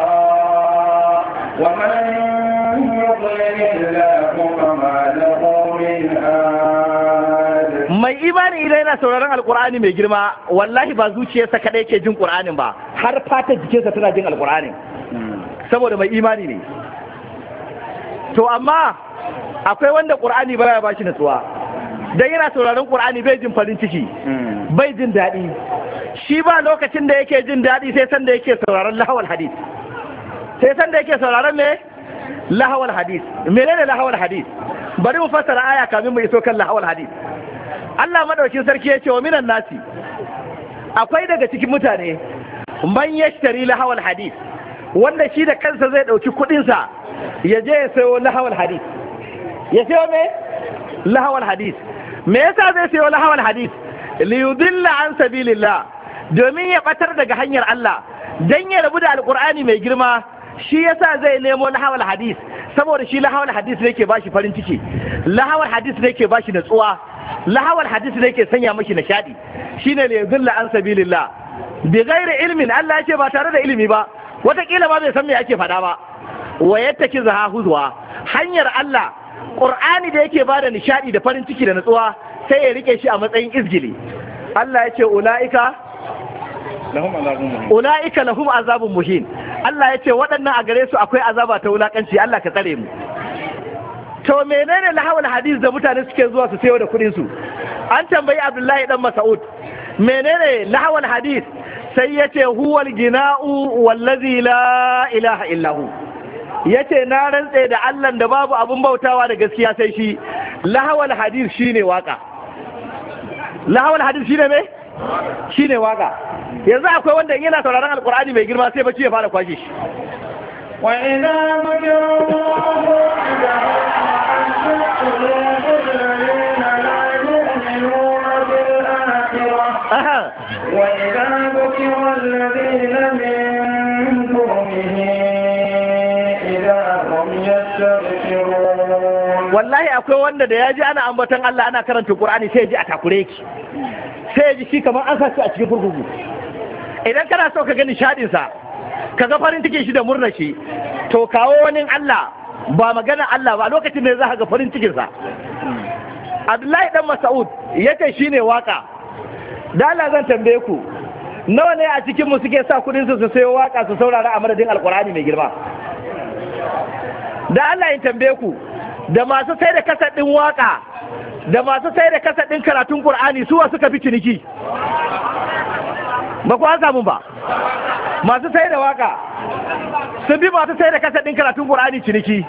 ومن يضلل الله فما له من mai imani idan yana sauraron alkur'ani mai girma wallahi ba zuciyarsa kadai ke jin qur'anin ba har fata jikinsa tana jin alkur'anin saboda mai imani ne to amma akwai wanda qur'ani ba ya bashi nutsuwa dan yana sauraron qur'ani bai jin farin ciki bai jin daɗi shi ba lokacin da yake jin daɗi sai sanda yake sauraron lahawar hadith sai sanda yake sauraron me lahawal hadis menene lahawal hadis bari mu fassara aya kamin mu iso kan lahawal hadis Allah madaukin sarki ya ce wa minan nasi akwai daga cikin mutane man yashtari lahawal hadis wanda shi da kansa zai dauki kudin sa ya je ya sayo lahawal hadis ya sayo me lahawal hadis me yasa zai sayo lahawar hadis li yudilla an sabilillah domin ya batar daga hanyar Allah dan ya rabu da alqur'ani mai girma shi yasa zai nemo lahawar hadis saboda shi lahawar hadis ne ke bashi farin ciki lahawar hadis ne ke bashi natsuwa lahawar hadis ne ke sanya mashi nishadi shi ne zilla an sabilillah bi ghairi ilmin Allah ya ce ba tare da ilimi ba watakila ba bai san me ake faɗa ba wa za zaha huzwa hanyar Allah Qur'ani da yake bada nishadi da farin ciki da natsuwa sai ya rike shi a matsayin izgili Allah ya ce ula'ika ula'ika lahum azabun muhin Allah ya ce waɗannan a gare su akwai azaba ta wulaƙanci Allah ka tsare mu to menene lahawal hadis da mutane suke zuwa su sayo da kuɗin su an tambayi Abdullahi dan Mas'ud menene lahawal hadis sai yace, ce huwal gina'u wallazi la ilaha illahu ya ce na rantse da Allah da babu abun bautawa da gaskiya sai shi lahawal hadis shine waka lahawal hadis shine me shine waga. yanzu akwai wanda yana sauraron alkur'ani mai girma sai bacci ya fara kwashe shi wallahi akwai wanda da ya ji ana ambaton Allah ana karanta Qur'ani sai ya ji a takure ki sai ya ji shi kamar an sashi a cikin kurkuku idan kana so ka gani shaɗinsa, ka ga farin cikin shi da murna shi to kawo wani Allah ba magana Allah ba lokacin ne za ka ga farin cikinsa Abdullahi dan Mas'ud yake shine waka dala zan tambaye ku nawa ne a cikin mu suke sa kudin su su sayo waka su saurara a madadin alkurani mai girma da Allah ya tambaye ku da masu sai da kasar ɗin waka da masu sai da kasa ɗin karatun ƙur'ani suwa suka fi ciniki ba ku an samu ba masu sai da waka sun bi masu sai da kasa ɗin karatun ƙur'ani ciniki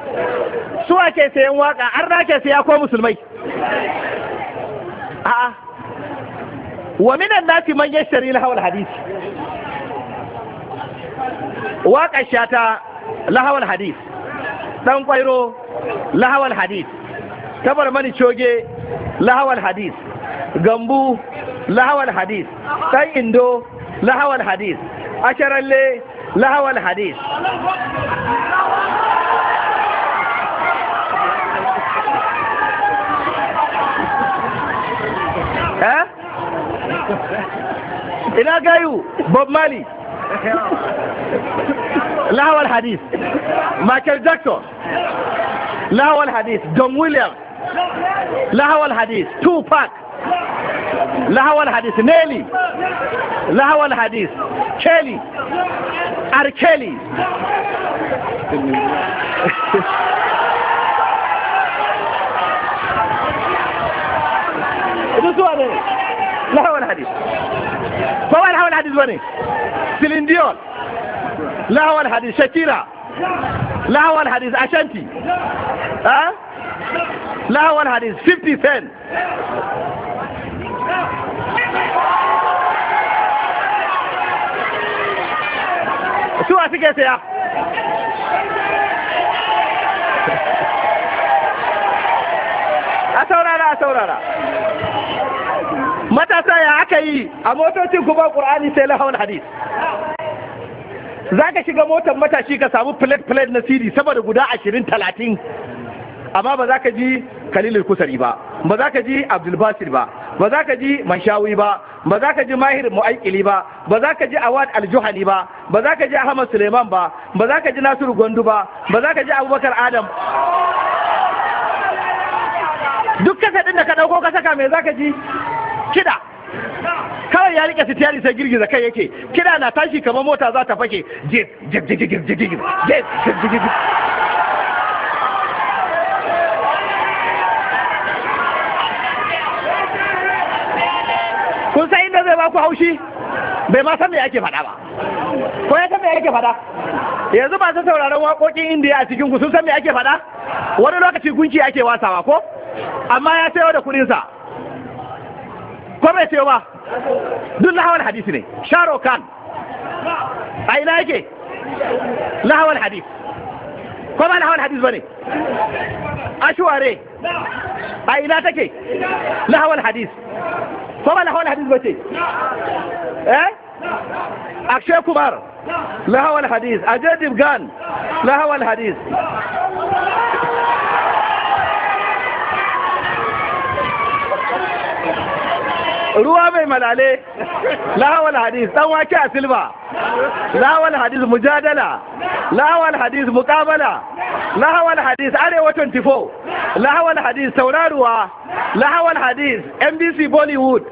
suwa ke sayan waka an na ke saya ko musulmai a'a wa minan nasi man yashtari lahawar hadisi waka shata lahawar hadisi ɗan ƙwairo lahawar hadisi tabar mani coge lahawal hadis gambu lahawal hadis ɗan indo lahawal hadis asharalle lahawal hadis ina gayu bob mali lahawar hadis michael jackson lahawar hadis don williams لهو الحديث تو باك لهو الحديث نيلي لهو الحديث كيلي أركيلي لهو الحديث فهو لهو الحديث بني لا لهو الحديث شكيرا لهو الحديث أشنتي ها أه؟ lahawar hadis 50 cent suwa suke saya a saurara a saurara matasa ya aka yi a motocin kuma ƙur'ani sai lahawar hadis za ka shiga motar matashi ka samu plate-plate na siri saboda guda ashirin talatin amma ba za ka ji kalilul kusari ba ba za ka ji abdul basir ba ba za ka ji manshawi ba ba za ka ji mahir mu'aikili ba ba za ka ji awad aljuhani ba ba za ka ji ahmad suleiman ba ba za ka ji nasiru gwandu ba ba za ka ji abubakar adam duk kasa ɗin da ka ɗauko ka saka me za ka ji kiɗa kawai ya rike sitiyari sai girgiza kai yake kiɗa na tashi kamar mota za ta fake jib jib jib jib jib jib jib jib jib kun san inda zai ba ku haushi bai ma san me yake faɗa ba ko ya san me yake faɗa yanzu masu sauraron waƙoƙin indiya a cikin ku sun san me ake faɗa wani lokaci gunki ake wasawa ko amma ya sayo da kuɗinsa ko bai sayo ba duk lahawar hadisi ne sharo khan a ina yake lahawar hadisi ko ba na hawan hadis ba ne ashware a ina take na hawan hadis ko ba na hawan hadis ba ce eh akshe kubar na hawan hadis a jedib gan na hawan hadis ruwa mai malale lahawal hadis dan wake a silba lahawal hadis mujadala lahawal hadis muqabala lahawal hadis arewa 24 lahawal hadis sauraruwa lahawal hadis NBC Bollywood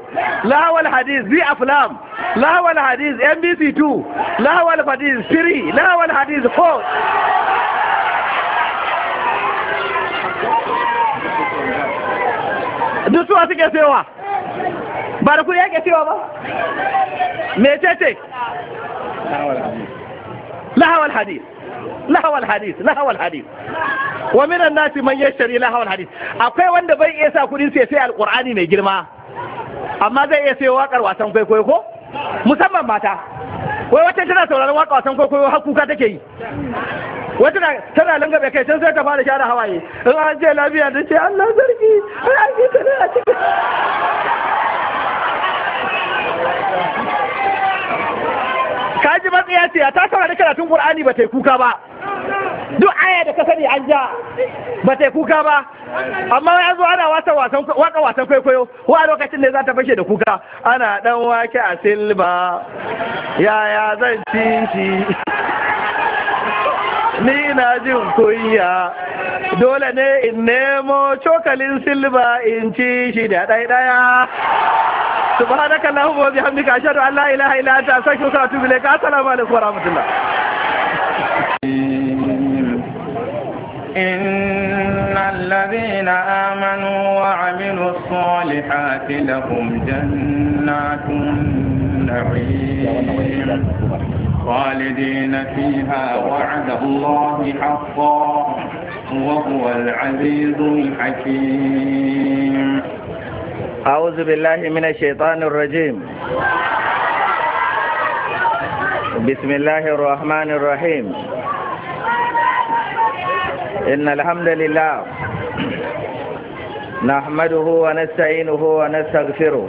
lahawal hadis Zee Aflam lahawal hadis NBC 2 lahawal hadis 3 lahawal hadis 4 duk suwa suke sewa ba da kudi yake cewa ba me ce ce lahawal hadith lahawal hadith lahawal hadith wa minan nasi man yashtari lahawal hadith akwai wanda bai iya sa kudin sai sai alqur'ani mai girma amma zai iya sai wakar wasan kwaikwayo ko musamman mata wai wata tana sauraron waka wasan kwaikwayo har kuka take yi wata tana langabe kai tun sai ta fara share hawaye in an je lafiya da ce Allah sarki ai ai a cikin ka ji matsaya ce ta saurari karatun qur'ani ba ta kuka ba duk aya da ka sani an ja ba ta kuka ba amma ya zo ana wasa wasan waka wasan kwaikwayo lokacin da za ta fashe da kuka ana dan wake a silba yaya zan cin shi ni na jin kunya dole ne in nemo cokalin silba in ci shi da ɗaiɗaya subhanaka allahumma wa bihamdika ashhadu an la ilaha illa anta astaghfiruka wa atubu ilayk assalamu alaikum wa إن الذين آمنوا وعملوا الصالحات لهم جنات النعيم خالدين فيها وعد الله حقا وهو العزيز الحكيم أعوذ بالله من الشيطان الرجيم بسم الله الرحمن الرحيم إن الحمد لله نحمده ونستعينه ونستغفره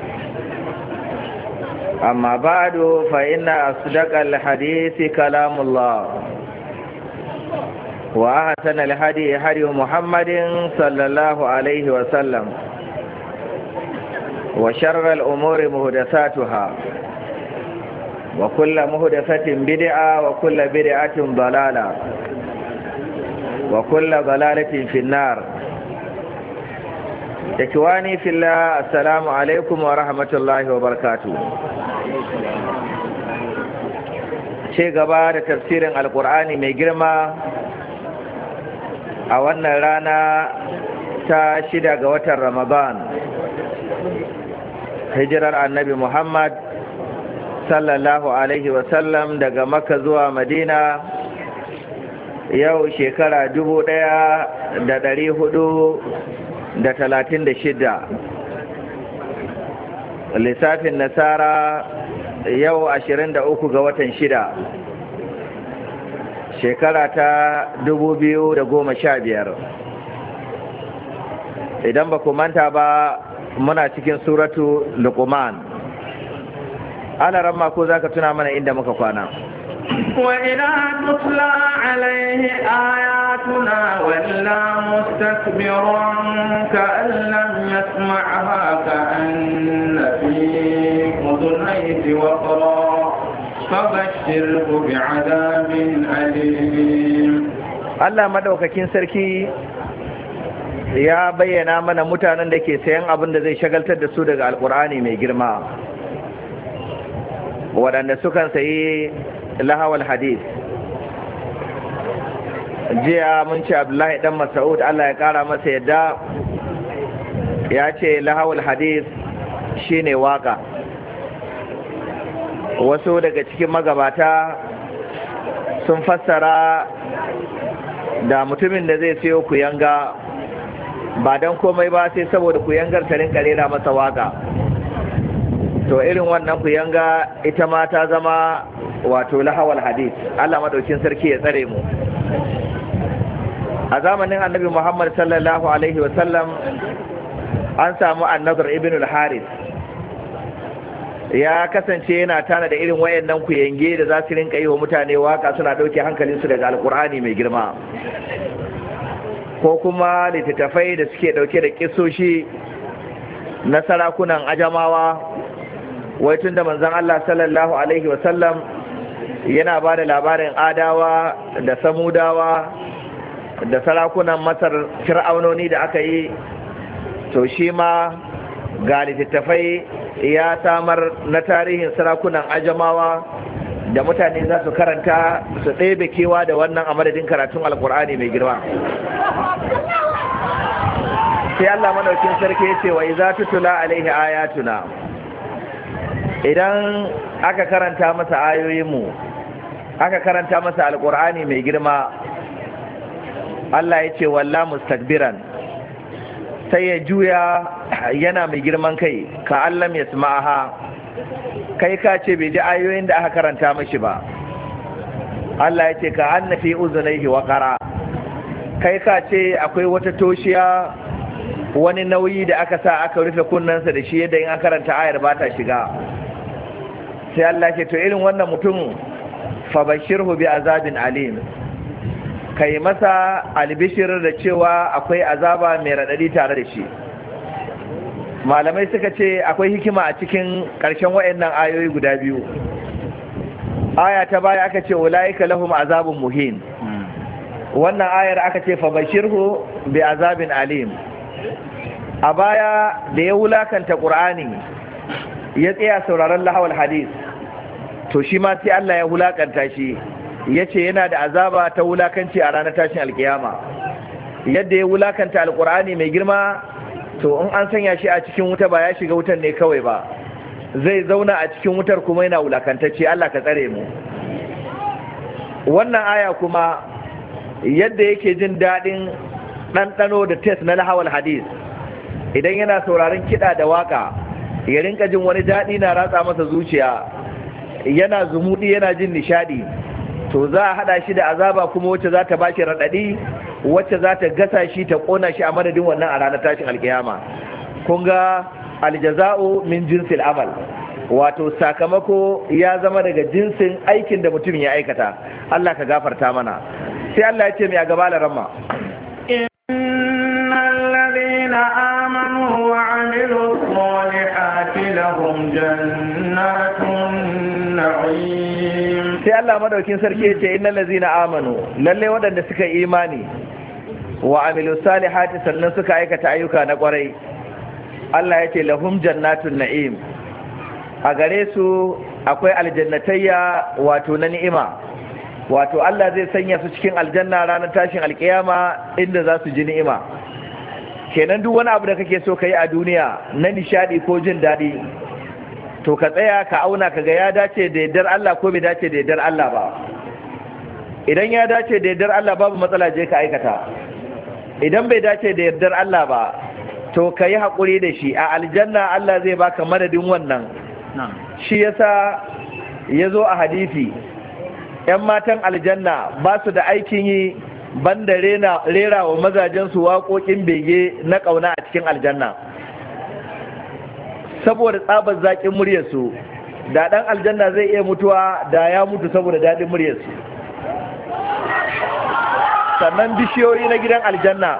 أما بعد فإن أصدق الحديث كلام الله وأحسن الهدي هدي محمد صلى الله عليه وسلم وشر الأمور مهدساتها وكل مهدسة بدعة وكل بدعة ضلالة وكل ضلالة في النار Da ikwani filla assalamu alaikum wa rahmatullahi wa barakatuh ce gaba da tafsirin alkur'ani mai girma a wannan rana ta shida ga watan ramadan hijirar annabi muhammad sallallahu alaihi wasallam daga makka zuwa madina yau shekara dubu ɗaya da ɗari hudu da talatin da shida lissafin nasara yau ashirin da uku ga watan shida shekara ta dubu biyu da goma sha biyar idan ba ku manta ba muna cikin suratu lukuman ana ramma ko za ka tuna mana inda muka kwana وإذا تتلى عليه آياتنا ولا مستكبرا كأن لم يسمعها كأن في أذنيه وقرا فبشره بعذاب أليم Allah madaukakin sarki ya bayyana mana mutanen da ke sayan abin da zai shagaltar da su daga alkur'ani mai girma waɗanda sukan sayi Lahawar hadis jiya mun ce abdullahi dan mas'ud Allah ya kara masa yadda ya ce lahawal hadis shine waka wasu daga cikin magabata sun fassara da mutumin da zai siyo kuyanga ba don komai ba sai saboda kuyangar tarin rinka da masa waka to irin wannan kuyanga ita ma ta zama wato lahawal hadith Allah madaukin sarki ya tsare mu a zamanin annabi Muhammad sallallahu alaihi wa sallam an samu annazar ibn al-harith ya kasance yana tana da irin wayannan kuyenge da za su rinka yi wa mutane waka suna dauke su daga alkur'ani mai girma ko kuma littattafai da suke dauke da kisoshi na sarakunan ajamawa wai tun da manzon Allah sallallahu alaihi wa sallam. yana ba da labarin adawa da samudawa da sarakunan masar fir'aunoni da aka yi to shi ma ga littattafai ya samar na tarihin sarakunan ajamawa da mutane za su karanta su ɗebe kewa da wannan a madadin karatun alkur'ani mai girma sai allah madaukin sarki ya ce wa iza tutula alaihi ayatuna idan aka karanta masa ayoyinmu aka karanta masa alkur'ani mai girma Allah ya ce walla mustakbiran sai ya juya yana mai girman kai ka allam ya kai ka ce bai ji ayoyin da aka karanta mashi ba Allah ya ce ka annafi uzunaihi waqara kai ka ce akwai wata toshiya wani nauyi da aka sa aka rufe kunnensa da shi yadda in an karanta ayar ba ta shiga sai Allah ke to irin wannan mutum fabashirhu bi azabin alim kai masa albishir da cewa akwai azaba mai raɗaɗi tare da shi malamai suka ce akwai hikima a cikin ƙarshen waɗannan ayoyi guda biyu aya ta baya aka ce ulaika lahum azabun muhin wannan ayar aka ce fabashirhu bi azabin alim a baya da ya wulakanta ƙur'ani ya tsaya sauraron lahawar hadis to shi ma sai Allah ya hulakanta shi ya ce yana da azaba ta wulakanci a ranar tashin alkiyama yadda ya wulakanta alkur'ani mai girma to in an sanya shi a cikin wuta ba ya shiga wutan ne kawai ba zai zauna a cikin wutar kuma yana wulakantacce Allah ka tsare mu wannan aya kuma yadda yake jin daɗin ɗanɗano da tes na lahawar hadis idan yana sauraron kiɗa da waƙa ya rinka jin wani daɗi na ratsa masa zuciya yana zumuɗi yana jin nishaɗi. to za a haɗa shi da azaba kuma wacce za ta bashi raɗaɗi wacce za ta gasa shi ta ƙona shi a madadin wannan a ranar tashin alkiyama kun ga aljaza'u min jinsil amal wato sakamako ya zama daga jinsin aikin da mutum ya aikata Allah ka gafarta mana sai Allah ya ce mai a gaba da ramma إن الذين آمنوا وعملوا الصالحات لهم جنات النعيم sai Allah madaukin sarki ya ce innal ladzina amanu lallai waɗanda suka yi imani wa amilu salihati sannan suka aikata ayyuka na kwarai Allah ya ce lahum jannatun na'im a gare su akwai aljannatayya wato na ni'ima wato Allah zai sanya su cikin aljanna ranar tashin alkiyama inda zasu ji ni'ima kenan duk wani abu da kake so ka yi a duniya na nishadi ko jin daɗi to ka tsaya ka auna ka ga ya dace da yardar Allah ko bai dace da yardar Allah ba idan ya dace da yardar Allah babu matsala je ka aikata idan bai dace da yardar Allah ba to ka yi haƙuri da shi a aljanna Allah zai baka madadin wannan shi yasa ya zo a hadisi ‘yan matan aljanna ba su da aikin yi banda rera wa mazajensu waƙoƙin bege na ƙauna a cikin aljanna saboda tsabar zaƙin muryarsu da ɗan aljanna zai iya mutuwa da ya mutu saboda daɗin muryarsu sannan bishiyoyi na gidan aljanna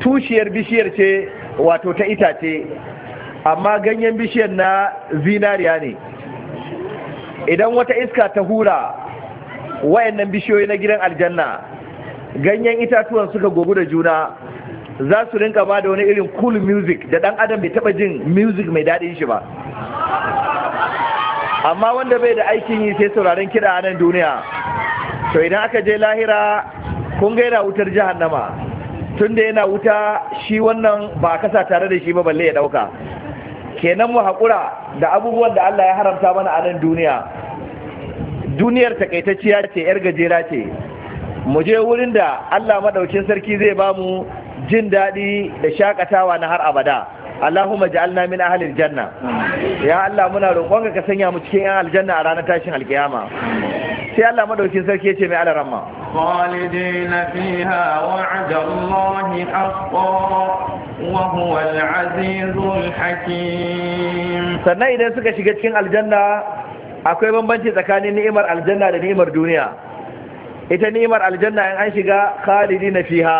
tushiyar bishiyar ce wato ta itace amma ganyen bishiyar na zinariya ne idan wata iska ta hura wayannan bishiyoyi na gidan aljanna ganyen itatuwan suka gobu da juna za su rinka ba da wani irin cool music da dan adam bai taba jin music mai daɗin shi ba amma wanda bai da aikin yi sai sauraron kiɗa a nan duniya to idan aka je lahira kun ga yana wutar jahannama tun da yana wuta shi wannan ba kasa tare da shi ba balle ya ɗauka kenan mu haƙura da abubuwan da Allah ya haramta mana a nan duniya duniyar takaitacciya ce yar gajera ce mu je wurin da Allah madaukin sarki zai ba mu jin daɗi da shakatawa na har abada Allahumma ja'alna min ahlil janna ya Allah muna roƙon ka sanya mu cikin yan aljanna a ranar tashin alkiyama sai Allah madaukin sarki ya ce mai alaramma khalidina fiha wa'ada Allah haqqan وهو العزيز hakim sannan idan suka shiga cikin aljanna akwai bambanci tsakanin ni'imar aljanna da ni'imar duniya ita ni'imar aljanna in an shiga khalidi na fiha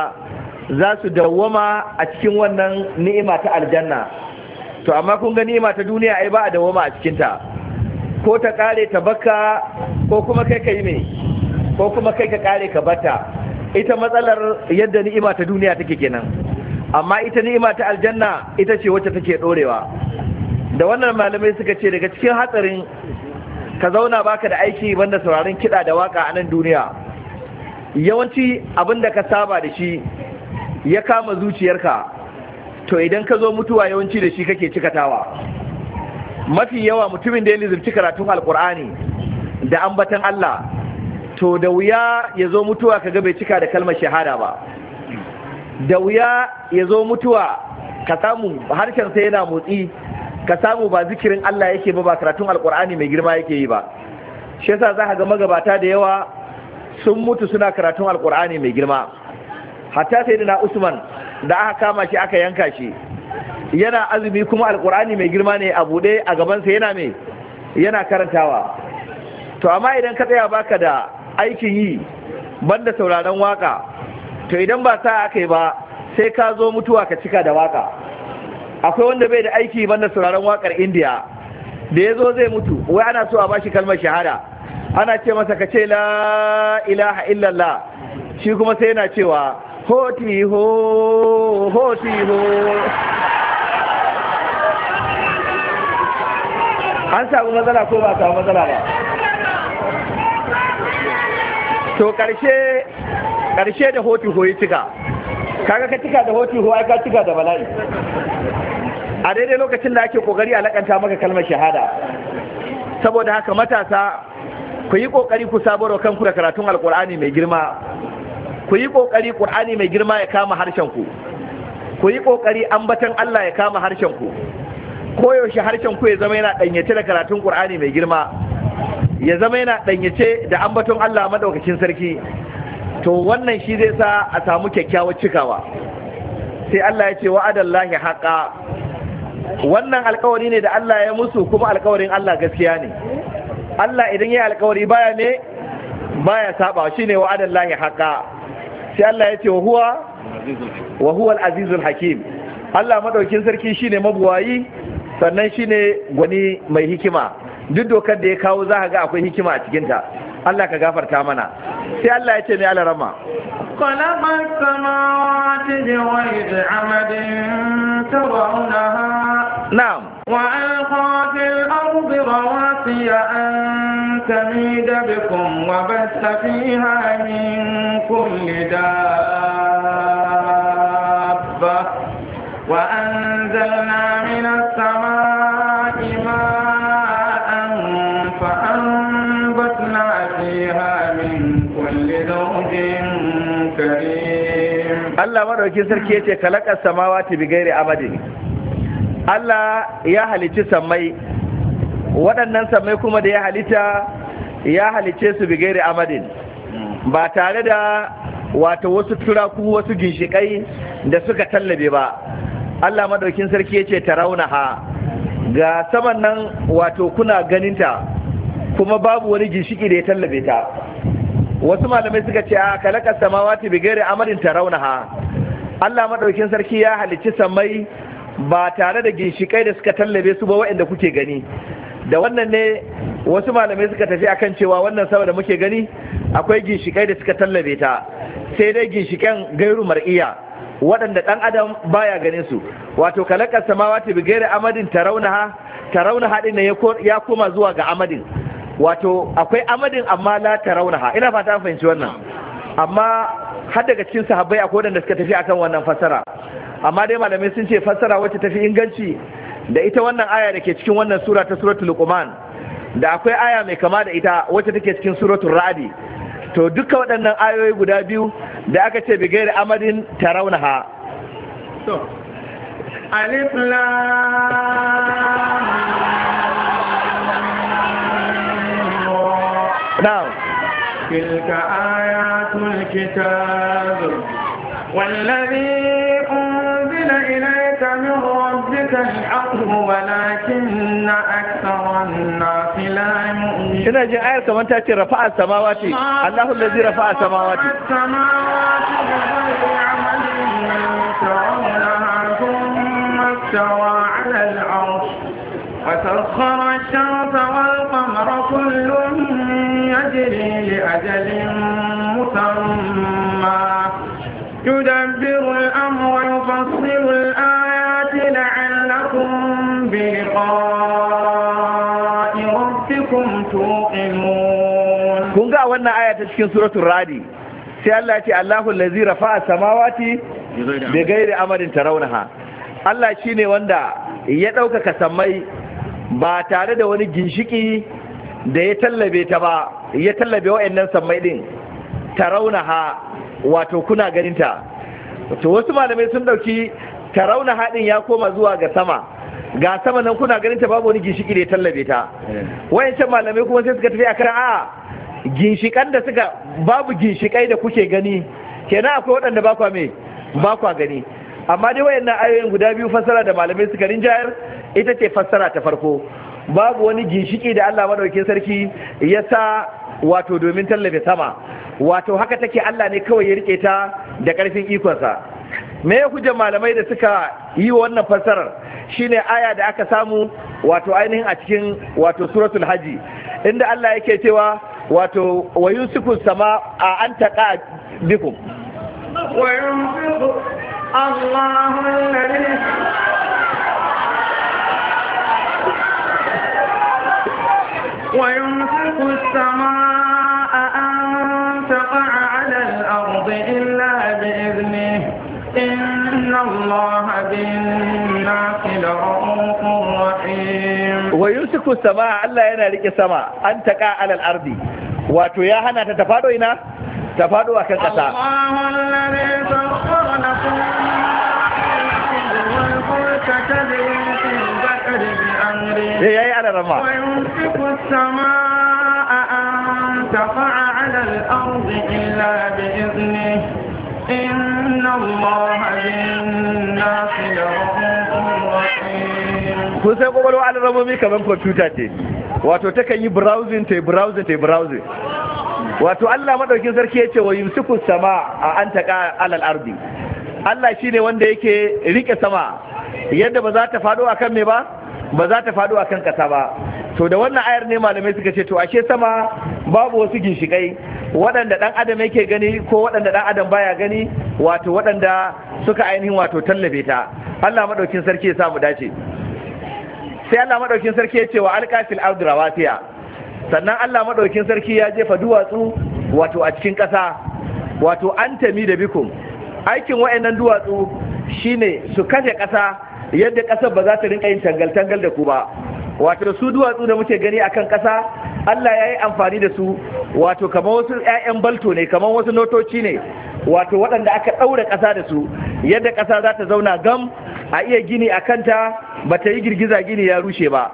za su dawwama a cikin wannan ni'ima ta aljanna to amma kun ga ni'ima ta duniya ai ba a dawwama a cikinta ko ta kare ta baka ko kuma kai ka yi me ko kuma kai ka kare ka bata ita matsalar yadda ni'ima ta duniya take kenan amma ita ni'ima ta aljanna ita ce wacce take dorewa da wannan malamai suka ce daga cikin hatsarin ka zauna baka da aiki banda sauraron kiɗa da waka a nan duniya yawanci abin da ka saba da shi ya kama zuciyarka to idan ka zo mutuwa yawanci da shi kake cikatawa mafi yawa mutumin da ya lizirci karatun alkur'ani da ambatan Allah to da wuya ya zo mutuwa ka ga bai cika da kalmar shahada ba da wuya ya zo mutuwa ka samu harshen sai yana motsi ka samu ba zikirin Allah yake ba ba karatun alkur'ani mai girma yake yi ba shi yasa za ka ga magabata da yawa sun mutu suna karatun alkur'ani mai girma hatta sai da usman da aka kama shi aka yanka shi yana azumi kuma alkur'ani mai girma ne a buɗe a gabansa yana mai yana karantawa to amma idan ka tsaya baka da aikin yi banda sauraron waka to idan ba sa aka yi ba sai ka zo mutuwa ka cika da waka akwai wanda bai da aiki banda sauraron wakar indiya da ya zo zai mutu wai ana so a bashi kalmar shahada ana ce masa ka ce la ilaha illallah shi kuma sai yana cewa hoti ho hoti ho an samu matsala ko ba samu matsala ba to karshe karshe da hoti hoyi cika kaga ka cika da hoti ko ai ka cika da bala'i a daidai lokacin da ake kokari a lakanta maka kalmar shahada saboda haka matasa ku yi kokari ku sabarwa kanku da karatun alkur'ani mai girma ku yi kokari qur'ani mai girma ya kama harshen ku ku yi kokari ambatan Allah ya kama harshen ku koyaushe harshen ku ya zama yana danyace da karatun qur'ani mai girma ya zama yana danyace da ambaton Allah madaukakin sarki to wannan shi zai sa a samu kyakkyawar cikawa sai Allah ya ce wa'adallahi haqa wannan alkawari ne da Allah ya musu kuma alkawarin Allah gaskiya ne Allah idan ya alkawari baya ne baya saba shine wa'adallahi haqa sai Allah ya ce huwa wa huwa azizul hakim Allah madaukin sarki shi ne mabuwayi sannan shi ne gwani mai hikima duk dokar da ya kawo za ga akwai hikima a cikinta Allah ka gafarta mana sai Allah ya ce mai خلق السماوات بغير عمد ترونها نعم وألقى في الأرض رواسي أن تميد بكم وبث فيها من كل دابة وأنزلنا من السماء ماء Allah madaukin sarki yace kalakar samawati bi gairi amadi Allah ya halici sammai waɗannan sammai kuma da ya halitta ya halice su bi gairi amadin ba tare da wato wasu turaku wasu ginshikai da suka tallabe ba Allah madaukin sarki yace ha ga saman nan wato kuna ganinta kuma babu wani ginshiki da ya tallabe ta wasu malamai suka ce a kalakar samawati bigere amarin raunaha. Allah madaukin sarki ya halicci samai ba tare da ginshikai da suka tallabe su ba waɗanda kuke gani da wannan ne wasu malamai suka tafi akan cewa wannan sama da muke gani akwai ginshikai da suka tallabe ta sai dai ginshikan gairu mar'iya waɗanda ɗan adam baya ganin su wato kalakar samawati bi gairi amadin raunaha tarawnaha ne ya koma zuwa ga amadin wato akwai amadin amma la tarawnaha ina fata an fahimci wannan amma har daga cikin sahabbai akwai wanda suka tafi akan wannan fasara amma dai malamai sun ce fasara wacce tafi inganci da ita wannan aya da ke cikin wannan sura ta suratul luqman da akwai aya mai kama da ita wacce take cikin suratul ra'di to duka waɗannan ayoyi guda biyu da aka ce bigayar amadin tarawnaha alif lam نعم تلك آيات الكتاب والذي أنزل إليك من ربك الحق ولكن أكثر الناس لا يؤمنون هنا جاء آية من تأتي رفع السماوات الله الذي رفع السماوات السماوات عمل ثم استوى على العرش وسخر الشمس والقمر كل تجري لأجل مسمى يدبر الأمر يفصل الآيات لعلكم بلقاء ربكم توقنون كنت أولنا آية تشكين سورة الرادي sai Allah ce Allahu lazi rafa'a samawati bi ghairi amadin tarawnaha Allah shine wanda ya ɗaukaka samai ba tare da wani ginshiki da ya tallabe ta ba ya tallabe wa'annan sammai din ha wato kuna ganinta to wasu malamai sun dauki rauna din ya koma zuwa ga sama ga sama nan kuna ganinta babu wani ginshiki da ya tallabe ta eh. wayancan malamai kuma sai suka tafi kara a ginshikan da suka babu ginshikai da kuke gani kenan akwai waɗanda ba kwa me ba kwa gani amma dai wayannan ayoyin guda biyu fassara da malamai suka rinjayar ita ce fassara ta farko babu wani ginshiki da Allah madaukin sarki ya sa wato domin tallafe sama wato haka take Allah ne kawai ya rike ta da karfin ikonsa me ya hujjar malamai da suka yi wa wannan fassarar shine aya da aka samu wato ainihin a cikin wato suratul haji inda Allah yake cewa wato wa yusiku sama a an taqa bikum wa yunfiqu Allahu ويمسك السماء أن تقع على الأرض إلا بإذنه إن الله بالناس لرؤوف رحيم ويمسك السماء ألا ينالك السماء أن تقع على الأرض wato ya hana ta tafado ina tafado akan kasa Allahu alladhi sakhkhara lakum ma fi al-fulka tajri fi al-bahri bi amrihi yayi ana rama يمسك السماء أن تقع على الأرض إلا بإذنه إن الله بالناس لرؤوف رحيم kun sai kwakwalwa alarrabobi kaman kwamfuta ce wato ta kan yi browsing ta yi browsing ta browsing wato allah maɗaukin sarki ya ce wa yimsiku sama a an taƙa alal ardi allah shine wanda yake rike sama yadda ba za ta faɗo akan me ba ba za ta faɗo a kan ƙasa ba to da wannan ayar ne malamai suka ce to ashe sama babu wasu ginshikai waɗanda ɗan adam yake gani ko waɗanda ɗan adam baya gani wato waɗanda suka ainihin wato tallabe ta Allah madaukin sarki ya samu dace sai Allah madaukin sarki ya ce wa alqasil ardi rawasiya sannan Allah madaukin sarki ya jefa duwatsu wato a cikin ƙasa wato antami da bikum aikin waɗannan duwatsu shine su kashe ƙasa yadda ƙasar ba za ta rinka yin tangal-tangal da ku ba wato su duwatsu da muke gani akan ƙasa Allah ya yi amfani da su wato kamar wasu 'ya'yan balto ne kamar wasu notoci ne wato waɗanda aka ɗaura ƙasa da su yadda ƙasa za ta zauna gam a iya gini a kanta ba ta yi girgiza gini ya rushe ba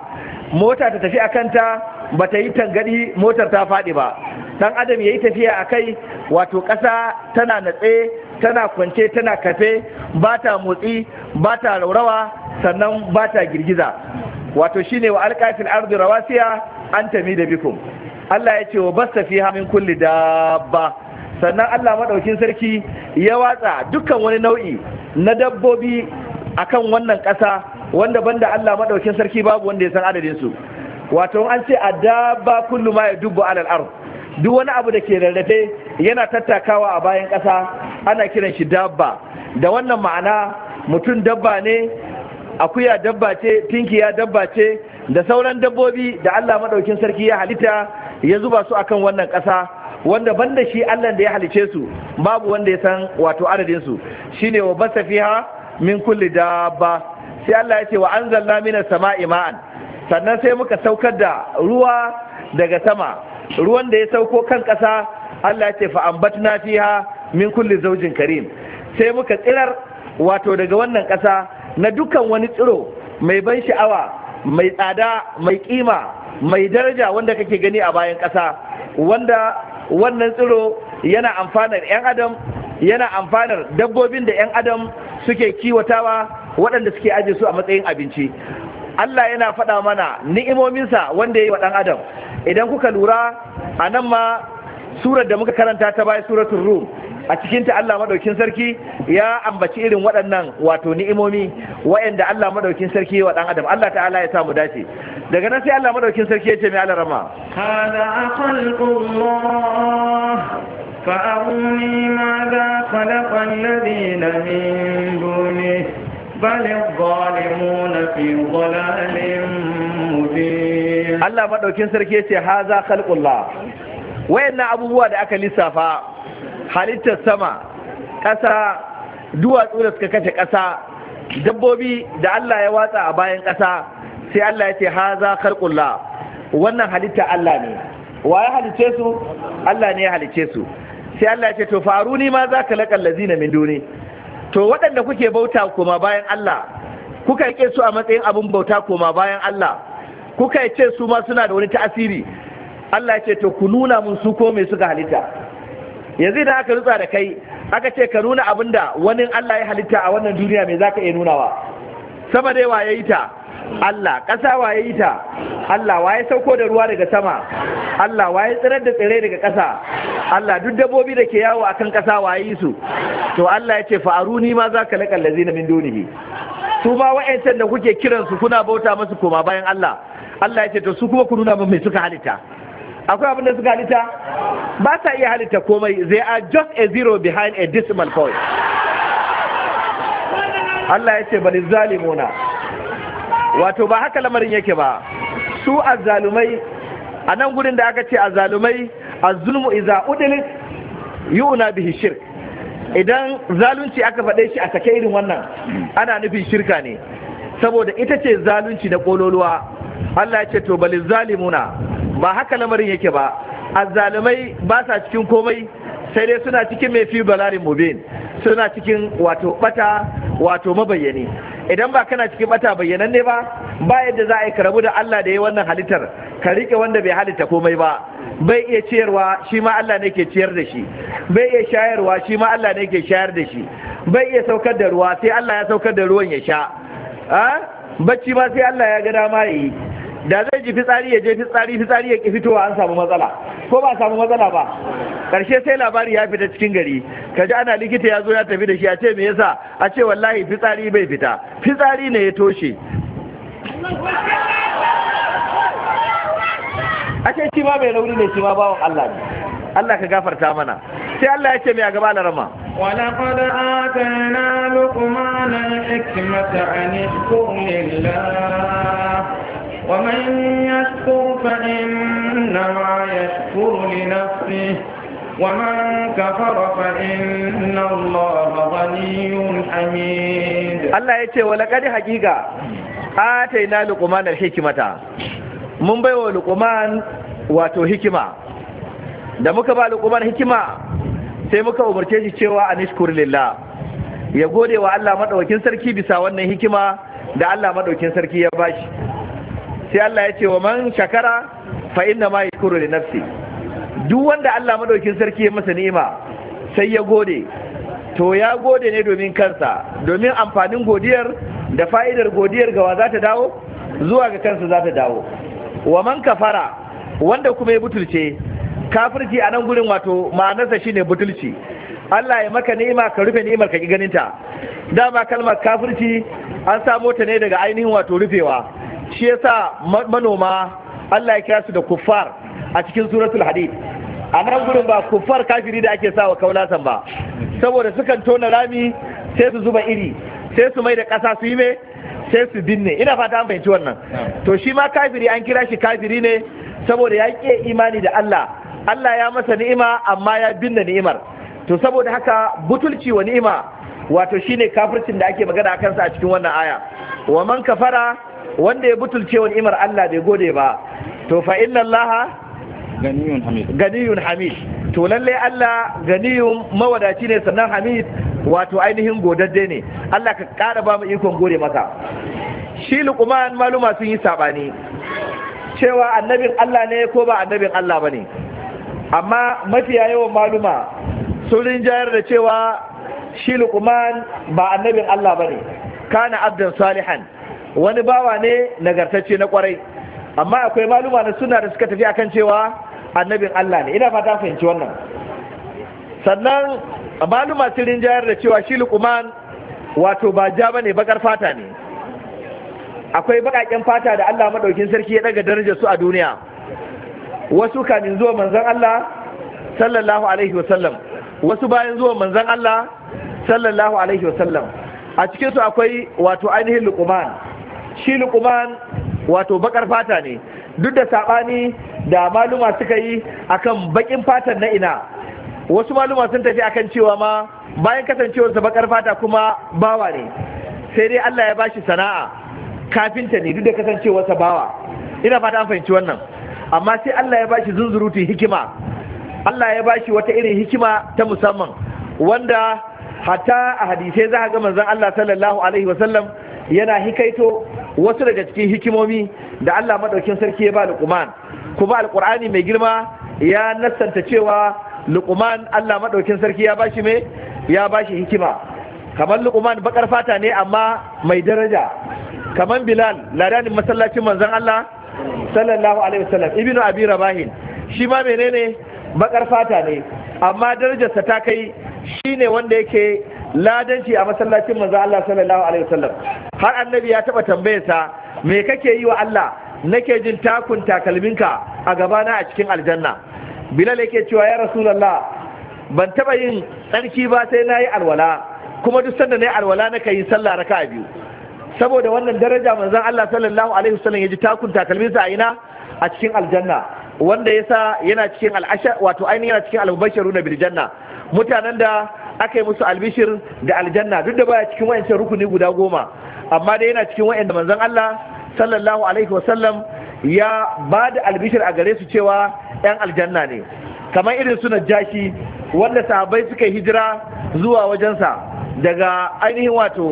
mota ta tafi a kanta ba ta yi tangaɗi motar ta faɗi ba ɗan adam ya yi tafiya a kai wato ƙasa tana natse tana kwance tana kafe ba ta motsi ba ta laurawa sannan ba ta girgiza wato shine wa alƙafin ardi rawasiya an tami da bikum Allah ya ce wa basta fi min kulli ba sannan Allah maɗaukin sarki ya watsa dukkan wani nau'i na dabbobi akan wannan ƙasa wanda banda Allah maɗaukin sarki babu wanda ya san adadinsu. wato an ce adaba kullu ma dubbo alal ard duk wani abu da ke rarrafe yana tattakawa a bayan ƙasa ana kiran shi dabba da wannan ma'ana mutum dabba ne akuya dabba ce tinkiya dabba ce da sauran dabbobi da Allah madaukin sarki ya halitta ya zuba su akan wannan ƙasa wanda banda shi Allah da ya halice su babu wanda ya san wato adadin su shine wa basa fiha min kulli dabba sai Allah ya ce wa anzalna minas sama'i ma'an sannan sai muka saukar da ruwa daga sama ruwan da ya sauko kan ƙasa Allah ya ce fa ambatna fiha min kulli zawjin karim sai muka tsirar wato daga wannan ƙasa na dukkan wani tsiro mai ban sha'awa mai tsada mai ƙima mai daraja wanda kake gani a bayan ƙasa wanda wannan tsiro yana amfanar 'yan adam yana amfanar dabbobin da 'yan adam suke kiwatawa waɗanda suke aje su a matsayin abinci Allah yana faɗa mana ni'imominsa wanda ya yi wa ɗan adam idan kuka lura a nan ma surar da muka karanta ta bayan suratun rum a cikinta Allah madaukin sarki ya ambaci irin waɗannan wato ni'imomi wa'anda Allah madaukin sarki wa dan adam Allah ta'ala ya samu dace daga nan sai Allah madaukin sarki ya ce mai alarama hada khalqullah fa aruni ma za khalaqa alladhina min duni bal adh-dhalimuna fi dhalalin mubin Allah madaukin sarki ya ce hada khalqullah wayannan abubuwa da aka lissafa halittar sama ƙasa duwatsu da suka kashe ƙasa dabbobi da Allah ya watsa a bayan ƙasa sai Allah ya ce haza karƙulla, wannan halitta Allah ne wa ya halice su Allah ne ya halice su sai Allah ya ce to faru ni ma za ka laƙal lazina min duni to waɗanda kuke bauta koma bayan Allah kuka rike su a matsayin abin bauta koma bayan Allah kuka ce su ma suna da wani ta'asiri Allah ya ce to ku nuna mun su ko me suka halitta yanzu da aka rutsa da kai aka ce ka nuna abin da wani Allah ya halitta a wannan duniya mai ka iya nunawa sama dai wa ya yi ta Allah ƙasa wa ya yi ta Allah wa ya sauko da ruwa daga sama Allah wa ya tsirar da tsirrai daga ƙasa Allah duk dabbobi da ke yawo akan ƙasa wa ya yi su to Allah ya ce fa'aruni ma za zaka laqal na min dunihi su ma wa'yancan da kuke kiransu kuna bauta musu koma bayan Allah Allah ya ce to su kuma ku nuna min me suka halitta akwai abin da suka halitta ba sa iya halitta komai they are just a zero behind a decimal point Allah ya ce bani zalimuna wato ba haka lamarin yake ba su azzalumai a nan gudun da aka ce azzalumai azzulmu iza udilit yu'na bihi shirk idan zalunci aka faɗe shi a sake irin wannan ana nufin shirka ne saboda ita ce zalunci da ƙololuwa. Allah ya ce to bali zalimuna ba haka lamarin yake ba azzalumai ba sa cikin komai sai dai suna cikin mai fi balarin mubin suna cikin wato bata wato mabayyani idan ba kana cikin bata bayyanan ne ba ba yadda za a yi karabu da Allah da ya wannan halittar ka rike wanda bai halitta komai ba bai iya ciyarwa shi ma Allah ne ke ciyar da shi bai iya shayarwa shi ma Allah ne ke shayar da shi bai iya saukar da ruwa sai Allah ya saukar da ruwan ya sha ah? bacci ma sai Allah ya ga dama ya yi da zai ji fitsari ya je fitsari fitsari ya ki fitowa an samu matsala ko ba samu matsala ba karshe sai labari ya fita cikin gari kaji ana likita ya zo ya tafi da shi a ce me yasa a ce wallahi fitsari bai fita fitsari ne ya toshe a ce shi ma mai rauni ne shi ma bawan Allah ne Allah ka gafarta mana sai Allah ya ce mai a gaba larama walaqad atana luqman hikmata an wa man yashkur fa inna ma yashkuru li nafsihi wa man kafara fa inna Allaha ghaniyyun hamid Allah haqiqa hikmata mun baiwa luqman wato hikima da muka ba luqman hikima sai muka umarce shi cewa anishkur lillah ya gode wa Allah madaukakin sarki bisa wannan hikima da Allah madaukakin sarki ya bashi sai Allah ya ce wa man shakara fa inna ma yashkuru li nafsi duk wanda Allah madaukakin sarki ya masa ni'ima sai ya gode to ya gode ne domin kansa domin amfanin godiyar da fa'idar godiyar gawa za ta dawo zuwa ga kansa za ta dawo wa man kafara wanda kuma ya butulce kafirci a nan gurin wato ma'anarsa shine butulci Allah ya maka ni'ima ka rufe ni'imar ka ki ganinta dama kalmar kafirci an samo ta ne daga ainihin wato rufewa shi yasa manoma Allah ya kira su da kuffar a cikin suratul hadid a nan gurin ba kuffar kafiri da ake sawa kaulasan ba saboda sukan tona rami sai su zuba iri sai su mai da ƙasa su yi mai sai su binne ina fata an fahimci wannan to shi ma kafiri an kira shi kafiri ne saboda ya ke imani da Allah Allah ya masa ni'ima amma ya binne ni'imar to saboda haka butulci wa ni'ima wato shine kafircin da ake magana a kansa a cikin wannan aya wa man kafara wanda ya butulce wa ni'imar Allah bai gode ba to fa inna Allah ganiyun hamid ganiyun hamid to lalle Allah ganiyun mawadaci ne sannan hamid wato ainihin godadde ne Allah ka kara ba mu ikon gode maka shi luqman maluma sun yi sabani cewa annabin Allah ne ko ba annabin Allah bane amma mafiya yawan maluma sun rinjayar da cewa shi luqman ba annabin Allah ba ne, kana abdan salihan wani bawa ne nagartacce na kwarai amma akwai maluma na suna da suka tafi akan cewa annabin Allah ne ina fata fahimci wannan sannan maluma sun rinjayar da cewa shi luqman wato ba ja bane bakar fata ne akwai bakakken fata da Allah madaukin sarki ya daga darajar su a duniya wasu kamin zuwa manzan Allah sallallahu alaihi wasallam wasu bayan zuwa manzan Allah sallallahu alaihi wasallam a cikin su akwai wato ainihin luquman, shi luquman wato bakar fata ne duk da sabani da maluma suka yi akan bakin fatan na ina wasu maluma sun tafi akan cewa ma bayan kasancewarsa bakar fata kuma bawa ne sai dai Allah ya bashi sana'a kafinta ne duk da kasancewarsa bawa ina fata an fahimci wannan amma sai Allah ya bashi zunzuruti hikima Allah ya bashi wata irin hikima ta musamman wanda hatta a hadisai za a ga manzon Allah sallallahu alaihi wasallam yana hikaito wasu daga cikin hikimomi da Allah madaukin sarki ya ba Luqman kuma alqur'ani mai girma ya nassanta cewa Luqman Allah madaukin sarki ya bashi me ya bashi hikima kamar Luqman bakar fata ne amma mai daraja kamar Bilal ladanin masallacin manzon Allah sallallahu alaihi wasallam ibnu abi rabahin shi ma menene bakar fata ne amma darajarsa ta kai shine wanda yake ladanci a masallacin manzo Allah sallallahu alaihi wasallam har annabi ya taba tambayarsa me kake yi wa Allah nake jin takun takalminka a gabana a cikin aljanna bilal yake cewa ya rasulullah ban taba yin tsarki ba sai nayi alwala kuma duk sanda nayi alwala nake yi sallah raka'a biyu saboda wannan daraja manzon Allah sallallahu alaihi wasallam ya ji takun takalminsa a ina a cikin aljanna wanda ya sa yana cikin al'ashar wato ainihin yana cikin albashiru na bil mutanen da aka yi musu albishir da aljanna duk da baya cikin wayancin rukuni guda goma amma dai yana cikin wayanda manzan Allah sallallahu alaihi wasallam ya ba da albishir a gare su cewa yan aljanna ne kamar irin su najashi wanda sahabbai suka hijira zuwa wajensa daga ainihin wato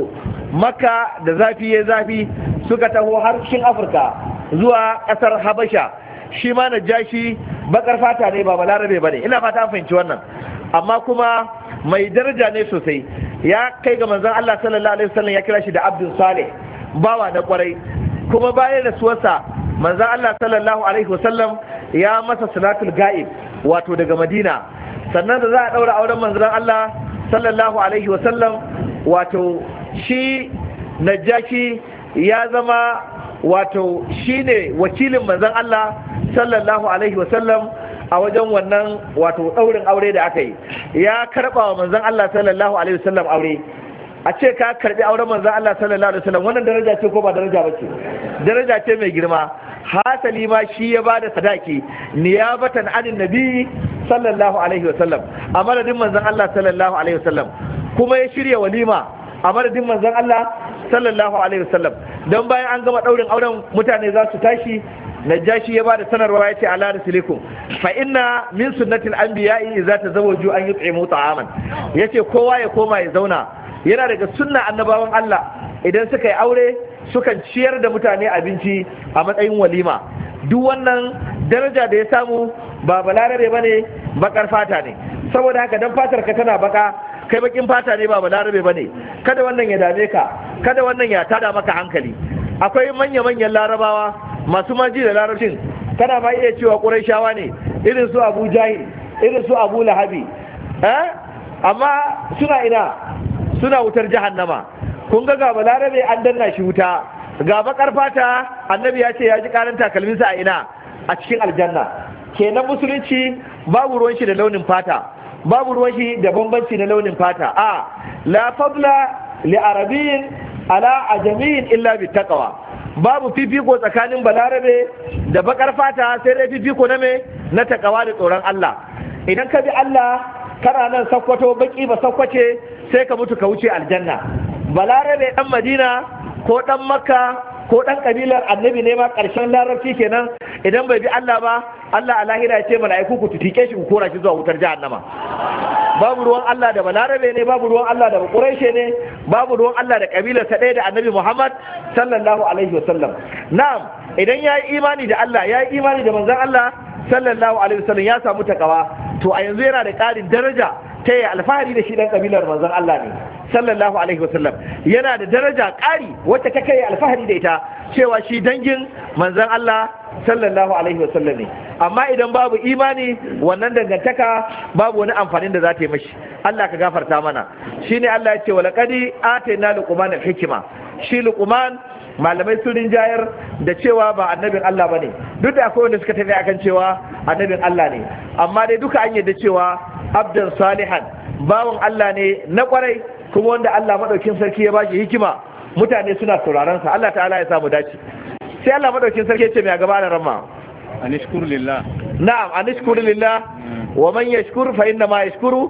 makka da zafi ya zafi suka taho har cikin afirka zuwa ƙasar habasha shi ma na jashi bakar fata ne ba balarabe ba ne ina fata an fahimci wannan amma kuma mai daraja ne sosai ya kai ga manzon Allah sallallahu alaihi wasallam ya kira shi da Abdul Saleh bawa na kwarai kuma bayan suwarsa manzon Allah sallallahu alaihi wasallam ya masa salatul ga'ib wato daga Madina sannan da za a daura auren manzon Allah sallallahu alaihi wasallam wato shi najashi ya zama wato shine wakilin Manzan Allah sallallahu alaihi wasallam a wajen wannan wato ɗaurin aure da aka yi ya karɓa wa Manzan Allah sallallahu alaihi wasallam aure a ce ka karɓi auren Manzan Allah sallallahu alaihi wasallam wannan daraja ce ko ba daraja ba ce daraja ce mai girma hasali ma shi ya bada sadaki niyabatan anin nabi sallallahu alaihi wasallam a maradin Manzan Allah sallallahu alaihi wasallam kuma ya shirya walima a madadin manzon Allah sallallahu alaihi wasallam dan bayan an gama ɗaurin auren mutane za su tashi najashi ya ba da sanarwa ya ce ala rasulikum fa inna min sunnatil anbiya'i idza tazawwaju an yut'imu ya ce kowa ya koma ya zauna yana daga sunna annabawan Allah idan suka yi aure sukan ciyar da mutane abinci a matsayin walima duk wannan daraja da ya samu ba balarabe bane bakar fata ne saboda haka dan fatar ka tana baka kai bakin fata ne ba balarabe ba ne kada wannan ya dame ka kada wannan ya tada maka hankali akwai manya-manyan larabawa masu maji da larabcin kana ma iya cewa ƙurashawa ne irin su abu jahil irin su abu lahabi eh? amma suna ina suna wutar jahannama kun ga ga larabe an danna shi wuta ga bakar fata annabi ya ce ya ji karin takalminsa a ina a cikin aljanna kenan musulunci babu ruwan shi da launin fata babu ruwan shi da bambanci na launin fata a la fadla li arabiyin ala ajamiyin illa bi taqwa babu fifiko tsakanin balarabe da bakar fata sai dai fifiko na me na takawa da tsoron Allah idan ka bi Allah kana nan sakwato baki ba sakwace sai ka mutu ka wuce aljanna balarabe dan madina ko dan makka ko dan kabilar annabi ne ma karshen larabci kenan idan bai bi Allah ba Allah a lahira ya ce mala'iku ku tutike shi ku kora shi zuwa wutar jahannama babu ruwan Allah da balarabe ne babu ruwan Allah da quraishe ne babu ruwan Allah da kabilar ta da annabi Muhammad sallallahu alaihi wasallam na'am idan ya yi imani da Allah ya yi imani da manzon Allah sallallahu alaihi wasallam ya samu takawa to a yanzu yana da ƙarin daraja ta yi alfahari da shi dan kabilar manzon Allah ne sallallahu alaihi wasallam yana da daraja ƙari wacce ta kai alfahari da ita cewa shi dangin manzon Allah sallallahu alaihi wasallam ne amma idan babu imani wannan dangantaka babu wani amfanin da za ta yi mashi Allah ka gafarta mana shine Allah ya ce walaqad atayna luqman al-hikma shi luqman malamai sun rinjayar da cewa ba annabin Allah ba ne. duk da akwai wanda suka tafi akan cewa annabin Allah ne amma dai duka an yadda cewa abdan salihan bawan Allah ne na kwarai kuma wanda Allah madaukin sarki ya bashi hikima mutane suna sauraron sa Allah ta'ala ya samu dace sai Allah madaukin sarki ya ce mai gaba da ramma anishkur lillah na'am anishkur lillah hmm. wa man yashkur fa inna ma yashkuru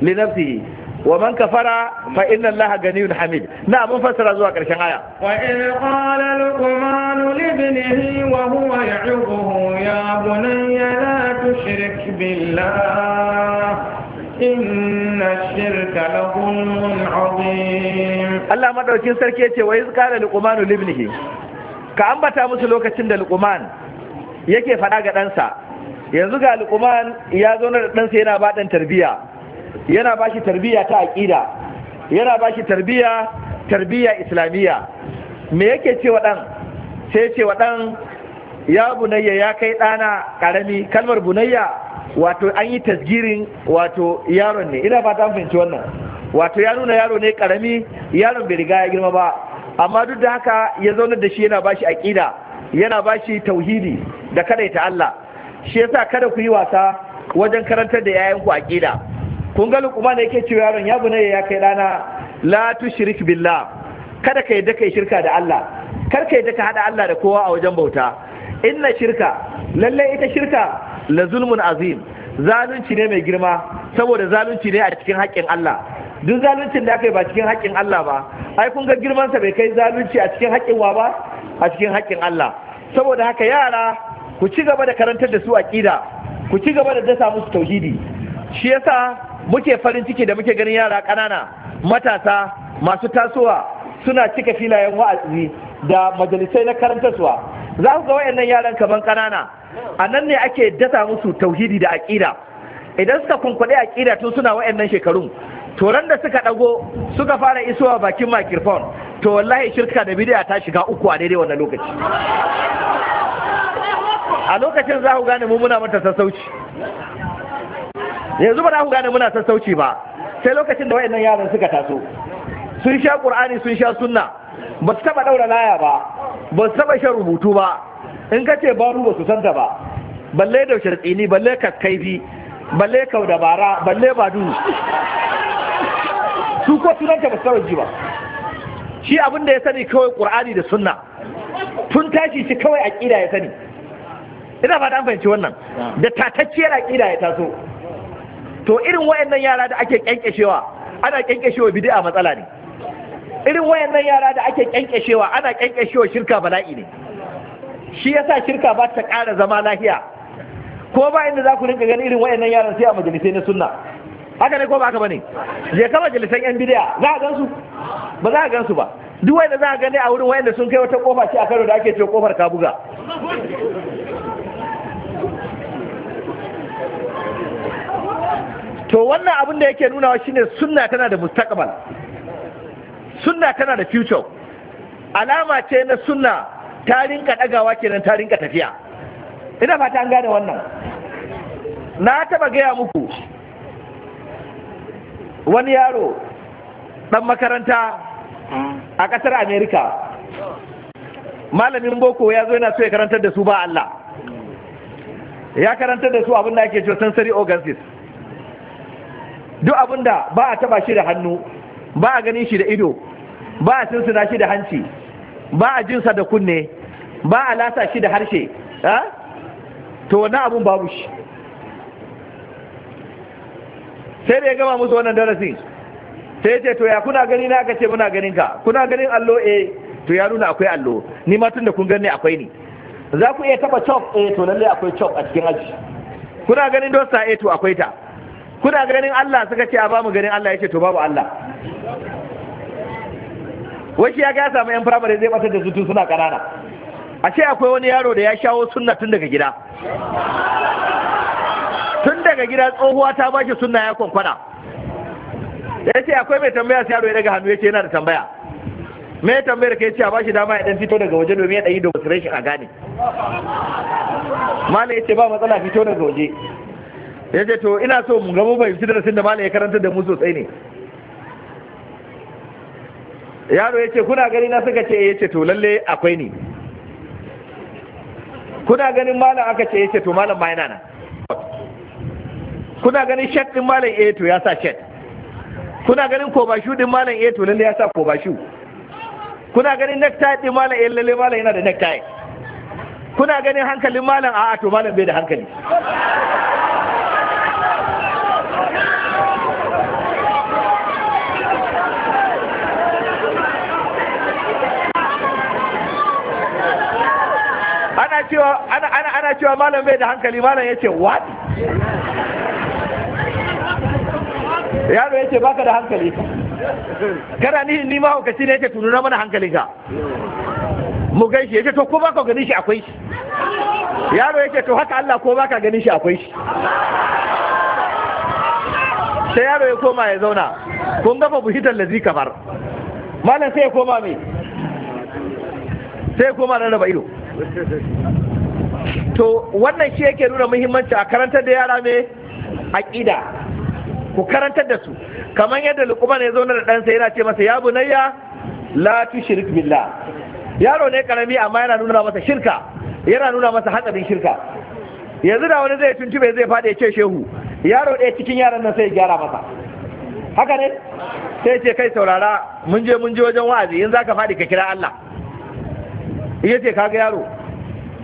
li nafsihi wa man kafara fa inna allaha ganiyun hamid na mun fassara zuwa karshen aya wa in qala luqman li ibnihi wa huwa ya'ubuhu ya bunayya la tushrik billah inna shirka la dhulmun azim Allah madaukin sarki yace wa iz qala luqman ibnihi ka ambata musu lokacin da luqman yake fada ga ɗansa yanzu ga luqman ya zo na ɗansa yana ba dan tarbiya yana ba shi tarbiyya ta aƙida yana ba shi tarbiyya tarbiyya islamiyya me yake ce wa ɗan sai ce wa ɗan ya bunayya ya kai ɗana ƙarami kalmar bunayya wato an yi tasgirin wato yaron ne ina fata fahimci wannan wato ya nuna yaro ne ƙarami yaron bai riga ya girma ba amma duk da haka ya zauna da shi yana ba shi aƙida yana ba shi tauhidi da ta Allah shi yasa kada ku yi wasa wajen karantar da yayanku aƙida kun ga ne yake cewa yaron ya bunayya ya kai dana la tushrik billah kada ka da kai shirka da Allah kar ka da ka hada Allah da kowa a wajen bauta inna shirka lalle ita shirka la zulmun azim zalunci ne mai girma saboda zalunci ne a cikin haƙƙin Allah duk zaluncin da aka yi ba cikin haƙƙin Allah ba ai kun ga girman sa bai kai zalunci a cikin haƙƙin wa ba a cikin haƙƙin Allah saboda haka yara ku ci gaba da karantar da su aqida ku ci gaba da dasa musu tauhidi shi yasa muke farin ciki da muke ganin yara ƙanana matasa masu tasowa suna cika filayen wa'azi da majalisai na karantarsuwa za ku ga wayannan yaran kaman ƙanana a nan ne ake dasa musu tauhidi da aƙida idan suka kunkuɗe aƙida tun suna wayannan shekarun ran da suka ɗago suka fara isowa bakin microphone to wallahi shirka da bidiya ta shiga uku a daidai wannan lokaci a lokacin za ku gane mu muna mata sassauci yanzu ba za ku gane muna sassauci ba sai lokacin da wayannan yaran suka taso sun sha qur'ani sun sha sunna ba su taba daura laya ba ba su taba shan rubutu ba in ka ce baru ba su santa ba balle da shartsini balle kakkaifi balle kau da bara balle badu su ko sunanta ba su ji ba shi abin da ya sani kawai qur'ani da sunna tun tashi shi kawai aqida ya sani ina ba dan fahimci wannan da tatacciyar aqida ya taso to irin wayannan yara da ake kyankyashewa ana kyankyashewa bid'a matsala ne irin wayannan yara da ake kyankyashewa ana kyankyashewa shirka bala'i ne shi yasa shirka ba ta ƙara zama lahiya ko ba inda za ku rinka ganin irin wayannan yaran sai a majalisai na sunna haka ne ko ba haka bane je ka majalisan yan bid'a za a gansu ba za a gansu ba duk wanda za a gani a wurin wayanda sun kai wata kofa ce a karo da ake ce kofar kabuga to wannan abin da yake nunawa ne sunna tana da mustaqbal sunna tana da future alama ce na sunna ta rinka dagawa kenan ta rinka tafiya ina fata an gane wannan na taba gaya muku wani yaro dan makaranta a kasar Amerika, malamin boko ya zo yana so ya karantar da su ba Allah ya karantar da su abin da ake cewa sensory organs duk abin da ba a taba shi da hannu ba a ganin shi da ido ba a sinsina shi da hanci ba a jinsa da kunne ba a lasa shi da harshe to wannan abun babu shi sai da ya gama musu wannan darasin sai ya ce to ya kuna gani na aka ce muna ganin ka kuna ganin allo eh to ya nuna akwai allo ni ma tun da kun gani akwai ni za ku iya taba chop eh to lalle akwai chop a cikin aji kuna ganin dosa eh to akwai ta kuna ganin Allah suka ce a ba mu ganin Allah ya ce to babu Allah shi ya ga samu yan firamare zai batar da su tun suna ƙanana. a ce akwai wani yaro da ya shawo sunna tun daga gida tun daga gida tsohuwa ta ba shi sunna ya kwankwana ya ce akwai mai tambaya su yaro ya daga hannu ya ce yana da tambaya me tambayar ka ce a bashi dama ya ɗan fito daga waje domin ya dan yi wasu a gane mala ya ce ba matsala fito daga waje ya ce to ina so mu gaba bai fi darasin da mala ya karanta da mu sosai ne yaro ya ce kuna gani na suka ce eh, ya ce to lalle akwai ni kuna ganin malam aka ce eh, ya ce to malam ma yana nan kuna ganin shet din malam ya eh, to ya sa shet kuna ganin kobashu din malam ya to lalle ya sa kobashu kuna ganin necktie din malam ya lalle malam yana da necktie kuna ganin hankalin malam a'a to malam bai da hankali ana cewa ana ana ana cewa malam bai da hankali malam yace what yaro yace baka da hankali kana ni ni ma hukaci ne yake tununa mana ga mu ya yace to ko baka ganin shi akwai shi yaro ce to haka Allah ko baka ganin shi akwai shi sai yaro ya koma ya zauna kun gafa buhitar lazi kamar malam sai ya koma mai sai ya koma na raba ido to wannan shi yake nuna muhimmanci a karantar da yara mai aƙida ku karantar da su kamar yadda lukuman ya zauna da ɗansa yana ce masa ya bunayya la shirk billah yaro ne karami amma yana nuna masa shirka yana nuna masa hatsarin shirka yanzu da wani zai tuntube zai faɗi ya ce shehu yaro ɗaya cikin yaran nan sai gyara masa haka ne sai ce kai saurara mun je mun je wajen wa'azi in zaka faɗi ka kira Allah iya ce kaga yaro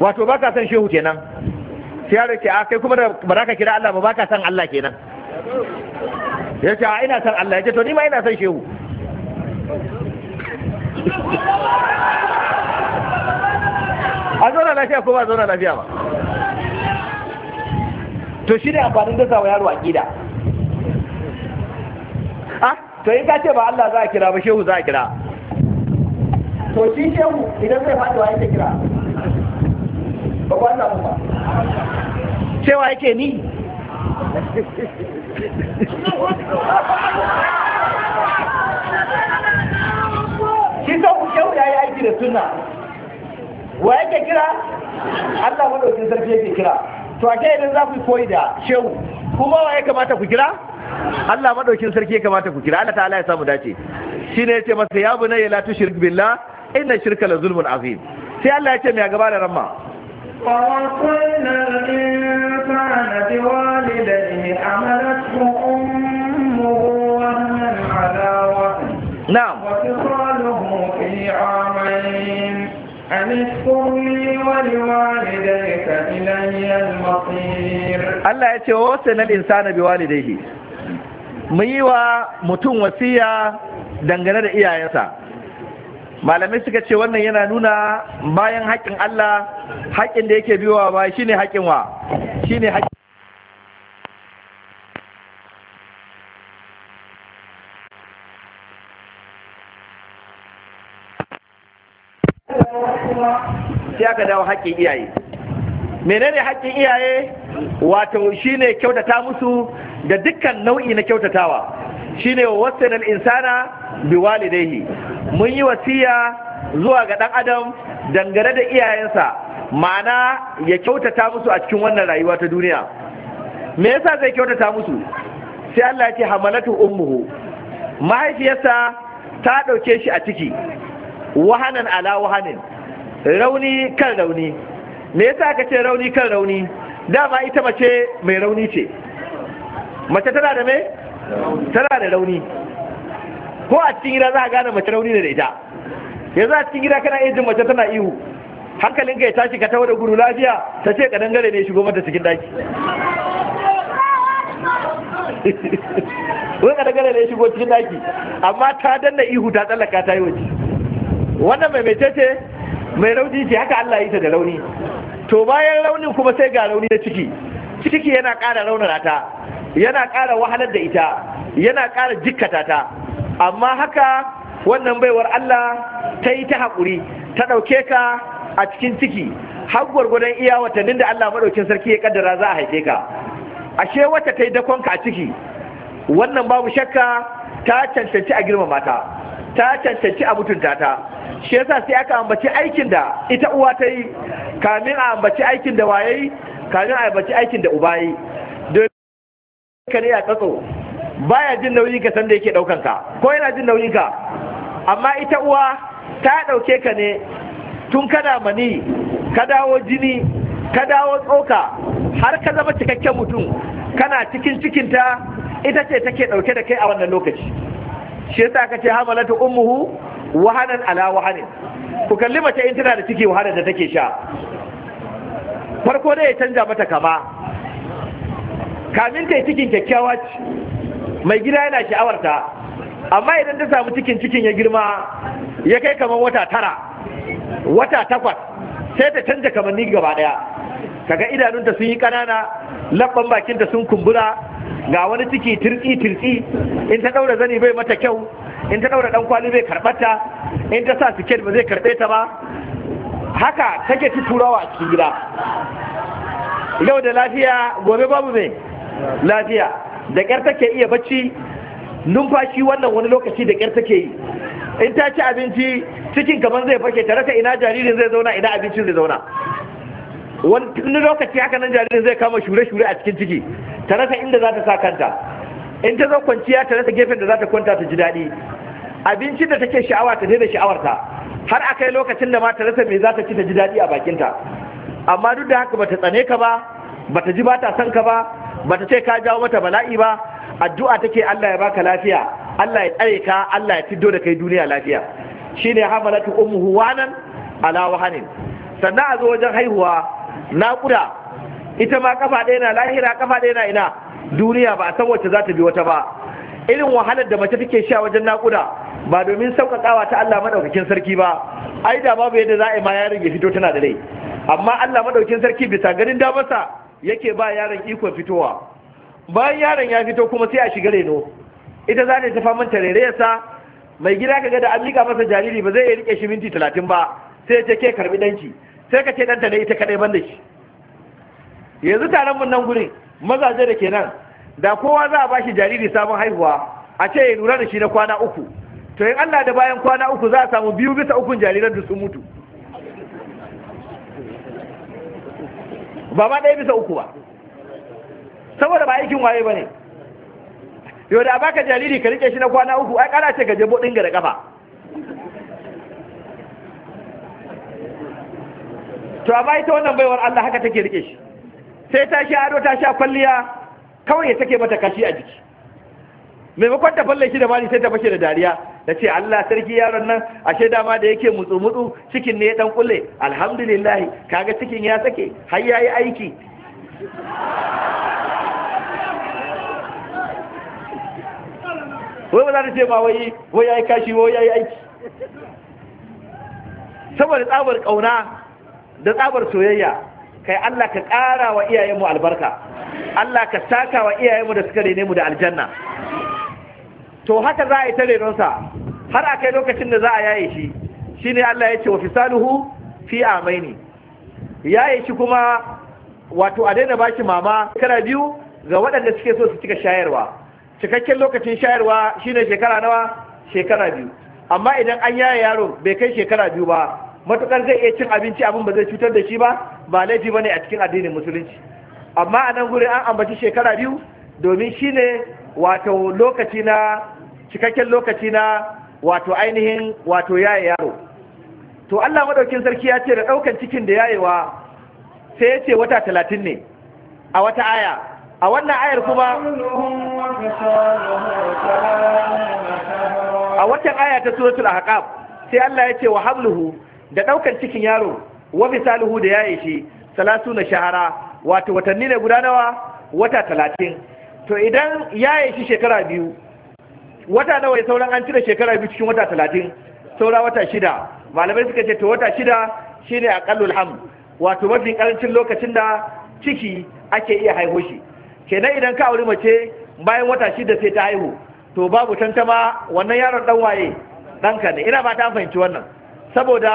wato baka san shehu kenan sai yaro ce a kai kuma da ba ka kira Allah ba baka san Allah kenan ya ce a ina san Allah ya ce to ni ma ina san shehu a zauna lafiya ko ba zauna lafiya ba to shi ne amfanin dasa wa yaro aƙida A ah, to in ka ce ba Allah za a kira ba shehu za a kira to shi shehu idan zai faɗi wa yake kira ba ku Allah ba cewa yake ni shi sa ku shehu ya yi aiki da suna wa yake kira Allah madaukin sarki yake kira to a idan za ku koyi da shehu kuma wa ya kamata ku kira Allah madaukin sarki ya kamata ku kira Allah ta'ala ya samu dace shine yace masa ya bunayya la tushrik billah inna shirka la zulmun azim sai Allah ya ce mai gaba da ramma ووصينا الإنسان بوالديه حملته أمه وهنا على وهن نعم وفصاله في عامين أن اشكر لي ولوالديك إلي المصير الله يتوسن الإنسان بوالديه muyiwa mutum wasiya dangane da iyayensa malamai suka ce wannan yana nuna bayan haƙƙin Allah haƙƙin da yake biyowa ba shine haƙƙin wa shine haƙƙin sai aka dawo haƙƙin iyaye menene haƙƙin iyaye wato shine kyautata musu da dukkan nau'i na kyautatawa shine wasanan insana biwalidaihi mun yi wasiya zuwa ga ɗan adam dangane da iyayensa ma'ana ya kyautata musu a cikin wannan rayuwa ta duniya me yasa zai kyautata musu sai Allah ya ce hamalatu ummuhu mahaifiyarsa ta ɗauke shi a ciki wahanan ala wahanin rauni kan rauni me yasa aka ce rauni kan rauni dama ita mace mai rauni ce mace tana da me? tana da rauni ko a cikin gida za a gane mace rauni ne da ita yanzu a cikin gida kana iya jin mace tana ihu hankalin ka ya tashi ka tawo da gudu lafiya ta ce ka dangare ne shigo mata cikin daki <laughs> wai ka dangare ne shigo cikin daki amma ta danna ihu ta tsallaka ta yi waje wannan mai mece ce mai rauni ce haka Allah yi ta da rauni to bayan raunin kuma sai ga rauni na ciki ciki yana ƙara raunar ta yana ƙara wahalar da ita yana ƙara jikkata ta amma haka wannan baiwar Allah ta yi ta haƙuri ta ɗauke ka a cikin ciki har gwargwadon iya watannin da Allah maɗaukin sarki ya kaddara za a haife ka ashe wata ta yi dakonka a ciki wannan babu shakka ta cancanci a girmama ta ta cancanci a mutunta ta shi yasa sai aka ambaci aikin da ita uwa ta yi kamin a ambaci aikin da waye kamin a ambaci aikin da uba yi don ka ne a tsatso baya jin nauyin ka sanda yake daukan ka ko yana jin nauyin ka amma ita uwa ta dauke ka ne tun kana mani ka dawo jini ka dawo tsoka har ka zama cikakken mutum kana cikin cikinta ita ce take dauke da kai a wannan lokaci shi yasa aka ce hamalatu ummuhu wahanan ala wahanin ku kalli mace in tana da ciki wahala da take sha farko dai ya canja mata kama kamin ta yi cikin kyakkyawa mai gida yana sha'awarta amma idan ta samu cikin cikin ya girma ya kai kamar wata tara wata takwas sai ta canja kamanni gaba daya kaga idanunta sun yi kanana labban bakinta sun kumbura ga wani ciki tirtsi tirtsi in ta daura zani bai mata kyau in ta daura dan kwali bai karbata in ta sa siket ba zai karbe ta ba haka take ci turawa a cikin gida yau da lafiya gobe babu mai lafiya da ƙyar take iya bacci numfashi wannan wani lokaci da ƙyar take yi in ta ci abinci cikin kamar zai fashe ta rasa ina jaririn zai zauna ina abincin zai zauna wani lokaci haka nan jaririn zai kama shure-shure a cikin ciki ta rasa inda za ta sa kanta in ta zo kwanciya ta rasa gefen da za ta kwanta ta ji daɗi abincin da take sha'awa ta daina sha'awarta har a kai lokacin da ma ta rasa me za ta ci ta ji daɗi a bakinta amma duk da haka bata tsane ka ba bata ji ba ta san ka ba bata ce ka jawo mata bala'i ba addu'a take Allah ya baka lafiya Allah ya tsare ka Allah ya fiddo da kai duniya lafiya shine hamalatu ummuhu wanan ala wahanin sannan a zo wajen haihuwa naƙuda ita ma kafa ɗaya na lahira kafa ɗaya na ina duniya ba a san wacce za ta bi wata ba irin wahalar da mace take sha wajen naƙuda ba domin sauƙaƙawa ta Allah maɗaukakin sarki ba ai da babu yadda za a yi ma yaron ya fito tana da rai amma Allah maɗaukakin sarki bisa ganin damarsa yake ba yaron ikon fitowa bayan yaron ya fito kuma sai a shiga reno ita za ta tafa manta rereyarsa mai gida kaga da an miƙa masa jariri ba zai iya riƙe shi minti talatin ba sai ce ke karɓi ɗanki sai ka ce ɗanta da ita kaɗai ban da shi yanzu taron mun nan gurin mazaje da kenan nan da kowa za a bashi jariri sabon haihuwa a ce ya lura da shi na kwana uku to in Allah da bayan kwana uku za a samu biyu bisa ukun jariran da sun mutu ba ma ɗaya bisa uku ba saboda ba aikin waye ba ne yau da baka jariri ka rike shi na kwana uku ai kana ce ka je bodin ga da kafa to amma ta wannan baiwar Allah haka take rike shi sai ta shi ado ta sha kwalliya kawai ya take mata kashi a jiki maimakon ta falle shi da mali sai ta fashe da dariya da ce Allah sarki yaron nan ashe dama da yake mutsu mutsu cikin ne ya dan kulle alhamdulillah kaga cikin ya sake har yayi aiki wai wala da ce ba wai wai yayi kashi wai yayi aiki saboda tsabar kauna da tsabar soyayya kai Allah ka ƙara wa iyayenmu albarka Allah ka saka wa iyayenmu da suka rene mu da aljanna to haka za a yi ta renonsa har a kai lokacin da za a yaye shi shine Allah ya ce wa fisaluhu fi amaini yaye shi kuma wato a daina shi mama kara biyu ga waɗanda suke so su cika shayarwa cikakken lokacin shayarwa shine shekara nawa shekara biyu amma idan an yaye yaro bai kai shekara biyu ba matukar zai iya cin abinci abin ba zai cutar da shi ba ba laifi bane a cikin addinin musulunci amma a nan guri an ambaci shekara biyu domin shine wato lokaci na cikakken lokaci na wato ainihin wato yaye yaro to Allah madaukin sarki ya ce da daukan cikin da yayewa sai ya ce wata talatin ne a wata aya a wannan ayar kuma a watan aya ta suratul ahqaf sai Allah ya ce wa habluhu da ɗaukar cikin yaro wa misaluhu da yaye shi salatu na shahara wato watanni ne guda nawa wata talatin to idan yaye shi shekara biyu wata nawa ya sauran an cire shekara biyu cikin wata talatin saura wata shida malamai suka ce to wata shida shi ne aƙallul ham wato mafi ƙarancin lokacin da ciki ake iya haihu shi kenan idan ka auri mace bayan wata shida sai ta haihu to babu tantama wannan yaron dan waye ɗanka ne ina ba ta fahimci wannan saboda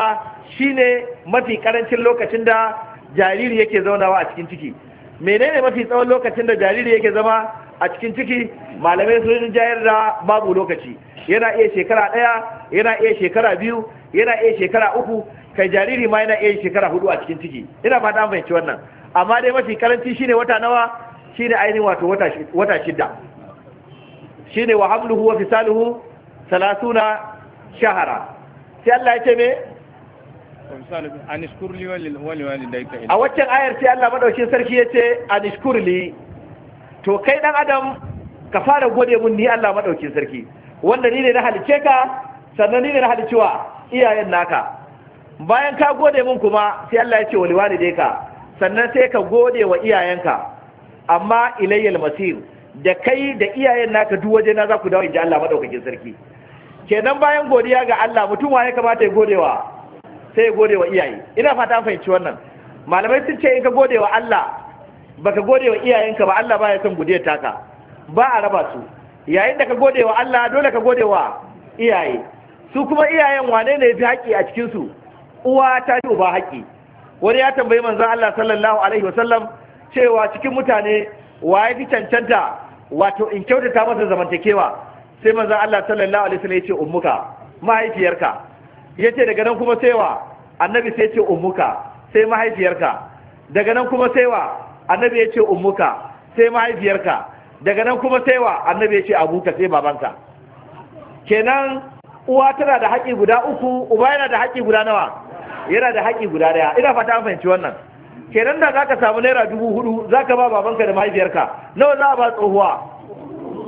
shi ne mafi karancin lokacin da jariri yake zaunawa a cikin ciki menene mafi tsawon lokacin da jariri yake zama a cikin ciki malamai sun jayar da babu lokaci yana iya shekara ɗaya yana iya shekara biyu yana iya shekara uku kai jariri ma yana iya shekara hudu a cikin ciki ina fata ta fahimci wannan amma dai mafi karanci shine wata nawa shine ainihin wato wata shida shine wa hamluhu wa fisaluhu salasuna shahara sai Allah ya ce me a waccan ayar sai Allah madaukin sarki ya ce anishkurli to kai dan adam ka fara gode mun ni Allah madaukin sarki wanda ni ne na halice ka sannan ni ne na halicewa iyayen naka bayan ka gode mun kuma sai Allah ya ce wali dai ka sannan sai ka gode wa iyayenka amma ilayyal masir da kai da iyayen naka duk waje na za ku dawo inji Allah madaukakin sarki kenan bayan godiya ga Allah mutum wa ya kamata ya gode wa, sai ya wa iyaye ina fata an fahimci wannan malamai sun ce in ka gode wa Allah baka wa iyayenka ba Allah baya son gudiyar taka ba a raba su yayin da ka gode wa Allah dole ka gode wa iyaye su kuma iyayen wane ne fi haƙƙi a cikin su uwa ta yi uba haƙƙi wani ya tambayi manzon Allah sallallahu alaihi wasallam cewa cikin mutane waye fi cancanta wato in kyautata masa zamantakewa sai manzo Allah sallallahu alaihi wasallam yace ummuka mahaifiyarka yace daga nan kuma sai wa annabi sai yace ummuka sai mahaifiyarka daga nan kuma sai wa annabi yace ummuka sai mahaifiyarka daga nan kuma sai wa annabi yace abuka sai babanka kenan uwa tana da haƙi guda uku uba yana da haƙi guda nawa yana da haƙi guda daya ina fata an fahimci wannan kenan da zaka samu naira dubu hudu zaka ba babanka da mahaifiyarka nawa za a ba tsohuwa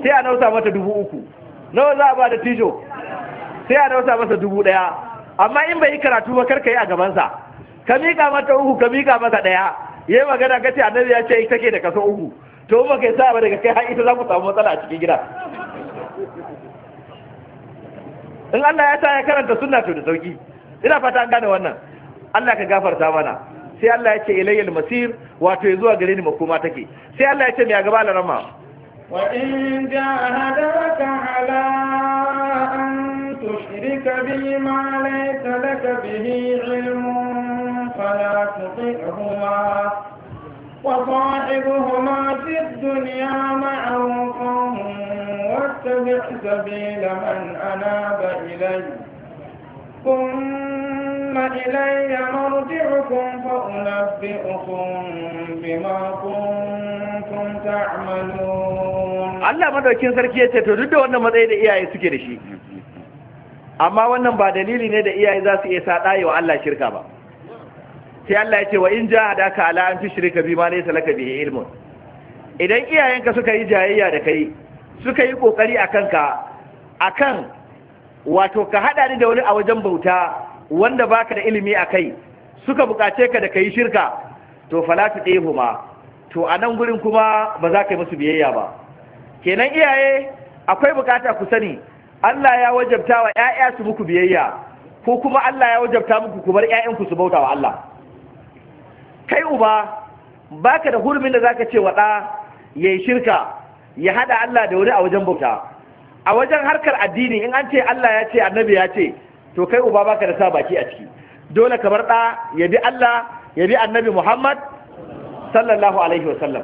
sai a nauta mata dubu uku nawa za a ba da tijo sai a nausa masa dubu ɗaya amma in bai yi karatu ba karka yi a gabansa ka miƙa mata uku ka miƙa masa ɗaya ya yi magana ka ce annabi ya ce ita ke da kaso uku to ba kai sa ba daga kai har ita za ku samu matsala a cikin gida in Allah ya sa ya karanta sunna to da sauki ina fata an gane wannan Allah ka gafarta mana sai Allah ya ce ilayil masir wato ya zuwa gare ni makoma take sai Allah ya ce me ya gaba larama وإن جاهدك على أن تشرك بي ما ليس لك به علم فلا تطعهما وصاحبهما في الدنيا معروفا واتبع سبيل من أناب إليه ثم إلي مرجعكم فأنبئكم بما كنتم تعملون Allah madaukin sarki ya ce to duk da wannan matsayi da iyaye suke da shi amma wannan ba dalili ne da iyaye za su iya saɗaye wa Allah shirka ba sai Allah ya ce wa in jahadaka ala an tushrika bima laysa laka bihi ilmun idan iyayenka suka yi jayayya da kai suka yi kokari akan ka akan wato ka haɗa ni da wani a wajen bauta wanda baka da ilimi a kai suka buƙace ka da ka yi shirka to falatu ɗehu huma, to a nan gurin kuma ba za ka yi musu biyayya ba kenan iyaye akwai buƙata ku sani Allah ya wajabta wa ‘ya'ya su muku biyayya ko kuma Allah ya wajabta muku ku bar ‘ya'yanku su bauta wa Allah kai uba baka da hurumin da za ka ce waɗa ɗa ya yi shirka ya haɗa Allah da wani a wajen bauta a wajen harkar addini in an ce Allah ya ce annabi ya ce to kai uba baka da sa baki a ciki dole kamar ɗa ya bi Allah ya bi annabi Muhammad sallallahu alaihi wa sallam.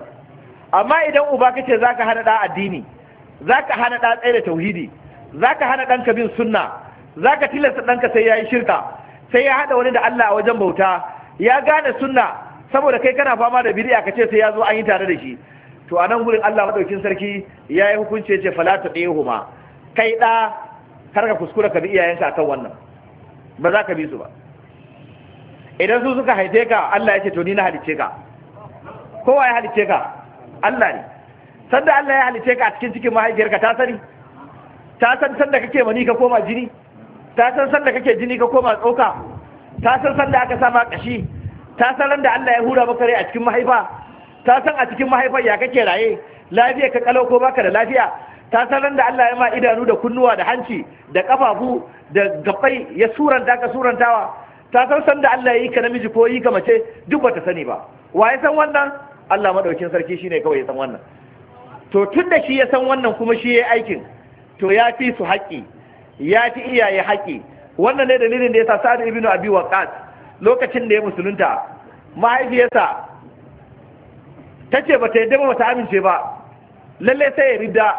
amma idan uba kace zaka hana da addini zaka hana ɗa tsaye da tauhidi zaka hana ɗanka bin sunna zaka tilasta ɗanka sai yayi shirka sai ya haɗa wani da Allah a wajen bauta ya gane sunna saboda kai kana fama da bid'a kace sai ya zo an yi tare da shi to a nan gurin Allah madaukin sarki ya yi hukunci ya ce fala ta ɗaya huma kai ɗa kar ka kuskura ka bi iyayenka kan wannan ba za ka bi su ba idan su suka haife ka Allah ya ce to ni na halice ka kowa ya halice ka Allah ne sanda Allah ya halice ka a cikin cikin mahaifiyarka ta sani ta san sanda kake mani ka koma jini ta san sanda kake jini ka koma tsoka ta san sanda aka sama kashi ta san da Allah ya hura maka rai a cikin mahaifa ta san a cikin mahaifar ya kake raye lafiya ka kalau ko baka da lafiya ta san da Allah ya ma idanu da kunnuwa da hanci da kafafu da gabai ya suranta ka surantawa ta san san da Allah ya yi ka namiji ko yi ka mace duk bata sani ba wa ya san wannan Allah madaukin sarki shine kawai ya san wannan to tun da shi ya san wannan kuma shi ya aikin to ya fi su haƙƙi ya fi iyaye haƙƙi wannan ne dalilin da ya sa sa'ad ibn abi waqas lokacin da ya musulunta mahaifiyarsa ta ce ba ta yadda ba ta amince ba lallai sai ya rida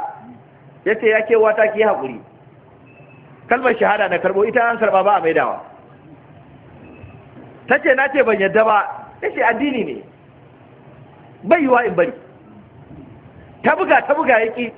ya ce ya kewa ta ki haƙuri kalmar shahada na karɓo ita an karɓa ba a maidawa ta ce na ce ban yadda ba ya ce addini ne bai yi wa in bari ta buga ta buga ya ƙi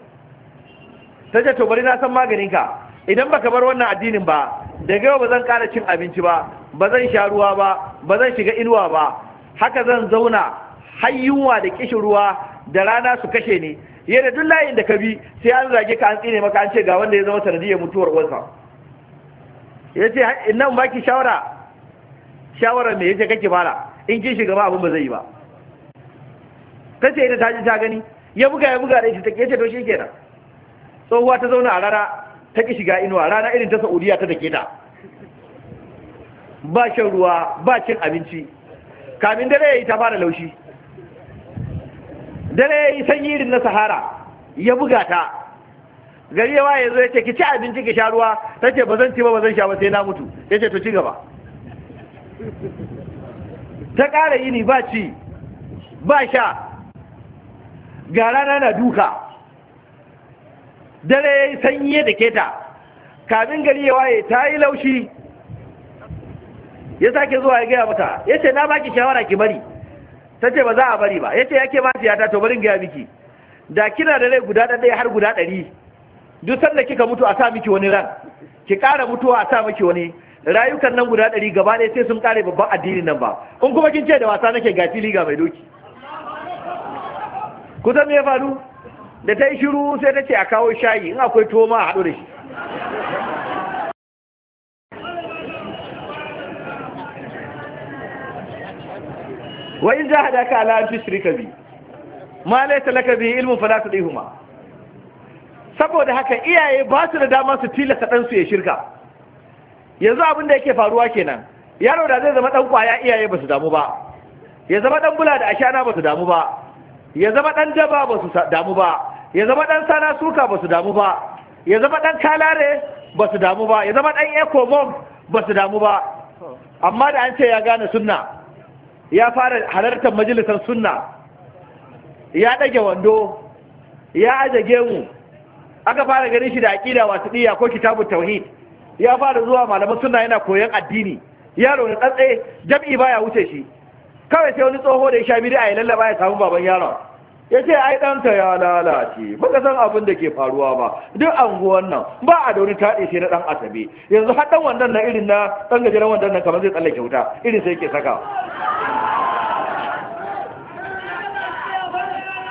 ta ce to bari na san maganinka idan baka bar wannan addinin ba daga yau ba zan ƙara cin abinci ba ba zan sha ruwa ba ba zan shiga inuwa ba haka zan zauna har da kishin ruwa da rana su kashe ne yadda duk layin da ka bi sai an zage ka an tsine maka an ce ga wanda ya zama sanadiyar mutuwar wansa. ya ce nan baki shawara shawara me ce kake fara in kin shiga ba abin ba zai yi ba kace ita ta ji ta gani ya buga ya buga da ita take ce to shikenan tsohuwa ta zauna a rana ta ki shiga inuwa rana irin ta Saudiya ta dake ta ba shan ruwa ba cin abinci kamin dare ya yi ta fara laushi dare ya yi sanyi irin na sahara ya buga ta gari yawa ya zo ya ce ki ci abinci ki sha ruwa ta ce ba zan ci ba ba zan sha ba sai na mutu ya ce to ci gaba ta ƙara yini ba ci ba sha ga rana na duka dare ya yi sanyi da keta kamin gari ya ta yi laushi ya sake zuwa ya gaya mata ya ce na baki shawara ki bari ta ce ba za a bari ba ya ce yake mahaifiyata to barin gaya miki da kina da rai guda ɗaya har guda ɗari duk sanda kika mutu a sa miki wani ran ki ƙara mutuwa a sa miki wani rayukan nan guda ɗari gaba ɗaya sai sun ƙare babban addinin nan ba in kuma kin ce da wasa nake ga fili ga mai doki kusan me ya faru da ta yi shiru sai ta ce a kawo shayi in akwai tuwo ma a haɗu da shi wa in jahadaka ala an tushrika bi ma laysa laka bihi ilmun fala saboda haka iyaye ba su da dama su tilasta dan su ya shirka yanzu abin da yake faruwa kenan yaro da zai zama ɗan kwaya iyaye ba su damu ba ya zama ɗan bula da ashana ba su damu ba ya zama ɗan daba ba su damu ba ya zama ɗan sana suka ba su damu ba ya zama ɗan kalare ba su damu ba ya zama ɗan eco ba su damu ba amma da an ce ya gane sunna ya fara halartar majalisar sunna ya ɗage wando ya aje gemu aka fara ganin shi da aƙida wasu ɗiya ko kitabun tauhid ya fara zuwa malaman sunna yana koyon addini yaro ne tsatse jam'i baya wuce shi kawai sai wani tsoho da ya sha bidi a ya lallaba ya samu baban yaron ya ce ai ɗanta ya lalace baka san abin da ke faruwa ba duk anguwan nan ba a da wani taɗe sai na ɗan asabe yanzu har ɗan wannan na irin na ɗan gajeren wannan nan kamar zai tsalle kyauta irin sai ke saka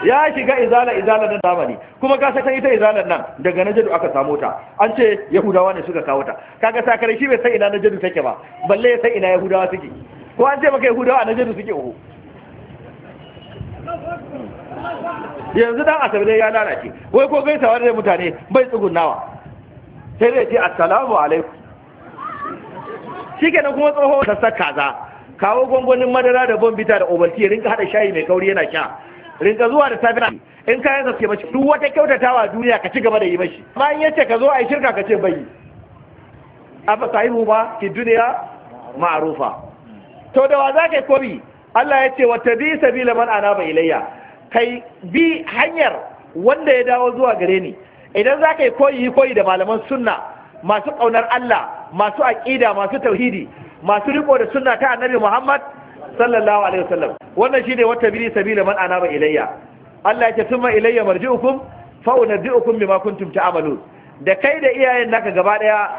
ya shiga izala izala nan zamani kuma ka sakan ita izalar nan daga najadu aka samu ta an ce yahudawa ne suka kawo ta kaga sakare shi bai san ina najadu take ba balle ya san ina yahudawa suke ko an ce maka yahudawa a najadu suke uku yanzu dan asabe ya lalace wai ko gaisawa da mutane bai tsugunnawa sai dai ce assalamu alaikum shikenan kuma tsoho ta saka za kawo gwangwanin madara da bombita da obalti rinka hada shayi mai kauri yana sha rinka zuwa da safira in kayan sa ke mashi duk wata kyautatawa duniya ka ci gaba da yi mashi amma in yace ka zo ai shirka ka ce bai afa sahibu ba ki duniya ma'rufa to da wa zakai kobi Allah ya ce wata tabi sabila man anaba ilayya kai bi hanyar wanda ya dawo zuwa gare ni idan za ka yi koyi koyi da malaman sunna masu ƙaunar Allah masu aƙida masu tauhidi masu riko da sunna ta annabi Muhammad sallallahu alaihi wasallam wannan shine wata biri sabila man anaba ilayya Allah ya tuma ilayya marji'ukum fa unabbi'ukum bima kuntum ta'malun da kai da iyayen naka gaba daya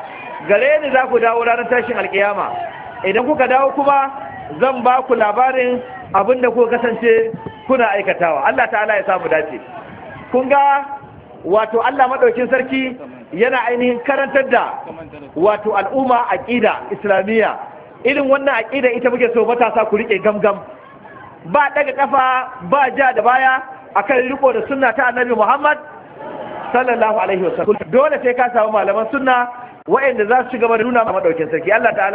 gare ni za ku dawo ranar tashin alkiyama idan kuka dawo kuma zan ba ku labarin abinda kuka kasance kuna aikatawa Allah ta'ala ya samu dace kun ga wato Allah madaukin sarki yana ainihin karantar da wato al'umma aqida islamiyya irin wannan aqida ita muke so matasa ku rike gamgam ba daga kafa ba ja da baya akan riko da sunna ta annabi Muhammad sallallahu alaihi wasallam dole sai ka samu malaman sunna wa'anda za su shiga gaba da nuna madaukin sarki Allah ta'ala